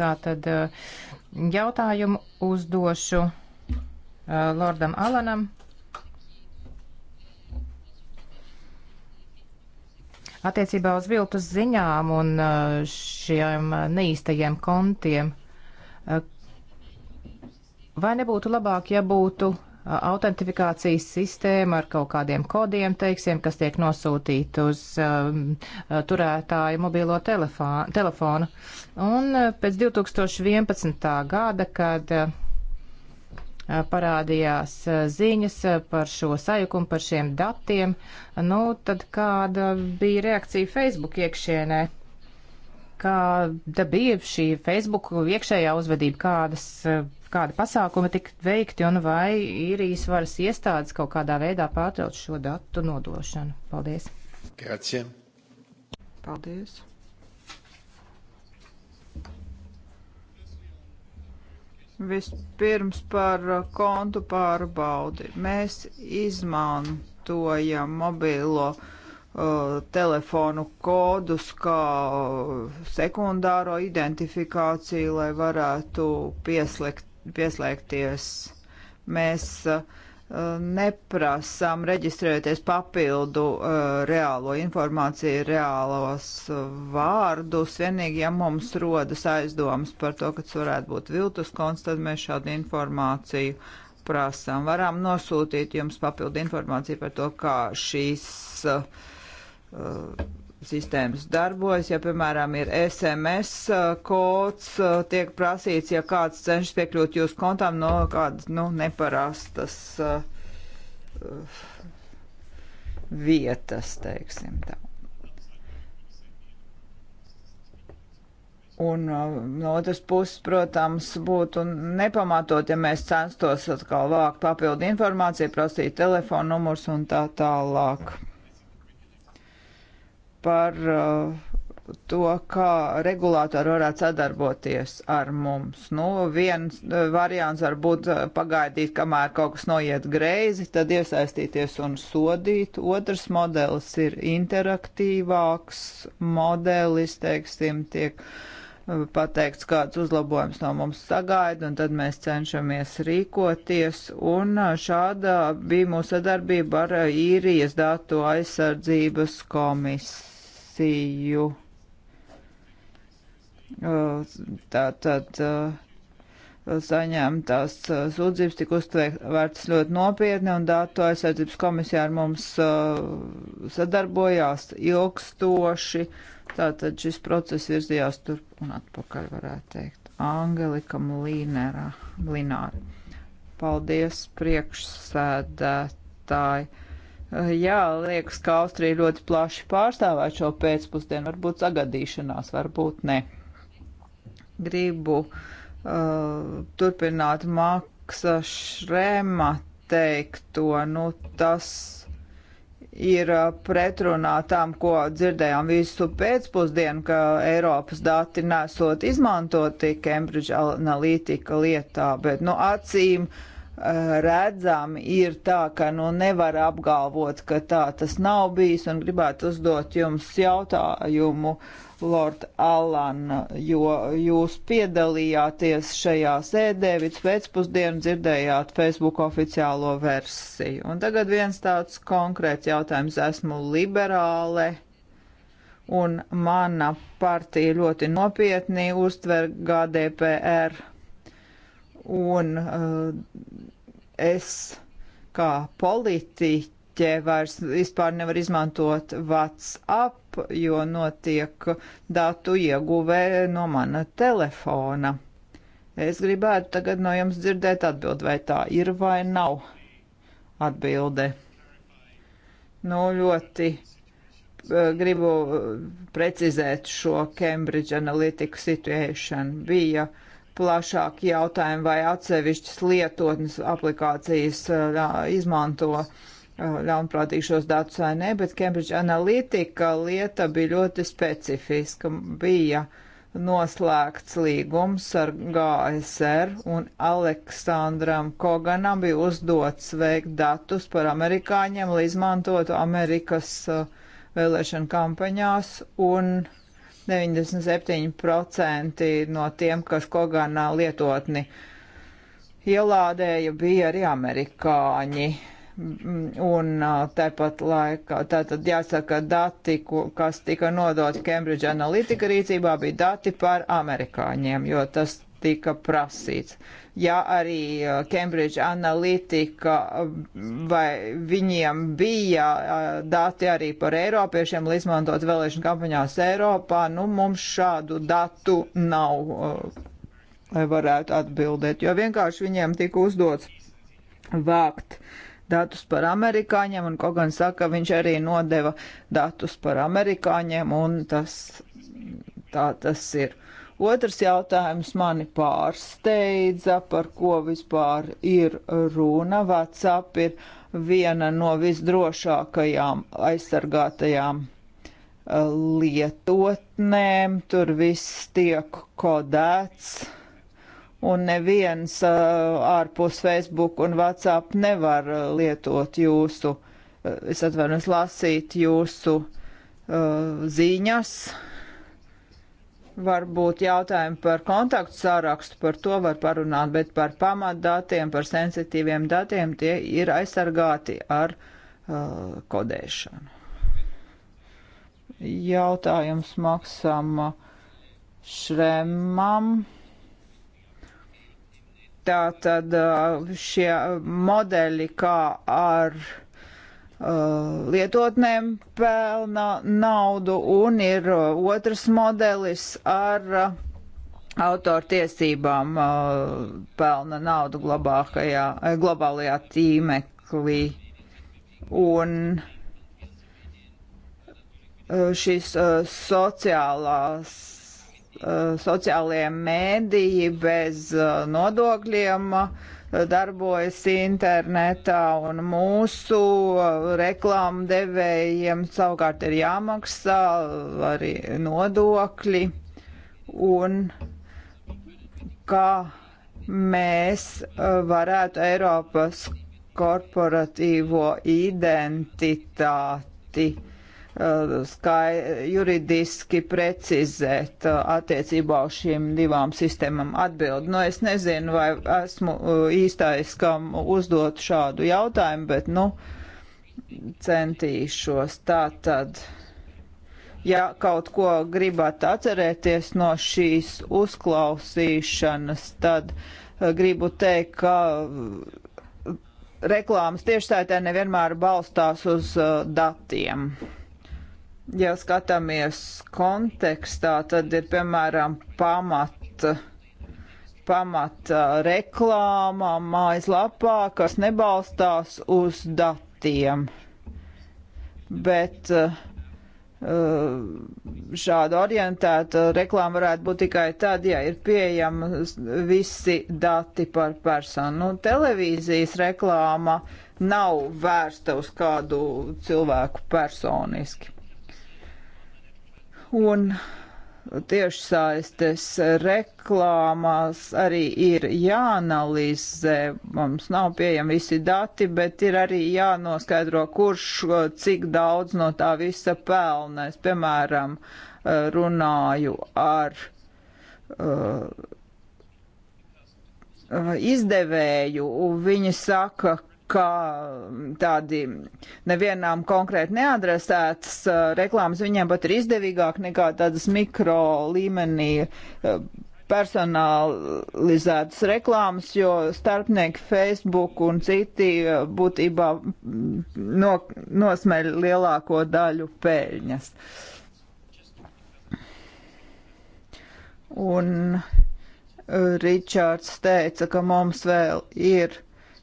Tātad eh, jautājumu uzdošu Lordam Alanam attiecībā uz viltus ziņām un uh, šiem uh, neīstajiem kontiem. Uh, vai nebūtu labāk, ja būtu autentifikācijas sistēma ar kaut kādiem kodiem, teiksim, kas tiek nosūtīti uz um, turētāju mobilo telefonu. Un pēc 2011. gada, kad uh, Eh, parādījās eh, ziņas eh, par šo sajukumu, par šiem datiem, nu, tad kāda bija reakcija Facebook iekšienē? Kāda bija šī Facebook iekšējā uzvedība, kādas, kāda pasākuma tika veikti un vai ir īsvaras iestādes kaut kādā veidā pārtrauc šo datu nodošanu? Paldies! Grazie! Paldies! Vispirms par uh, kontu pārbaudi. Mēs izmantojam mobilo uh, telefonu kodus kā uh, sekundāro identifikāciju, lai varētu pieslēgt, pieslēgties. Mēs uh, neprasām reģistrēties papildu eh, reālo informāciju, reālos eh, vārdus. Vienīgi, ja mums rodas aizdomas par to, ka tas varētu būt viltuskons, tad mēs šādu informāciju prasām. Varam nosūtīt jums papildu informāciju par to, kā šīs uh, sistēmas darbojas. Ja, piemēram, ir SMS uh, kods, uh, tiek prasīts, ja kāds cenšas piekļūt jūsu kontām no kādas nu, neparastas uh, vietas, teiksim tā. Un uh, no otras puses, protams, būtu nepamatot, ja mēs censtos atkal vākt papildu informāciju, prasīt telefonu numurs un tā tālāk par uh, to, kā regulātori varētu sadarboties ar mums. Nu, viens uh, variants var būt uh, pagaidīt, kamēr kaut kas noiet greizi, tad iesaistīties un sodīt. Otrs modelis ir interaktīvāks modelis, teiksim, tiek pateikts, kāds uzlabojums no mums sagaida, un tad mēs cenšamies rīkoties. Un šāda bija mūsu sadarbība ar īrijas datu aizsardzības komisiju komisiju. Uh, Tātad uh, saņemtās uh, sūdzības tika uztvērtas ļoti nopietni, un datu aizsardzības komisija ar mums sadarbojās ilgstoši. Tātad šis process virzījās turp un atpakaļ, varētu teikt. Angelika Mlīnera, Lināra. Paldies, priekšsēdētāji! Eh, jā, liekas, ka Austrija ļoti plaši pārstāvēt šo pēcpusdienu. Varbūt sagadīšanās, varbūt ne. Gribu uh, turpināt Maksa Šrēma teikto. Nu, tas ir eh, pretrunā tam, ko dzirdējām visu pēcpusdienu, ka Eiropas dati nesot izmantoti Cambridge Analytica lietā, bet, nu, acīm uh, redzami ir tā, ka nu nevar apgalvot, ka tā tas nav bijis un gribētu uzdot jums jautājumu, Lord Allan, jo jūs piedalījāties šajā sēdē, vidz pēcpusdienu dzirdējāt Facebook oficiālo versiju. Un tagad viens tāds konkrēts jautājums. Esmu liberāle un mana partija ļoti nopietni uztver GDPR Un uh, es kā politiķe vairs vispār nevar izmantot WhatsApp, jo notiek datu ieguvē no mana telefona. Es gribētu tagad no jums dzirdēt atbildi, vai tā ir vai nav atbilde. Nu, ļoti uh, gribu uh, precizēt šo Cambridge Analytica situāciju. Bija uh, plašāki jautājumi, vai atsevišķas lietotnes aplikācijas uh, izmanto uh, ļaunprātīgi šos datus vai nē, bet Cambridge Analytica lieta bija ļoti specifiska. Bija noslēgts līgums ar GSR un Aleksandram Koganam bija uzdots veikt datus par amerikāņiem, lai izmantotu Amerikas uh, vēlēšana kampaņās un uh, 97% no tiem, kas Kogana lietotni ielādēja, bija arī amerikāņi. Un uh, tāpat laikā, tātad jāsaka, dati, kas tika nodoti Cambridge Analytica rīcībā, bija dati par amerikāņiem, jo tas tika prasīts ja arī uh, Cambridge Analytica mm, vai viņiem bija uh, dati arī par Eiropiešiem, lai izmantot vēlēšanu kampaņās Eiropā, nu mums šādu datu nav, uh, lai varētu atbildēt, jo vienkārši viņiem tika uzdots vākt datus par amerikāņiem, un kaut gan saka, viņš arī nodeva datus par amerikāņiem, un tas tā tas ir. Otrs jautājums mani pārsteidza, par ko vispār ir runa. WhatsApp ir viena no visdrošākajām aizsargātajām eh, lietotnēm, tur viss tiek kodēts, un neviens eh, ārpus Facebook un WhatsApp nevar eh, lietot jūsu, es atvainojos, lasīt jūsu ziņas Varbūt jautājumi par kontaktu sārakstu, par to var parunāt, bet par pamatdatiem, par sensitīviem datiem tie ir aizsargāti ar uh, kodēšanu. Jautājums maksam Šremam. Tātad uh, šie modeļi, kā ar. Uh, Uh, lietotnēm pelna naudu un ir uh, otrs modelis ar uh, autortiesībām pelna naudu globālajā, globālajā tīmeklī. Un šis sociālās, sociālie mēdīji bez nodokļiem uh, darbojas internetā, un mūsu reklāmdevējiem savukārt ir jāmaksā arī nodokļi, un kā mēs varētu Eiropas korporatīvo identitāti Uh, skai, juridiski precizēt uh, attiecībā uz šīm divām sistēmām atbildi. Nu, es nezinu, vai esmu uh, īstais, kam uzdot šādu jautājumu, bet, nu, centīšos tā tad. Ja kaut ko gribat atcerēties no šīs uzklausīšanas, tad gribu teikt, ka reklāmas tiešsaitē nevienmēr balstās uz datiem ja skatāmies kontekstā, tad ir piemēram pamata pamata reklāmā, mājaslapā, kas nebalstās uz datiem. Bet uh, šāda orientēta reklāma varētu būt tikai tad, ja ir pieejama visi dati par personu. Nu, televīzijas reklāma nav vērsta uz kādu cilvēku personiski. Un tiešsaistes reklāmās arī ir jāanalizē. Mums nav pieejami visi dati, bet ir arī jānoskaidro, kurš cik daudz no tā visa pelna. Es, piemēram, runāju ar uh, izdevēju, viņi saka, ka mm, tādi nevienām konkrēti neadresētas reklāmas viņiem pat ir izdevīgāk nekā tādas mikro līmenī personalizētas reklāmas, jo starpnieki Facebook un citi būtībā mm, no, nosmeļ lielāko daļu pēļņas. Un Ričards teica, ka mums vēl ir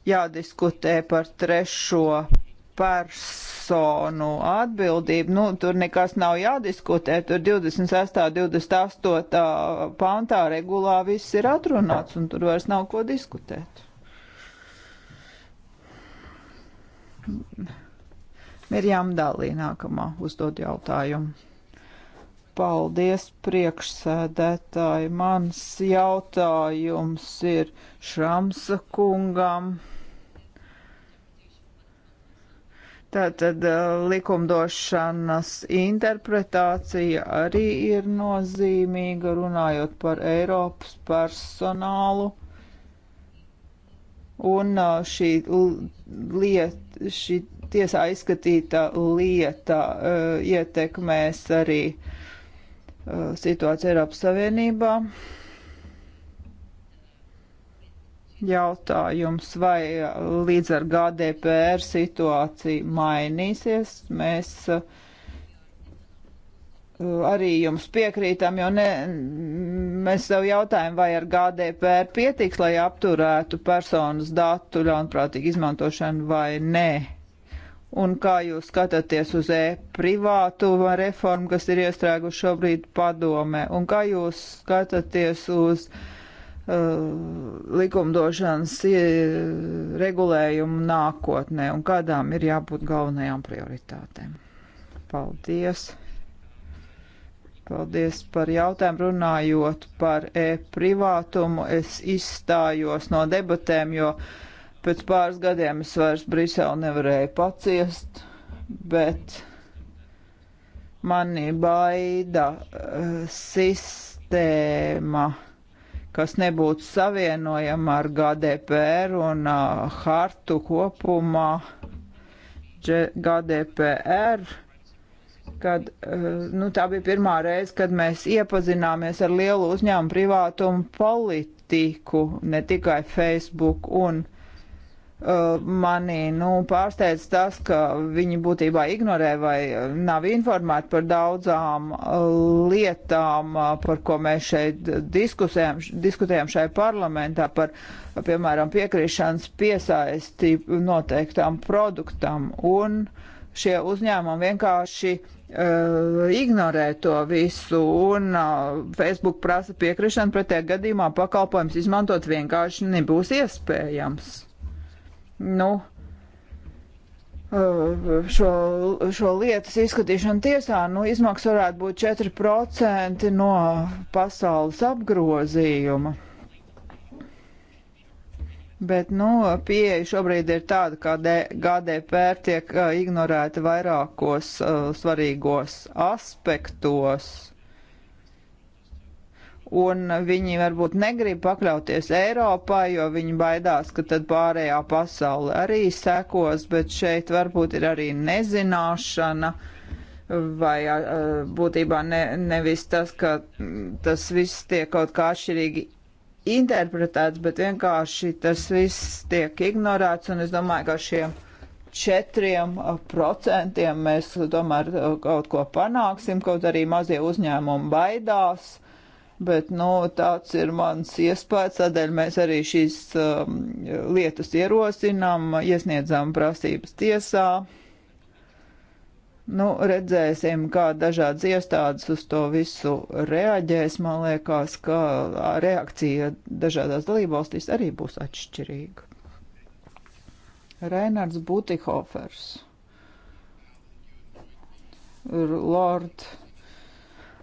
jādiskutē par trešo personu atbildību. Nu, tur nekas nav jādiskutē, tur 26. 28. pantā regulā viss ir atrunāts un tur vairs nav ko diskutēt. Mirjām Dālī nākamā uzdod jautājumu. Paldies, priekšsēdētāji. Mans jautājums ir Šramsa kungam. Tātad likumdošanas interpretācija arī ir nozīmīga, runājot par Eiropas personālu. Un šī, lieta, šī tiesā izskatīta lieta uh, ietekmēs arī uh, situāciju Eiropas Savienībā jautājums, vai eh, līdz ar GDPR situācija mainīsies. Mēs eh, arī jums piekrītam, jo ne, mēs sev jautājam, vai ar GDPR pietiks, lai apturētu personas datu ļaunprātīgu izmantošanu vai nē. Un kā jūs skatāties uz e-privātu reformu, kas ir iestrēguši šobrīd padomē, un kā jūs skatāties uz uh, Uh, likumdošanas uh, regulējumu nākotnē un kādām ir jābūt galvenajām prioritātēm. Paldies! Paldies par jautājumu. Runājot par e-privātumu, es izstājos no debatēm, jo pēc pāris gadiem es vairs Briselu nevarēju paciest, bet mani baida uh, sistēma. Uh, kas nebūtu savienojama ar GDPR un uh, hartu kopumā. GDPR kad nu, tā bija pirmā reize, kad mēs iepazināmies ar lielu uzņēmumu privātumu politiku, ne tikai Facebook. Un Uh, mani nu, pārsteidz tas, ka viņi būtībā ignorē vai nav informēti par daudzām uh, lietām, uh, par ko mēs šeit diskusējam, diskutējam šai parlamentā, par, piemēram, piekrišanas piesaisti noteiktām produktam. Un šie uzņēmumi vienkārši uh, ignorē to visu, un uh, Facebook prasa piekrišanu, pretējā gadījumā pakalpojums izmantot vienkārši nebūs iespējams nu, uh, šo, šo lietas izskatīšanu tiesā, nu, izmaksas varētu būt 4% no pasaules apgrozījuma. Bet, nu, pieeja šobrīd ir tāda, ka GDPR tiek uh, ignorēta vairākos uh, svarīgos aspektos un viņi varbūt negrib pakļauties Eiropai, jo viņi baidās, ka tad pārējā pasaule arī sekos, bet šeit varbūt ir arī nezināšana vai būtībā ne, nevis tas, ka tas viss tiek kaut kā atšķirīgi interpretēts, bet vienkārši tas viss tiek ignorēts, un es domāju, ka šiem četriem procentiem mēs tomēr kaut ko panāksim, kaut arī mazie uzņēmumi baidās bet nu, tāds ir mans iespējas. Tādēļ mēs arī šīs um, lietas ierosinām, iesniedzām prasības tiesā. Nu, redzēsim, kā dažādas iestādes uz to visu reaģēs. Man liekas, ka reakcija dažādās dalībvalstīs arī būs atšķirīga. Reinards Butikofers. Lord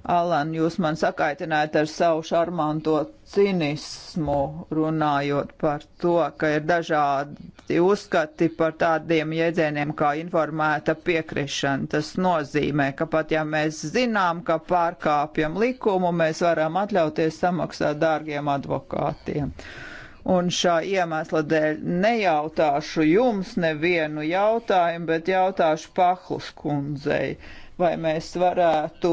Alan, jūs man sakaitinājāt ar savu šarmanto cinismu, runājot par to, ka ir dažādi uzskati par tādiem jēdzieniem kā informēta piekrišana. Tas nozīmē, ka pat ja mēs zinām, ka pārkāpjam likumu, mēs varam atļauties samaksāt dārgiem advokātiem. Un šā iemesla dēļ nejautāšu jums nevienu jautājumu, bet jautāšu Pahlas kundzei. Uh, vai mēs varētu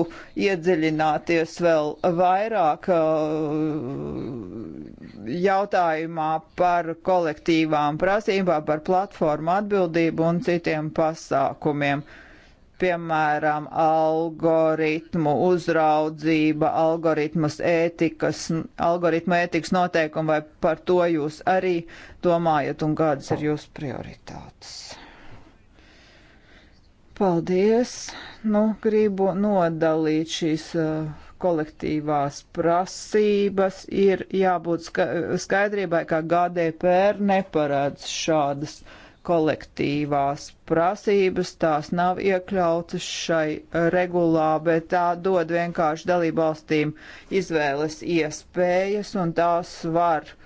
iedziļināties vēl vairāk uh, jautājumā par kolektīvām prasībām, par platformu atbildību un citiem pasākumiem. Piemēram, algoritmu uzraudzība, algoritmas ētikas, algoritmu ētikas noteikumi, vai par to jūs arī domājat un kādas ir jūsu prioritātes? Paldies! Nu, gribu nodalīt šīs uh, kolektīvās prasības ir jābūt skaidrībai, ka GDPR neparādz šādas kolektīvās prasības, tās nav iekļautas šai regulā, bet tā dod vienkārši dalībvalstīm izvēles iespējas un tās var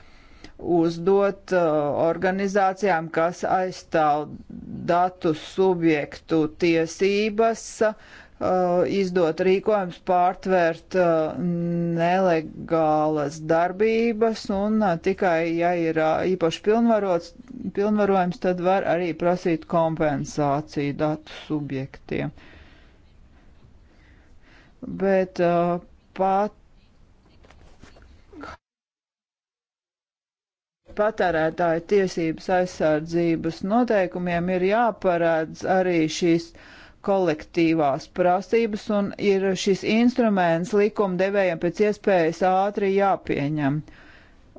uzdot uh, organizācijām, kas aizstāv datu subjektu tiesības, uh, izdot rīkojums pārtvērt uh, nelegālas darbības, un tikai, ja ir īpaši pilnvarojums, tad var arī prasīt kompensāciju datu subjektiem. Bet pat patērētāju tiesības aizsardzības noteikumiem ir jāparādz arī šīs kolektīvās prasības un ir šis instruments likumdevējiem pēc iespējas ātri jāpieņem. Uh,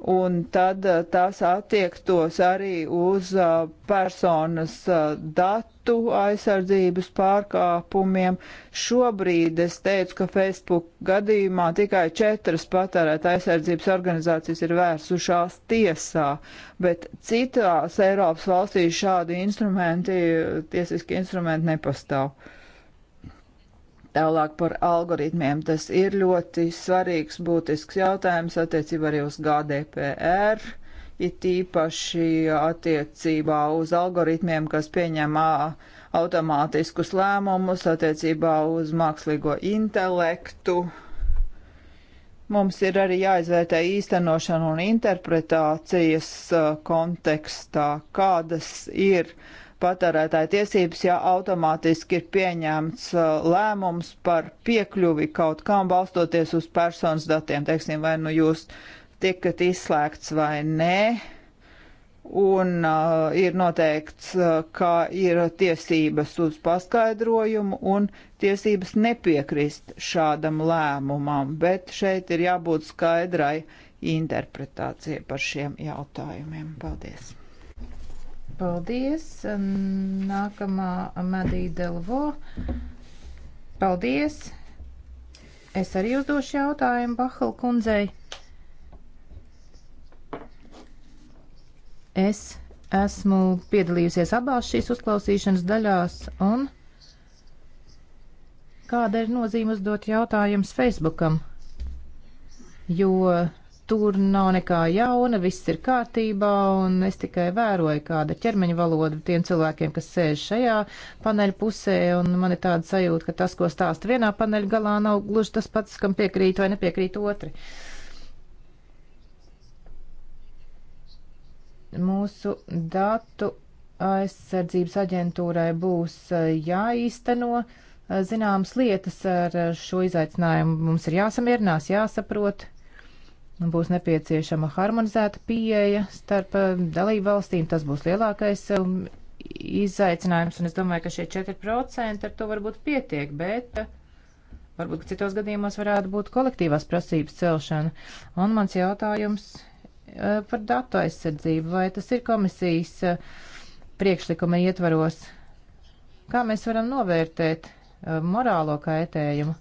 un tad eh, tas attiektos arī uz eh, personas eh, datu aizsardzības pārkāpumiem. Šobrīd es teicu, ka Facebook gadījumā tikai četras patērēta aizsardzības organizācijas ir vērsušās tiesā, bet citās Eiropas valstīs šādi instrumenti, tiesiski instrumenti nepastāv. Tālāk par algoritmiem. Tas ir ļoti svarīgs, būtisks jautājums attiecībā arī uz GDPR, it īpaši attiecībā uz algoritmiem, kas pieņem automātiskus lēmumus attiecībā uz mākslīgo intelektu. Mums ir arī jāizvērtē īstenošana un interpretācijas kontekstā, kādas ir uh, patērētāja tiesības, ja automātiski ir pieņemts uh, lēmums par piekļuvi kaut kam balstoties uz personas datiem, teiksim, vai nu jūs tikat izslēgts vai nē. Un uh, ir noteikts, uh, ka ir tiesības uz paskaidrojumu un tiesības nepiekrist šādam lēmumam, bet šeit ir jābūt skaidrai interpretācijai par šiem jautājumiem. Paldies! Paldies. Nākamā Madija Delvo. Paldies. Es arī uzdošu jautājumu Bahal kundzei. Es esmu piedalījusies abās šīs uzklausīšanas daļās, un kāda ir nozīme uzdot jautājumus Facebookam? Jo tur nav nekā jauna, viss ir kārtībā, un es tikai vēroju kāda ķermeņa valoda tiem cilvēkiem, kas sēž šajā paneļa pusē, un man ir tāda sajūta, ka tas, ko stāsta vienā paneļa galā, nav gluži tas pats, kam piekrīt vai nepiekrīt otri. Mūsu datu aizsardzības aģentūrai būs e, jāīsteno e, zināmas lietas ar e, šo izaicinājumu. Mums ir jāsamierinās, jāsaprot, Būs nepieciešama harmonizēta pieeja starp eh, dalību valstīm. Tas būs lielākais eh, izaicinājums, un es domāju, ka šie 4% ar to varbūt pietiek, bet eh, varbūt citos gadījumos varētu būt kolektīvās prasības celšana. Un mans jautājums par datu aizsardzību, vai tas ir komisijas priekšlikuma ietvaros? Kā mēs varam novērtēt morālo kaitējumu?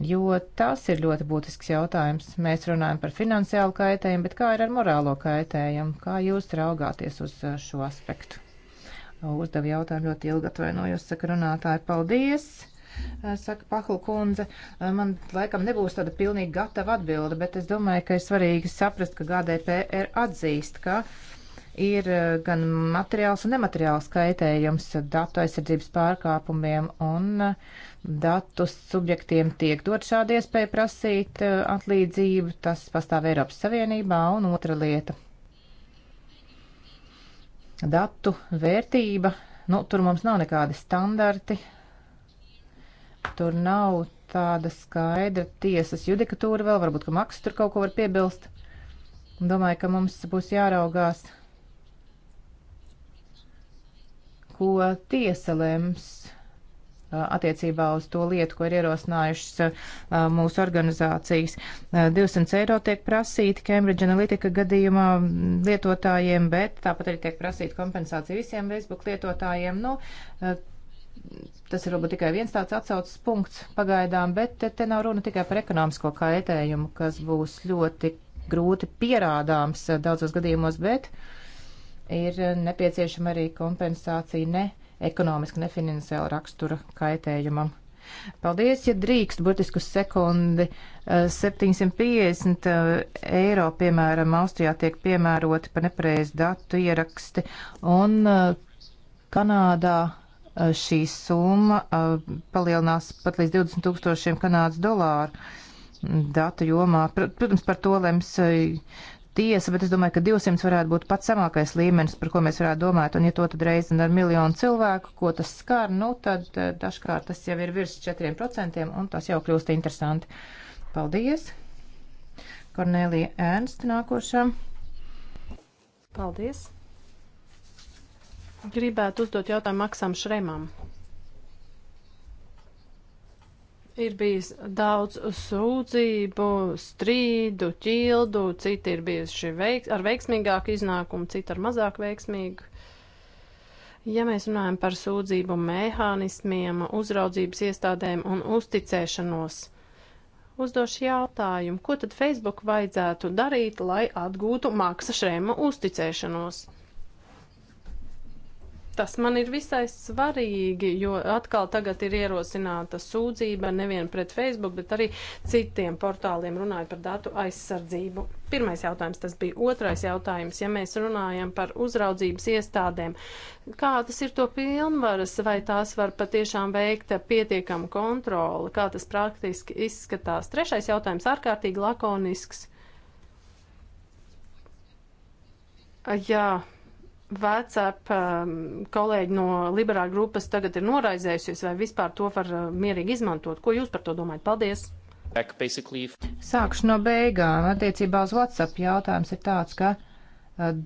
jo tas ir ļoti būtisks jautājums. Mēs runājam par finansiālu kaitējumu, bet kā ir ar morālo kaitējumu? Kā jūs raugāties uz uh, šo aspektu? Uzdev jautājumu ļoti ilgi atvainojos, saka runātāji, paldies! Uh, saka Pahla kundze, uh, man laikam nebūs tāda pilnīgi gatava atbilde, bet es domāju, ka ir svarīgi saprast, ka GDPR atzīst, ka ir gan materiāls un nemateriāls kaitējums datu aizsardzības pārkāpumiem un uh, datus subjektiem tiek dot šāda iespēja prasīt eh, atlīdzību, tas pastāv Eiropas Savienībā, un otra lieta - datu vērtība, nu, tur mums nav nekādi standarti, tur nav tāda skaidra tiesas judikatūra vēl, varbūt, ka Maks tur kaut ko var piebilst. Domāju, ka mums būs jāraugās, ko tiesa lems Uh, attiecībā uz to lietu, ko ir ierosinājušas uh, mūsu organizācijas. 200 uh, eiro tiek prasīti Cambridge Analytica gadījumā lietotājiem, bet tāpat arī tiek prasīta kompensācija visiem Facebook lietotājiem. Nu, Tas ir varbūt tikai viens tāds atsaucas punkts pagaidām, bet te, te nav runa tikai par ekonomisko kaitējumu, kas būs ļoti grūti pierādāms daudzos gadījumos, bet ir nepieciešama arī kompensācija ne ekonomiski nefinanciāla rakstura kaitējumam. Paldies, ja drīkst, burtisku sekundi. 750 eh, eh, eiro, piemēram, Austrijā tiek piemēroti par nepareizu datu ieraksti, un eh, Kanādā šī summa palielinās pat līdz 20 tūkstošiem Kanādas dolāru datu jomā. Protams, par to lems tiesa, bet es domāju, ka 200 varētu būt pats samākais līmenis, par ko mēs varētu domāt. Un ja to tad reizina ar miljonu cilvēku, ko tas skar, nu tad eh, dažkārt tas jau ir virs 4% un tas jau kļūst interesanti. Paldies! Kornelija Ernst nākošā. Paldies! Gribētu uzdot jautājumu Maksam Šremam. Ir bijis daudz sūdzību, strīdu, ķildu, citi ir bijuši veiks, ar veiksmīgāku iznākumu, citi ar mazāk veiksmīgu. Ja mēs runājam par sūdzību mehānismiem, uzraudzības iestādēm un uzticēšanos, uzdošu jautājumu, ko tad Facebook vajadzētu darīt, lai atgūtu Maksa Šrēma uzticēšanos? Tas man ir visai svarīgi, jo atkal tagad ir ierosināta sūdzība nevien pret Facebook, bet arī citiem portāliem runājot par datu aizsardzību. Pirmais jautājums tas bija. Otrais jautājums, ja mēs runājam par uzraudzības iestādēm, kādas ir to pilnvaras, vai tās var patiešām veikt pietiekamu kontroli, kā tas praktiski izskatās. Trešais jautājums ārkārtīgi lakonisks. Jā, WhatsApp um, kolēģi no liberāļu grupas tagad ir noraizējusies, vai vispār to var uh, mierīgi izmantot. Ko jūs par to domājat? Paldies! Sākšu no beigām. Attiecībā uz WhatsApp jautājums ir tāds, ka uh,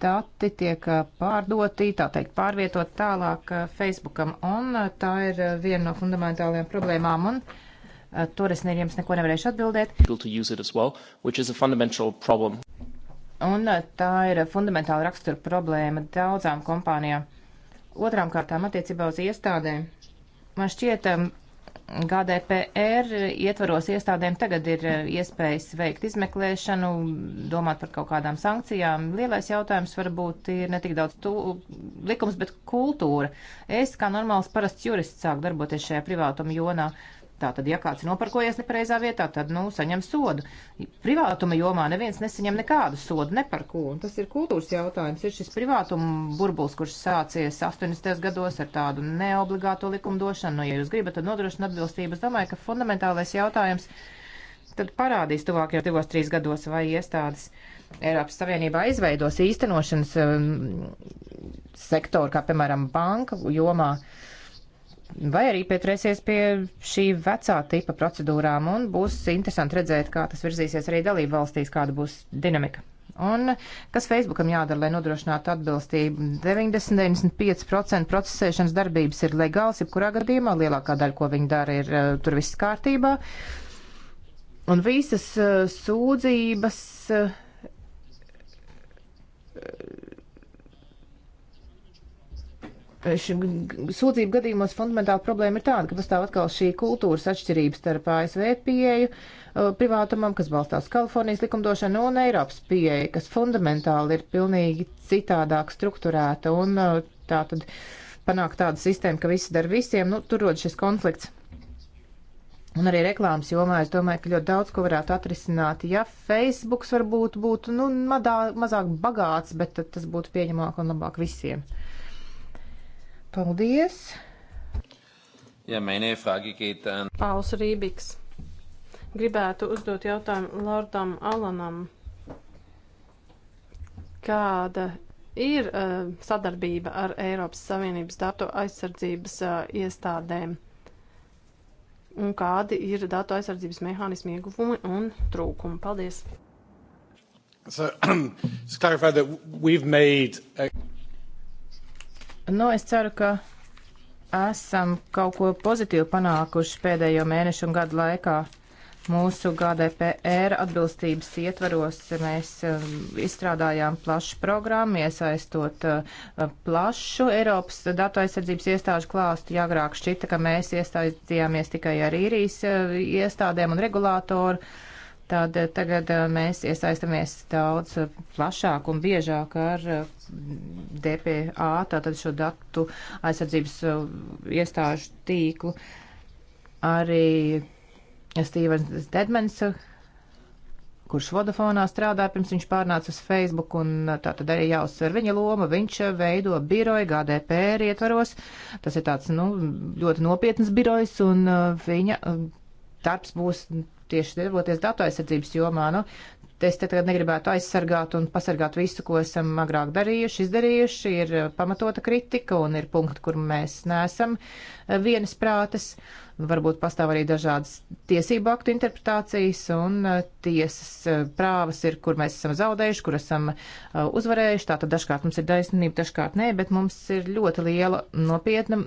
dati tiek uh, pārdoti, tā teikt, pārvietot tālāk Facebookam, un tā ir viena no fundamentālajām problēmām. Un Tur es neviens neko nevarēšu atbildēt. Well, Un eh, tā ir fundamentāla rakstura problēma daudzām kompānijām. Otrām kārtām attiecībā uz iestādēm. Man šķiet, ehm, GDPR ietvaros iestādēm tagad ir eh, iespējas veikt izmeklēšanu, domāt par kaut kādām sankcijām. Lielais jautājums varbūt ir ne tik daudz tū, likums, bet kultūra. Es kā normāls parasts jurists sāku darboties šajā privātuma jonā. Uh, Tātad, ja kāds noparkojies nepareizā vietā, tad, nu, saņem sodu. Privātuma jomā neviens nesaņem nekādu sodu, ne par ko. Un tas ir kultūras jautājums. Ir šis privātuma burbulis, kurš sācies 80. gados ar tādu neobligāto likumdošanu. Nu, ja jūs gribat, tad nodrošina atbilstību. Es domāju, ka fundamentālais jautājums tad parādīs tuvākajos divos, trīs gados, vai iestādes Eiropas Savienībā izveidos īstenošanas um, sektoru, kā piemēram banka jomā. Uh, vai arī pieturēsies pie šī vecā tipa procedūrām, un būs interesanti redzēt, kā tas virzīsies arī dalību valstīs, kāda būs dinamika. Un kas Facebookam jādara, lai nodrošinātu atbilstību? 90-95% procesēšanas darbības ir legāls, jebkurā gadījumā lielākā daļa, ko viņi dara, ir eh, tur viss kārtībā. Un visas uh, sūdzības uh, Sūdzību gadījumos fundamentāla problēma ir tāda, ka pastāv atkal šī kultūras atšķirības starp ASV pieeju uh, privātumam, kas balstās Kalifornijas likumdošanu, un Eiropas pieeja, kas fundamentāli ir pilnīgi citādāk strukturēta un uh, tā tad panāk tāda sistēma, ka visi dar visiem, nu, tur rod šis konflikts. Un arī reklāmas jomā es domāju, ka ļoti daudz ko varētu atrisināt. Ja Facebooks varbūt būtu nu, madā, mazāk bagāts, bet tas būtu pieņemāk un labāk visiem. Paldies! Ja mēnē frāgi geht an... Pauls Rībiks. Gribētu uzdot jautājumu Lordam Alanam. Kāda ir uh, sadarbība ar Eiropas Savienības datu aizsardzības uh, iestādēm? Un kādi ir datu aizsardzības mehānismi ieguvumi un trūkumi? Paldies! So, to clarify that we've made a Nu, es ceru, ka esam kaut ko pozitīvu panākuši pēdējo mēnešu un gadu laikā. Mūsu GDPR atbilstības ietvaros mēs um, izstrādājām plašu programmu, iesaistot uh, plašu Eiropas datu aizsardzības iestāžu klāstu. Jāgrāk šķita, ka mēs iesaistījāmies tikai ar īrijas uh, iestādēm un regulātoru tad eh, tagad eh, mēs iesaistamies daudz eh, plašāk un biežāk ar DPA, tātad šo datu aizsardzības iestāžu tīklu. Arī Stīvens Dedmens, kurš Vodafonā strādāja pirms viņš pārnāca uz Facebook, un tātad arī jāuzsver viņa loma, viņš veido biroju GDPR ietvaros, tas ir tāds, nu, ļoti nopietnas birojs, un viņa darbs būs tieši darboties datu aizsardzības jomā. Nu, es te tagad negribētu aizsargāt un pasargāt visu, ko esam agrāk darījuši, izdarījuši. Ir pamatota kritika un ir punkti, kur mēs neesam eh, vienas prātes. Varbūt pastāv arī dažādas tiesību aktu interpretācijas un eh, tiesas eh, prāvas ir, kur mēs esam zaudējuši, kur esam uzvarējuši. Tātad dažkārt mums ir taisnība, dažkārt nē, bet mums ir ļoti liela nopietna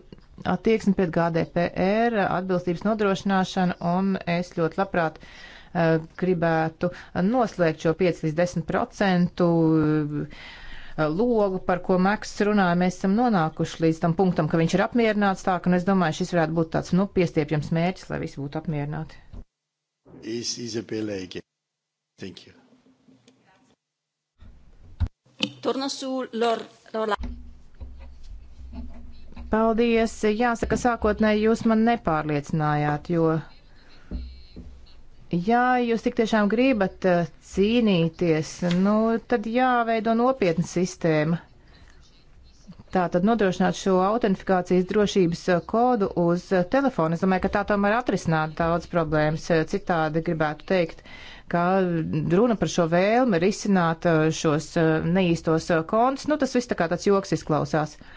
attieksmi pret GDPR, atbilstības nodrošināšanu, un es ļoti labprāt eh, gribētu noslēgt šo 5 līdz 10 procentu eh, logu, par ko Maks runāja, mēs esam nonākuši līdz tam punktam, ka viņš ir apmierināts tā, ka, nu, es domāju, šis varētu būt tāds, nu, piestiepjams mērķis, lai visi būtu apmierināti. Is Isabella again. Thank you. Torno sull'or... Paldies. Jāsaka, sākotnēji jūs man nepārliecinājāt, jo. Ja jūs tik tiešām gribat eh, cīnīties, nu, tad jāveido nopietna sistēma. Tā tad nodrošināt šo autentifikācijas drošības eh, kodu uz eh, telefonu. Es domāju, ka tā tomēr atrisināt daudz problēmas. Citādi gribētu teikt, ka runa par šo vēlmi risināt šos neīstos kontus, nu, tas viss tā kā tāds joks izklausās. Uh,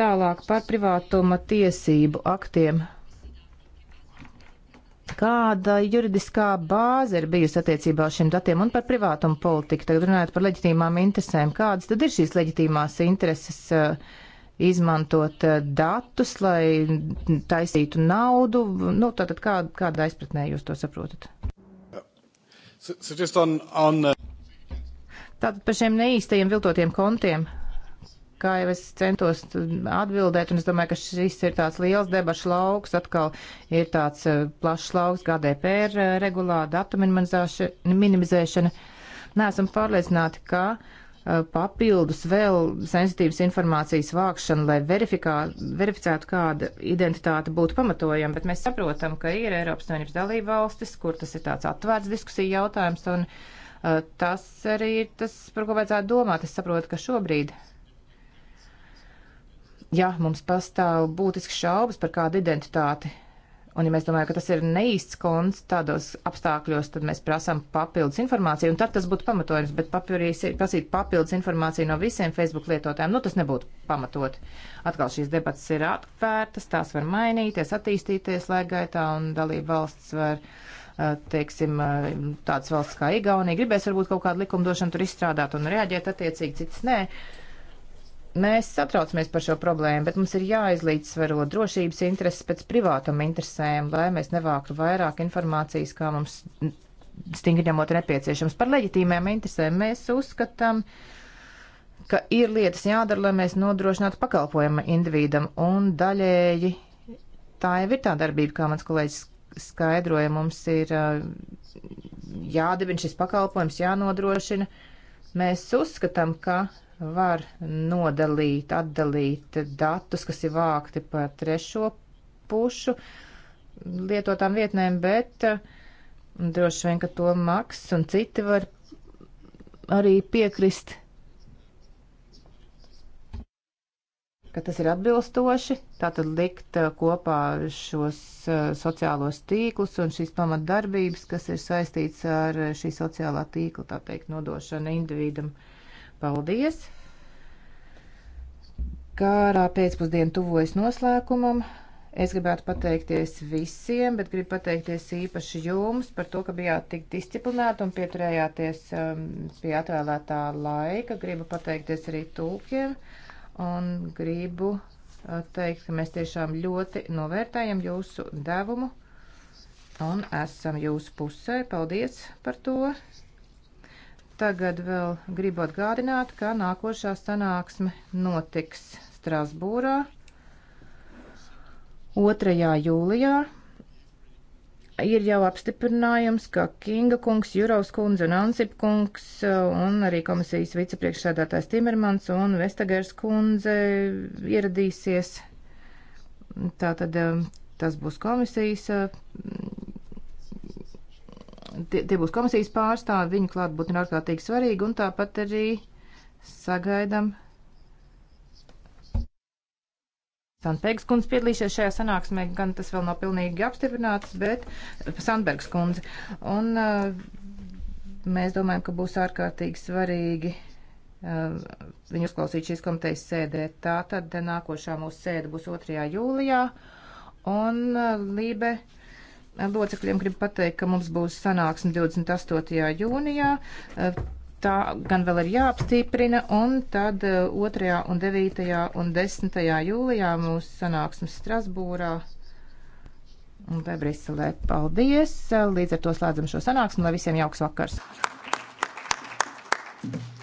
Tālāk par privātuma tiesību aktiem. Kāda juridiskā bāze ir bijusi attiecībā uz šiem datiem un par privātumu politiku? Tagad runājot par leģitīmām interesēm, kādas tad ir šīs leģitīmās intereses uh, izmantot uh, datus, lai taisītu naudu? Nu, tātad kā, kādā aizpratnē jūs to saprotat? So, so on, on, uh... Tātad par šiem neīstajiem viltotiem kontiem kā jau es centos atbildēt, un es domāju, ka šis ir tāds liels debašu lauks, atkal ir tāds eh, plašs lauks GDPR eh, regulā, datu minimizēšana. Nesam pārliecināti, ka eh, papildus vēl sensitīvas informācijas vākšana, lai verificētu, kāda identitāte būtu pamatojama, bet mēs saprotam, ka ir Eiropas Savienības dalība valstis, kur tas ir tāds atvērts diskusija jautājums, un tas arī ir tas, par ko vajadzētu domāt. Es saprotu, ka šobrīd ja mums pastāv būtiski šaubas par kādu identitāti, un ja mēs domājam, ka tas ir neīsts konts tādos apstākļos, tad mēs prasām papildus informāciju, un tad tas būtu pamatojums, bet papirīs, prasīt papildus informāciju no visiem Facebook lietotājiem, nu tas nebūtu pamatot. Atkal šīs debatas ir atvērtas, tās var mainīties, attīstīties laikgaitā, un dalība valsts var teiksim, tādas valsts kā Igaunija, gribēs varbūt kaut kādu likumdošanu tur izstrādāt un reaģēt attiecīgi, citas nē. Uh, Mēs satraucamies par šo problēmu, bet mums ir jāizlīdzsvaro drošības intereses pēc privātuma interesēm, lai mēs nevāktu vairāk informācijas, kā mums stingri ņemot nepieciešams. Par leģitīmiem interesēm mēs uzskatām, ka ir lietas jādara, lai mēs nodrošinātu pakalpojumu individam, un daļēji tā jau ir tā darbība, kā mans kolēģis skaidroja, mums ir uh, jādibina šis pakalpojums, jānodrošina. Mēs uzskatām, ka var nodalīt, atdalīt datus, kas ir vākti par trešo pušu lietotām vietnēm, bet eh, droši vien, ka to maks un citi var arī piekrist, ka tas ir atbilstoši, tātad likt eh, kopā šos eh, sociālos tīklus un šīs pamatdarbības, kas ir saistīts ar šī sociālā tīkla, tā teikt, nodošana individam. Uh, Paldies! Kārā pēcpusdiena tuvojas noslēgumam. Es gribētu pateikties visiem, bet gribu pateikties īpaši jums par to, ka bijāt tik disciplinēti un pieturējāties um, pie atvēlētā laika. Gribu pateikties arī tūkiem un gribu uh, teikt, ka mēs tiešām ļoti novērtējam jūsu devumu un esam jūsu pusē. Paldies par to! Tagad vēl gribu atgādināt, ka nākošā sanāksme notiks Strasbūrā 2. jūlijā. Ir jau apstiprinājums, ka Kinga kungs, Jurovs kundze un Ansip kungs un arī komisijas vicepriekšsēdētājs Timermans un Vestagers kundze ieradīsies. Tātad um, tas būs komisijas uh, tie, tie būs komisijas pārstāvi, viņu klātbūtne ir ārkārtīgi svarīga, un tāpat arī sagaidam. Sandbergs kundze piedalīsies šajā sanāksmē, gan tas vēl nav pilnīgi apstiprināts, bet Sandbergs kundze. Un uh, mēs domājam, ka būs ārkārtīgi svarīgi uh, viņu uzklausīt šīs komitejas sēdē. Tā tad nākošā mūsu sēde būs 2. jūlijā, un uh, Lībe locekļiem gribu pateikt, ka mums būs sanāksme 28. jūnijā. Tā gan vēl ir jāapstiprina, un tad 2. Eh, un 9. un 10. jūlijā mūsu sanāksme Strasbūrā un vai Briselē. Paldies! Līdz ar to slēdzam šo sanāksmu, lai visiem jauks vakars! Thank you.